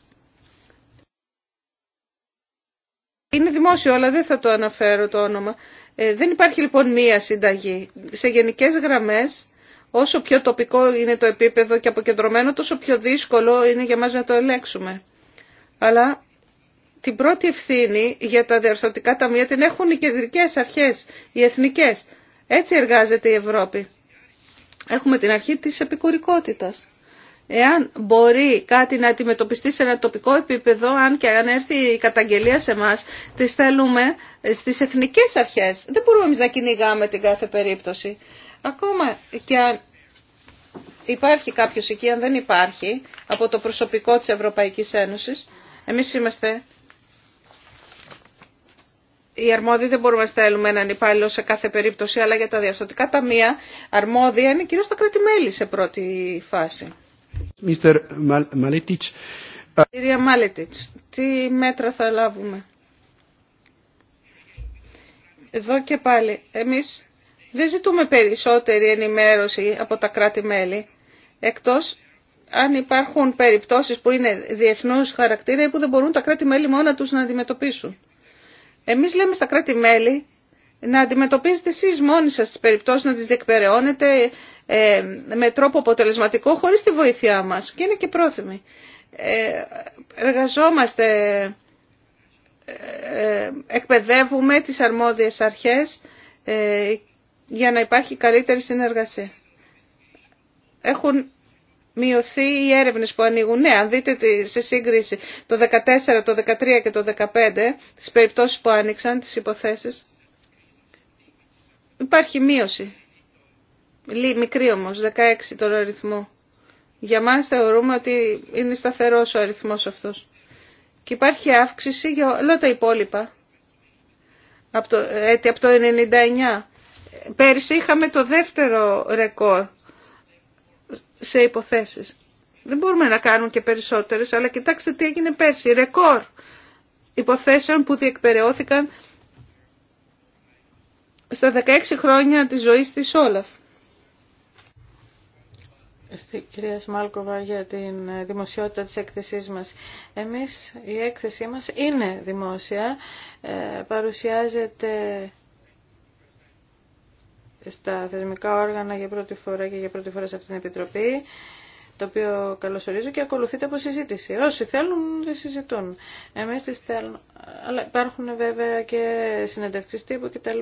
Είναι δημόσιο, αλλά δεν θα το αναφέρω το όνομα. Ε, δεν υπάρχει λοιπόν μία συνταγή. Σε γενικές γραμμές, όσο πιο τοπικό είναι το επίπεδο και αποκεντρωμένο, τόσο πιο δύσκολο είναι για μας να το ελέξουμε. Αλλά την πρώτη ευθύνη για τα διαρθρωτικά ταμεία την έχουν οι κεντρικές αρχές, οι εθνικές. Έτσι εργάζεται η Ευρώπη έχουμε την αρχή της επικουρικότητας. Εάν μπορεί κάτι να αντιμετωπιστεί σε ένα τοπικό επίπεδο, αν και αν έρθει η καταγγελία σε εμά, τη στέλνουμε στις εθνικές αρχές. Δεν μπορούμε εμείς να κυνηγάμε την κάθε περίπτωση. Ακόμα και αν υπάρχει κάποιος εκεί, αν δεν υπάρχει, από το προσωπικό της Ευρωπαϊκής Ένωσης, εμείς είμαστε οι αρμόδιοι δεν μπορούμε να στέλνουμε έναν υπάλληλο σε κάθε περίπτωση, αλλά για τα τα ταμεία αρμόδια είναι κυρίως τα κράτη-μέλη σε πρώτη φάση. Mr. Ε, Κυρία Μάλετιτς, τι μέτρα θα λάβουμε. Εδώ και πάλι, εμείς δεν ζητούμε περισσότερη ενημέρωση από τα κράτη-μέλη, εκτός αν υπάρχουν περιπτώσεις που είναι διεθνούς χαρακτήρα ή που δεν μπορούν τα κράτη-μέλη μόνα τους να αντιμετωπίσουν. Εμείς λέμε στα κράτη-μέλη να αντιμετωπίζετε εσείς μόνοι σας τις περιπτώσεις, να τις διεκπεραιώνετε ε, με τρόπο αποτελεσματικό χωρίς τη βοήθειά μας και είναι και πρόθυμοι. Ε, εργαζόμαστε, ε, εκπαιδεύουμε τις αρμόδιες αρχές για να υπάρχει καλύτερη συνεργασία. Έχουν μειωθεί οι έρευνες που ανοίγουν. Ναι, αν δείτε σε σύγκριση το 14, το 13 και το 15, τις περιπτώσεις που άνοιξαν, τις υποθέσεις, υπάρχει μείωση. μικρή όμως, 16 το αριθμό. Για μας θεωρούμε ότι είναι σταθερός ο αριθμός αυτός. Και υπάρχει αύξηση για όλα τα υπόλοιπα. Από το, έτη, από το 99. Πέρυσι είχαμε το δεύτερο ρεκόρ σε υποθέσεις. Δεν μπορούμε να κάνουν και περισσότερες, αλλά κοιτάξτε τι έγινε πέρσι. Ρεκόρ υποθέσεων που διεκπεραιώθηκαν στα 16 χρόνια της ζωής της Όλαφ. Στη κυρία Σμάλκοβα για την δημοσιότητα της έκθεσής μας. Εμείς, η έκθεσή μας είναι δημόσια, ε, παρουσιάζεται στα θεσμικά όργανα για πρώτη φορά και για πρώτη φορά σε αυτήν την Επιτροπή, το οποίο καλωσορίζω και ακολουθείται από συζήτηση. Όσοι θέλουν, να συζητούν. Εμείς τις θέλουν. Αλλά υπάρχουν βέβαια και συνεντευξει τύπου κτλ.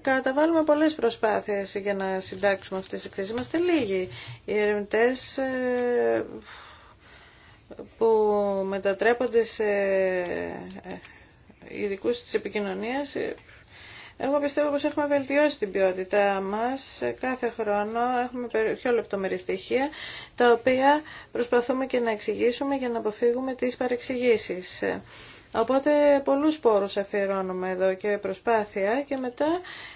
Καταβάλουμε πολλές προσπάθειες για να συντάξουμε αυτές τις εκθέσει. Είμαστε λίγοι. Οι ερευνητές ε, που μετατρέπονται σε ε, ε, ειδικού τη επικοινωνία. Εγώ πιστεύω πως έχουμε βελτιώσει την ποιότητά μας. Κάθε χρόνο έχουμε πιο λεπτομερή στοιχεία, τα οποία προσπαθούμε και να εξηγήσουμε για να αποφύγουμε τις παρεξηγήσεις. Οπότε πολλούς πόρους αφιερώνουμε εδώ και προσπάθεια και μετά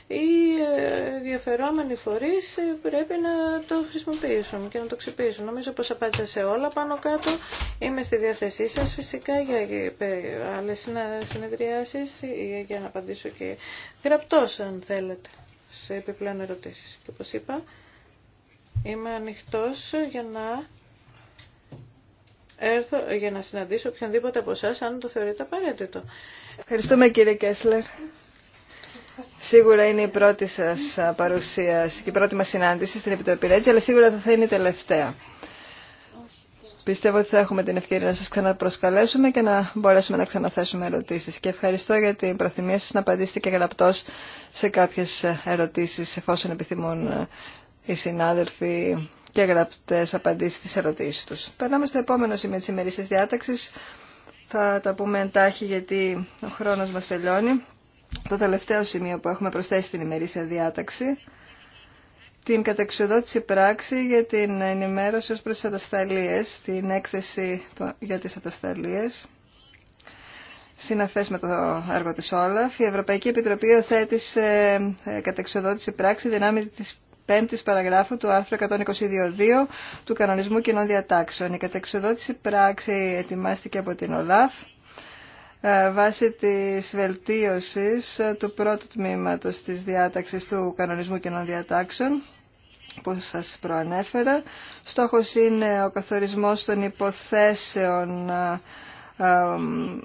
οι ε, διαφερόμενοι φορείς ε, πρέπει να το χρησιμοποιήσουν και να το ξυπήσουν. Νομίζω πως απάντησα σε όλα πάνω κάτω. Είμαι στη διάθεσή σας φυσικά για άλλες συνεδριάσεις για να απαντήσω και γραπτός αν θέλετε σε επιπλέον ερωτήσεις. Και όπως είπα είμαι ανοιχτός για να έρθω για να συναντήσω οποιονδήποτε από εσά αν το θεωρείτε απαραίτητο. Ευχαριστούμε κύριε Κέσλερ. Σίγουρα είναι η πρώτη σα παρουσία και η πρώτη μα συνάντηση στην Επιτροπή Ρέτζη, αλλά σίγουρα θα είναι η τελευταία. Πιστεύω ότι θα έχουμε την ευκαιρία να σας ξαναπροσκαλέσουμε και να μπορέσουμε να ξαναθέσουμε ερωτήσεις. Και ευχαριστώ για την προθυμία σας να απαντήσετε και γραπτός σε κάποιες ερωτήσεις εφόσον επιθυμούν οι συνάδελφοι και γραπτέ απαντήσει στι ερωτήσει του. Περνάμε στο επόμενο σημείο τη ημερήσια διάταξη. Θα τα πούμε εντάχει γιατί ο χρόνο μας τελειώνει. Το τελευταίο σημείο που έχουμε προσθέσει στην ημερήσια διάταξη την κατεξοδότηση πράξη για την ενημέρωση ως προς τις ατασταλίες, την έκθεση για τις ατασταλίες. Συναφές με το έργο της Όλαφ, η Ευρωπαϊκή Επιτροπή οθέτησε ε, κατεξοδότηση πράξη δυνάμει της πέμπτης παραγράφου του άρθρου 122 του Κανονισμού Κοινών Διατάξεων. Η κατεξοδότηση πράξη ετοιμάστηκε από την ΟΛΑΦ ε, βάσει της βελτίωσης ε, του πρώτου τμήματος της διάταξης του Κανονισμού Κοινών Διατάξεων που σας προανέφερα. Στόχος είναι ο καθορισμός των υποθέσεων ε,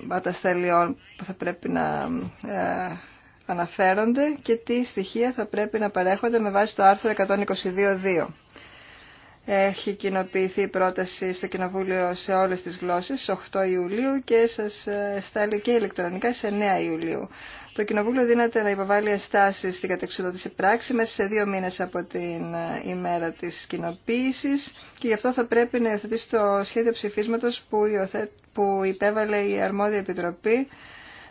ατασταλιών που θα πρέπει να αναφέρονται και τι στοιχεία θα πρέπει να παρέχονται με βάση το άρθρο 122.2. Έχει κοινοποιηθεί η πρόταση στο Κοινοβούλιο σε όλες τις γλώσσες 8 Ιουλίου και σας ε, στέλνει και ηλεκτρονικά σε 9 Ιουλίου. Το Κοινοβούλιο δίνεται να υποβάλει εστάσεις στην κατεξοδότηση πράξη μέσα σε δύο μήνες από την ε, ημέρα της κοινοποίηση και γι' αυτό θα πρέπει να εθετήσει το σχέδιο ψηφίσματος που, υπέβαλε η αρμόδια επιτροπή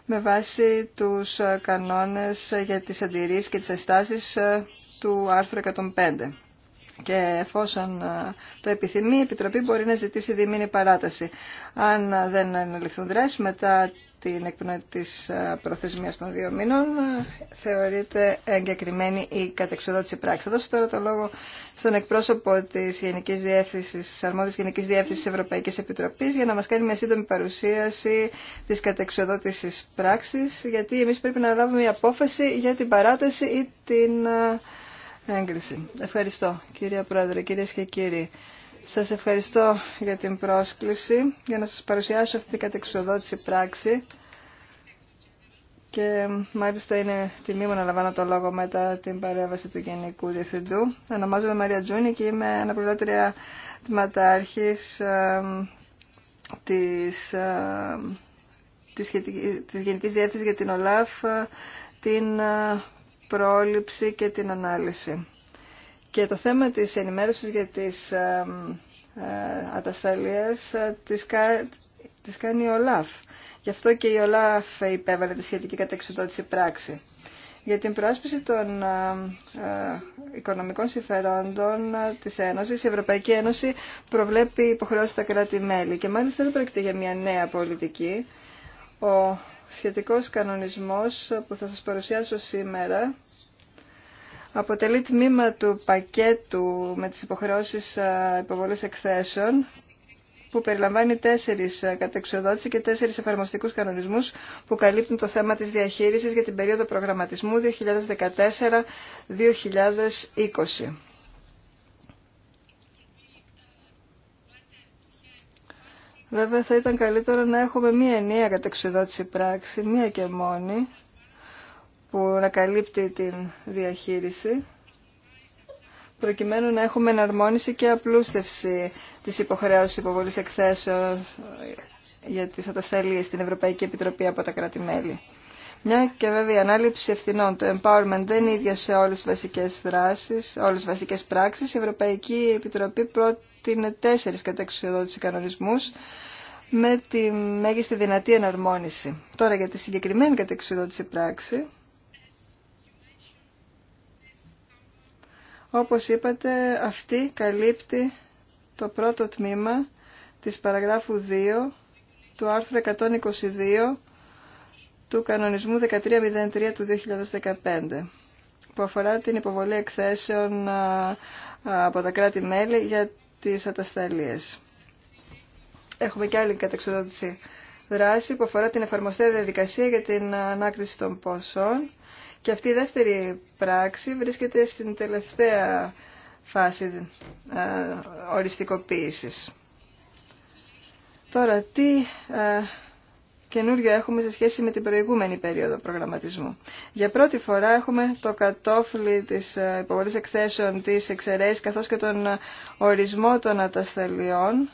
με βάση τους ε, κανόνες ε, για τις αντιρρήσεις και τις αστάσεις ε, του άρθρου 105. Και εφόσον ε, το επιθυμεί, η Επιτροπή μπορεί να ζητήσει διμήνη παράταση. Αν ε, δεν αναλυθούν δράσει μετά την εκπνοή τη ε, προθεσμία των δύο μήνων, θεωρείται εγκεκριμένη η κατεξοδότηση πράξη. Θα δώσω τώρα το λόγο στον εκπρόσωπο τη Γενική Διεύθυνση, τη αρμόδια Γενική Διεύθυνση Ευρωπαϊκή Επιτροπή, για να μα κάνει μια σύντομη παρουσίαση τη κατεξοδότηση πράξη, γιατί εμεί πρέπει να λάβουμε μια απόφαση για την παράταση ή την έγκριση. Ευχαριστώ κυρία Πρόεδρε, κυρίες και κύριοι. Σας ευχαριστώ για την πρόσκληση, για να σας παρουσιάσω αυτή την κατεξοδότηση πράξη. Και μάλιστα είναι τιμή μου να λαμβάνω το λόγο μετά την παρέμβαση του Γενικού Διευθυντού. Ονομάζομαι Μαρία Τζούνη και είμαι αναπληρώτρια τμήματάρχης της, της, της Γενικής Διεύθυνσης για την ΟΛΑΦ, ε, την ε, πρόληψη και την ανάλυση. Και το θέμα της ενημέρωσης για τις ε, ε, ατασταλίες ε, της, κα, της κάνει η ΟΛΑΦ. Γι' αυτό και η ΟΛΑΦ υπέβαλε τη σχετική κατεξοδότηση πράξη. Για την προάσπιση των οικονομικών συμφερόντων της Ένωσης, η Ευρωπαϊκή Ένωση προβλέπει υποχρεώσει στα κράτη-μέλη. Και μάλιστα δεν πρόκειται για μια νέα πολιτική, ο σχετικός κανονισμός που θα σας παρουσιάσω σήμερα αποτελεί τμήμα του πακέτου με τις υποχρεώσεις υποβολής εκθέσεων που περιλαμβάνει τέσσερις κατεξοδότηση και τέσσερις εφαρμοστικούς κανονισμούς που καλύπτουν το θέμα της διαχείρισης για την περίοδο προγραμματισμού 2014-2020. Βέβαια θα ήταν καλύτερο να έχουμε μία ενιαία κατεξοδότηση πράξη, μία και μόνη, που να καλύπτει την διαχείριση, προκειμένου να έχουμε εναρμόνιση και απλούστευση της υποχρέωσης υποβολής εκθέσεων για τις ατασταλίες στην Ευρωπαϊκή Επιτροπή από τα κράτη-μέλη. Μια και βέβαια η ανάληψη ευθυνών, το empowerment δεν είναι ίδια σε όλες τις βασικές δράσεις, όλες τις βασικές πράξεις. Η Ευρωπαϊκή Επιτροπή είναι τέσσερις εξουσιοδότηση κανονισμούς με τη μέγιστη δυνατή εναρμόνιση. Τώρα για τη συγκεκριμένη εξουσιοδότηση πράξη, όπως είπατε, αυτή καλύπτει το πρώτο τμήμα της παραγράφου 2 του άρθρου 122 του κανονισμού 1303 του 2015 που αφορά την υποβολή εκθέσεων από τα κράτη-μέλη για τις ατασταλίες. Έχουμε και άλλη κατεξοδότηση δράση που αφορά την εφαρμοστέα διαδικασία για την ανάκτηση των ποσών και αυτή η δεύτερη πράξη βρίσκεται στην τελευταία φάση ε, οριστικοποίησης. Τώρα, τι ε, καινούριο έχουμε σε σχέση με την προηγούμενη περίοδο προγραμματισμού. Για πρώτη φορά έχουμε το κατόφλι της ε, υποβολής εκθέσεων της εξαίρεσης, καθώς και τον ορισμό των ατασταλιών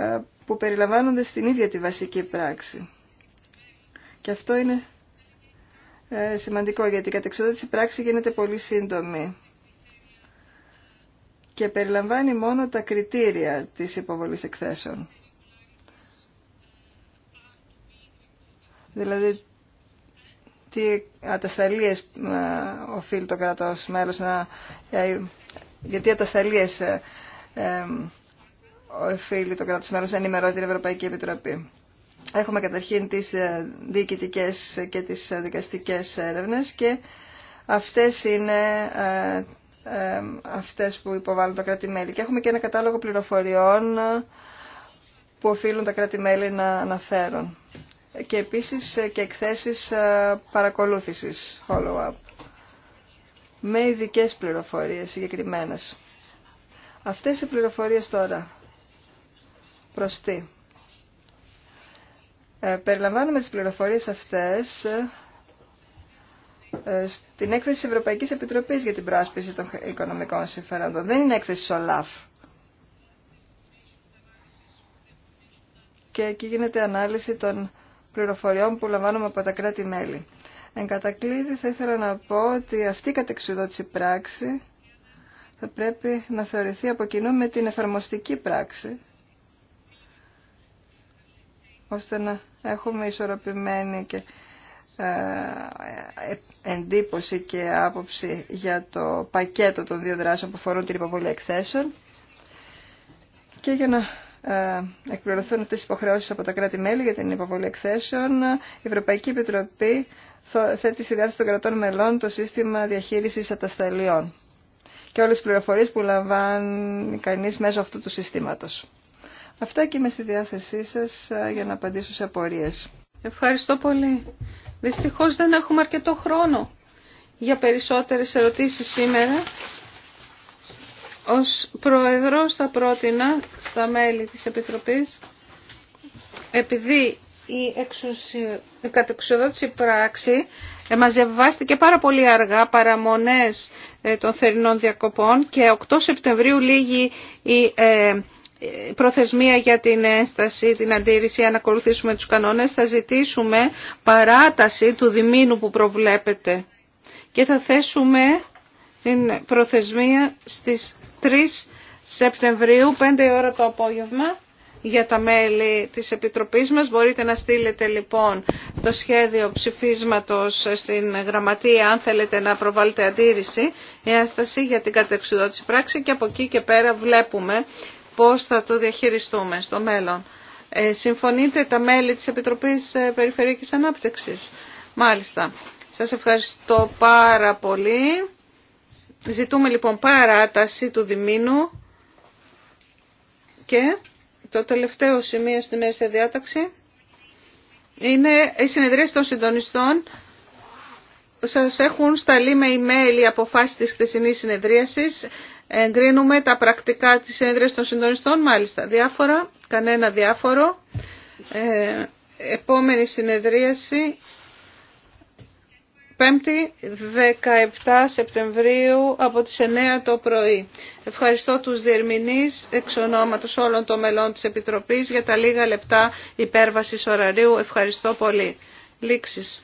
ε, που περιλαμβάνονται στην ίδια τη βασική πράξη. Και αυτό είναι ε, σημαντικό γιατί η κατεξοδότηση πράξη γίνεται πολύ σύντομη και περιλαμβάνει μόνο τα κριτήρια της υποβολής εκθέσεων. Δηλαδή, τι ατασταλίες ε, οφείλει το κράτος μέλος να... Ε, γιατί ατασταλίες ε, οφείλει το κράτος μέλος να ενημερώνει την Ευρωπαϊκή Επιτροπή. Έχουμε καταρχήν τις διοικητικές και τις δικαστικές έρευνες και αυτές είναι αυτές που υποβάλλουν τα κράτη-μέλη. Και έχουμε και ένα κατάλογο πληροφοριών που οφείλουν τα κράτη-μέλη να αναφέρουν και επίσης ε, και εκθέσεις ε, παρακολούθησης, follow-up, με ειδικέ πληροφορίες συγκεκριμένε. Αυτές οι πληροφορίες τώρα, προς τι. Ε, περιλαμβάνουμε τις πληροφορίες αυτές στην έκθεση της Ευρωπαϊκής Επιτροπής για την Πράσπιση των Οικονομικών Συμφερόντων. Δεν είναι έκθεση ΣΟΛΑΦ. Και εκεί γίνεται ανάλυση των πληροφοριών που λαμβάνουμε από τα κράτη-μέλη. Εν κατακλείδη θα ήθελα να πω ότι αυτή η κατεξουδότηση πράξη θα πρέπει να θεωρηθεί από κοινού με την εφαρμοστική πράξη ώστε να έχουμε ισορροπημένη και ε, ε, εντύπωση και άποψη για το πακέτο των δύο δράσεων που αφορούν την υποβολή εκθέσεων και για να ε, εκπληρωθούν αυτές οι υποχρεώσεις από τα κράτη-μέλη για την υποβολή εκθέσεων, η Ευρωπαϊκή Επιτροπή θέτει στη διάθεση των κρατών μελών το σύστημα διαχείρισης ατασταλιών και όλες τις πληροφορίες που λαμβάνει κανείς μέσω αυτού του συστήματος. Αυτά και είμαι στη διάθεσή σας ε, για να απαντήσω σε απορίες. Ευχαριστώ πολύ. Δυστυχώς δεν έχουμε αρκετό χρόνο για περισσότερες ερωτήσεις σήμερα. Ως Πρόεδρος θα πρότεινα στα μέλη της Επιτροπής, επειδή η, εξουσιο... η κατεξοδότηση πράξη ε, διαβάστηκε πάρα πολύ αργά παραμονές ε, των θερινών διακοπών και 8 Σεπτεμβρίου λίγη η ε, προθεσμία για την ένσταση, την αντίρρηση, αν ακολουθήσουμε τους κανόνες, θα ζητήσουμε παράταση του διμήνου που προβλέπετε και θα θέσουμε την προθεσμία στις 3 Σεπτεμβρίου, 5 ώρα το απόγευμα για τα μέλη της Επιτροπής μας. Μπορείτε να στείλετε λοιπόν το σχέδιο ψηφίσματος στην γραμματεία αν θέλετε να προβάλλετε αντίρρηση, η άσταση για την κατεξουδότηση πράξη και από εκεί και πέρα βλέπουμε πώς θα το διαχειριστούμε στο μέλλον. Ε, συμφωνείτε τα μέλη της Επιτροπής ε, Περιφερειακής Ανάπτυξης. Μάλιστα. Σας ευχαριστώ πάρα πολύ. Ζητούμε λοιπόν παράταση του διμήνου και το τελευταίο σημείο στη μέση διάταξη είναι οι συνεδρίες των συντονιστών σας έχουν σταλεί με email οι αποφάσεις της χθεσινής συνεδρίασης. Εγκρίνουμε τα πρακτικά της συνεδρίας των συντονιστών, μάλιστα διάφορα, κανένα διάφορο. Ε, επόμενη συνεδρίαση Πέμπτη 17 Σεπτεμβρίου από τις 9 το πρωί. Ευχαριστώ τους διερμηνείς εξ ονόματος όλων των μελών της Επιτροπής για τα λίγα λεπτά υπέρβασης ωραρίου. Ευχαριστώ πολύ. Λήξεις.